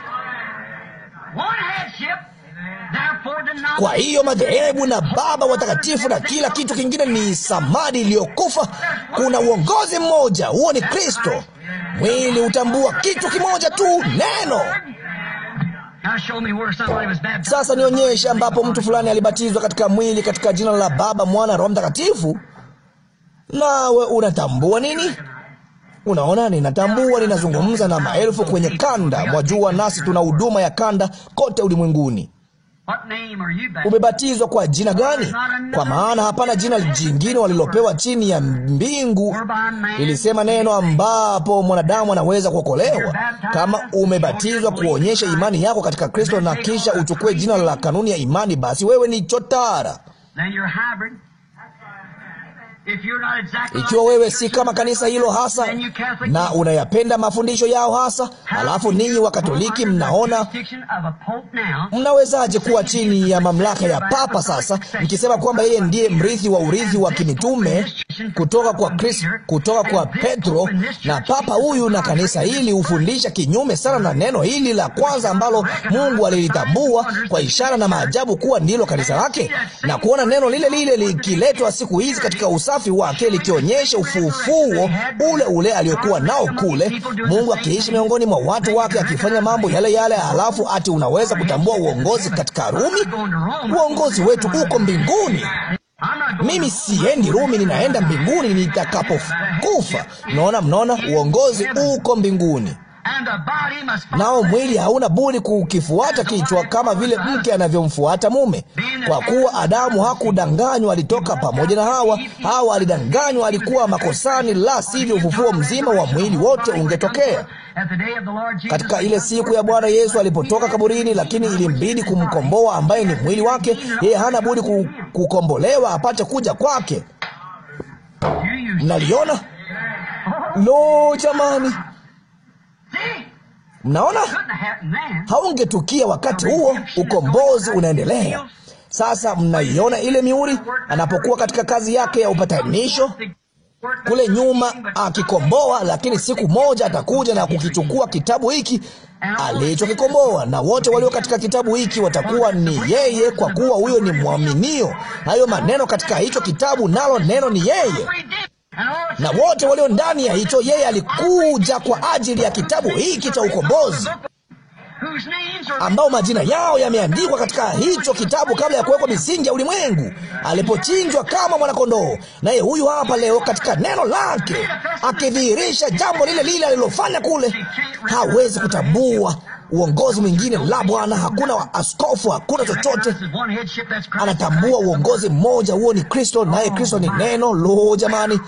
Kwa hiyo madhehebu na baba watakatifu na kila kitu kingine ni samadi iliyokufa. Kuna uongozi mmoja, huo ni Kristo. Mwili utambua kitu kimoja tu, neno sasa nionyeshe ambapo mtu fulani alibatizwa katika mwili katika jina la Baba, Mwana, Roho Mtakatifu. Nawe unatambua nini? Unaona, ninatambua, ninazungumza na maelfu kwenye kanda. Mwajua, nasi tuna huduma ya kanda kote ulimwenguni umebatizwa kwa jina gani? Kwa maana hapana jina jingine walilopewa chini ya mbingu, ilisema neno, ambapo mwanadamu anaweza kuokolewa. Kama umebatizwa kuonyesha imani yako katika Kristo na kisha uchukue jina la kanuni ya imani, basi wewe ni chotara. Ikiwa wewe si kama kanisa hilo hasa na unayapenda mafundisho yao hasa, alafu ninyi Wakatoliki mnaona mnawezaje kuwa chini ya mamlaka ya papa sasa, mkisema kwamba yeye ndiye mrithi wa urithi wa kimitume kutoka kwa Kristo, kutoka kwa Petro, na papa huyu na kanisa hili hufundisha kinyume sana na neno hili la kwanza ambalo Mungu alilitambua kwa ishara na maajabu kuwa ndilo kanisa lake, na kuona neno lile lile likiletwa siku hizi katika usa usafi wake likionyesha ufufuo ule ule aliokuwa nao kule, Mungu akiishi miongoni mwa watu wake akifanya mambo yale yale. Halafu ati unaweza kutambua uongozi katika Rumi? Uongozi wetu uko mbinguni. Mimi siendi Rumi, ninaenda mbinguni nitakapokufa. Naona, mnaona, uongozi uko mbinguni nao mwili hauna budi kukifuata kichwa, kama vile mke anavyomfuata mume. Kwa kuwa Adamu hakudanganywa, alitoka pamoja na Hawa. Hawa alidanganywa, alikuwa makosani, la sivyo ufufuo mzima wa mwili wote ungetokea katika ile siku ya Bwana Yesu alipotoka kaburini, lakini ilimbidi kumkomboa ambaye ni mwili wake. Yeye hana budi kukombolewa apate kuja kwake. Mnaliona? Lo, jamani! Mnaona, haungetukia wakati huo, ukombozi unaendelea. Sasa mnaiona ile mihuri anapokuwa katika kazi yake ya upatanisho kule nyuma akikomboa, lakini siku moja atakuja na kukichukua kitabu hiki alichokikomboa, na wote walio katika kitabu hiki watakuwa ni yeye, kwa kuwa huyo ni mwaminio. Hayo maneno katika hicho kitabu, nalo neno ni yeye na wote walio ndani ya hicho. Yeye alikuja kwa ajili ya kitabu hiki cha ukombozi ambao majina yao yameandikwa katika hicho kitabu kabla ya kuwekwa misingi ya ulimwengu, alipochinjwa kama mwanakondoo. Naye huyu hapa leo katika neno lake akidhihirisha jambo lile lile alilofanya kule. Hawezi kutambua, uongozi mwingine, la Bwana. Hakuna askofu, hakuna chochote. Anatambua uongozi mmoja, huo ni Kristo, naye Kristo ni neno. Lo, jamani,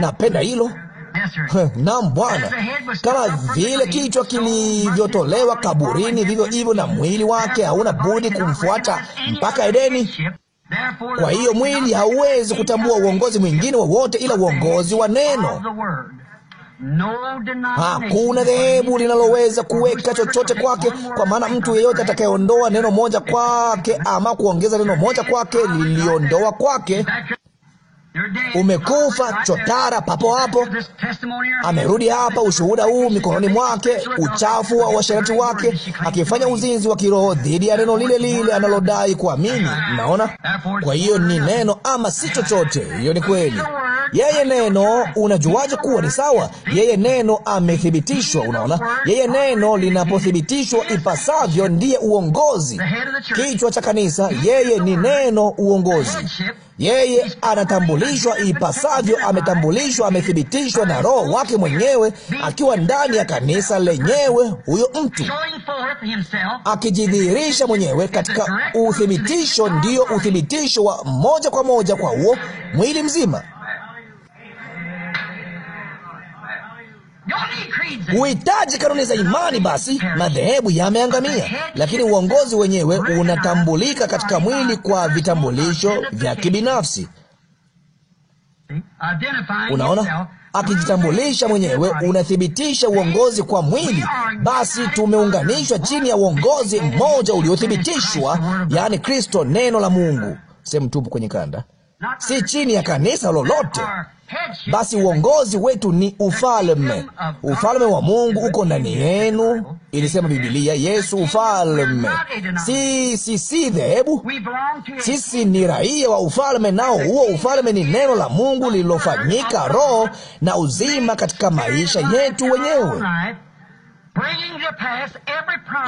napenda hilo. Naam Bwana, kama vile kichwa kilivyotolewa kaburini, vivyo hivyo na mwili wake hauna budi kumfuata mpaka Edeni. Kwa hiyo mwili hauwezi kutambua uongozi mwingine wowote ila uongozi wa neno. Hakuna dhehebu linaloweza kuweka chochote kwake, kwa maana mtu yeyote atakayeondoa neno moja kwake ama kuongeza neno moja kwake liliondoa kwake. Umekufa chotara papo hapo. Amerudi hapa, ushuhuda huu mikononi mwake, uchafu wa uasherati wake, akifanya uzinzi wa kiroho dhidi ya neno lile lile analodai kuamini. Mnaona? Kwa hiyo ni neno ama si chochote. Hiyo ni kweli. Yeye neno, unajuaje kuwa ni sawa? Yeye neno amethibitishwa. Unaona, yeye neno linapothibitishwa ipasavyo, ndiye uongozi, kichwa cha kanisa. Yeye ni neno, uongozi. Yeye anatambulishwa ipasavyo, ametambulishwa, amethibitishwa na Roho wake mwenyewe akiwa ndani ya kanisa lenyewe, huyo mtu akijidhihirisha mwenyewe katika uthibitisho, ndiyo uthibitisho wa moja kwa moja kwa huo mwili mzima. huhitaji kanuni za imani, basi madhehebu yameangamia. Lakini uongozi wenyewe unatambulika katika mwili kwa vitambulisho vya kibinafsi. Unaona, akijitambulisha mwenyewe unathibitisha uongozi kwa mwili. Basi tumeunganishwa chini ya uongozi mmoja uliothibitishwa, yaani Kristo, neno la Mungu, sehemu tupu kwenye kanda si chini ya kanisa lolote. Basi uongozi wetu ni ufalme. Ufalme wa Mungu uko ndani yenu, ilisema Bibilia. Yesu ufalme, si si si dhehebu. Sisi ni raia wa ufalme, nao huo ufalme ni neno la Mungu lililofanyika roho na uzima katika maisha yetu wenyewe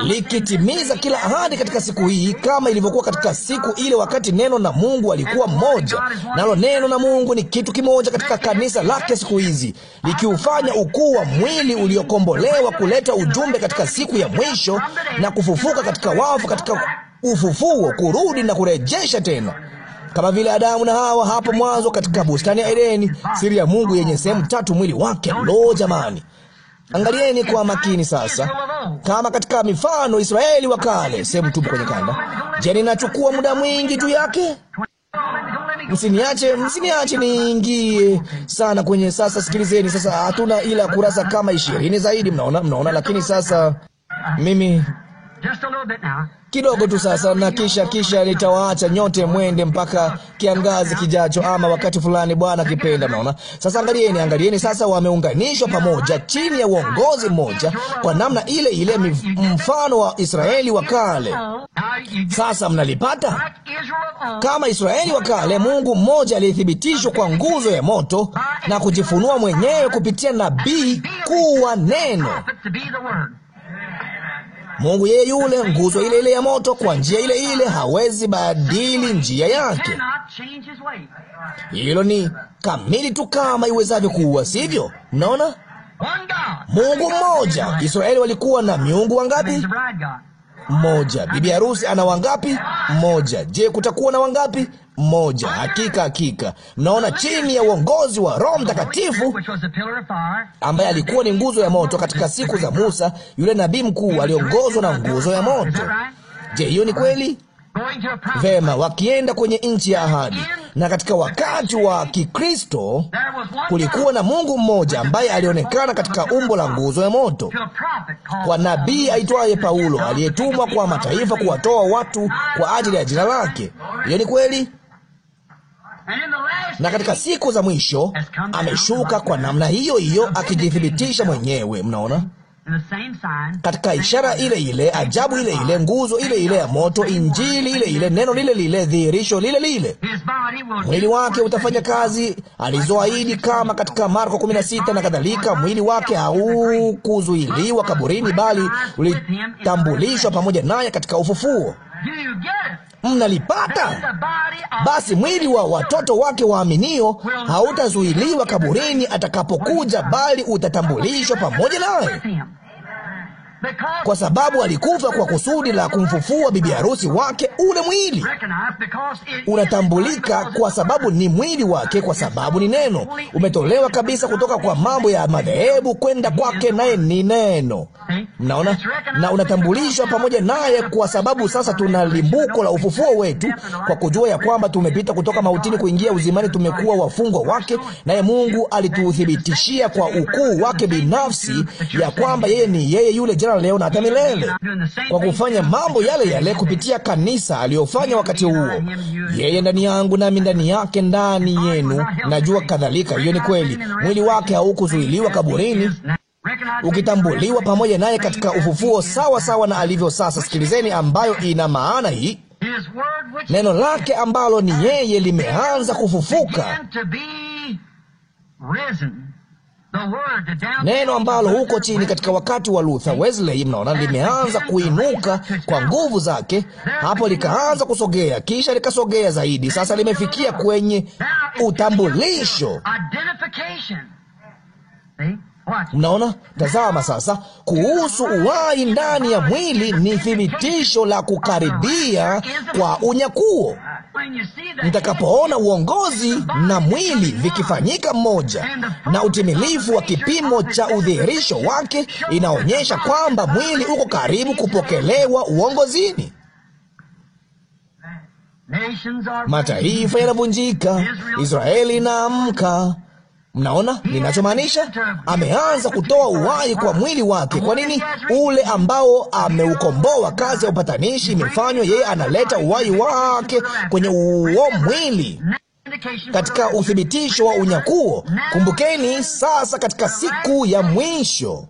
likitimiza kila ahadi katika siku hii, kama ilivyokuwa katika siku ile, wakati neno na Mungu alikuwa mmoja, nalo neno na Mungu ni kitu kimoja katika kanisa lake siku hizi, likiufanya ukuu wa mwili uliokombolewa kuleta ujumbe katika siku ya mwisho na kufufuka katika wafu, katika ufufuo, kurudi na kurejesha tena kama vile Adamu na Hawa hapo mwanzo katika bustani ya Edeni, siri ya Mungu yenye sehemu tatu, mwili wake. Lo, jamani! Angalieni kwa makini sasa, kama katika mifano Israeli wa kale. Sehemu tupo kwenye kanda. Je, ninachukua muda mwingi tu yake? Msiniache, msiniache niingie sana kwenye. Sasa sikilizeni, sasa hatuna ila kurasa kama ishirini zaidi, mnaona, mnaona. Lakini sasa mimi kidogo tu sasa, na kisha kisha nitawaacha nyote mwende mpaka kiangazi kijacho, ama wakati fulani, Bwana akipenda. Naona sasa, angalieni, angalieni sasa, wameunganishwa pamoja chini ya uongozi mmoja kwa namna ile ile, mfano wa Israeli wa kale. Sasa mnalipata kama Israeli wa kale, Mungu mmoja alithibitishwa kwa nguzo ya moto na kujifunua mwenyewe kupitia nabii kuwa neno. Mungu yeye yule, nguzo ile ile ya moto, kwa njia ile ile, hawezi badili njia yake. Hilo ni kamili tu kama iwezavyo kuwa, sivyo? Mnaona, Mungu mmoja. Israeli walikuwa na miungu wangapi? Mmoja. Bibi harusi ana wangapi? Mmoja. Je, kutakuwa na wangapi? moja. Hakika hakika, mnaona, chini ya uongozi wa Roho Mtakatifu ambaye alikuwa ni nguzo ya moto katika siku za Musa, yule nabii mkuu aliongozwa na nguzo ya moto. Je, hiyo ni kweli? Vema, wakienda kwenye nchi ya ahadi. Na katika wakati wa Kikristo kulikuwa na Mungu mmoja ambaye alionekana katika umbo la nguzo ya moto kwa nabii aitwaye Paulo, aliyetumwa kwa mataifa kuwatoa watu kwa ajili ya jina lake. Hiyo ni kweli na katika siku za mwisho ameshuka kwa namna hiyo hiyo, akijithibitisha mwenyewe. Mnaona, katika ishara ile ile, ajabu ile ile, nguzo ile ile ya moto, injili ile ile, neno lile lile, dhihirisho lile lile. Mwili wake utafanya kazi alizoahidi, kama katika Marko 16 na kadhalika. Mwili wake haukuzuiliwa kaburini, bali ulitambulishwa pamoja naye katika ufufuo mnalipata? Basi mwili wa watoto wake waaminio hautazuiliwa kaburini atakapokuja, bali utatambulishwa pamoja naye kwa sababu alikufa kwa kusudi la kumfufua bibi harusi wake. Ule mwili unatambulika kwa sababu ni mwili wake, kwa sababu ni neno, umetolewa kabisa kutoka kwa mambo ya madhehebu kwenda kwake, naye ni neno. Mnaona, na unatambulishwa pamoja naye, kwa sababu sasa tuna limbuko la ufufuo wetu, kwa kujua ya kwamba tumepita kutoka mautini kuingia uzimani, tumekuwa wafungwa wake, naye Mungu alituthibitishia kwa ukuu wake binafsi ya kwamba yeye ni yeye yule jana kuendelea leo na hata milele, kwa kufanya mambo yale yale kupitia kanisa aliyofanya wakati huo, yeye ndani yangu nami ndani yake ndani yenu, najua kadhalika. Hiyo ni kweli. Mwili wake haukuzuiliwa kaburini, ukitambuliwa pamoja naye katika ufufuo, sawa sawa na alivyo sasa. Sikilizeni ambayo ina maana hii neno lake ambalo ni yeye limeanza kufufuka neno ambalo huko chini katika wakati wa Luther, Wesley, mnaona limeanza kuinuka kwa nguvu zake, hapo likaanza kusogea, kisha likasogea zaidi, sasa limefikia kwenye utambulisho. Mnaona, tazama sasa, kuhusu uhai ndani ya mwili ni thibitisho la kukaribia kwa unyakuo. Mtakapoona uongozi na mwili vikifanyika mmoja na utimilifu wa kipimo cha udhihirisho wake, inaonyesha kwamba mwili uko karibu kupokelewa uongozini. Mataifa yanavunjika, Israeli inaamka. Mnaona ninachomaanisha? Ameanza kutoa uhai kwa mwili wake. Kwa nini? Ule ambao ameukomboa, kazi ya upatanishi imefanywa. Yeye analeta uhai wake kwenye uo mwili katika uthibitisho wa unyakuo. Kumbukeni sasa, katika siku ya mwisho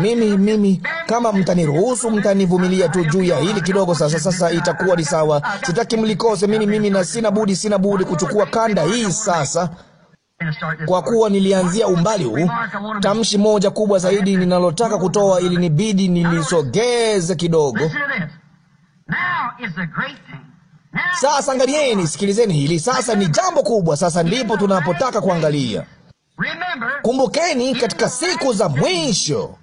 mimi mimi, kama mtaniruhusu, mtanivumilia tu juu ya hili kidogo. Sasa sasa itakuwa ni sawa, sitaki mlikose. Mimi mimi na sina budi, sina budi kuchukua kanda hii sasa. Kwa kuwa nilianzia umbali huu, tamshi moja kubwa zaidi ninalotaka kutoa, ili nibidi nilisogeze kidogo. Sasa angalieni, sikilizeni hili sasa. Ni jambo kubwa. Sasa ndipo tunapotaka kuangalia. Kumbukeni, katika siku za mwisho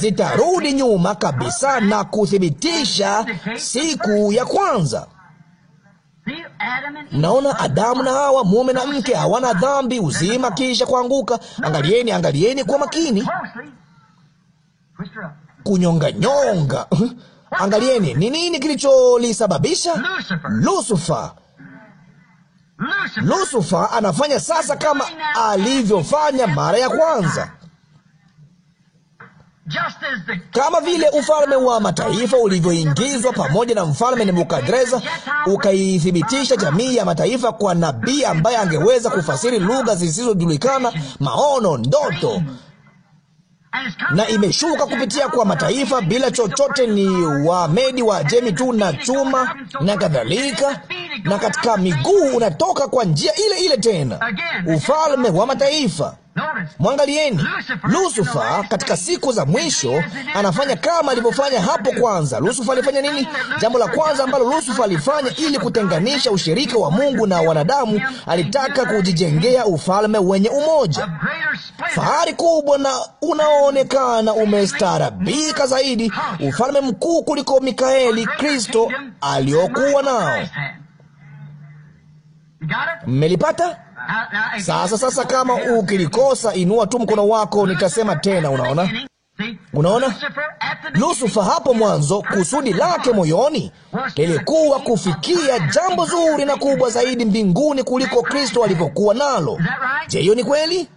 zitarudi nyuma kabisa na kuthibitisha siku ya kwanza. Mnaona, Adamu na Hawa, mume na mke, hawana dhambi, uzima, kisha kuanguka. Angalieni, angalieni kwa makini, kunyonganyonga Angalieni ni nini kilicholisababisha. Lusufa, Lusufa anafanya sasa kama alivyofanya mara ya kwanza kama vile ufalme wa mataifa ulivyoingizwa pamoja na mfalme Nebukadreza, ukaithibitisha jamii ya mataifa kwa nabii ambaye angeweza kufasiri lugha zisizojulikana, maono, ndoto na imeshuka kupitia kwa mataifa bila chochote. Ni Wamedi, jemi tu na chuma na kadhalika, na katika miguu unatoka kwa njia ile ile tena, ufalme wa mataifa. Mwangalieni Lusufa katika siku za mwisho anafanya kama alivyofanya hapo kwanza. Lusufa alifanya nini? Jambo la kwanza ambalo Lusufa alifanya ili kutenganisha ushirika wa Mungu na wanadamu, alitaka kujijengea ufalme wenye umoja, fahari kubwa na unaoonekana umestaarabika zaidi, ufalme mkuu kuliko Mikaeli Kristo aliokuwa nao. Mmelipata? Sasa sasa, kama ukilikosa inua tu mkono wako, nitasema tena. Unaona, unaona Lusufa hapo mwanzo, kusudi lake moyoni lilikuwa kufikia jambo zuri na kubwa zaidi mbinguni kuliko Kristo alivyokuwa nalo. Je, hiyo ni kweli?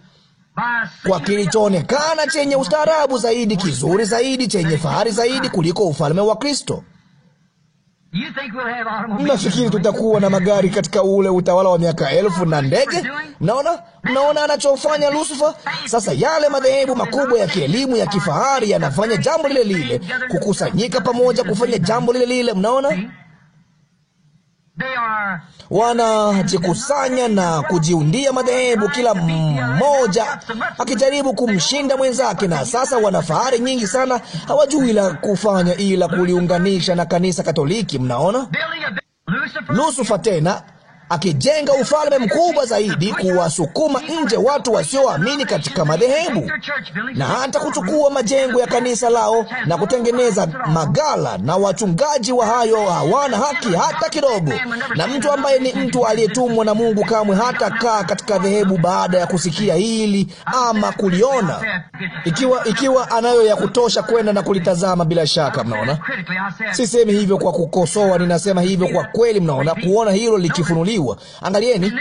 kwa kilichoonekana chenye ustaarabu zaidi, kizuri zaidi, chenye fahari zaidi kuliko ufalme wa Kristo. Mnafikiri tutakuwa na magari katika ule utawala wa miaka elfu na ndege? Mnaona, mnaona anachofanya lusufa sasa. Yale madhehebu makubwa ya kielimu ya kifahari yanafanya jambo lile lile, kukusanyika pamoja, kufanya jambo lile lile. Mnaona wanajikusanya na kujiundia madhehebu, kila mmoja akijaribu kumshinda mwenzake, na sasa wana fahari nyingi sana, hawajui la kufanya ila kuliunganisha na kanisa Katoliki. Mnaona, Lusufa tena akijenga ufalme mkubwa zaidi, kuwasukuma nje watu wasioamini katika madhehebu na hata kuchukua majengo ya kanisa lao na kutengeneza magala, na wachungaji wa hayo hawana haki hata kidogo. Na mtu ambaye ni mtu aliyetumwa na Mungu kamwe hata kaa katika dhehebu baada ya kusikia hili ama kuliona, ikiwa, ikiwa anayo ya kutosha kwenda na kulitazama. Bila shaka, mnaona, sisemi hivyo kwa kukosoa, ninasema hivyo kwa kweli, mnaona, kuona hilo likifunuliwa kuzaliwa. Angalieni,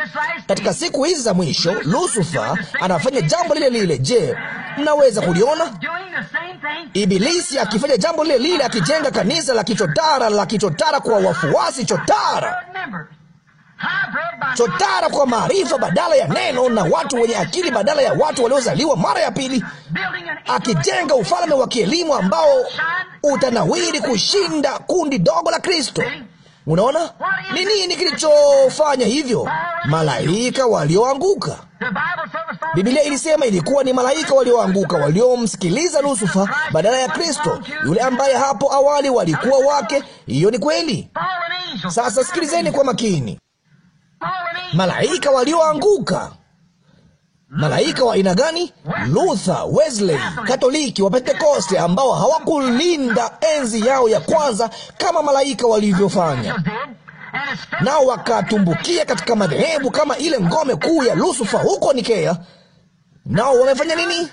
katika siku hizi za mwisho Lusufa anafanya jambo lile lile. Je, mnaweza kuliona Ibilisi akifanya jambo lile lile, akijenga kanisa la kichotara la kichotara kwa wafuasi chotara chotara kwa maarifa badala ya neno, na watu wenye akili badala ya watu waliozaliwa mara ya pili, akijenga ufalme wa kielimu ambao utanawiri kushinda kundi dogo la Kristo. Unaona ni nini kilichofanya hivyo? Malaika walioanguka. Biblia ilisema ilikuwa ni malaika walioanguka waliomsikiliza Lusufa badala ya Kristo, yule ambaye hapo awali walikuwa wake. Hiyo ni kweli. Sasa sikilizeni kwa makini, malaika walioanguka malaika wa aina gani? Luther, Wesley, Katoliki, Wapentekoste ambao hawakulinda enzi yao ya kwanza kama malaika walivyofanya, nao wakatumbukia katika madhehebu kama ile ngome kuu ya Lusufa huko Nikea. Nao wamefanya nini?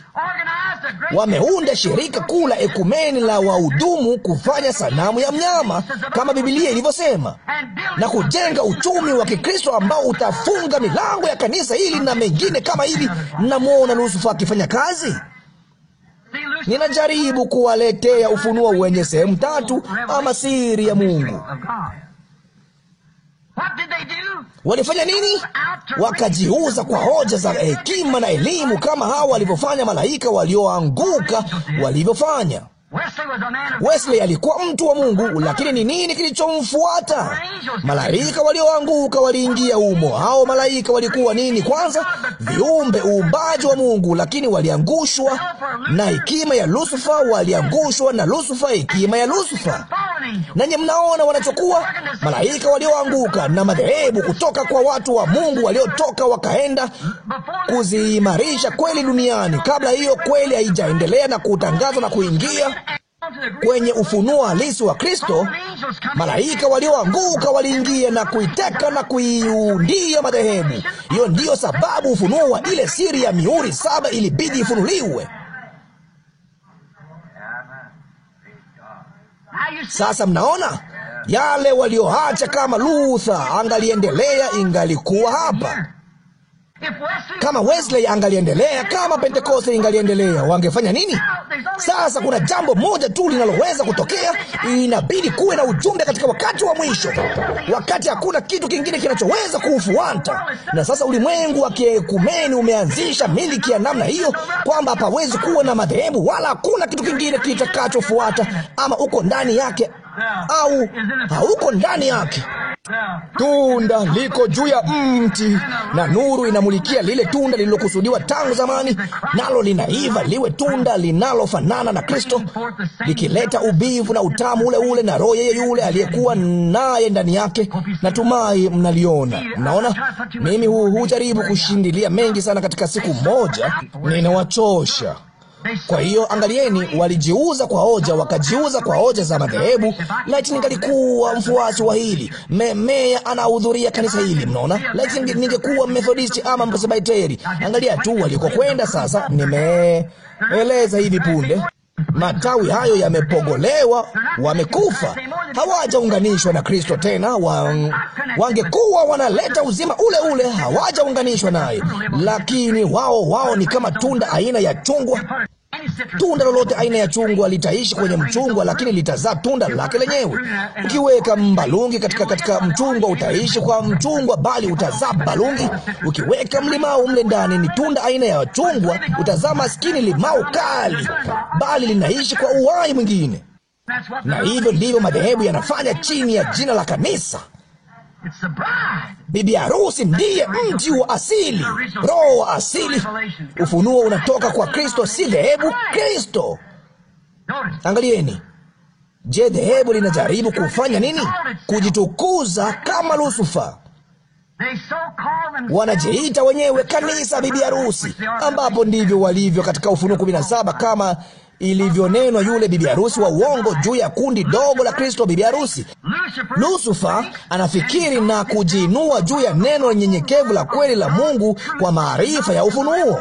Wameunda shirika kuu la ekumeni la wahudumu kufanya sanamu ya mnyama kama Bibilia ilivyosema, na kujenga uchumi wa Kikristo ambao utafunga milango ya kanisa hili na mengine kama hivi. Namwona Lusufu akifanya kazi. Ninajaribu kuwaletea ufunuo wenye sehemu tatu ama siri ya Mungu. Walifanya nini? Wakajiuza kwa hoja za hekima na elimu, kama hawa walivyofanya malaika walioanguka walivyofanya. Wesley alikuwa mtu wa Mungu, lakini ni nini kilichomfuata? Malaika walioanguka waliingia umo. Hao malaika walikuwa nini? Kwanza, viumbe uumbaji wa Mungu, lakini waliangushwa na hekima ya lusufa waliangushwa na lusufa hekima ya lusufa nanye mnaona wanachokuwa malaika walioanguka na madhehebu kutoka kwa watu wa Mungu waliotoka wakaenda kuziimarisha kweli duniani, kabla hiyo kweli haijaendelea na kutangazwa na kuingia kwenye ufunuo halisi wa Kristo, malaika walioanguka waliingia na kuiteka na kuiundia madhehebu. Hiyo ndiyo sababu ufunuo wa ile siri ya mihuri saba ilibidi ifunuliwe. Sasa mnaona yale walioacha, kama Luther angaliendelea, ingalikuwa hapa kama Wesley angaliendelea, kama Pentekoste ingaliendelea, wangefanya nini? Sasa kuna jambo moja tu linaloweza kutokea. Inabidi kuwe na ujumbe katika wakati wa mwisho, wakati hakuna kitu kingine kinachoweza kuufuata. Na sasa ulimwengu wa kiekumeni umeanzisha miliki ya namna hiyo, kwamba hapawezi kuwa na madhehebu wala hakuna kitu kingine kitakachofuata, ama uko ndani yake au hauko ndani yake. Tunda liko juu ya mti na nuru inamulikia lile tunda lililokusudiwa tangu zamani, nalo linaiva liwe tunda linalofanana na Kristo, likileta ubivu na utamu ule ule, na Roho yeye yule aliyekuwa naye ndani yake. Natumai mnaliona. Mnaona, mimi hujaribu kushindilia mengi sana katika siku moja, ninawachosha. Kwa hiyo angalieni, walijiuza kwa hoja, wakajiuza kwa hoja za madhehebu. Laiti ningalikuwa mfuasi wa hili me, meya anahudhuria kanisa hili, mnaona. Laiti ningekuwa Methodisti ama Mpresbiteri. Angalia tu walikokwenda. Sasa nimeeleza hivi punde matawi hayo yamepogolewa, wamekufa, hawajaunganishwa na Kristo tena. Wang, wangekuwa wanaleta uzima ule ule, hawajaunganishwa naye, lakini wao wao ni kama tunda aina ya chungwa Tunda lolote aina ya chungwa litaishi kwenye mchungwa, lakini litazaa tunda lake lenyewe. Ukiweka mbalungi katika katika mchungwa, utaishi kwa mchungwa, bali utazaa balungi. Ukiweka mlimau mle ndani, ni tunda aina ya chungwa, utazaa maskini limau kali, bali linaishi kwa uhai mwingine. Na hivyo ndivyo madhehebu yanafanya chini ya jina la kanisa. Bibi harusi ndiye mti wa asili, roho wa asili. Ufunuo unatoka kwa Kristo, si dhehebu. Kristo. Angalieni, je, dhehebu linajaribu kufanya nini? Kujitukuza kama Lusufa. Wanajiita wenyewe kanisa bibi harusi, ambapo ndivyo walivyo katika Ufunuo 17 kama ilivyonenwa yule bibi harusi wa uongo juu ya kundi dogo la Kristo. Bibi harusi Lusufa anafikiri na kujiinua juu ya neno nyenyekevu la kweli la Mungu kwa maarifa ya ufunuo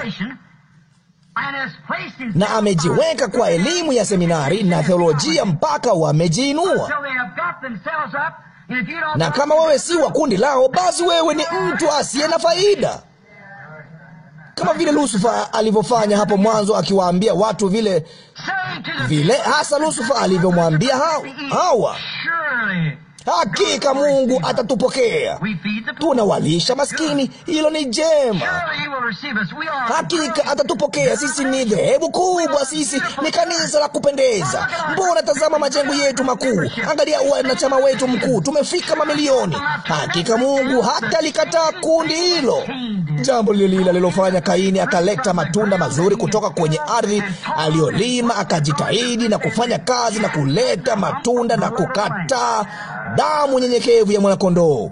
na amejiweka kwa elimu ya seminari na theolojia mpaka wamejiinua. Na kama wewe si wa kundi lao, basi wewe ni mtu asiye na faida kama vile lusufa alivyofanya hapo mwanzo, akiwaambia watu vile vile, hasa lusufa alivyomwambia Hawa. Hakika Mungu atatupokea. Tunawalisha maskini, hilo ni jema. Hakika atatupokea. Sisi ni dhehebu kubwa, sisi ni kanisa la kupendeza. Mbona tazama majengo yetu makuu, angalia wanachama wetu mkuu, tumefika mamilioni. Hakika Mungu hata likataa kundi hilo, jambo lile alilofanya Kaini. Akaleta matunda mazuri kutoka kwenye ardhi aliyolima, akajitahidi na kufanya kazi na kuleta matunda na kukataa damu nyenyekevu ya mwanakondoo.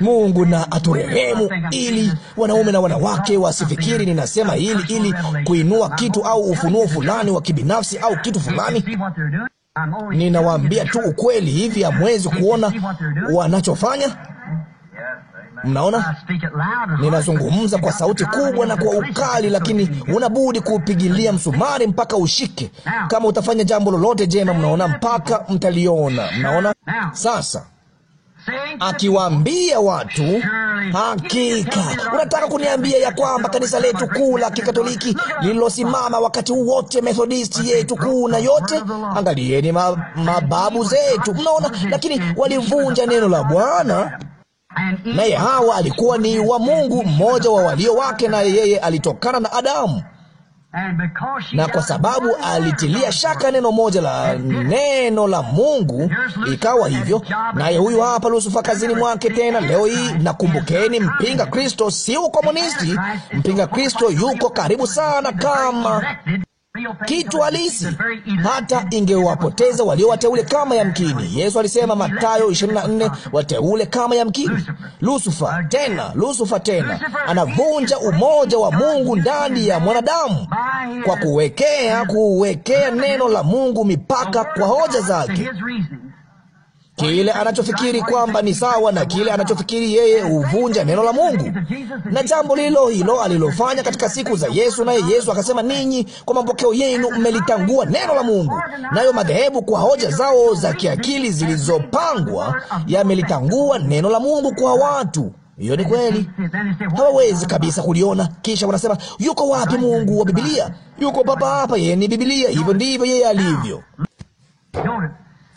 Mungu na aturehemu, ili wanaume na wanawake wasifikiri ninasema hili ili kuinua kitu au ufunuo fulani wa kibinafsi au kitu fulani. Ninawaambia tu ukweli, hivi hamwezi kuona wanachofanya. Mnaona, ninazungumza kwa sauti kubwa na kwa ukali, lakini unabudi kuupigilia msumari mpaka ushike. Kama utafanya jambo lolote jema, mnaona, mpaka mtaliona. Mnaona sasa akiwaambia watu hakika. Unataka kuniambia ya kwamba kanisa letu kuu la Kikatoliki lililosimama wakati wote, Methodisti yetu kuu na yote, angalieni mababu zetu, mnaona, lakini walivunja neno la Bwana naye Hawa alikuwa ni wa Mungu, mmoja wa walio wake, naye yeye alitokana na Adamu na kwa sababu alitilia shaka neno moja la neno la Mungu, ikawa hivyo. Naye huyu hapa lusufa kazini mwake tena leo hii. nakumbukeni mpinga Kristo si ukomunisti. Mpinga Kristo yuko karibu sana kama kitu halisi, hata ingewapoteza waliowateule kama yamkini. Yesu alisema Mathayo 24, wateule kama yamkini. Lusufa tena, Lusufa tena anavunja umoja wa Mungu ndani ya mwanadamu kwa kuwekea kuwekea neno la Mungu mipaka kwa hoja zake kile anachofikiri kwamba ni sawa na kile anachofikiri yeye huvunja neno la Mungu. Na jambo lilo hilo alilofanya katika siku za Yesu, naye Yesu akasema, ninyi kwa mapokeo yenu mmelitangua neno la Mungu, nayo madhehebu kwa hoja zao za kiakili zilizopangwa yamelitangua neno la Mungu kwa watu. Hiyo ni kweli, hawawezi kabisa kuliona. Kisha wanasema yuko wapi Mungu wa Biblia? Yuko papa hapa, yeye ni Biblia. Hivyo ndivyo yeye alivyo.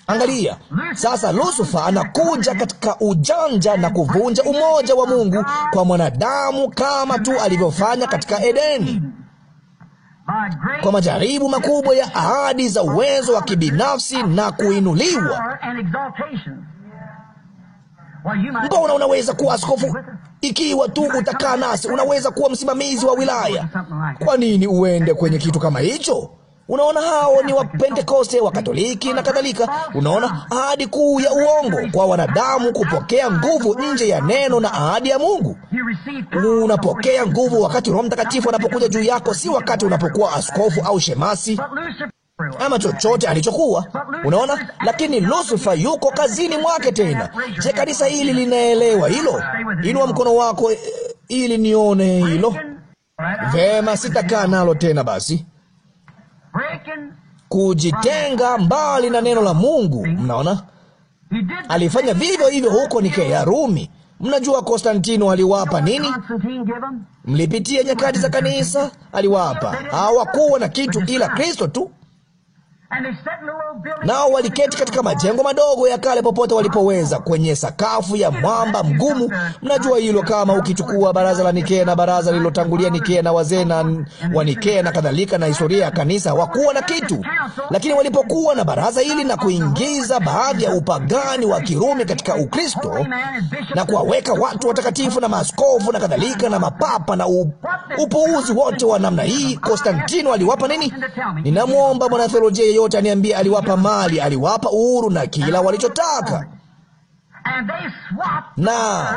Angalia sasa, lusufa anakuja katika ujanja na kuvunja umoja wa Mungu kwa mwanadamu kama tu alivyofanya katika Edeni kwa majaribu makubwa ya ahadi za uwezo wa kibinafsi na kuinuliwa. Mbona unaweza kuwa askofu ikiwa tu utakaa nasi? Unaweza kuwa msimamizi wa wilaya. Kwa nini uende kwenye kitu kama hicho? Unaona, hao ni Wapentekoste, katoliki na kadhalika. Unaona, ahadi kuu ya uongo kwa wanadamu kupokea nguvu nje ya neno na ahadi ya Mungu. Unapokea nguvu wakati Roho Mtakatifu anapokuja juu yako, si wakati unapokuwa askofu au shemasi ama chochote alichokuwa. Unaona, lakini Lusifa yuko kazini mwake tena. Je, kanisa hili linaelewa hilo? Inua mkono wako eh, ili nione hilo. Vema, sitakaa nalo tena basi kujitenga mbali na neno la Mungu. Mnaona, alifanya vivyo hivyo huko Nikea, Rumi. Mnajua Konstantino aliwapa nini? Mlipitia nyakati za kanisa, aliwapa hawakuwa na kitu ila Kristo tu. Nao waliketi katika majengo madogo ya kale popote walipoweza, kwenye sakafu ya mwamba mgumu. Mnajua hilo, kama ukichukua baraza la Nikea na baraza lililotangulia Nikea na wazee na wa Nikea na kadhalika, na historia ya kanisa, wakuwa na kitu. Lakini walipokuwa na baraza hili na kuingiza baadhi ya upagani wa Kirumi katika Ukristo na kuwaweka watu watakatifu na maaskofu na kadhalika na mapapa na upuuzi wote wa namna hii, Konstantino aliwapa nini? Ninamwomba mwanatheolojia yeyote aniambia aliwapa mali, aliwapa uhuru na kila walichotaka na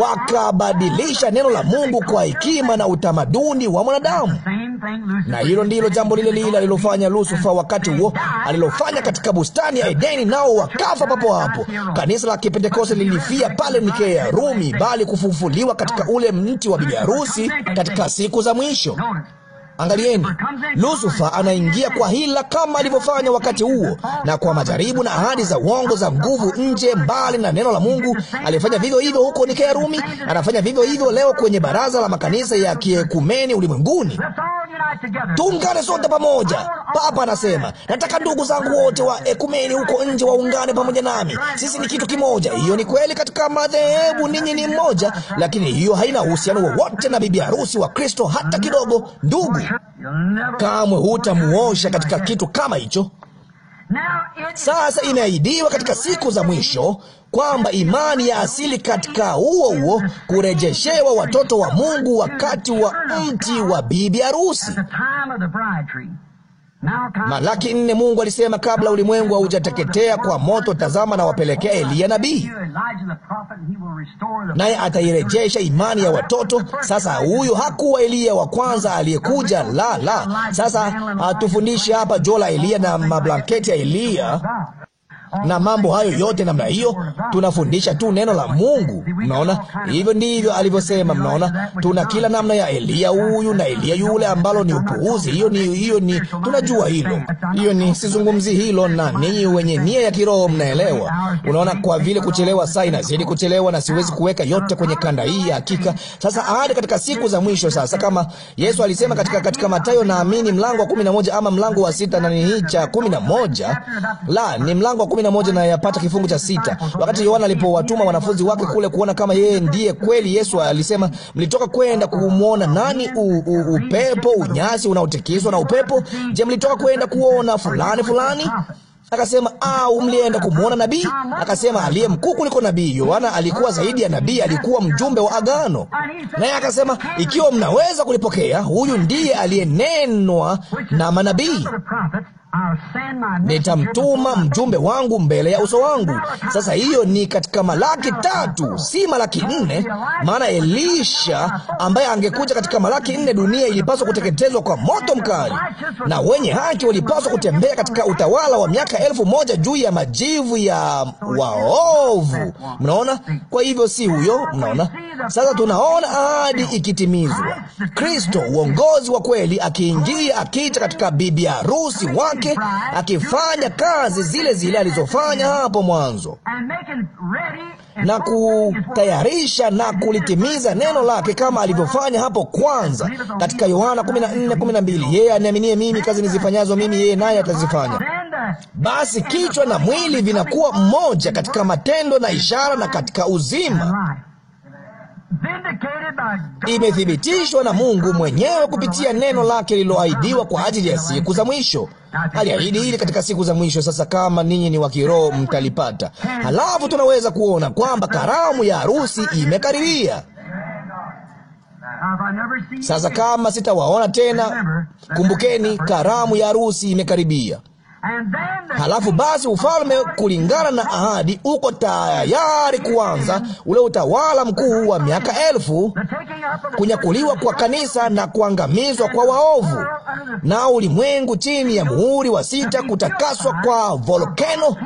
wakabadilisha neno la Mungu kwa hekima na utamaduni wa mwanadamu. Na hilo ndilo jambo lile lile alilofanya lusufa wakati huo alilofanya katika bustani ya Edeni, nao wakafa papo hapo. Kanisa la Kipentekoste lilifia pale Nikea, Rumi, bali kufufuliwa katika ule mti wa bibi harusi katika siku za mwisho. Angalieni, Lusufa anaingia kwa hila kama alivyofanya wakati huo, na kwa majaribu na ahadi za uongo za nguvu nje, mbali na neno la Mungu. Alifanya vivyo hivyo huko Nikea Rumi, anafanya vivyo hivyo leo kwenye baraza la makanisa ya kiekumeni ulimwenguni tuungane sote pamoja. Papa anasema nataka ndugu zangu wote wa ekumeni huko nje waungane pamoja nami, sisi ni kitu kimoja. Hiyo ni kweli katika madhehebu, ninyi ni mmoja, lakini hiyo haina uhusiano wowote na bibi harusi wa Kristo hata kidogo. Ndugu, kamwe hutamuosha katika kitu kama hicho. Sasa imeahidiwa katika siku za mwisho kwamba imani ya asili katika huo huo kurejeshewa watoto wa Mungu wakati wa mti wa bibi harusi. Malaki nne, Mungu alisema kabla ulimwengu haujateketea kwa moto, tazama, na wapelekea Eliya nabii, naye atairejesha imani ya watoto. Sasa huyu hakuwa Eliya wa kwanza aliyekuja, la la. Sasa hatufundishi hapa jola Eliya na mablanketi ya Eliya na mambo hayo yote namna hiyo. Tunafundisha tu neno la Mungu, mnaona. Hivyo ndivyo alivyosema, mnaona. Tuna kila namna ya Eliya huyu na Eliya yule, ambalo ni upuuzi. Hiyo ni hiyo ni, tunajua hilo, hiyo ni, sizungumzi hilo, na ninyi wenye nia ya kiroho mnaelewa. Unaona, kwa vile kuchelewa saa inazidi kuchelewa, na siwezi kuweka yote kwenye kanda hii ya hakika. Sasa hadi katika siku za mwisho. Sasa kama Yesu alisema katika katika Mathayo, naamini mlango wa 11 ama mlango wa sita na ni hicha 11 la ni mlango wa na moja na yapata kifungu cha sita. Wakati Yohana alipowatuma wanafunzi wake kule kuona kama yeye ndiye kweli Yesu alisema, mlitoka kwenda kumwona nani? U, u, upepo, unyasi unaotekezwa na upepo? Je, mlitoka kwenda kuona fulani fulani? Akasema, au mlienda kumwona nabii? Akasema, aliye mkuu kuliko nabii. Yohana alikuwa zaidi ya nabii, alikuwa mjumbe wa agano. Naye akasema, ikiwa mnaweza kulipokea, huyu ndiye aliyenenwa na manabii nitamtuma mjumbe wangu mbele ya uso wangu. Sasa hiyo ni katika Malaki tatu, si Malaki nne, maana Elisha ambaye angekuja katika Malaki nne, dunia ilipaswa kuteketezwa kwa moto mkali, na wenye haki walipaswa kutembea katika utawala wa miaka elfu moja juu ya majivu ya waovu. Mnaona? Kwa hivyo si huyo, mnaona? Sasa tunaona ahadi ikitimizwa, Kristo uongozi wa kweli akiingia, akija katika bibi harusi wake wake akifanya kazi zile zile alizofanya hapo mwanzo na kutayarisha na kulitimiza neno lake kama alivyofanya hapo kwanza katika Yohana 14:12, yeye aniaminie mimi, kazi nizifanyazo mimi yeye naye atazifanya. Basi kichwa na mwili vinakuwa mmoja katika matendo na ishara na katika uzima imethibitishwa na Mungu mwenyewe kupitia neno lake lililoahidiwa kwa ajili ya siku za mwisho. Aliahidi hili katika siku za mwisho. Sasa kama ninyi ni wa kiroho, mtalipata. Halafu tunaweza kuona kwamba karamu ya harusi imekaribia. Sasa kama sitawaona tena, kumbukeni, karamu ya harusi imekaribia. Halafu basi ufalme kulingana na ahadi uko tayari kuanza ule utawala mkuu wa miaka elfu, kunyakuliwa kwa kanisa na kuangamizwa kwa waovu, na ulimwengu chini ya muhuri wa sita, kutakaswa kwa volkeno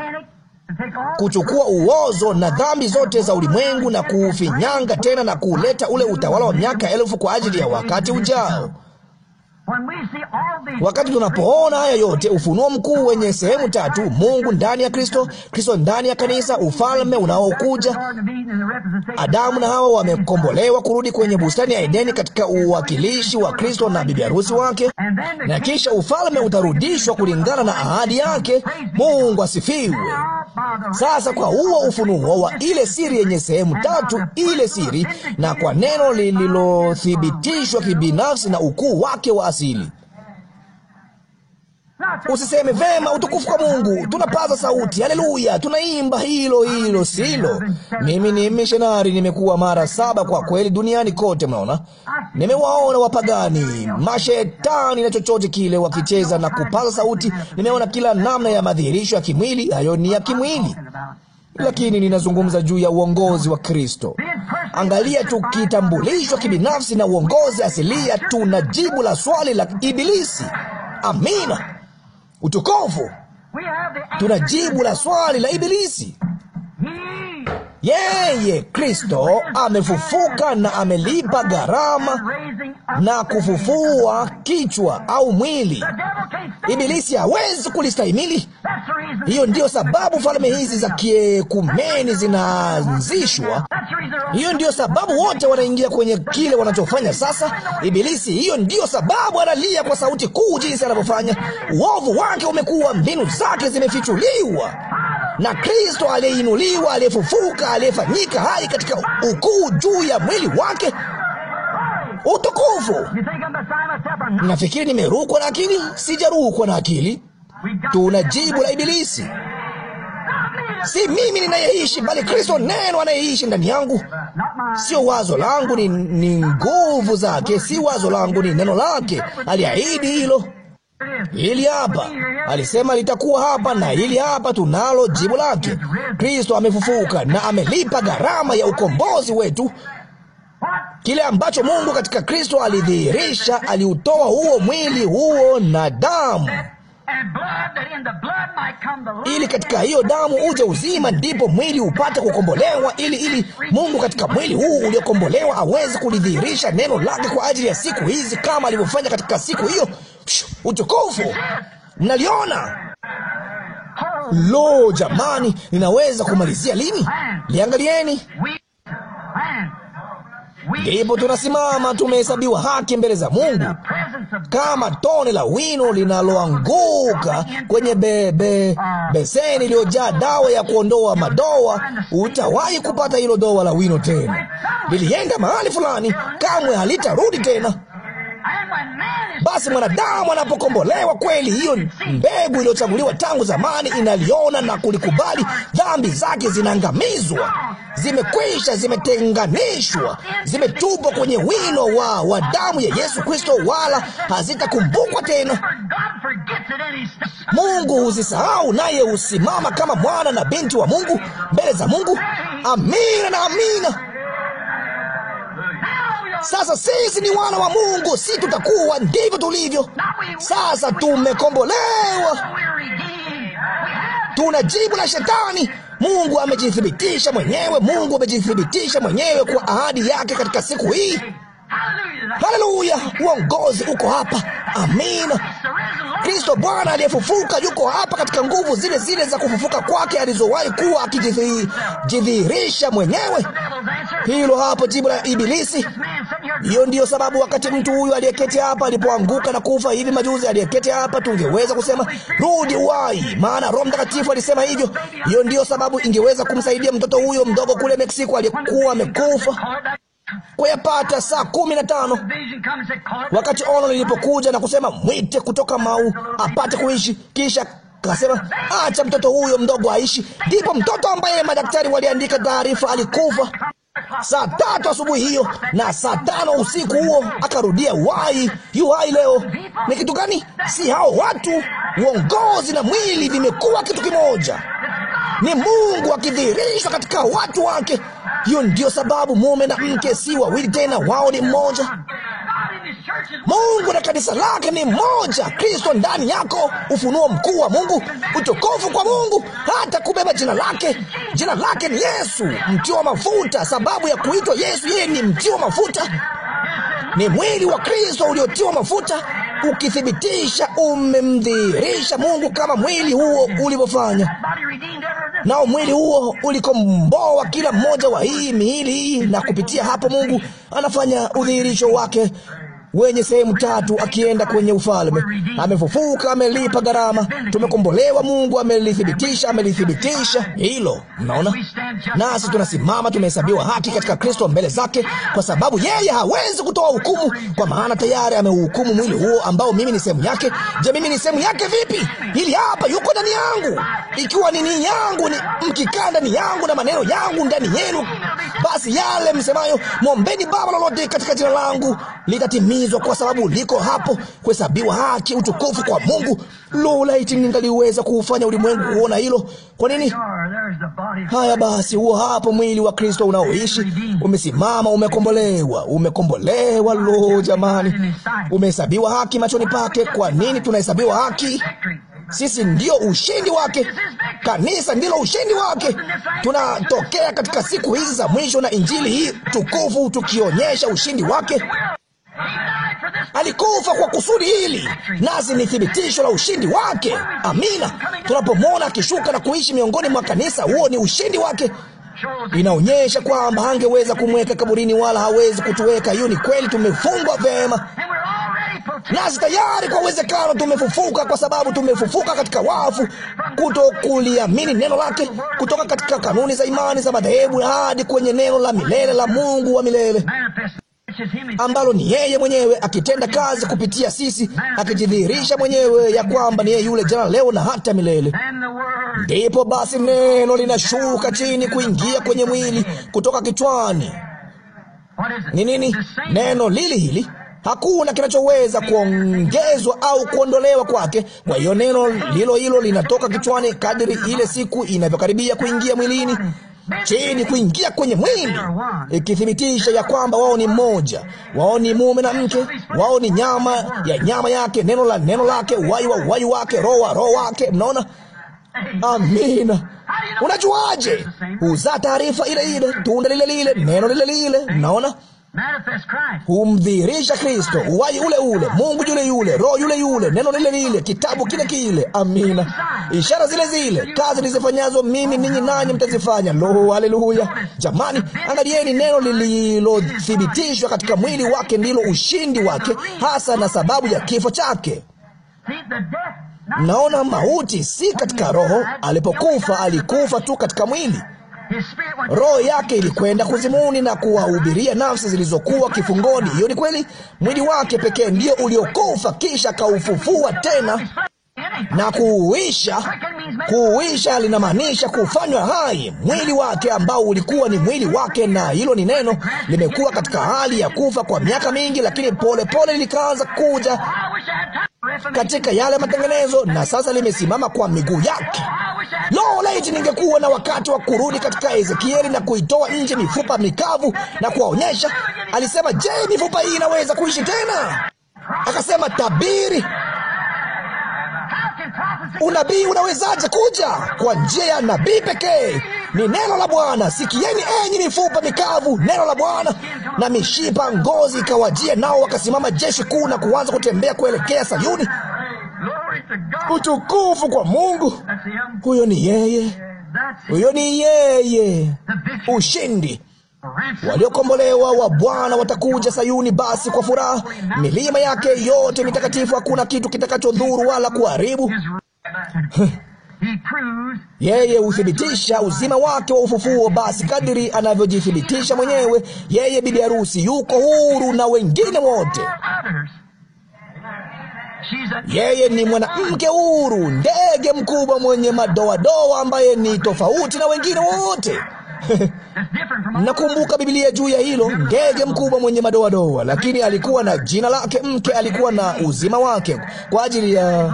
kuchukua uozo na dhambi zote za ulimwengu na kuufinyanga tena na kuuleta ule utawala wa miaka elfu kwa ajili ya wakati ujao. Wakati tunapoona haya yote, ufunuo mkuu wenye sehemu tatu: Mungu ndani ya Kristo, Kristo ndani ya kanisa, ufalme unaokuja. Adamu na Hawa wamekombolewa kurudi kwenye bustani ya Edeni katika uwakilishi wa Kristo na bibi harusi wake, na kisha ufalme utarudishwa kulingana na ahadi yake. Mungu asifiwe! Sasa kwa huo ufunuo wa ile siri yenye sehemu tatu, ile siri na kwa neno lililothibitishwa kibinafsi na ukuu wake wa asili. Usiseme vema, utukufu kwa Mungu, tunapaza sauti haleluya, tunaimba hilo hilo, silo. Mimi ni missionari, nimekuwa mara saba kwa kweli duniani kote. Mnaona, nimewaona wapagani, mashetani na chochote kile wakicheza na kupaza sauti. Nimeona kila namna ya madhihirisho ya kimwili. Hayo ni ya kimwili lakini ninazungumza juu ya uongozi wa Kristo. Angalia, tukitambulishwa kibinafsi na uongozi asilia, tuna jibu la swali la Ibilisi. Amina, utukufu. Tuna jibu la swali la Ibilisi. Yeye Kristo amefufuka na amelipa gharama na kufufua kichwa au mwili. Ibilisi hawezi kulistahimili. Hiyo ndiyo sababu falme hizi za kiekumeni zinaanzishwa. Hiyo ndiyo sababu wote wanaingia kwenye kile wanachofanya sasa. Ibilisi, hiyo ndiyo sababu analia kwa sauti kuu jinsi anavyofanya. Uovu wake umekuwa, mbinu zake zimefichuliwa na Kristo aliyeinuliwa, aliyefufuka, aliyefanyika hai katika ukuu juu ya mwili wake utukufu. Nafikiri nimerukwa na akili? Sijarukwa na akili. Tuna jibu la Ibilisi. Si mimi ninayeishi, bali Kristo neno anayeishi ndani yangu. Sio wazo langu, ni, ni nguvu zake. Si wazo langu, ni neno lake. Aliahidi hilo. Hili hapa alisema litakuwa hapa, na hili hapa tunalo jibu lake. Kristo amefufuka na amelipa gharama ya ukombozi wetu. Kile ambacho Mungu katika Kristo alidhihirisha, aliutoa huo mwili huo na damu, ili katika hiyo damu uje uzima, ndipo mwili upate kukombolewa, ili ili Mungu katika mwili huu uliokombolewa aweze kulidhihirisha neno lake kwa ajili ya siku hizi, kama alivyofanya katika siku hiyo utukufu. Mnaliona? Lo, jamani, ninaweza kumalizia lini? Liangalieni. Ndipo tunasimama tumehesabiwa haki mbele za Mungu, kama tone la wino linaloanguka kwenye bebe beseni iliyojaa dawa ya kuondoa madoa. Utawahi kupata hilo doa la wino tena? Lilienda mahali fulani, kamwe halitarudi tena. Basi mwanadamu anapokombolewa kweli, hiyo mbegu iliyochaguliwa tangu zamani inaliona na kulikubali, dhambi zake zinaangamizwa, zimekwisha, zimetenganishwa, zimetupwa kwenye wino wa, wa damu ya Yesu Kristo, wala hazitakumbukwa tena. Mungu huzisahau, naye husimama kama mwana na binti wa Mungu mbele za Mungu. Amina na amina. Sasa sisi ni wana wa Mungu, si tutakuwa ndivyo tulivyo sasa. Tumekombolewa, tuna jibu la shetani. Mungu amejithibitisha mwenyewe, Mungu amejithibitisha mwenyewe kwa ahadi yake katika siku hii. Haleluya, uongozi uko hapa. Amina. Kristo Bwana aliyefufuka yuko hapa katika nguvu zile zile za kufufuka kwake alizowahi kuwa akijidhihirisha mwenyewe. Hilo hapo jibu la Ibilisi. Hiyo ndiyo sababu wakati mtu huyu aliyeketi hapa alipoanguka na kufa hivi majuzi, aliyeketi hapa, tungeweza kusema rudi uwai, maana Roho Mtakatifu alisema hivyo. Hiyo ndiyo sababu ingeweza kumsaidia mtoto huyo mdogo kule Meksiko aliyekuwa amekufa kuyapata saa kumi na tano wakati ono lilipokuja na kusema mwite kutoka mau apate kuishi. Kisha kasema acha mtoto huyo mdogo aishi. Ndipo mtoto ambaye madaktari waliandika taarifa alikufa saa tatu asubuhi hiyo, na saa tano usiku huo akarudia wai yu hai. Leo ni kitu gani? Si hao watu. Uongozi na mwili vimekuwa kitu kimoja, ni Mungu akidhihirishwa katika watu wake. Hiyo ndio sababu mume na mke si wawili tena, wao ni mmoja. Mungu na kanisa lake ni moja. Kristo ndani yako, ufunuo mkuu wa Mungu, utukufu kwa Mungu, hata kubeba jina lake. Jina lake ni Yesu, mtio wa mafuta. Sababu ya kuitwa Yesu, yeye ni mtio wa mafuta, ni mwili wa Kristo uliotiwa mafuta ukithibitisha umemdhihirisha Mungu kama mwili huo ulivyofanya, nao mwili huo ulikomboa kila mmoja wa hii miili hii, na kupitia hapo Mungu anafanya udhihirisho wake wenye sehemu tatu akienda kwenye ufalme. Amefufuka, amelipa gharama, tumekombolewa. Mungu amelithibitisha, amelithibitisha hilo. Mnaona, nasi tunasimama, tumehesabiwa haki katika Kristo mbele zake, kwa sababu yeye hawezi kutoa hukumu, kwa maana tayari ameuhukumu mwili huo ambao mimi ni sehemu yake. Je, mimi ni sehemu yake vipi? Hili hapa, yuko ndani yangu, ikiwa nini yangu ni mkikaa ndani yangu na maneno yangu ndani yenu, basi yale msemayo, mwombeni Baba lolote katika jina langu litatimia kuangamizwa kwa sababu liko hapo, kuhesabiwa haki, utukufu kwa Mungu. Lo, laiti ningaliweza kuufanya ulimwengu kuona hilo! Kwa nini? Haya basi, huo hapo mwili wa Kristo unaoishi umesimama, umekombolewa, umekombolewa. Lo jamani, umehesabiwa haki machoni pake. Kwa nini tunahesabiwa haki? Sisi ndio ushindi wake, kanisa ndilo ushindi wake. Tunatokea katika siku hizi za mwisho na injili hii tukufu, tukionyesha ushindi wake. Alikufa kwa kusudi hili, nasi ni thibitisho la ushindi wake. Amina. Tunapomwona akishuka na kuishi miongoni mwa kanisa, huo ni ushindi wake. Inaonyesha kwamba hangeweza kumweka kaburini wala hawezi kutuweka. Hiyo ni kweli. Tumefungwa vema, nasi tayari kwa uwezekano tumefufuka, kwa sababu tumefufuka katika wafu, kutokuliamini neno lake, kutoka katika kanuni za imani za madhehebu hadi kwenye neno la milele la Mungu wa milele ambalo ni yeye mwenyewe akitenda kazi kupitia sisi, akijidhihirisha mwenyewe ya kwamba ni yeye yule jana, leo na hata milele. Ndipo basi neno linashuka chini kuingia kwenye mwili kutoka kichwani. Ni nini neno lili hili? Hakuna kinachoweza kuongezwa au kuondolewa kwake. Kwa hiyo neno lilo hilo linatoka kichwani kadiri ile siku inavyokaribia kuingia mwilini chini kuingia kwenye mwili, ikithibitisha ya kwamba wao ni mmoja, wao ni mume na mke, wao ni nyama ya nyama yake, neno la neno lake, uhai wa uhai wake, roho wa roho wake. Mnaona? Amina. Unajuaje? Huzaa taarifa ile ile, tunda lile lile, neno lile lile. Mnaona? humdhihirisha Kristo, uwai ule ule, Mungu yule yule, Roho yule yule, neno lile lile, kitabu kile kile. Amina. Ishara zile zile, kazi nizifanyazo mimi, ninyi nanyi mtazifanya. Lo, haleluya! Jamani, angalieni neno lililothibitishwa katika mwili wake, ndilo ushindi wake hasa na sababu ya kifo chake. Naona mauti si katika roho. Alipokufa alikufa tu katika mwili roho yake ilikwenda kuzimuni na kuwahubiria nafsi zilizokuwa kifungoni. Hiyo ni kweli, mwili wake pekee ndio uliokufa, kisha kaufufua tena na kuuisha. Kuuisha linamaanisha kufanywa hai. Mwili wake ambao ulikuwa ni mwili wake, na hilo ni neno, limekuwa katika hali ya kufa kwa miaka mingi, lakini polepole likaanza kuja katika yale matengenezo, na sasa limesimama kwa miguu yake. Lo, laiti ningekuwa na wakati wa kurudi katika Ezekieli na kuitoa nje mifupa mikavu na kuwaonyesha. Alisema, je, mifupa hii inaweza kuishi tena? Akasema, tabiri Unabii unawezaje kuja kwa njia ya nabii pekee? Ni neno la Bwana. Sikieni enyi mifupa mikavu, neno la Bwana. Na mishipa ngozi ikawajia, nao wakasimama jeshi kuu na kuanza kutembea kuelekea Sayuni. Utukufu kwa Mungu! Huyo ni yeye, huyo ni yeye, ushindi waliokombolewa wa Bwana watakuja Sayuni basi kwa furaha. Milima yake yote mitakatifu, hakuna kitu kitakachodhuru wala kuharibu. Yeye huthibitisha uzima wake wa ufufuo. Basi kadiri anavyojithibitisha mwenyewe, yeye bibi harusi yuko huru na wengine wote. Yeye ni mwanamke huru, ndege mkubwa mwenye madoadoa ambaye ni tofauti na wengine wote. Nakumbuka Biblia juu ya hilo, ndege mkubwa mwenye madoadoa, lakini alikuwa na jina lake, mke alikuwa na uzima wake kwa ajili ya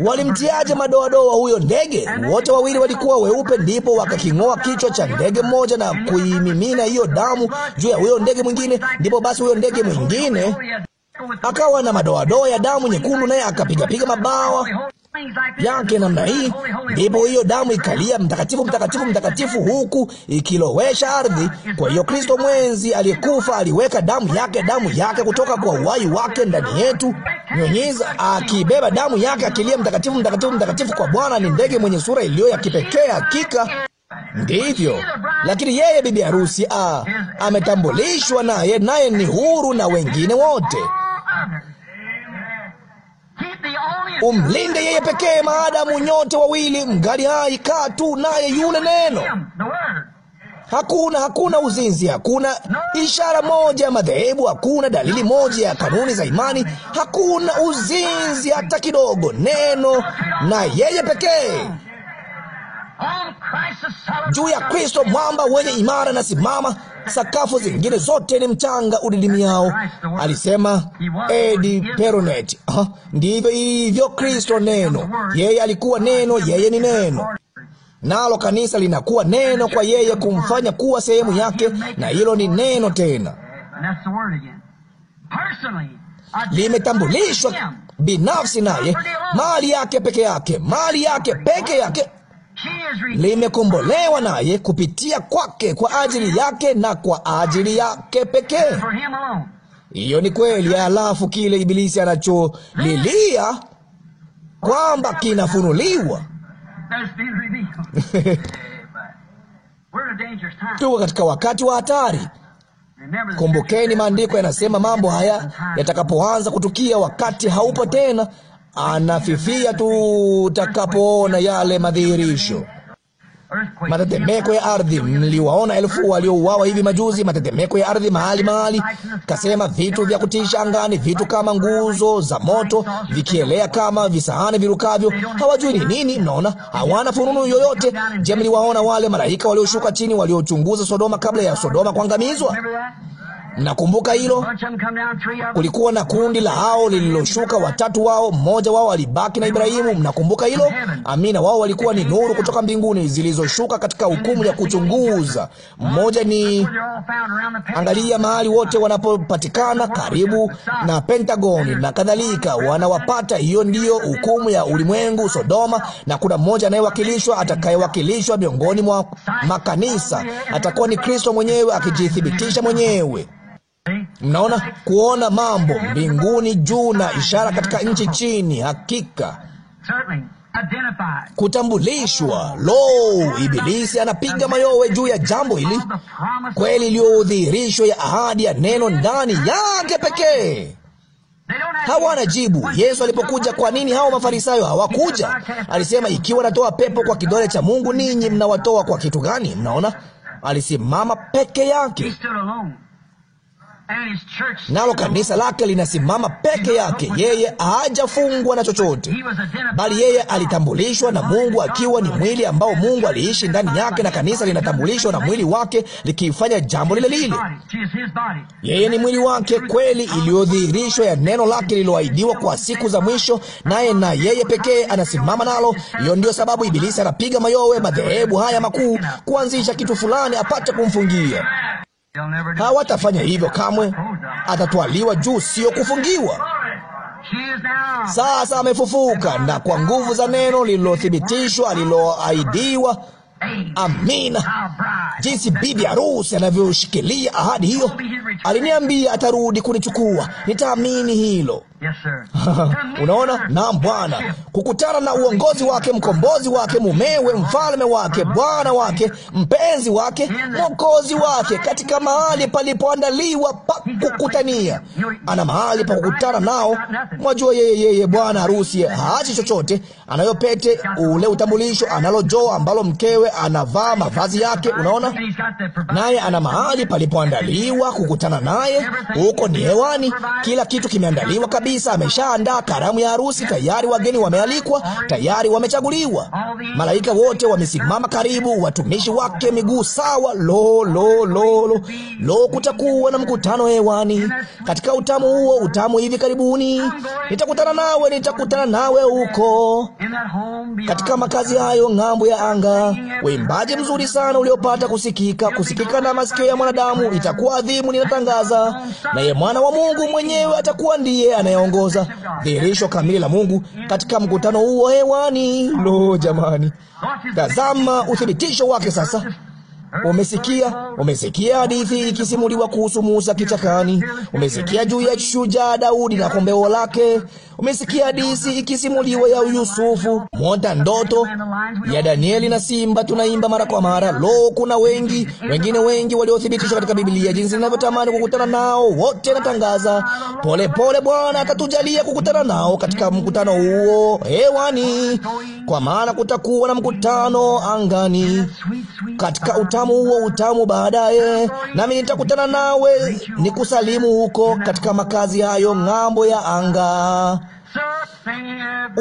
Walimtiaje madoadoa huyo ndege? Wote wawili walikuwa weupe. Ndipo wakaking'oa kichwa cha ndege mmoja na kuimimina hiyo damu juu ya huyo ndege mwingine. Ndipo basi huyo ndege mwingine akawa na madoadoa ya damu nyekundu, naye akapigapiga mabawa yake namna hii, ndipo hiyo damu ikalia mtakatifu mtakatifu mtakatifu, huku ikilowesha ardhi. Kwa hiyo Kristo mwenzi aliyekufa aliweka damu yake, damu yake kutoka kwa uhai wake ndani yetu, nyonyiza akibeba damu yake, akilia mtakatifu mtakatifu mtakatifu. Kwa Bwana ni ndege mwenye sura iliyo ya kipekee, hakika ndivyo. Lakini yeye bibi harusi ah, ametambulishwa naye, naye ni huru na wengine wote. Umlinde yeye pekee, maadamu nyote wawili mgali hai. Kaa tu naye yule neno. Hakuna, hakuna uzinzi, hakuna ishara moja ya madhehebu, hakuna dalili moja ya kanuni za imani, hakuna uzinzi hata kidogo. Neno na yeye pekee. Oh, Juu ya Kristo mwamba wenye imara na simama, sakafu zingine zote ni mchanga udidimiao, alisema Edi eh, Peronet. Ah, ndivyo hivyo Kristo neno. Yeye alikuwa neno, yeye ni neno nalo kanisa linakuwa neno kwa yeye, kumfanya kuwa sehemu yake, na hilo ni neno tena, limetambulishwa binafsi naye, mali yake peke yake, mali yake peke yake, limekombolewa naye kupitia kwake, kwa ajili yake na kwa ajili yake pekee. Hiyo ni kweli. Halafu kile Ibilisi anacholilia kwamba kinafunuliwa tuko katika wakati wa hatari. Kumbukeni, maandiko yanasema mambo haya yatakapoanza kutukia, wakati haupo tena, anafifia tu takapoona yale madhihirisho. Matetemeko ya ardhi, mliwaona elfu waliouawa hivi majuzi. Matetemeko ya ardhi mahali mahali, kasema vitu vya kutisha angani, vitu kama nguzo za moto vikielea kama visahani virukavyo. Hawajui ni nini, mnaona, hawana fununu yoyote. Je, mliwaona wale malaika walioshuka chini waliochunguza Sodoma kabla ya Sodoma kuangamizwa? mnakumbuka hilo. Kulikuwa na kundi la hao lililoshuka, watatu wao, mmoja wao alibaki na Ibrahimu. Mnakumbuka hilo? Amina. Wao walikuwa ni nuru kutoka mbinguni zilizoshuka katika hukumu ya kuchunguza. Mmoja ni angalia mahali wote wanapopatikana karibu na Pentagoni na kadhalika, wanawapata. Hiyo ndiyo hukumu ya ulimwengu, Sodoma, na kuna mmoja anayewakilishwa, atakayewakilishwa miongoni mwa makanisa, atakuwa ni Kristo mwenyewe akijithibitisha mwenyewe. Mnaona, kuona mambo mbinguni juu na ishara katika nchi chini, hakika kutambulishwa. Lo, Ibilisi anapiga mayowe juu ya jambo hili, kweli iliyodhihirishwa ya ahadi ya neno ndani yake pekee. Hawana jibu. Yesu alipokuja, kwa nini hao mafarisayo hawakuja? Alisema, ikiwa natoa pepo kwa kidole cha Mungu, ninyi mnawatoa kwa kitu gani? Mnaona, alisimama peke yake nalo kanisa lake linasimama peke yake. Yeye hajafungwa na chochote, bali yeye alitambulishwa na Mungu akiwa ni mwili ambao Mungu aliishi ndani yake, na kanisa linatambulishwa na mwili wake likifanya jambo lile lile. Yeye ni mwili wake kweli iliyodhihirishwa ya neno lake lililoahidiwa kwa siku za mwisho, naye na yeye pekee anasimama nalo. Hiyo ndiyo sababu Ibilisi anapiga mayowe madhehebu haya makuu kuanzisha kitu fulani apate kumfungia hawatafanya hivyo kamwe. Atatwaliwa juu, sio kufungiwa. Sasa amefufuka, na kwa nguvu za neno lililothibitishwa, aliloahidiwa. Amina. Jinsi bibi harusi anavyoshikilia ahadi hiyo. Aliniambia atarudi kunichukua, nitaamini hilo. Unaona, naam Bwana, kukutana na uongozi wake, mkombozi wake, mumewe, mfalme wake, bwana wake, mpenzi wake, mwokozi wake, katika mahali palipoandaliwa pa kukutania. Ana mahali pa kukutana nao. Mwajua yeye, yeye bwana harusi haachi chochote, anayopete ule utambulisho, analojoa ambalo mkewe anavaa mavazi yake. Unaona, naye ana mahali palipoandaliwa kukutana naye. Huko ni hewani, kila kitu kimeandaliwa kabisa kabisa, ameshaandaa karamu ya harusi tayari, wageni wamealikwa tayari, wamechaguliwa, malaika wote wamesimama karibu, watumishi wake miguu sawa. Lo, lo, lo, lo, lo, kutakuwa na mkutano hewani katika utamu huo, utamu hivi karibuni. Nitakutana nawe, nitakutana nawe huko katika makazi hayo ng'ambo ya anga. Uimbaji mzuri sana uliopata kusikika, kusikika na masikio ya mwanadamu, itakuwa adhimu. Ninatangaza naye mwana wa Mungu mwenyewe atakuwa ndiye anaye anaongoza, dhihirisho kamili la Mungu katika mkutano huo hewani. Lo, jamani, tazama uthibitisho wake sasa. Umesikia, umesikia hadithi ikisimuliwa kuhusu Musa kichakani. Umesikia juu ya shujaa Daudi na kombeo lake. Umesikia hadithi ikisimuliwa ya Yusufu, mota ndoto ya Danieli na simba, tunaimba mara kwa mara. Lo, kuna wengi wengine wengi waliothibitishwa katika Biblia, jinsi ninavyotamani kukutana nao wote. Natangaza polepole, Bwana atatujalia kukutana nao katika mkutano huo hewani, kwa maana kutakuwa na mkutano angani katika utamu huo utamu. Baadaye nami nitakutana nawe nikusalimu huko katika makazi hayo ng'ambo ya anga.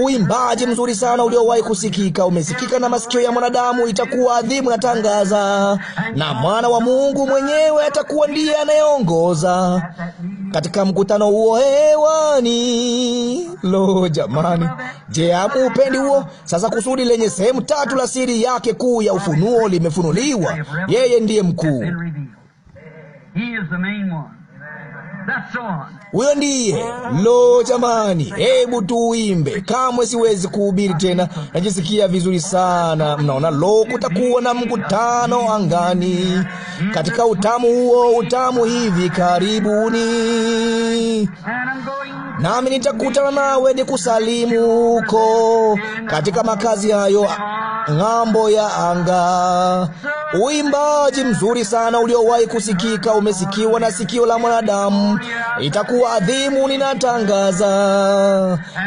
Uimbaji mzuri sana uliowahi kusikika, umesikika na masikio ya mwanadamu, itakuwa adhimu na tangaza, na mwana wa Mungu mwenyewe atakuwa ndiye anayeongoza katika mkutano huo hewani. Lo, jamani, je, hamu upendi huo? Sasa kusudi lenye sehemu tatu la siri yake kuu ya ufunuo limefunuliwa. Yeye ndiye mkuu. Huyo ndiye. Lo, jamani, hebu tuimbe. Kamwe siwezi kuhubiri tena, najisikia vizuri sana. Mnaona, lo, kutakuwa na mkutano angani katika utamu huo, utamu hivi karibuni, nami nitakutana nawe ni kusalimu huko katika makazi hayo ng'ambo ya anga. Uimbaji mzuri sana uliowahi kusikika umesikiwa na sikio la mwanadamu itakuwa adhimu, ninatangaza.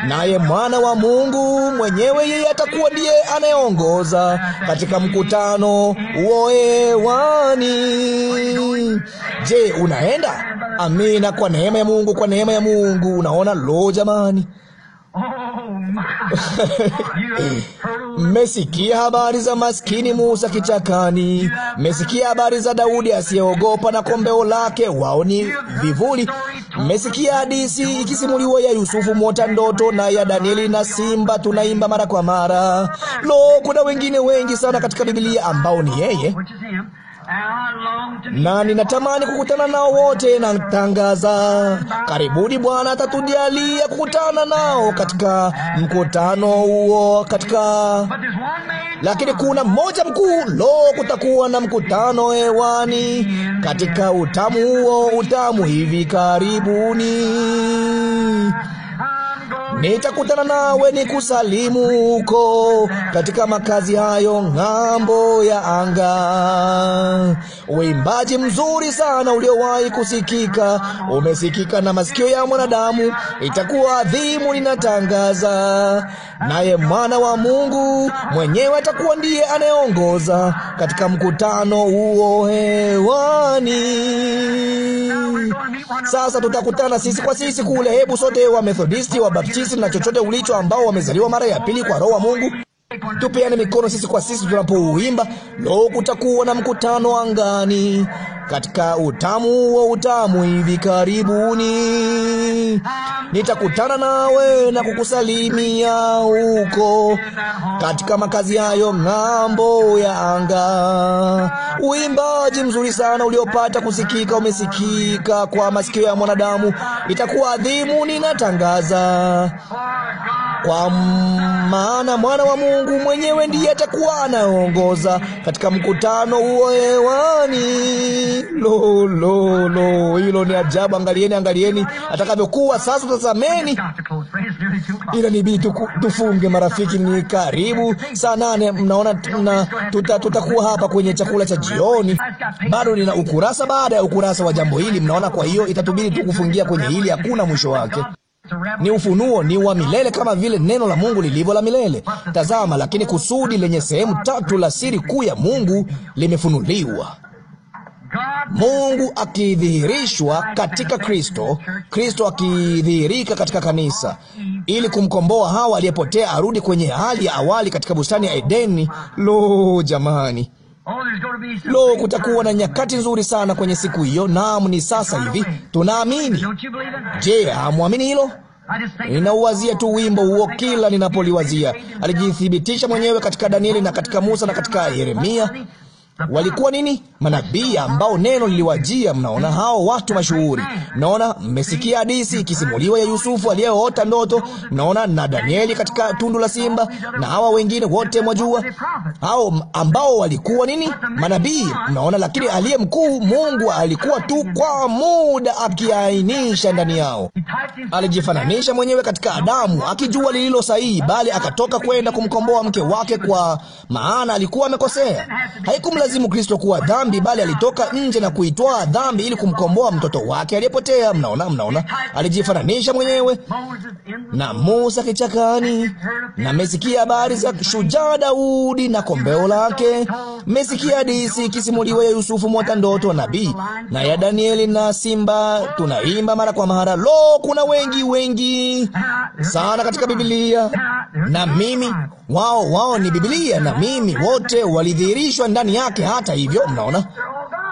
Naye mwana wa Mungu mwenyewe yeye atakuwa ndiye anayeongoza katika mkutano woewani. Je, unaenda? Amina, kwa neema ya Mungu, kwa neema ya Mungu. Unaona, lo jamani Mmesikia habari za maskini Musa kichakani. Mmesikia habari za Daudi asiyeogopa na kombeo lake, wao ni vivuli. Mmesikia hadithi ikisimuliwa ya Yusufu mwota ndoto na ya Danieli na simba, tunaimba mara kwa mara. Lo, kuna wengine wengi sana katika Biblia ambao ni yeye na ninatamani kukutana nao wote. Natangaza karibuni, Bwana atatujalia kukutana nao katika mkutano huo katika, lakini kuna mmoja mkuu. Lo, kutakuwa na mkutano hewani katika utamu huo, utamu hivi karibuni nitakutana nawe ni kusalimu huko katika makazi hayo ng'ambo ya anga. Uimbaji mzuri sana uliowahi kusikika umesikika na masikio ya mwanadamu, itakuwa adhimu. Ninatangaza naye mwana wa Mungu mwenyewe atakuwa ndiye anayeongoza katika mkutano huo hewani. Sasa tutakutana sisi kwa sisi kule. Hebu sote wa Methodisti, wa Baptisti nafsi na chochote ulicho, ambao wamezaliwa mara ya pili kwa Roho wa Mungu. Tupeane mikono sisi kwa sisi tunapouimba. Lo, kutakuwa na mkutano angani, katika utamu wa utamu. Hivi karibuni nitakutana nawe na kukusalimia huko katika makazi hayo ng'ambo ya anga. Uimbaji mzuri sana uliopata kusikika umesikika kwa masikio ya mwanadamu. Itakuwa adhimu, ninatangaza kwa maana mwana wa Mungu mwenyewe ndiye atakuwa anaongoza katika mkutano huo hewani hili lo lo lo, hilo ni ajabu. Angalieni, angalieni atakavyokuwa sasa. Tazameni, ila ni bidi tufunge marafiki. Ni karibu saa nane, mnaona na tuta, tutakuwa hapa kwenye chakula cha jioni. Bado nina ukurasa baada ya ukurasa wa jambo hili, mnaona. Kwa hiyo itatubidi tu kufungia kwenye hili, hakuna mwisho wake ni ufunuo, ni wa milele kama vile neno la Mungu lilivyo la milele. Tazama, lakini kusudi lenye sehemu tatu la siri kuu ya Mungu limefunuliwa. Mungu akidhihirishwa katika Kristo, Kristo akidhihirika katika kanisa, ili kumkomboa Hawa aliyepotea arudi kwenye hali ya awali katika bustani ya Edeni. Lo, jamani! Lo, kutakuwa na nyakati nzuri sana kwenye siku hiyo. Naam, ni sasa hivi. Tunaamini. Je, hamwamini hilo? Ninauwazia tu wimbo huo kila ninapoliwazia. Alijithibitisha mwenyewe katika Danieli na katika Musa na katika Yeremia walikuwa nini? Manabii ambao neno liliwajia. Mnaona hao watu mashuhuri, mnaona, mmesikia hadithi ikisimuliwa ya Yusufu aliyeota ndoto, mnaona, na Danieli katika tundu la simba, na hawa wengine wote mwajua, hao ambao walikuwa nini? Manabii, mnaona. Lakini aliye mkuu, Mungu, alikuwa tu kwa muda akiainisha ndani yao. Alijifananisha mwenyewe katika Adamu, akijua lililo sahihi, bali akatoka kwenda kumkomboa mke wake, kwa maana alikuwa amekosea. haikumla haimlazimu Kristo kuwa dhambi, bali alitoka nje na kuitwaa dhambi ili kumkomboa mtoto wake aliyepotea. Mnaona, mnaona, alijifananisha mwenyewe na Musa kichakani, na mesikia habari za shujaa Daudi na kombeo lake. mesikia hadithi ikisimuliwa ya Yusufu mwota ndoto nabii na ya Danieli na simba, tunaimba mara kwa mara. Lo, kuna wengi wengi sana katika Biblia na mimi wao wao ni Biblia na mimi wote walidhihirishwa ndani yake yake. Hata hivyo, mnaona,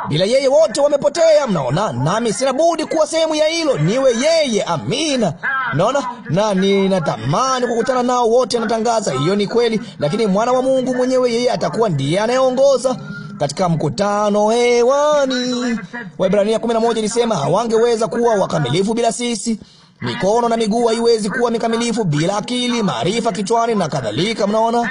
bila yeye wote wamepotea. Mnaona, nami sina budi kuwa sehemu ya hilo, niwe yeye. Amina. Mnaona, na ninatamani kukutana nao wote. Anatangaza hiyo ni kweli, lakini mwana wa Mungu mwenyewe yeye atakuwa ndiye anayeongoza katika mkutano hewani. Waebrania 11 ilisema hawangeweza kuwa wakamilifu bila sisi. Mikono na miguu haiwezi kuwa mikamilifu bila akili, maarifa kichwani na kadhalika. Mnaona,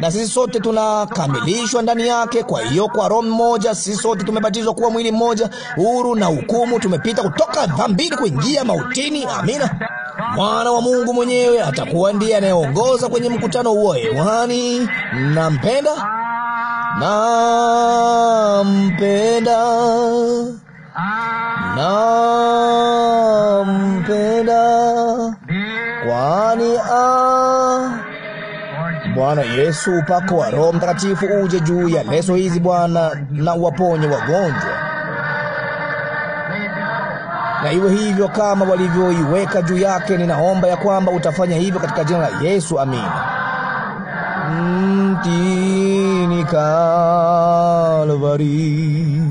na sisi sote tunakamilishwa ndani yake. Kwa hiyo, kwa roho mmoja sisi sote tumebatizwa kuwa mwili mmoja, huru na hukumu, tumepita kutoka dhambini kuingia mautini. Amina. Mwana wa Mungu mwenyewe atakuwa ndiye anayeongoza kwenye mkutano huo hewani. Nampenda, nampenda nampenda, kwani ah, Bwana Yesu, upako wa Roho Mtakatifu uje juu ya leso hizi Bwana, na uwaponye wagonjwa, na iwe hivyo kama walivyoiweka juu yake. Ninaomba ya kwamba utafanya hivyo katika jina la Yesu, amina. Mtini Kalvari.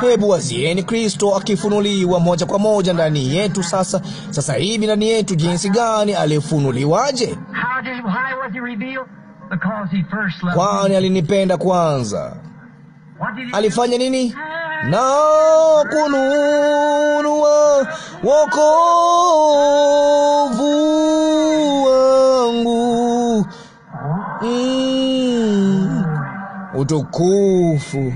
Hebu wazieni Kristo akifunuliwa moja kwa moja ndani yetu sasa, sasa hivi ndani yetu. Jinsi gani alifunuliwaje? Kwani alinipenda kwanza. Alifanya nini? na kununua wokovu wangu. Mm, utukufu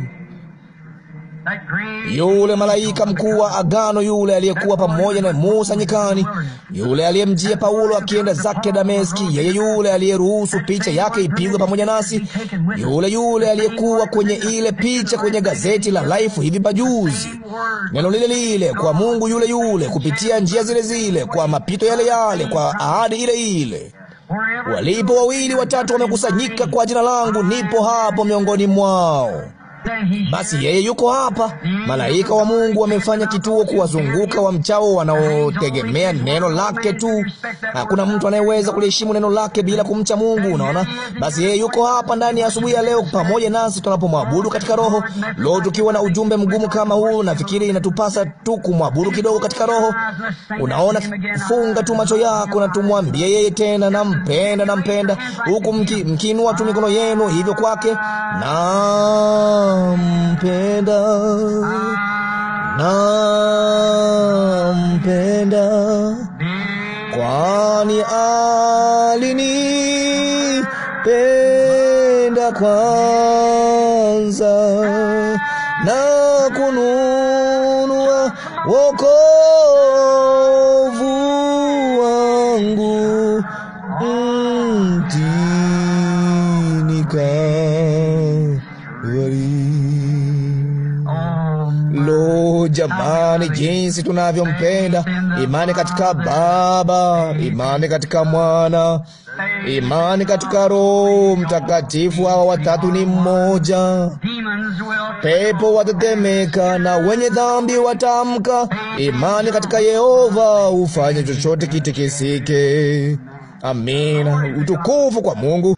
yule malaika mkuu wa agano, yule aliyekuwa pamoja na Musa nyikani, yule aliyemjia Paulo akienda zake Dameski, yeye yule aliyeruhusu picha yake ipigwe pamoja nasi, yule yule aliyekuwa kwenye ile picha kwenye gazeti la Life hivi pajuzi Neno lile lile kwa Mungu yule yule, kupitia njia zile zile, kwa mapito yale yale, kwa ahadi ile ile. Walipo wawili watatu wamekusanyika kwa jina langu, nipo hapo miongoni mwao. Basi yeye yuko hapa. Malaika wa Mungu wamefanya kituo kuwazunguka wamchao, wanaotegemea neno lake tu. Hakuna mtu anayeweza kuliheshimu neno lake bila kumcha Mungu. Unaona, basi yeye yuko hapa ndani ya asubuhi ya leo pamoja nasi tunapomwabudu katika roho. Leo tukiwa na ujumbe mgumu kama huu, nafikiri inatupasa tu kumwabudu kidogo katika roho. Unaona, funga tu macho yako na tumwambie yeye tena, nampenda, nampenda, huku mkiinua tu mikono yenu hivyo kwake na nampenda, nampenda, kwani penda kwanza. Jamani, jinsi tunavyompenda! Imani katika Baba, imani katika Mwana, imani katika Roho Mtakatifu. Hawa watatu ni mmoja. Pepo watatemeka na wenye dhambi watamka. Imani katika Yehova ufanya chochote kitikisike. Amina. Utukufu kwa Mungu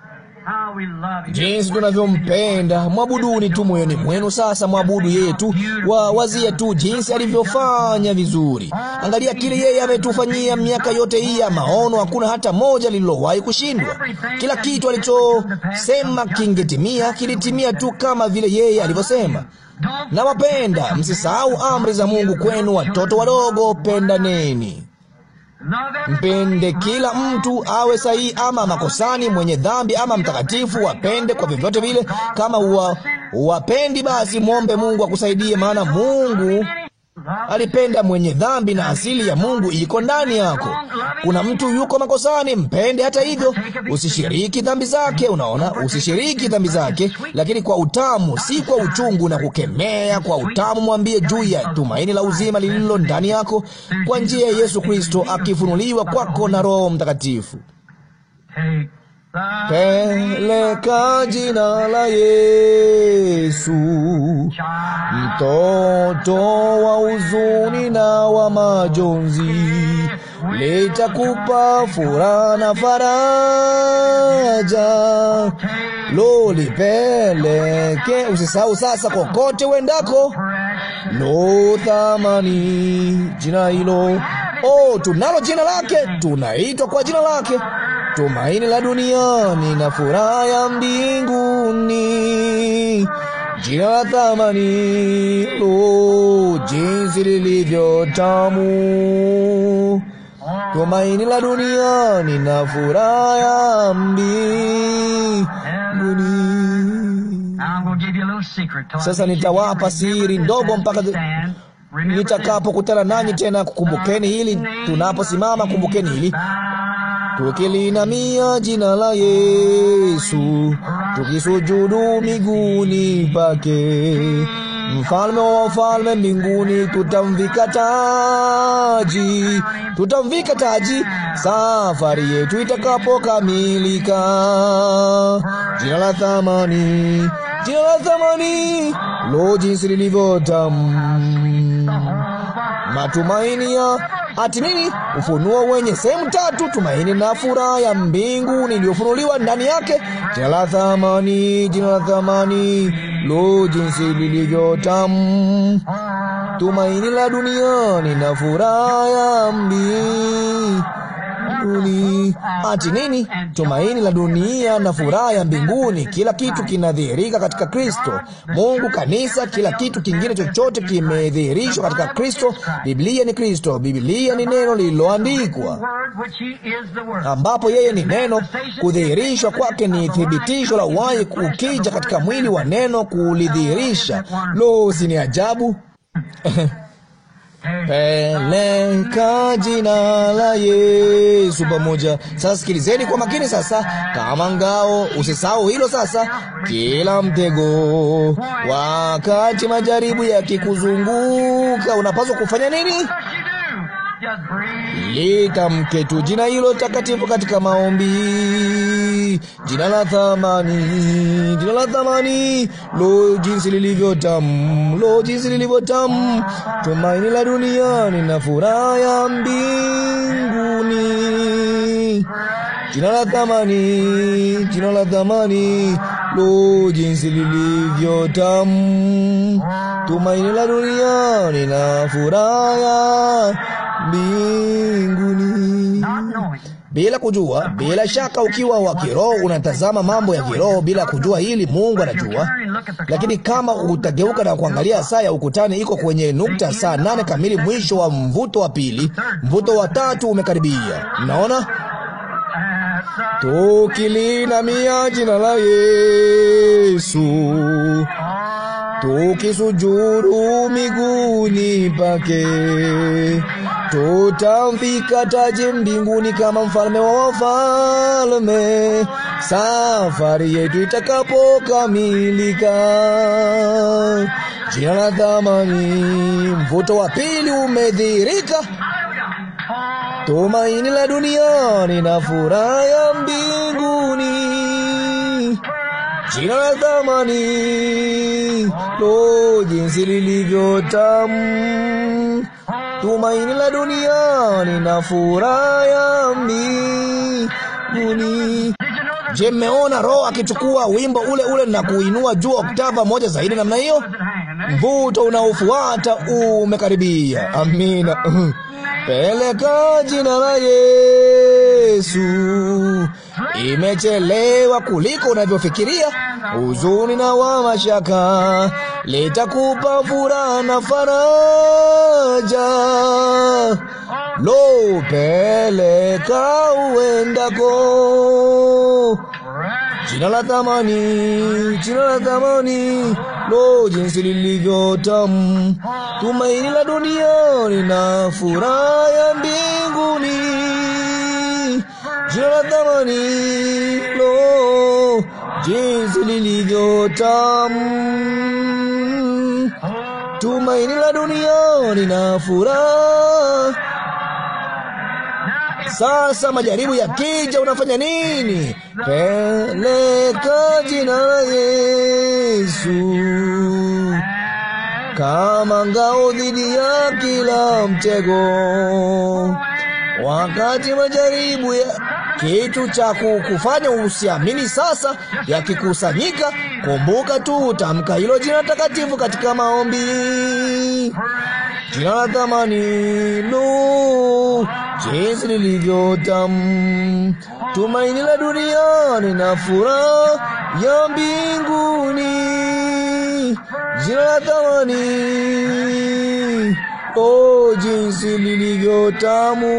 jinsi tunavyompenda. Mwabuduni tu moyoni mwenu. Sasa mwabudu yeye tu, wawazie tu jinsi alivyofanya vizuri. Angalia kile yeye ametufanyia miaka yote hii ya maono, hakuna hata moja lililowahi kushindwa. Kila kitu alichosema kingetimia, kilitimia tu kama vile yeye alivyosema. Nawapenda, msisahau amri za Mungu kwenu watoto wadogo, pendaneni. Mpende kila mtu awe sahihi ama makosani, mwenye dhambi ama mtakatifu, wapende kwa vyovyote vile. Kama uwa, uwapendi, basi mwombe Mungu akusaidie, maana Mungu alipenda mwenye dhambi, na asili ya Mungu iko ndani yako. Kuna mtu yuko makosani, mpende hata hivyo, usishiriki dhambi zake. Unaona, usishiriki dhambi zake, lakini kwa utamu, si kwa uchungu na kukemea. Kwa utamu mwambie juu ya tumaini la uzima lililo ndani yako kwa njia ya Yesu Kristo, akifunuliwa kwako na Roho Mtakatifu. Peleka jina la Yesu mtoto wa huzuni na wa majonzi, litakupa furaha na faraja, lolipeleke usisahau sasa, kokote wendako, lo thamani jina hilo. Oh, tunalo jina lake, tunaitwa kwa jina lake, tumaini la duniani na furaha ya mbinguni jina la thamani. Lo, jinsi lilivyo tamu! Tumaini la duniani na furaha ya mbinguni. Sasa nitawapa siri ndogo mpaka nitakapokutana nanyi tena. Kukumbukeni hili tunaposimama, kumbukeni hili tukilinamia jina la Yesu, tukisujudu miguuni pake. Mfalme wa falme mbinguni, tutamvika taji, tutamvika taji safari yetu itakapokamilika. Jina la thamani, jina la thamani, lo jinsi matumaini ya ati nini? Ufunuo wenye sehemu tatu: tumaini na furaha ya mbingu niliofunuliwa ndani yake. Jina la thamani, jina la thamani, lo, jinsi lilivyo tamu! Tumaini la duniani na furaha ya mbingu ni ati nini? Tumaini la dunia na furaha ya mbinguni. Kila kitu kinadhihirika katika Kristo, Mungu, kanisa, kila kitu kingine chochote kimedhihirishwa katika Kristo. Biblia ni Kristo. Biblia ni neno lililoandikwa, ambapo yeye ni neno. Kudhihirishwa kwake ni thibitisho la uhai, ukija katika mwili wa neno kulidhihirisha. Lo, si ni ajabu! peleka jina la Yesu pamoja. Sasa sikilizeni kwa makini sasa, kama ngao, usisahau hilo sasa. Kila mtego, wakati majaribu yakikuzunguka, unapaswa kufanya nini? litamke tu jina hilo takatifu katika maombi. Jina la thamani, jina la thamani, lo jinsi lilivyo tamu, lo jinsi lilivyo tamu, tumaini la duniani na furaha ya mbinguni. Jina la thamani, jina la thamani, lo jinsi lilivyo tamu, tumaini la duniani na furaha mbinguni bila kujua. Bila shaka, ukiwa wa kiroho unatazama mambo ya kiroho bila kujua hili, Mungu anajua. Lakini kama utageuka na kuangalia saa ya ukutani, iko kwenye nukta saa nane kamili, mwisho wa mvuto wa pili. Mvuto wa tatu umekaribia. Mnaona, tukilinamia jina la Yesu, tukisujuru miguuni pake tutamvika taji mbinguni kama mfalme wa wafalme safari yetu itakapokamilika. Jina la thamani. Mvuto wa pili umedhirika tumaini la duniani na furaha ya mbinguni. Jina la thamani, lo, jinsi tamu tumaini la duniani na furaha ya mbinguni. Je, mmeona Roho akichukua wimbo ule ule na kuinua juu oktava moja zaidi namna hiyo? Mvuto unaofuata umekaribia. Amina. Peleka jina la Yesu imechelewa kuliko unavyofikiria. Huzuni na wa mashaka litakupa furaha na faraja. Lo, peleka uendako Jina la thamani, jina la thamani, lo, jinsi lilivyo tamu! Tumaini la dunia na furaha ya mbinguni jina la thamani lo jinsi lilivyo tamu tumaini la duniani na furaha sasa majaribu ya kija unafanya nini peleka jina la Yesu kama ngao dhidi ya kila mtego wakati majaribu ya kitu cha kukufanya usiamini sasa yakikusanyika, kumbuka tu utamka hilo jina takatifu katika maombi. Jina la thamani lu jinsi lilivyotam, tumaini la duniani na furaha ya mbinguni. Jina la thamani O jinsi lilivyotamu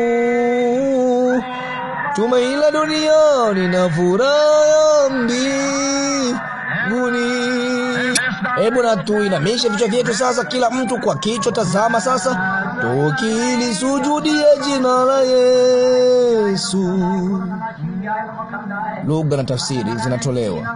tumaila duniani na furaha ya mbinguni. Hebu na tuinamishe vichwa vyetu sasa, kila mtu kwa kichwa. Tazama sasa, tukili sujudi ya jina la Yesu. Lugha na tafsiri zinatolewa.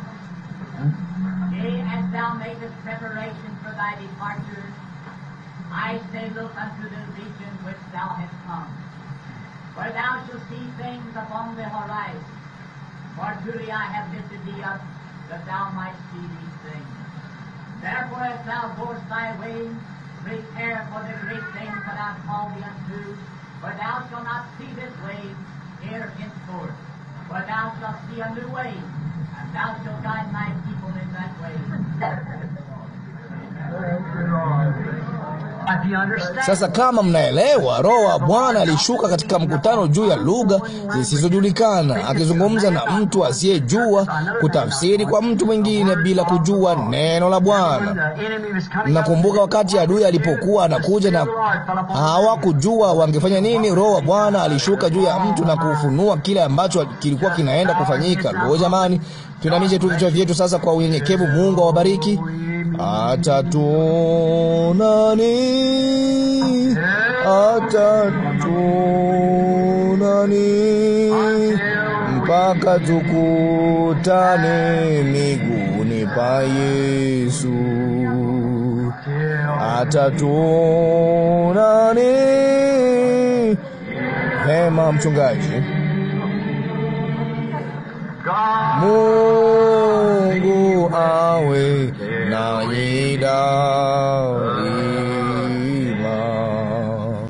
Yea, as thou makest preparation for thy departure, I say, look unto the region which thou hast come, where thou shalt see things upon the horizon. For truly I have lifted thee up, that thou mightst see these things. Therefore, as thou goest thy way, prepare for the great thing that I call thee unto, for thou shalt not see this way here henceforth, for thou shalt see a new way Thou shalt guide my people in that way. Sasa kama mnaelewa, Roho wa Bwana alishuka katika mkutano juu ya lugha zisizojulikana, akizungumza na mtu asiyejua, kutafsiri kwa mtu mwingine bila kujua neno la Bwana. Nakumbuka wakati adui alipokuwa anakuja na hawakujua wangefanya nini, Roho wa Bwana alishuka juu ya mtu na kufunua kile ambacho kilikuwa kinaenda kufanyika. Lo, jamani, tuinamishe tu vichwa vyetu sasa kwa unyenyekevu. Mungu awabariki atatunani atatunani mpaka tukutane miguni pa Yesu atatunani hema mchungaji Mungu awe Now we know.